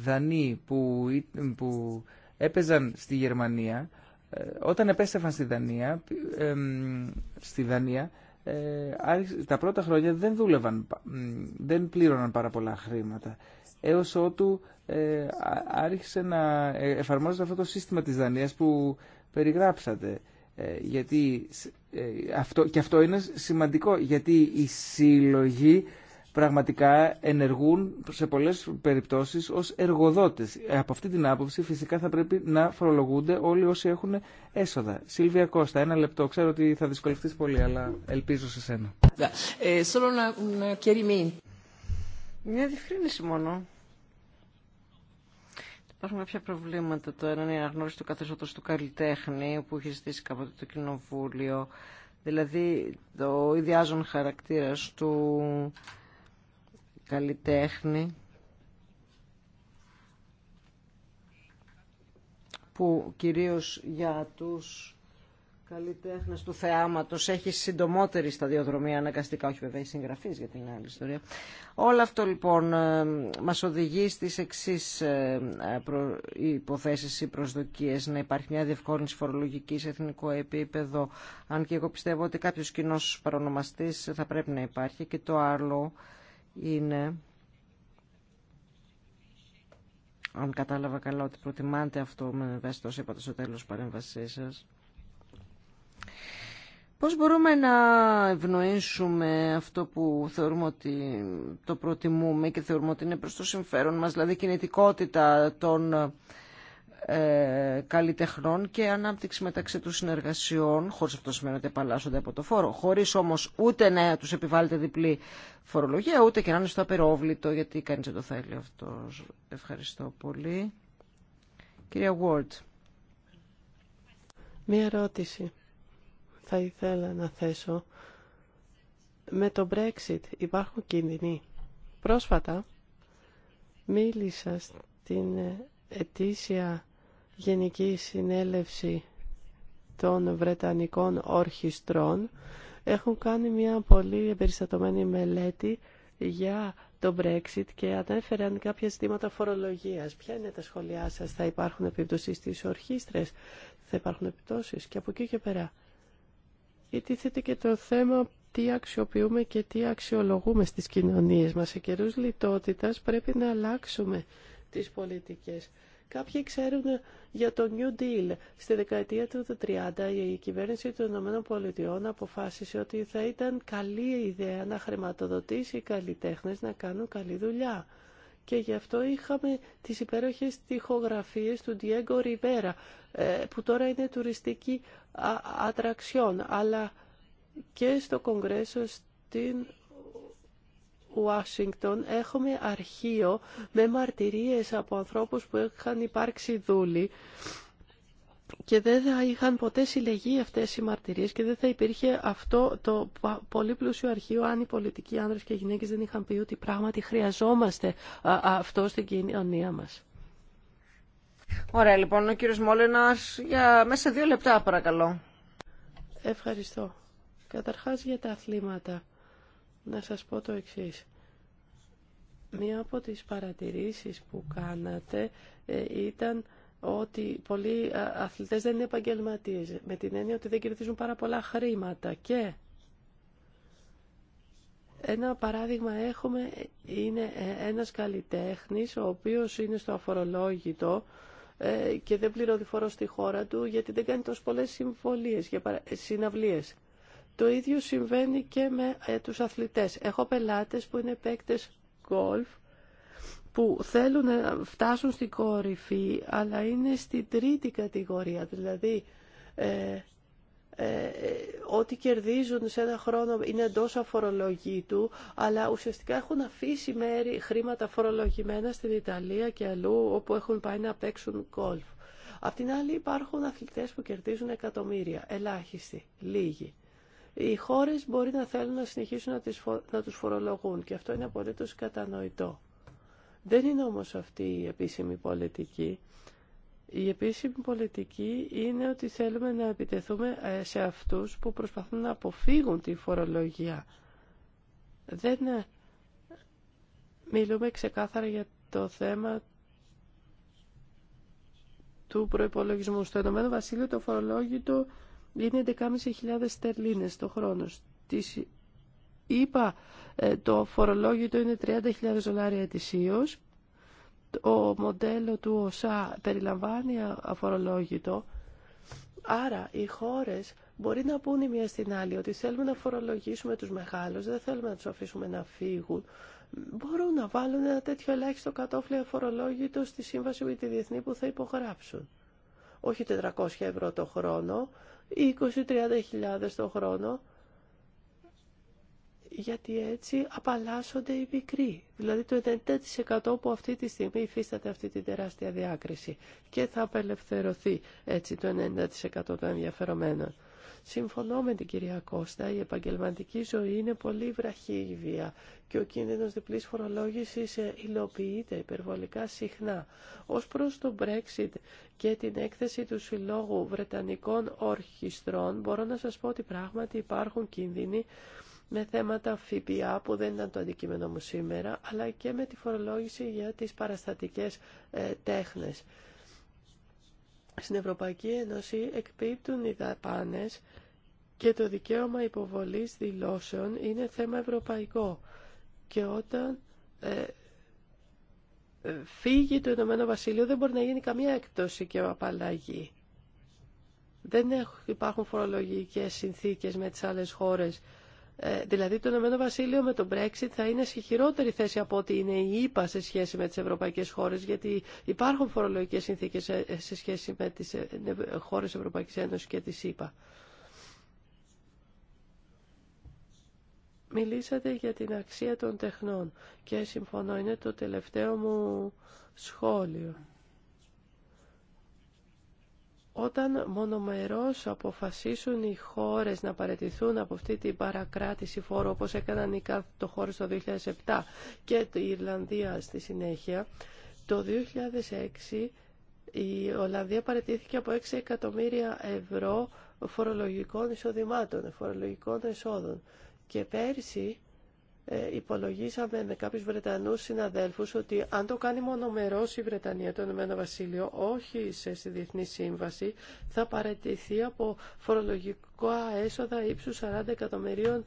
Δανείοι που, που έπαιζαν στη Γερμανία, ε, όταν επέστρεφαν στη Δανία, στη Δανία ε, τα πρώτα χρόνια δεν δούλευαν, δεν πλήρωναν πάρα πολλά χρήματα. Έως ότου ε, άρχισε να εφαρμόζεται αυτό το σύστημα της Δανίας που περιγράψατε. Γιατί αυτό, και αυτό είναι σημαντικό, γιατί η συλλογή πραγματικά ενεργούν σε πολλές περιπτώσεις ως εργοδότες. Από αυτή την άποψη φυσικά θα πρέπει να φορολογούνται όλοι όσοι έχουν έσοδα. Σίλβια Κώστα, ένα λεπτό. Ξέρω ότι θα δυσκολευτείς πολύ, αλλά ελπίζω σε σένα. Ε, Μια διευκρίνηση μόνο. Υπάρχουν κάποια προβλήματα. Το ένα είναι η αναγνώριση του καθεστώτος του καλλιτέχνη που έχει ζητήσει κάποτε το κοινοβούλιο. Δηλαδή, το ιδιάζον χαρακτήρας του καλλιτέχνη που κυρίως για τους καλλιτέχνες του θεάματος έχει συντομότερη σταδιοδρομία αναγκαστικά, όχι βέβαια οι συγγραφής για την άλλη ιστορία. Όλο αυτό λοιπόν ε, μας οδηγεί στις εξής ε, υποθέσεις ή προσδοκίες να υπάρχει μια διευκόλυνση φορολογική σε εθνικό επίπεδο αν και εγώ πιστεύω ότι κάποιος κοινό παρονομαστής θα πρέπει να υπάρχει και το άλλο είναι αν κατάλαβα καλά ότι προτιμάτε αυτό με βέστο είπατε στο τέλος παρέμβασή σας πώς μπορούμε να ευνοήσουμε αυτό που θεωρούμε ότι το προτιμούμε και θεωρούμε ότι είναι προς το συμφέρον μας δηλαδή κινητικότητα των ε, καλλιτεχνών και ανάπτυξη μεταξύ τους συνεργασιών, χωρίς αυτό σημαίνει ότι επαλλάσσονται από το φόρο, χωρίς όμως ούτε να τους επιβάλλεται διπλή φορολογία, ούτε και να είναι στο απερόβλητο, γιατί κανείς δεν το θέλει αυτό. Ευχαριστώ πολύ. Κυρία Ward. Μία ερώτηση θα ήθελα να θέσω. Με το Brexit υπάρχουν κίνδυνοι. Πρόσφατα μίλησα στην ετήσια Γενική Συνέλευση των Βρετανικών Ορχιστρών έχουν κάνει μια πολύ περιστατωμένη μελέτη για το Brexit και ανέφεραν κάποια ζητήματα φορολογίας. Ποια είναι τα σχόλιά σας, θα υπάρχουν επιπτώσεις στις ορχήστρες, θα υπάρχουν επιπτώσεις και από εκεί και πέρα. Γιατί και το θέμα τι αξιοποιούμε και τι αξιολογούμε στις κοινωνίες μας. Σε καιρούς λιτότητας πρέπει να αλλάξουμε τις πολιτικές Κάποιοι ξέρουν για το New Deal. Στη δεκαετία του 30 η κυβέρνηση των ΗΠΑ αποφάσισε ότι θα ήταν καλή ιδέα να χρηματοδοτήσει οι καλλιτέχνες να κάνουν καλή δουλειά. Και γι' αυτό είχαμε τις υπέροχες τοιχογραφίες του Diego Rivera, ε, που τώρα είναι τουριστική ατραξιόν, αλλά και στο Κογκρέσο στην Ουάσιγκτον έχουμε αρχείο με μαρτυρίες από ανθρώπους που είχαν υπάρξει δούλοι και δεν θα είχαν ποτέ συλλεγεί αυτές οι μαρτυρίες και δεν θα υπήρχε αυτό το πολύ πλούσιο αρχείο αν οι πολιτικοί άνδρες και γυναίκες δεν είχαν πει ότι πράγματι χρειαζόμαστε αυτό στην κοινωνία μας. Ωραία λοιπόν, ο κύριος Μόλενας, για μέσα δύο λεπτά παρακαλώ. Ευχαριστώ. Καταρχάς για τα αθλήματα να σας πω το εξής. Μία από τις παρατηρήσεις που κάνατε ε, ήταν ότι πολλοί ε, αθλητές δεν είναι επαγγελματίες, με την έννοια ότι δεν κερδίζουν πάρα πολλά χρήματα και ένα παράδειγμα έχουμε είναι ε, ένας καλλιτέχνης ο οποίος είναι στο αφορολόγητο και δεν πληρώνει φορό στη χώρα του γιατί δεν κάνει τόσο πολλές συμβολίες συναυλίες. Το ίδιο συμβαίνει και με ε, τους αθλητές. Έχω πελάτες που είναι παίκτες γκολφ που θέλουν να φτάσουν στην κορυφή αλλά είναι στην τρίτη κατηγορία. Δηλαδή ε, ε, ό,τι κερδίζουν σε ένα χρόνο είναι εντό του αλλά ουσιαστικά έχουν αφήσει μέρη χρήματα φορολογημένα στην Ιταλία και αλλού όπου έχουν πάει να παίξουν κόλφ. Απ' την άλλη υπάρχουν αθλητές που κερδίζουν εκατομμύρια, ελάχιστοι, λίγοι οι χώρες μπορεί να θέλουν να συνεχίσουν να, τις τους φορολογούν και αυτό είναι απολύτως κατανοητό. Δεν είναι όμως αυτή η επίσημη πολιτική. Η επίσημη πολιτική είναι ότι θέλουμε να επιτεθούμε ε, σε αυτούς που προσπαθούν να αποφύγουν τη φορολογία. Δεν ε, μιλούμε ξεκάθαρα για το θέμα του προϋπολογισμού. Στο Ενωμένο Βασίλειο το φορολόγητο είναι 11.500 στερλίνες το χρόνο. της. είπα ε, το φορολόγητο είναι 30.000 δολάρια ετησίως. Το μοντέλο του ΟΣΑ περιλαμβάνει αφορολόγητο. Άρα οι χώρες μπορεί να πούνε μία στην άλλη ότι θέλουμε να φορολογήσουμε τους μεγάλους, δεν θέλουμε να τους αφήσουμε να φύγουν. Μπορούν να βάλουν ένα τέτοιο ελάχιστο κατόφλι αφορολόγητο στη σύμβαση με τη διεθνή που θα υπογράψουν. Όχι 400 ευρώ το χρόνο, 20-30 χιλιάδες το χρόνο, γιατί έτσι απαλλάσσονται οι μικροί. Δηλαδή το 90% που αυτή τη στιγμή υφίσταται αυτή την τεράστια διάκριση και θα απελευθερωθεί έτσι το 90% των ενδιαφερομένων. Συμφωνώ με την κυρία Κώστα, η επαγγελματική ζωή είναι πολύ βία και ο κίνδυνος διπλής φορολόγησης ε, υλοποιείται υπερβολικά συχνά. Ως προς το Brexit και την έκθεση του Συλλόγου Βρετανικών Ορχιστρών μπορώ να σας πω ότι πράγματι υπάρχουν κίνδυνοι με θέματα ΦΠΑ που δεν ήταν το αντικείμενο μου σήμερα, αλλά και με τη φορολόγηση για τις παραστατικές ε, τέχνες στην Ευρωπαϊκή Ένωση εκπίπτουν οι δαπάνες και το δικαίωμα υποβολής δηλώσεων είναι θέμα ευρωπαϊκό. Και όταν ε, φύγει το Ηνωμένο Βασίλειο δεν μπορεί να γίνει καμία έκπτωση και απαλλαγή. Δεν υπάρχουν φορολογικές συνθήκες με τις άλλες χώρες ε, δηλαδή το Ηνωμένο Βασίλειο με το Brexit θα είναι σε χειρότερη θέση από ό,τι είναι η ΕΠΑ ΕΕ σε σχέση με τις ευρωπαϊκές χώρες, γιατί υπάρχουν φορολογικές συνθήκες σε ε, σχέση με τις ε, χώρες Ευρωπαϊκής Ένωσης και της ΕΠΑ. ΕΕ. Μιλήσατε για την αξία των τεχνών και συμφωνώ, είναι το τελευταίο μου σχόλιο όταν μονομερώς αποφασίσουν οι χώρες να παραιτηθούν από αυτή την παρακράτηση φόρου όπως έκαναν οι το χώρο το 2007 και η Ιρλανδία στη συνέχεια, το 2006 η Ολλανδία παραιτήθηκε από 6 εκατομμύρια ευρώ φορολογικών εισοδημάτων, φορολογικών εσόδων. Και πέρσι ε, υπολογίσαμε με κάποιους Βρετανούς συναδέλφους ότι αν το κάνει μονομερός η Βρετανία, το Ηνωμένο Βασίλειο, όχι στη Διεθνή Σύμβαση, θα παραιτηθεί από φορολογικά έσοδα ύψου 40 εκατομμυρίων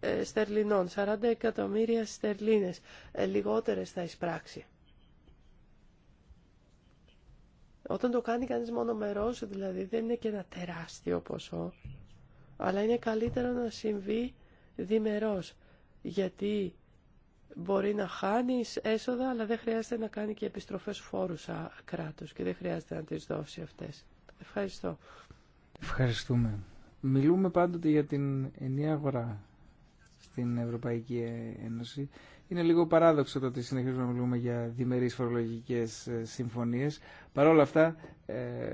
ε, στερλινών, 40 εκατομμύρια στερλίνες, ε, λιγότερες θα εισπράξει. Όταν το κάνει κανείς μονομερός, δηλαδή δεν είναι και ένα τεράστιο ποσό, αλλά είναι καλύτερο να συμβεί διμερός γιατί μπορεί να χάνει έσοδα, αλλά δεν χρειάζεται να κάνει και επιστροφές φόρους κράτος και δεν χρειάζεται να τις δώσει αυτές. Ευχαριστώ. Ευχαριστούμε. Μιλούμε πάντοτε για την ενιαία αγορά στην Ευρωπαϊκή Ένωση. Είναι λίγο παράδοξο το ότι συνεχίζουμε να μιλούμε για διμερείς φορολογικές ε, συμφωνίες. Παρ' όλα αυτά, ε,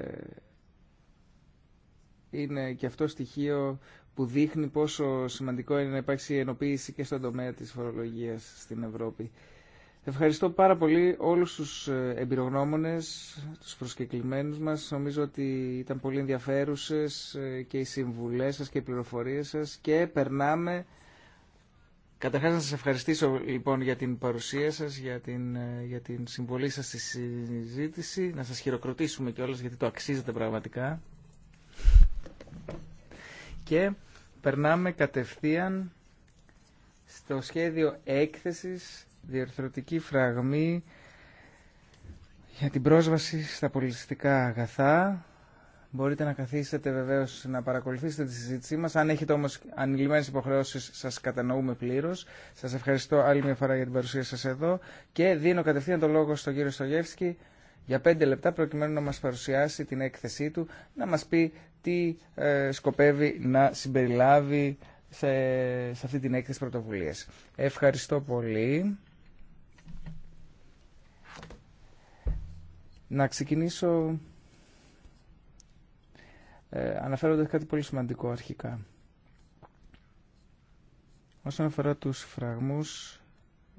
είναι και αυτό στοιχείο που δείχνει πόσο σημαντικό είναι να υπάρξει ενοποίηση και στον τομέα της φορολογίας στην Ευρώπη. Ευχαριστώ πάρα πολύ όλους τους ε, εμπειρογνώμονες, τους προσκεκλημένους μας. Νομίζω ότι ήταν πολύ ενδιαφέρουσες ε, και οι συμβουλές σας και οι πληροφορίες σας και περνάμε... Καταρχάς να σας ευχαριστήσω λοιπόν για την παρουσία σας, για την, ε, για την συμβολή σας στη συζήτηση. Να σας χειροκροτήσουμε κιόλας γιατί το αξίζετε πραγματικά. Και περνάμε κατευθείαν στο σχέδιο έκθεσης διορθωτική φραγμή για την πρόσβαση στα πολιτιστικά αγαθά. Μπορείτε να καθίσετε βεβαίω να παρακολουθήσετε τη συζήτησή μας, Αν έχετε όμως ανηλυμένε υποχρεώσεις σας κατανοούμε πλήρως. Σας ευχαριστώ άλλη μια φορά για την παρουσία σας εδώ. Και δίνω κατευθείαν το λόγο στον κύριο Στογεύσκη για πέντε λεπτά, προκειμένου να μας παρουσιάσει την έκθεσή του, να μας πει τι ε, σκοπεύει να συμπεριλάβει σε, αυτή την έκθεση πρωτοβουλίες. Ευχαριστώ πολύ. Να ξεκινήσω ε, αναφέροντας κάτι πολύ σημαντικό αρχικά. Όσον αφορά τους φραγμούς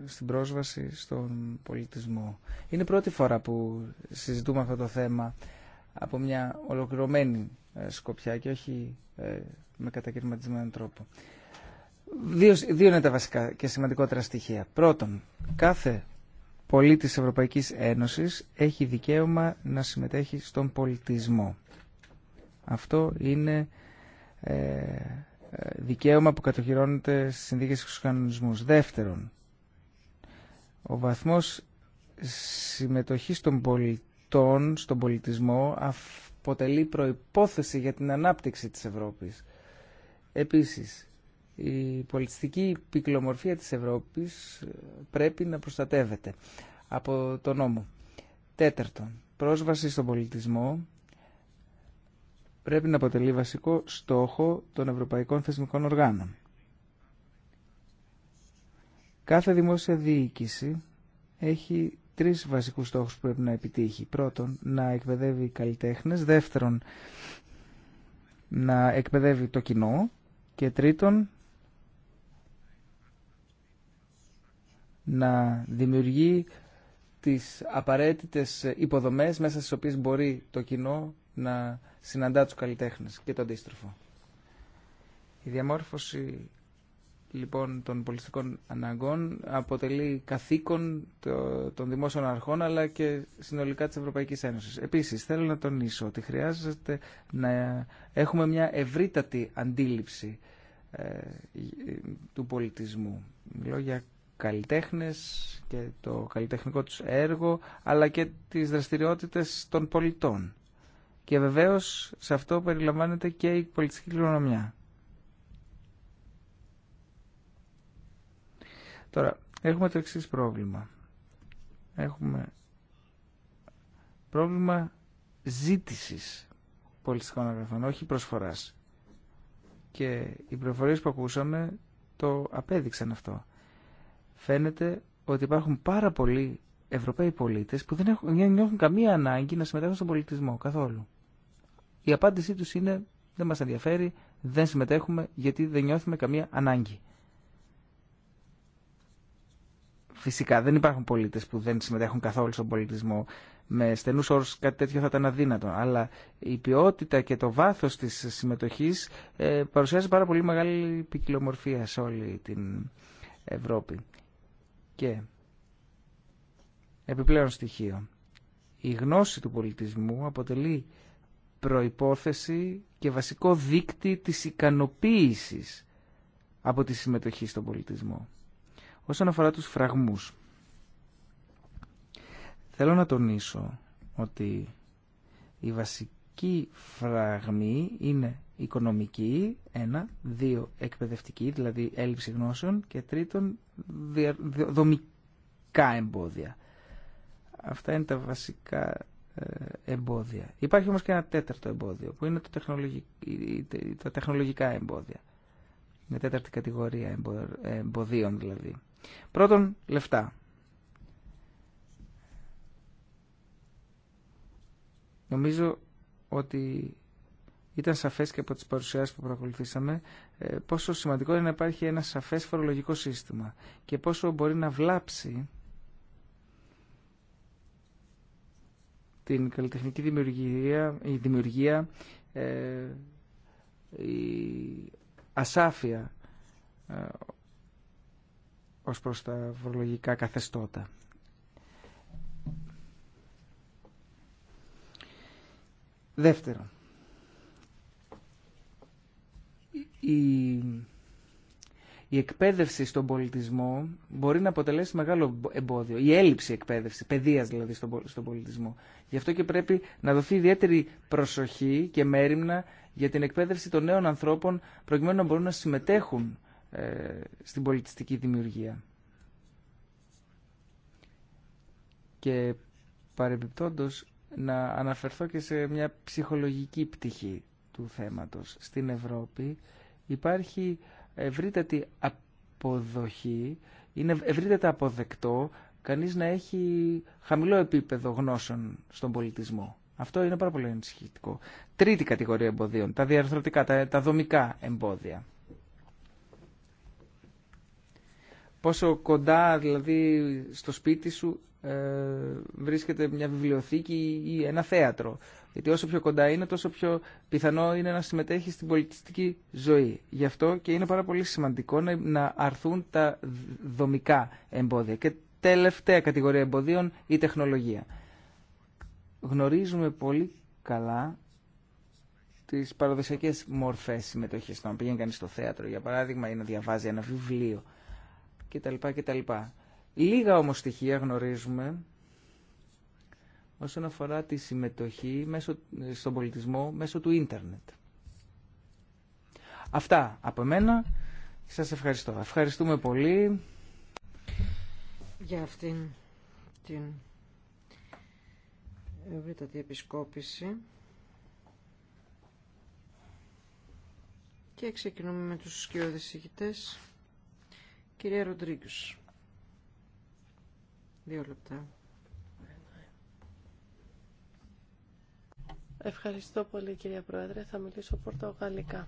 στην πρόσβαση στον πολιτισμό. Είναι πρώτη φορά που συζητούμε αυτό το θέμα από μια ολοκληρωμένη ε, σκοπιά και όχι ε, με κατακαιρματισμένο τρόπο. Δύο, δύο είναι τα βασικά και σημαντικότερα στοιχεία. Πρώτον, κάθε πολίτης της Ευρωπαϊκής Ένωσης έχει δικαίωμα να συμμετέχει στον πολιτισμό. Αυτό είναι ε, δικαίωμα που κατοχυρώνεται στις συνδίκες και Δεύτερον, ο βαθμός συμμετοχής στον πολιτισμό στον πολιτισμό αποτελεί προϋπόθεση για την ανάπτυξη της Ευρώπης. Επίσης, η πολιτιστική πυκλομορφία της Ευρώπης πρέπει να προστατεύεται από το νόμο. Τέταρτον, πρόσβαση στον πολιτισμό πρέπει να αποτελεί βασικό στόχο των ευρωπαϊκών θεσμικών οργάνων. Κάθε δημόσια διοίκηση έχει τρεις βασικούς στόχους που πρέπει να επιτύχει. Πρώτον, να εκπαιδεύει καλλιτέχνες. Δεύτερον, να εκπαιδεύει το κοινό. Και τρίτον, να δημιουργεί τις απαραίτητες υποδομές μέσα στις οποίες μπορεί το κοινό να συναντά τους καλλιτέχνες και το αντίστροφο. Η διαμόρφωση λοιπόν των πολιτιστικών αναγκών αποτελεί καθήκον των δημόσιων αρχών αλλά και συνολικά της Ευρωπαϊκής Ένωσης. Επίσης θέλω να τονίσω ότι χρειάζεται να έχουμε μια ευρύτατη αντίληψη ε, του πολιτισμού. Μιλώ για καλλιτέχνες και το καλλιτεχνικό τους έργο αλλά και τις δραστηριότητες των πολιτών. Και βεβαίως σε αυτό περιλαμβάνεται και η πολιτιστική κληρονομιά. Τώρα, έχουμε το εξή πρόβλημα. Έχουμε πρόβλημα ζήτησης πολιτιστικών αγαθών, όχι προσφοράς. Και οι προφορίες που ακούσαμε το απέδειξαν αυτό. Φαίνεται ότι υπάρχουν πάρα πολλοί Ευρωπαίοι πολίτες που δεν έχουν, καμία ανάγκη να συμμετέχουν στον πολιτισμό καθόλου. Η απάντησή τους είναι δεν μας ενδιαφέρει, δεν συμμετέχουμε γιατί δεν νιώθουμε καμία ανάγκη. Φυσικά δεν υπάρχουν πολίτες που δεν συμμετέχουν καθόλου στον πολιτισμό. Με στενούς όρου κάτι τέτοιο θα ήταν αδύνατο. Αλλά η ποιότητα και το βάθος της συμμετοχής ε, παρουσιάζει πάρα πολύ μεγάλη ποικιλομορφία σε όλη την Ευρώπη. Και επιπλέον στοιχείο. Η γνώση του πολιτισμού αποτελεί προϋπόθεση και βασικό δείκτη της ικανοποίησης από τη συμμετοχή στον πολιτισμό. Όσον αφορά τους φραγμούς, θέλω να τονίσω ότι η βασική φραγμή είναι οικονομική, ένα, δύο, εκπαιδευτική, δηλαδή έλλειψη γνώσεων και τρίτον, δομικά εμπόδια. Αυτά είναι τα βασικά ε, εμπόδια. Υπάρχει όμως και ένα τέταρτο εμπόδιο που είναι το τα τεχνολογικά εμπόδια. Μια τέταρτη κατηγορία εμποδίων δηλαδή. Πρώτον, λεφτά. Νομίζω ότι ήταν σαφές και από τις παρουσιάσεις που παρακολουθήσαμε ε, πόσο σημαντικό είναι να υπάρχει ένα σαφές φορολογικό σύστημα και πόσο μπορεί να βλάψει την καλλιτεχνική δημιουργία, η δημιουργία, ε, η ασάφεια ε, ως προς τα βρολογικά καθεστώτα. Δεύτερο, η, η εκπαίδευση στον πολιτισμό μπορεί να αποτελέσει μεγάλο εμπόδιο. Η έλλειψη εκπαίδευση, παιδείας δηλαδή στον πολιτισμό. Γι' αυτό και πρέπει να δοθεί ιδιαίτερη προσοχή και μέρημνα για την εκπαίδευση των νέων ανθρώπων προκειμένου να μπορούν να συμμετέχουν ε, στην πολιτιστική δημιουργία. Και παρεμπιπτόντως να αναφερθώ και σε μια ψυχολογική πτυχή του θέματος. Στην Ευρώπη υπάρχει ευρύτατη αποδοχή, είναι ευρύτατα αποδεκτό κανείς να έχει χαμηλό επίπεδο γνώσεων στον πολιτισμό. Αυτό είναι πάρα πολύ ενισχυτικό. Τρίτη κατηγορία εμποδίων, τα διαρθρωτικά, τα, τα δομικά εμπόδια. πόσο κοντά δηλαδή στο σπίτι σου ε, βρίσκεται μια βιβλιοθήκη ή ένα θέατρο. Γιατί όσο πιο κοντά είναι, τόσο πιο πιθανό είναι να συμμετέχει στην πολιτιστική ζωή. Γι' αυτό και είναι πάρα πολύ σημαντικό να, αρθούν τα δομικά εμπόδια. Και τελευταία κατηγορία εμποδίων, η τεχνολογία. Γνωρίζουμε πολύ καλά τις παραδοσιακές μορφές συμμετοχής. Να πηγαίνει κανείς στο θέατρο, για παράδειγμα, ή να διαβάζει ένα βιβλίο κτλ. κτλ. Λίγα όμως στοιχεία γνωρίζουμε όσον αφορά τη συμμετοχή μέσω, στον πολιτισμό μέσω του ίντερνετ. Αυτά από μένα. Σας ευχαριστώ. Ευχαριστούμε πολύ για αυτήν την ευρύτατη επισκόπηση. Και ξεκινούμε με τους σκιώδες ηγητές. Κυρία Ροντρίγκους. Δύο λεπτά. Ευχαριστώ πολύ κυρία Πρόεδρε. Θα μιλήσω πορτογαλικά.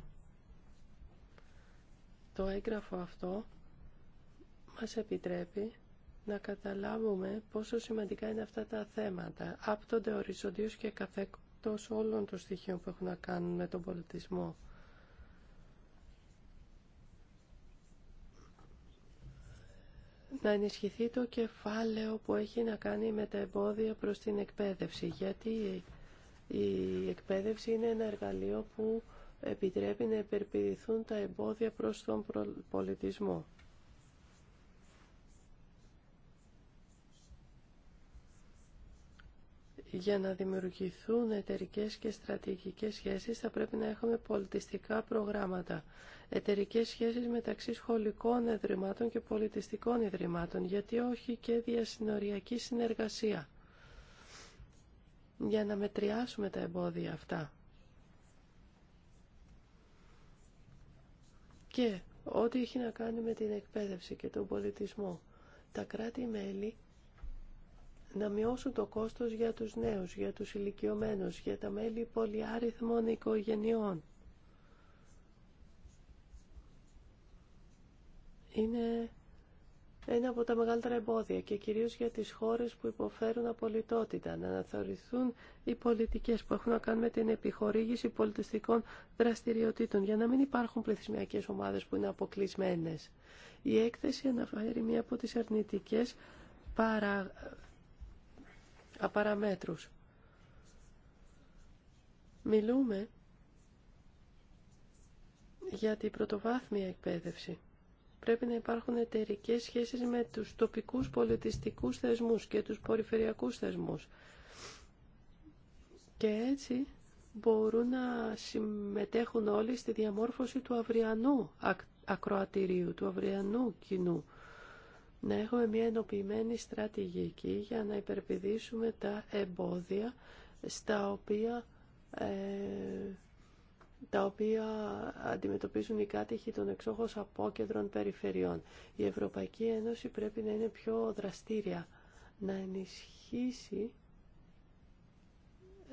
Το έγγραφο αυτό μας επιτρέπει να καταλάβουμε πόσο σημαντικά είναι αυτά τα θέματα. Άπτονται οριζοντίως και καθέκτος όλων των στοιχείων που έχουν να κάνουν με τον πολιτισμό. να ενισχυθεί το κεφάλαιο που έχει να κάνει με τα εμπόδια προς την εκπαίδευση, γιατί η εκπαίδευση είναι ένα εργαλείο που επιτρέπει να υπερπηδηθούν τα εμπόδια προς τον πολιτισμό. Για να δημιουργηθούν εταιρικέ και στρατηγικές σχέσεις θα πρέπει να έχουμε πολιτιστικά προγράμματα. Εταιρικέ σχέσεις μεταξύ σχολικών ιδρυμάτων και πολιτιστικών ιδρυμάτων, γιατί όχι και διασυνοριακή συνεργασία. Για να μετριάσουμε τα εμπόδια αυτά. Και ό,τι έχει να κάνει με την εκπαίδευση και τον πολιτισμό. Τα κράτη-μέλη να μειώσουν το κόστος για τους νέους, για τους ηλικιωμένους, για τα μέλη πολυάριθμων οικογενειών. Είναι ένα από τα μεγαλύτερα εμπόδια και κυρίως για τις χώρες που υποφέρουν απολυτότητα να αναθεωρηθούν οι πολιτικές που έχουν να κάνουν με την επιχορήγηση πολιτιστικών δραστηριοτήτων για να μην υπάρχουν πληθυσμιακές ομάδες που είναι αποκλεισμένες. Η έκθεση αναφέρει μία από τις αρνητικές παρα απαραμέτρους. Μιλούμε για την πρωτοβάθμια εκπαίδευση. Πρέπει να υπάρχουν εταιρικέ σχέσεις με τους τοπικούς πολιτιστικούς θεσμούς και τους περιφερειακούς θεσμούς. Και έτσι μπορούν να συμμετέχουν όλοι στη διαμόρφωση του αυριανού ακροατηρίου, του αυριανού κοινού να έχουμε μια ενοποιημένη στρατηγική για να υπερπηδήσουμε τα εμπόδια στα οποία, ε, τα οποία αντιμετωπίζουν οι κάτοικοι των εξόχως απόκεντρων περιφερειών. Η Ευρωπαϊκή Ένωση πρέπει να είναι πιο δραστήρια, να ενισχύσει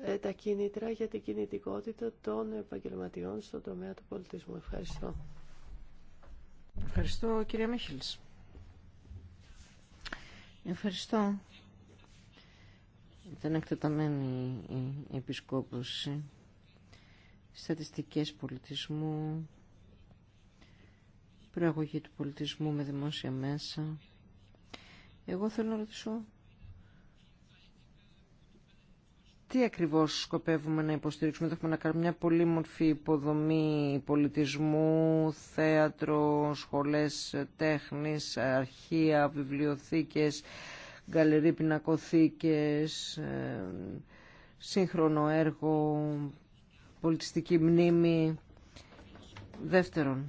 ε, τα κίνητρα για την κινητικότητα των επαγγελματιών στον τομέα του πολιτισμού. Ευχαριστώ. Ευχαριστώ κύριε Μίχελς. Ευχαριστώ. Ήταν εκτεταμένη η επισκόπωση. Στατιστικές πολιτισμού, προαγωγή του πολιτισμού με δημόσια μέσα. Εγώ θέλω να ρωτήσω τι ακριβώς σκοπεύουμε να υποστηρίξουμε. Θα έχουμε να κάνουμε μια πολύ μορφή υποδομή πολιτισμού, θέατρο, σχολές τέχνης, αρχεία, βιβλιοθήκες, γκαλερί πινακοθήκες, ε, σύγχρονο έργο, πολιτιστική μνήμη. Δεύτερον,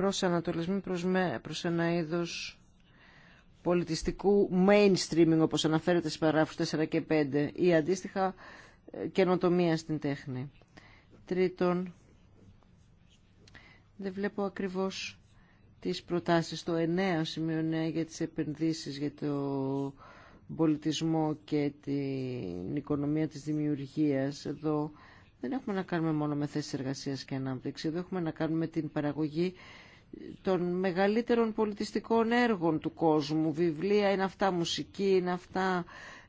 προσανατολισμοί προς, με, προς ένα είδος πολιτιστικού mainstreaming όπως αναφέρεται στις παράγραφους 4 και 5 ή αντίστοιχα ε, καινοτομία στην τέχνη. Τρίτον, δεν βλέπω ακριβώς τις προτάσεις το 9 σημείο 9 για τις επενδύσεις για το πολιτισμό και την οικονομία της δημιουργίας. Εδώ δεν έχουμε να κάνουμε μόνο με θέσεις εργασίας και ανάπτυξη, εδώ έχουμε να κάνουμε την παραγωγή των μεγαλύτερων πολιτιστικών έργων του κόσμου. Βιβλία είναι αυτά, μουσική είναι αυτά,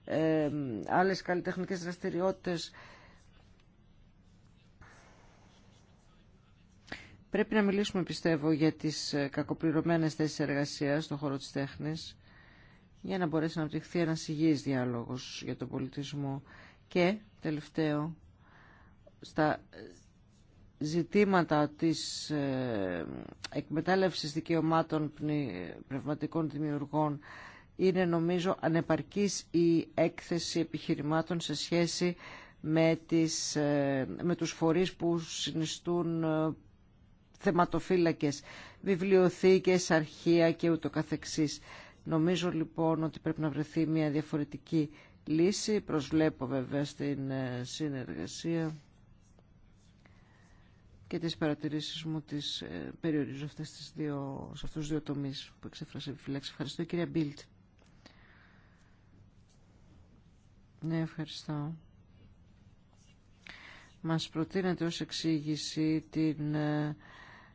ε, άλλες καλλιτεχνικές δραστηριότητες. Πρέπει να μιλήσουμε, πιστεύω, για τις ε, κακοπληρωμένες θέσεις εργασίας στον χώρο της τέχνης για να μπορέσει να αναπτυχθεί ένας υγιής διάλογος για τον πολιτισμό. Και, τελευταίο, στα ζητήματα της ε, εκμετάλλευσης δικαιωμάτων πνευματικών δημιουργών είναι νομίζω ανεπαρκής η έκθεση επιχειρημάτων σε σχέση με, τις, ε, με τους φορείς που συνιστούν ε, θεματοφύλακες, βιβλιοθήκες, αρχεία και ούτω καθεξής. Νομίζω λοιπόν ότι πρέπει να βρεθεί μια διαφορετική λύση. Προσβλέπω βέβαια στην ε, συνεργασία και τις παρατηρήσεις μου τις ε, περιορίζω αυτές τις δύο, σε αυτούς τους δύο τομείς που εξέφρασε επιφυλάξη. Ευχαριστώ κυρία Μπίλτ. Ναι, ευχαριστώ. Μας προτείνεται ως εξήγηση την ε,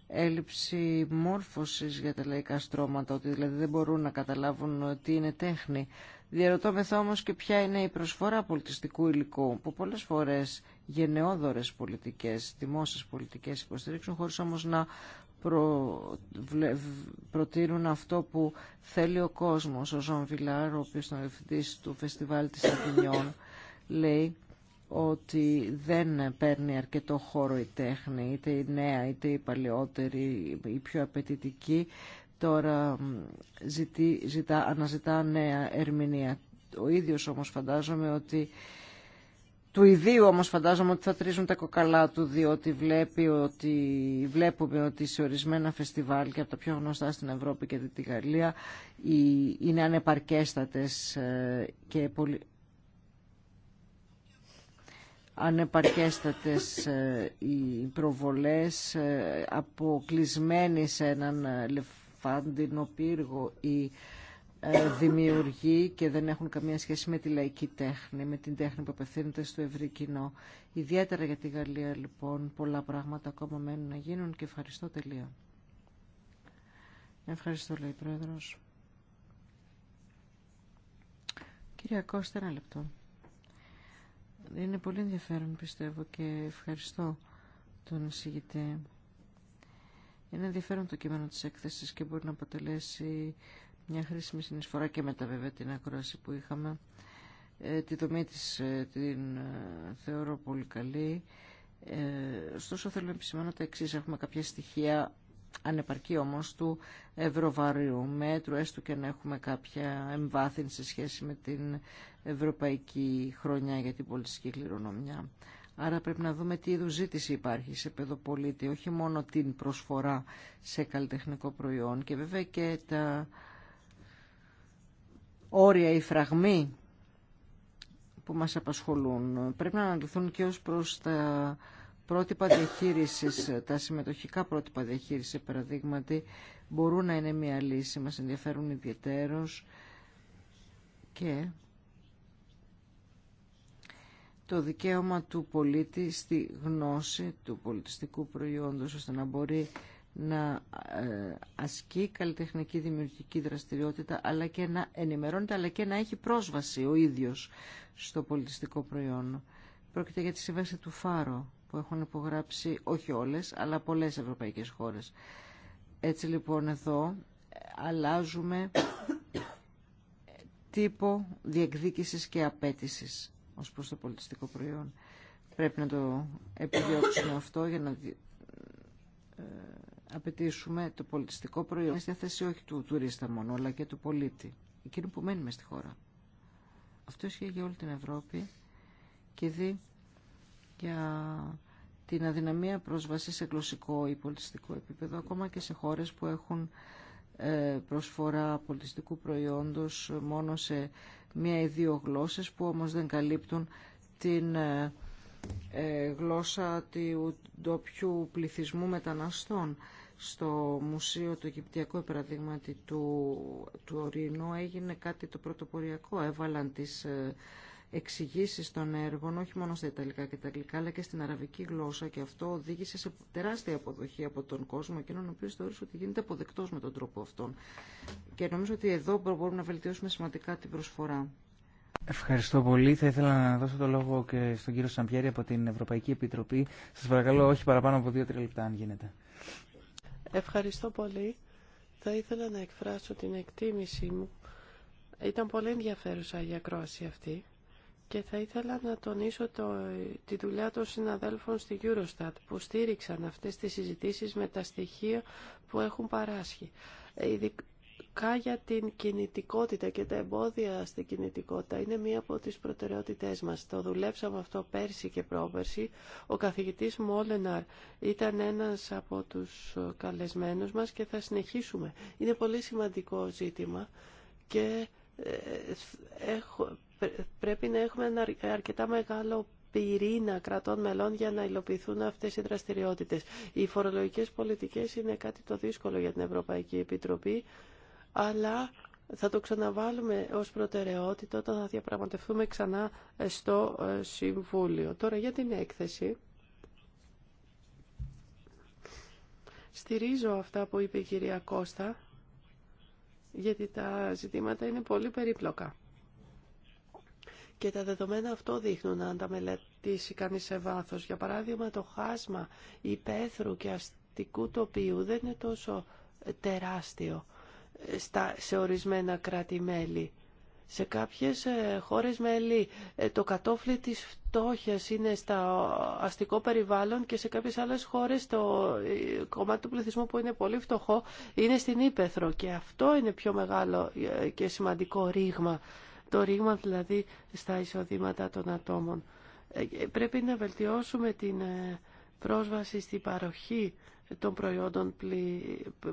έλλειψη μόρφωσης για τα λαϊκά στρώματα, ότι δηλαδή δεν μπορούν να καταλάβουν τι είναι τέχνη. Διαρωτώμεθα όμως και ποια είναι η προσφορά πολιτιστικού υλικού που πολλές φορές γενναιόδορες πολιτικές, δημόσιες πολιτικές υποστηρίξουν χωρίς όμως να προ... προτείνουν αυτό που θέλει ο κόσμος. Ο Ζων Βιλάρ, ο οποίος είναι ο διευθυντής του Φεστιβάλ της Αθηνιών, λέει ότι δεν παίρνει αρκετό χώρο η τέχνη, είτε η νέα, είτε η παλαιότερη, η πιο απαιτητική, τώρα ζητά, αναζητά νέα ερμηνεία. Ο ίδιος όμως φαντάζομαι ότι του ιδίου όμως φαντάζομαι ότι θα τρίζουν τα κοκαλά του διότι βλέπει ότι, βλέπουμε ότι σε ορισμένα φεστιβάλ και από τα πιο γνωστά στην Ευρώπη και τη Γαλλία είναι ανεπαρκέστατες ε, και πολύ ανεπαρκέστατες ε, οι προβολές ε, αποκλεισμένοι σε έναν elephantino πύργο ή ε, δημιουργεί και δεν έχουν καμία σχέση με τη λαϊκή τέχνη, με την τέχνη που απευθύνεται στο ευρύ κοινό. Ιδιαίτερα για τη Γαλλία λοιπόν πολλά πράγματα ακόμα μένουν να γίνουν και ευχαριστώ τελεία. Ευχαριστώ λέει η Πρόεδρος. Κύριε Κώστα, ένα λεπτό. Είναι πολύ ενδιαφέρον πιστεύω και ευχαριστώ τον εισηγητή. Είναι ενδιαφέρον το κείμενο της έκθεσης και μπορεί να αποτελέσει μια χρήσιμη συνεισφορά και μετά βέβαια την ακρόαση που είχαμε. Ε, τη δομή της ε, την ε, θεωρώ πολύ καλή. Ε, ωστόσο θέλω να επισημάνω τα εξής. Έχουμε κάποια στοιχεία ανεπαρκή όμως του ευρωβαριού μέτρου, έστω και να έχουμε κάποια εμβάθυνση σε σχέση με την Ευρωπαϊκή Χρονιά για την Πολιτική Κληρονομιά. Άρα πρέπει να δούμε τι είδου ζήτηση υπάρχει σε παιδοπολίτη, όχι μόνο την προσφορά σε καλλιτεχνικό προϊόν και βέβαια και τα όρια, ή φραγμοί που μας απασχολούν. Πρέπει να αναλυθούν και ως προς τα πρότυπα διαχείρισης, τα συμμετοχικά πρότυπα διαχείρισης, παραδείγματι, μπορούν να είναι μια λύση, μας ενδιαφέρουν ιδιαιτέρως και το δικαίωμα του πολίτη στη γνώση του πολιτιστικού προϊόντος ώστε να μπορεί να ε, ασκεί καλλιτεχνική δημιουργική δραστηριότητα αλλά και να ενημερώνεται αλλά και να έχει πρόσβαση ο ίδιος στο πολιτιστικό προϊόν. Πρόκειται για τη συμβάση του Φάρο που έχουν υπογράψει όχι όλες αλλά πολλές ευρωπαϊκές χώρες. Έτσι λοιπόν εδώ ε, αλλάζουμε τύπο διεκδίκησης και απέτησης ως προς το πολιτιστικό προϊόν. Πρέπει να το επιδιώξουμε αυτό για να ε, απαιτήσουμε το πολιτιστικό προϊόν στη θέση όχι του τουρίστα μόνο, αλλά και του πολίτη, εκείνου που μένει στη χώρα. Αυτό ισχύει για όλη την Ευρώπη και δει για την αδυναμία πρόσβαση σε γλωσσικό ή πολιτιστικό επίπεδο, ακόμα και σε χώρες που έχουν ε, προσφορά πολιτιστικού προϊόντος μόνο σε μία ή δύο γλώσσες που όμως δεν καλύπτουν την ε, ε, γλώσσα του ντόπιου πληθυσμού μεταναστών. Στο Μουσείο του Αιγυπτιακού Επαραδείγματι του, του Ορεινού έγινε κάτι το πρωτοποριακό. Έβαλαν τις ε, εξηγήσει των έργων, όχι μόνο στα Ιταλικά και τα Αγγλικά, αλλά και στην Αραβική γλώσσα και αυτό οδήγησε σε τεράστια αποδοχή από τον κόσμο, εκείνον ο οποίο θεώρησε ότι γίνεται αποδεκτό με τον τρόπο αυτό. Και νομίζω ότι εδώ μπορούμε να βελτιώσουμε σημαντικά την προσφορά. Ευχαριστώ πολύ. Θα ήθελα να δώσω το λόγο και στον κύριο Σαμπιέρη από την Ευρωπαϊκή Επιτροπή. Σα παρακαλώ όχι παραπάνω από δύο-τρία λεπτά αν γίνεται. Ευχαριστώ πολύ. Θα ήθελα να εκφράσω την εκτίμησή μου. Ήταν πολύ ενδιαφέρουσα η ακρόαση αυτή. Και θα ήθελα να τονίσω το, τη δουλειά των συναδέλφων στη Eurostat που στήριξαν αυτές τις συζητήσεις με τα στοιχεία που έχουν παράσχει. Ειδικά για την κινητικότητα και τα εμπόδια στην κινητικότητα είναι μία από τις προτεραιότητές μας. Το δουλέψαμε αυτό πέρσι και πρόπερσι. Ο καθηγητής Μόλεναρ ήταν ένας από τους καλεσμένους μας και θα συνεχίσουμε. Είναι πολύ σημαντικό ζήτημα και ε, ε, έχω, πρέπει να έχουμε ένα αρκετά μεγάλο πυρήνα κρατών μελών για να υλοποιηθούν αυτές οι δραστηριότητες. Οι φορολογικές πολιτικές είναι κάτι το δύσκολο για την Ευρωπαϊκή Επιτροπή, αλλά θα το ξαναβάλουμε ως προτεραιότητα όταν θα διαπραγματευτούμε ξανά ε, στο ε, Συμβούλιο. Τώρα για την έκθεση. Στηρίζω αυτά που είπε η κυρία Κώστα, γιατί τα ζητήματα είναι πολύ περίπλοκα. Και τα δεδομένα αυτό δείχνουν αν τα μελετήσει κανείς σε βάθος. Για παράδειγμα το χάσμα υπαίθρου και αστικού τοπίου δεν είναι τόσο τεράστιο ε, στα, σε ορισμένα κράτη-μέλη. Σε κάποιες ε, χώρες μέλη ε, το κατόφλι της φτώχειας είναι στα αστικό περιβάλλον και σε κάποιες άλλες χώρες το κομμάτι του πληθυσμού που είναι πολύ φτωχό είναι στην ύπεθρο και αυτό είναι πιο μεγάλο και σημαντικό ρήγμα το ρήγμα δηλαδή στα εισοδήματα των ατόμων. Ε, ε, πρέπει να βελτιώσουμε την ε, πρόσβαση στην παροχή των προϊόντων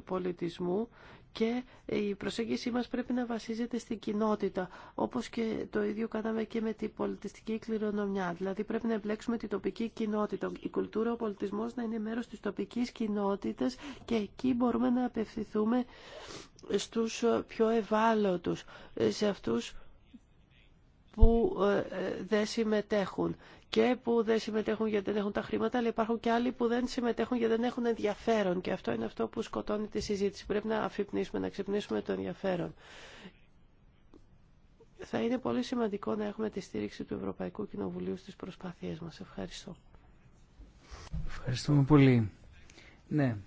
πολιτισμού και η προσέγγιση μας πρέπει να βασίζεται στην κοινότητα, όπως και το ίδιο κάναμε και με την πολιτιστική κληρονομιά. Δηλαδή πρέπει να εμπλέξουμε την τοπική κοινότητα. Η κουλτούρα, ο πολιτισμός να είναι μέρος της τοπικής κοινότητας και εκεί μπορούμε να απευθυνθούμε στους πιο ευάλωτους, σε αυτούς που ε, ε, δεν συμμετέχουν και που δεν συμμετέχουν γιατί δεν έχουν τα χρήματα, αλλά υπάρχουν και άλλοι που δεν συμμετέχουν γιατί δεν έχουν ενδιαφέρον και αυτό είναι αυτό που σκοτώνει τη συζήτηση. Πρέπει να αφυπνίσουμε, να ξυπνήσουμε το ενδιαφέρον. Θα είναι πολύ σημαντικό να έχουμε τη στήριξη του Ευρωπαϊκού Κοινοβουλίου στις προσπάθειές μας. Ευχαριστώ. Ευχαριστούμε πολύ. Ναι,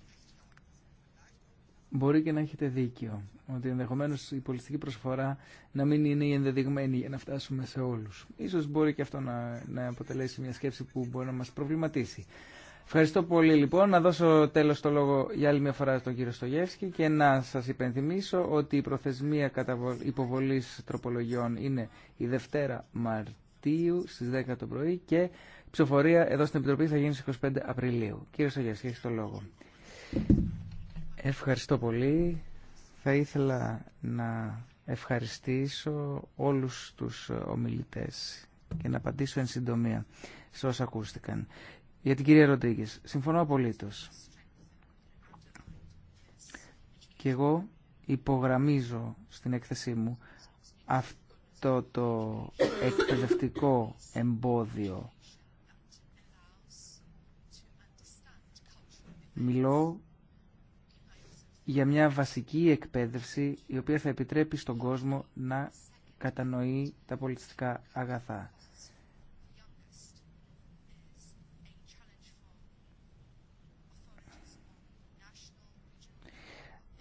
Μπορεί και να έχετε δίκιο ότι ενδεχομένω η πολιτιστική προσφορά να μην είναι η ενδεδειγμένη για να φτάσουμε σε όλου. σω μπορεί και αυτό να, να αποτελέσει μια σκέψη που μπορεί να μα προβληματίσει. Ευχαριστώ πολύ λοιπόν. Να δώσω τέλο το λόγο για άλλη μια φορά στον κύριο Στογεύσκη και να σα υπενθυμίσω ότι η προθεσμία υποβολή τροπολογιών είναι η Δευτέρα Μαρτίου στι 10 το πρωί και ψηφοφορία εδώ στην Επιτροπή θα γίνει στι 25 Απριλίου. Κύριε Στογεύσκη, έχει το λόγο. Ευχαριστώ πολύ. Θα ήθελα να ευχαριστήσω όλους τους ομιλητές και να απαντήσω εν συντομία σε όσα ακούστηκαν. Για την κυρία Ροντρίγκες, συμφωνώ απολύτως. Και εγώ υπογραμμίζω στην έκθεσή μου αυτό το εκπαιδευτικό εμπόδιο. Μιλώ για μια βασική εκπαίδευση η οποία θα επιτρέπει στον κόσμο να κατανοεί τα πολιτιστικά αγαθά.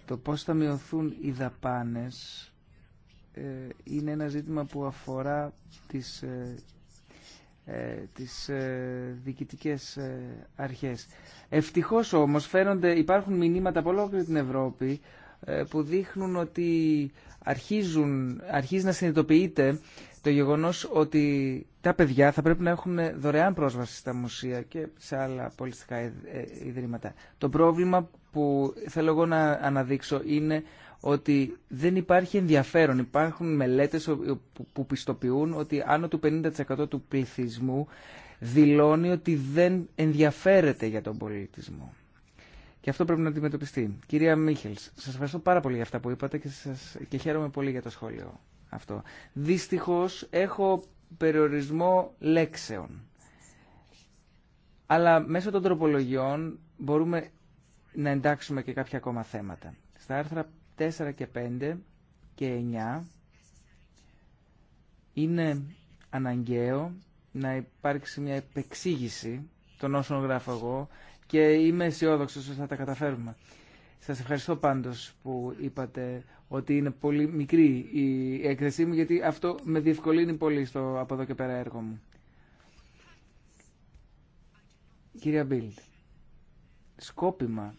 Το πώς θα μειωθούν οι δαπάνες ε, είναι ένα ζήτημα που αφορά τις ε, ε, τις ε, διοικητικές ε, αρχές. Ευτυχώς όμως φαίνονται, υπάρχουν μηνύματα από ολόκληρη την Ευρώπη που δείχνουν ότι αρχίζουν, αρχίζει να συνειδητοποιείται το γεγονός ότι τα παιδιά θα πρέπει να έχουν δωρεάν πρόσβαση στα μουσεία και σε άλλα πολιτιστικά ιδρύματα. Το πρόβλημα που θέλω εγώ να αναδείξω είναι ότι δεν υπάρχει ενδιαφέρον. Υπάρχουν μελέτες που πιστοποιούν ότι άνω του 50% του πληθυσμού δηλώνει ότι δεν ενδιαφέρεται για τον πολιτισμό. Και αυτό πρέπει να αντιμετωπιστεί. Κυρία Μίχελς, σας ευχαριστώ πάρα πολύ για αυτά που είπατε και, σας... και χαίρομαι πολύ για το σχόλιο αυτό. Δυστυχώς έχω περιορισμό λέξεων. Αλλά μέσω των τροπολογιών μπορούμε να εντάξουμε και κάποια ακόμα θέματα. Στα άρθρα 4 και 5 και 9 είναι αναγκαίο να υπάρξει μια επεξήγηση των όσων γράφω εγώ και είμαι αισιόδοξο ότι θα τα καταφέρουμε. Σας ευχαριστώ πάντως που είπατε ότι είναι πολύ μικρή η έκθεσή μου γιατί αυτό με διευκολύνει πολύ στο από εδώ και πέρα έργο μου. Κυρία Μπίλτ, σκόπιμα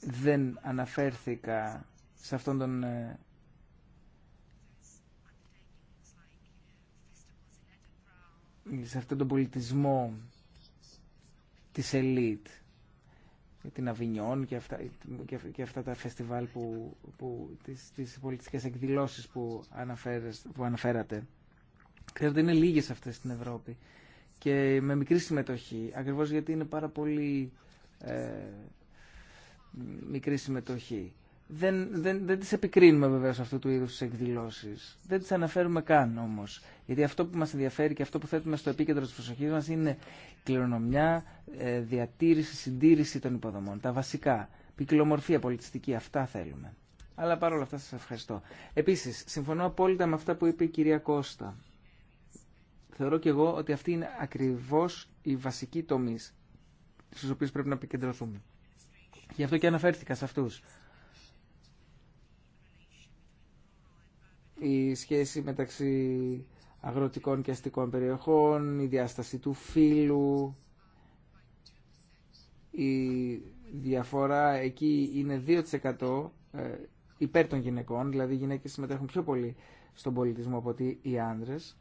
δεν αναφέρθηκα σε αυτόν τον ε, σε αυτόν τον πολιτισμό της ελίτ την Αβινιόν και αυτά, και αυτά τα φεστιβάλ που, που τις, τις πολιτικές εκδηλώσεις που, που αναφέρατε ξέρω ότι είναι λίγες αυτές στην Ευρώπη και με μικρή συμμετοχή ακριβώς γιατί είναι πάρα πολύ ε, μικρή συμμετοχή. Δεν, δεν, δεν τις επικρίνουμε βεβαίως αυτού του είδους τις εκδηλώσεις. Δεν τις αναφέρουμε καν όμως. Γιατί αυτό που μας ενδιαφέρει και αυτό που θέτουμε στο επίκεντρο της προσοχής μας είναι κληρονομιά, ε, διατήρηση, συντήρηση των υποδομών. Τα βασικά. Πυκλομορφία πολιτιστική. Αυτά θέλουμε. Αλλά παρόλα αυτά σας ευχαριστώ. Επίσης, συμφωνώ απόλυτα με αυτά που είπε η κυρία Κώστα. Θεωρώ και εγώ ότι αυτή είναι ακριβώς η βασική τομή στους οποίους πρέπει να επικεντρωθούμε. Γι' αυτό και αναφέρθηκα σε αυτούς. Η σχέση μεταξύ αγροτικών και αστικών περιοχών, η διάσταση του φύλου, η διαφορά εκεί είναι 2% ε, υπέρ των γυναικών, δηλαδή οι γυναίκες συμμετέχουν πιο πολύ στον πολιτισμό από ότι οι άνδρες.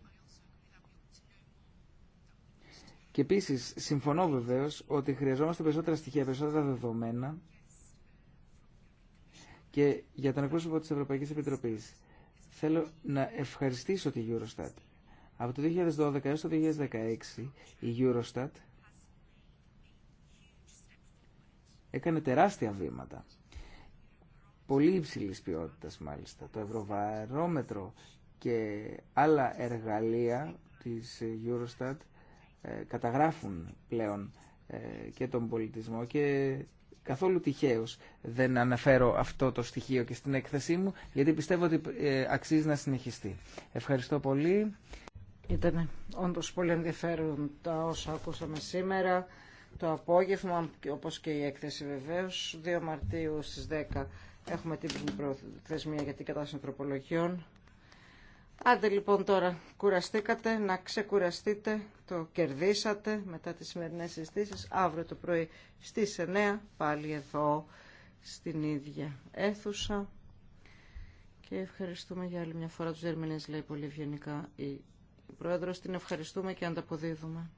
Και επίση συμφωνώ βεβαίω ότι χρειαζόμαστε περισσότερα στοιχεία, περισσότερα δεδομένα και για τον εκπρόσωπο τη Ευρωπαϊκή Επιτροπή. Θέλω να ευχαριστήσω τη Eurostat. Από το 2012 έως το 2016 η Eurostat έκανε τεράστια βήματα. Πολύ υψηλή ποιότητα μάλιστα. Το ευρωβαρόμετρο και άλλα εργαλεία της Eurostat ε, καταγράφουν πλέον ε, και τον πολιτισμό και καθόλου τυχαίως δεν αναφέρω αυτό το στοιχείο και στην έκθεσή μου γιατί πιστεύω ότι ε, αξίζει να συνεχιστεί. Ευχαριστώ πολύ. Ήταν όντως πολύ ενδιαφέρον τα όσα ακούσαμε σήμερα το απόγευμα όπως και η έκθεση βεβαίως 2 Μαρτίου στις 10 έχουμε την προθεσμία για την κατάσταση των τροπολογιών. Άντε λοιπόν τώρα, κουραστήκατε, να ξεκουραστείτε, το κερδίσατε μετά τις σημερινές συστήσεις, αύριο το πρωί στις 9, πάλι εδώ, στην ίδια αίθουσα. Και ευχαριστούμε για άλλη μια φορά τους Δερμηνείς, λέει πολύ ευγενικά η Πρόεδρος, την ευχαριστούμε και ανταποδίδουμε.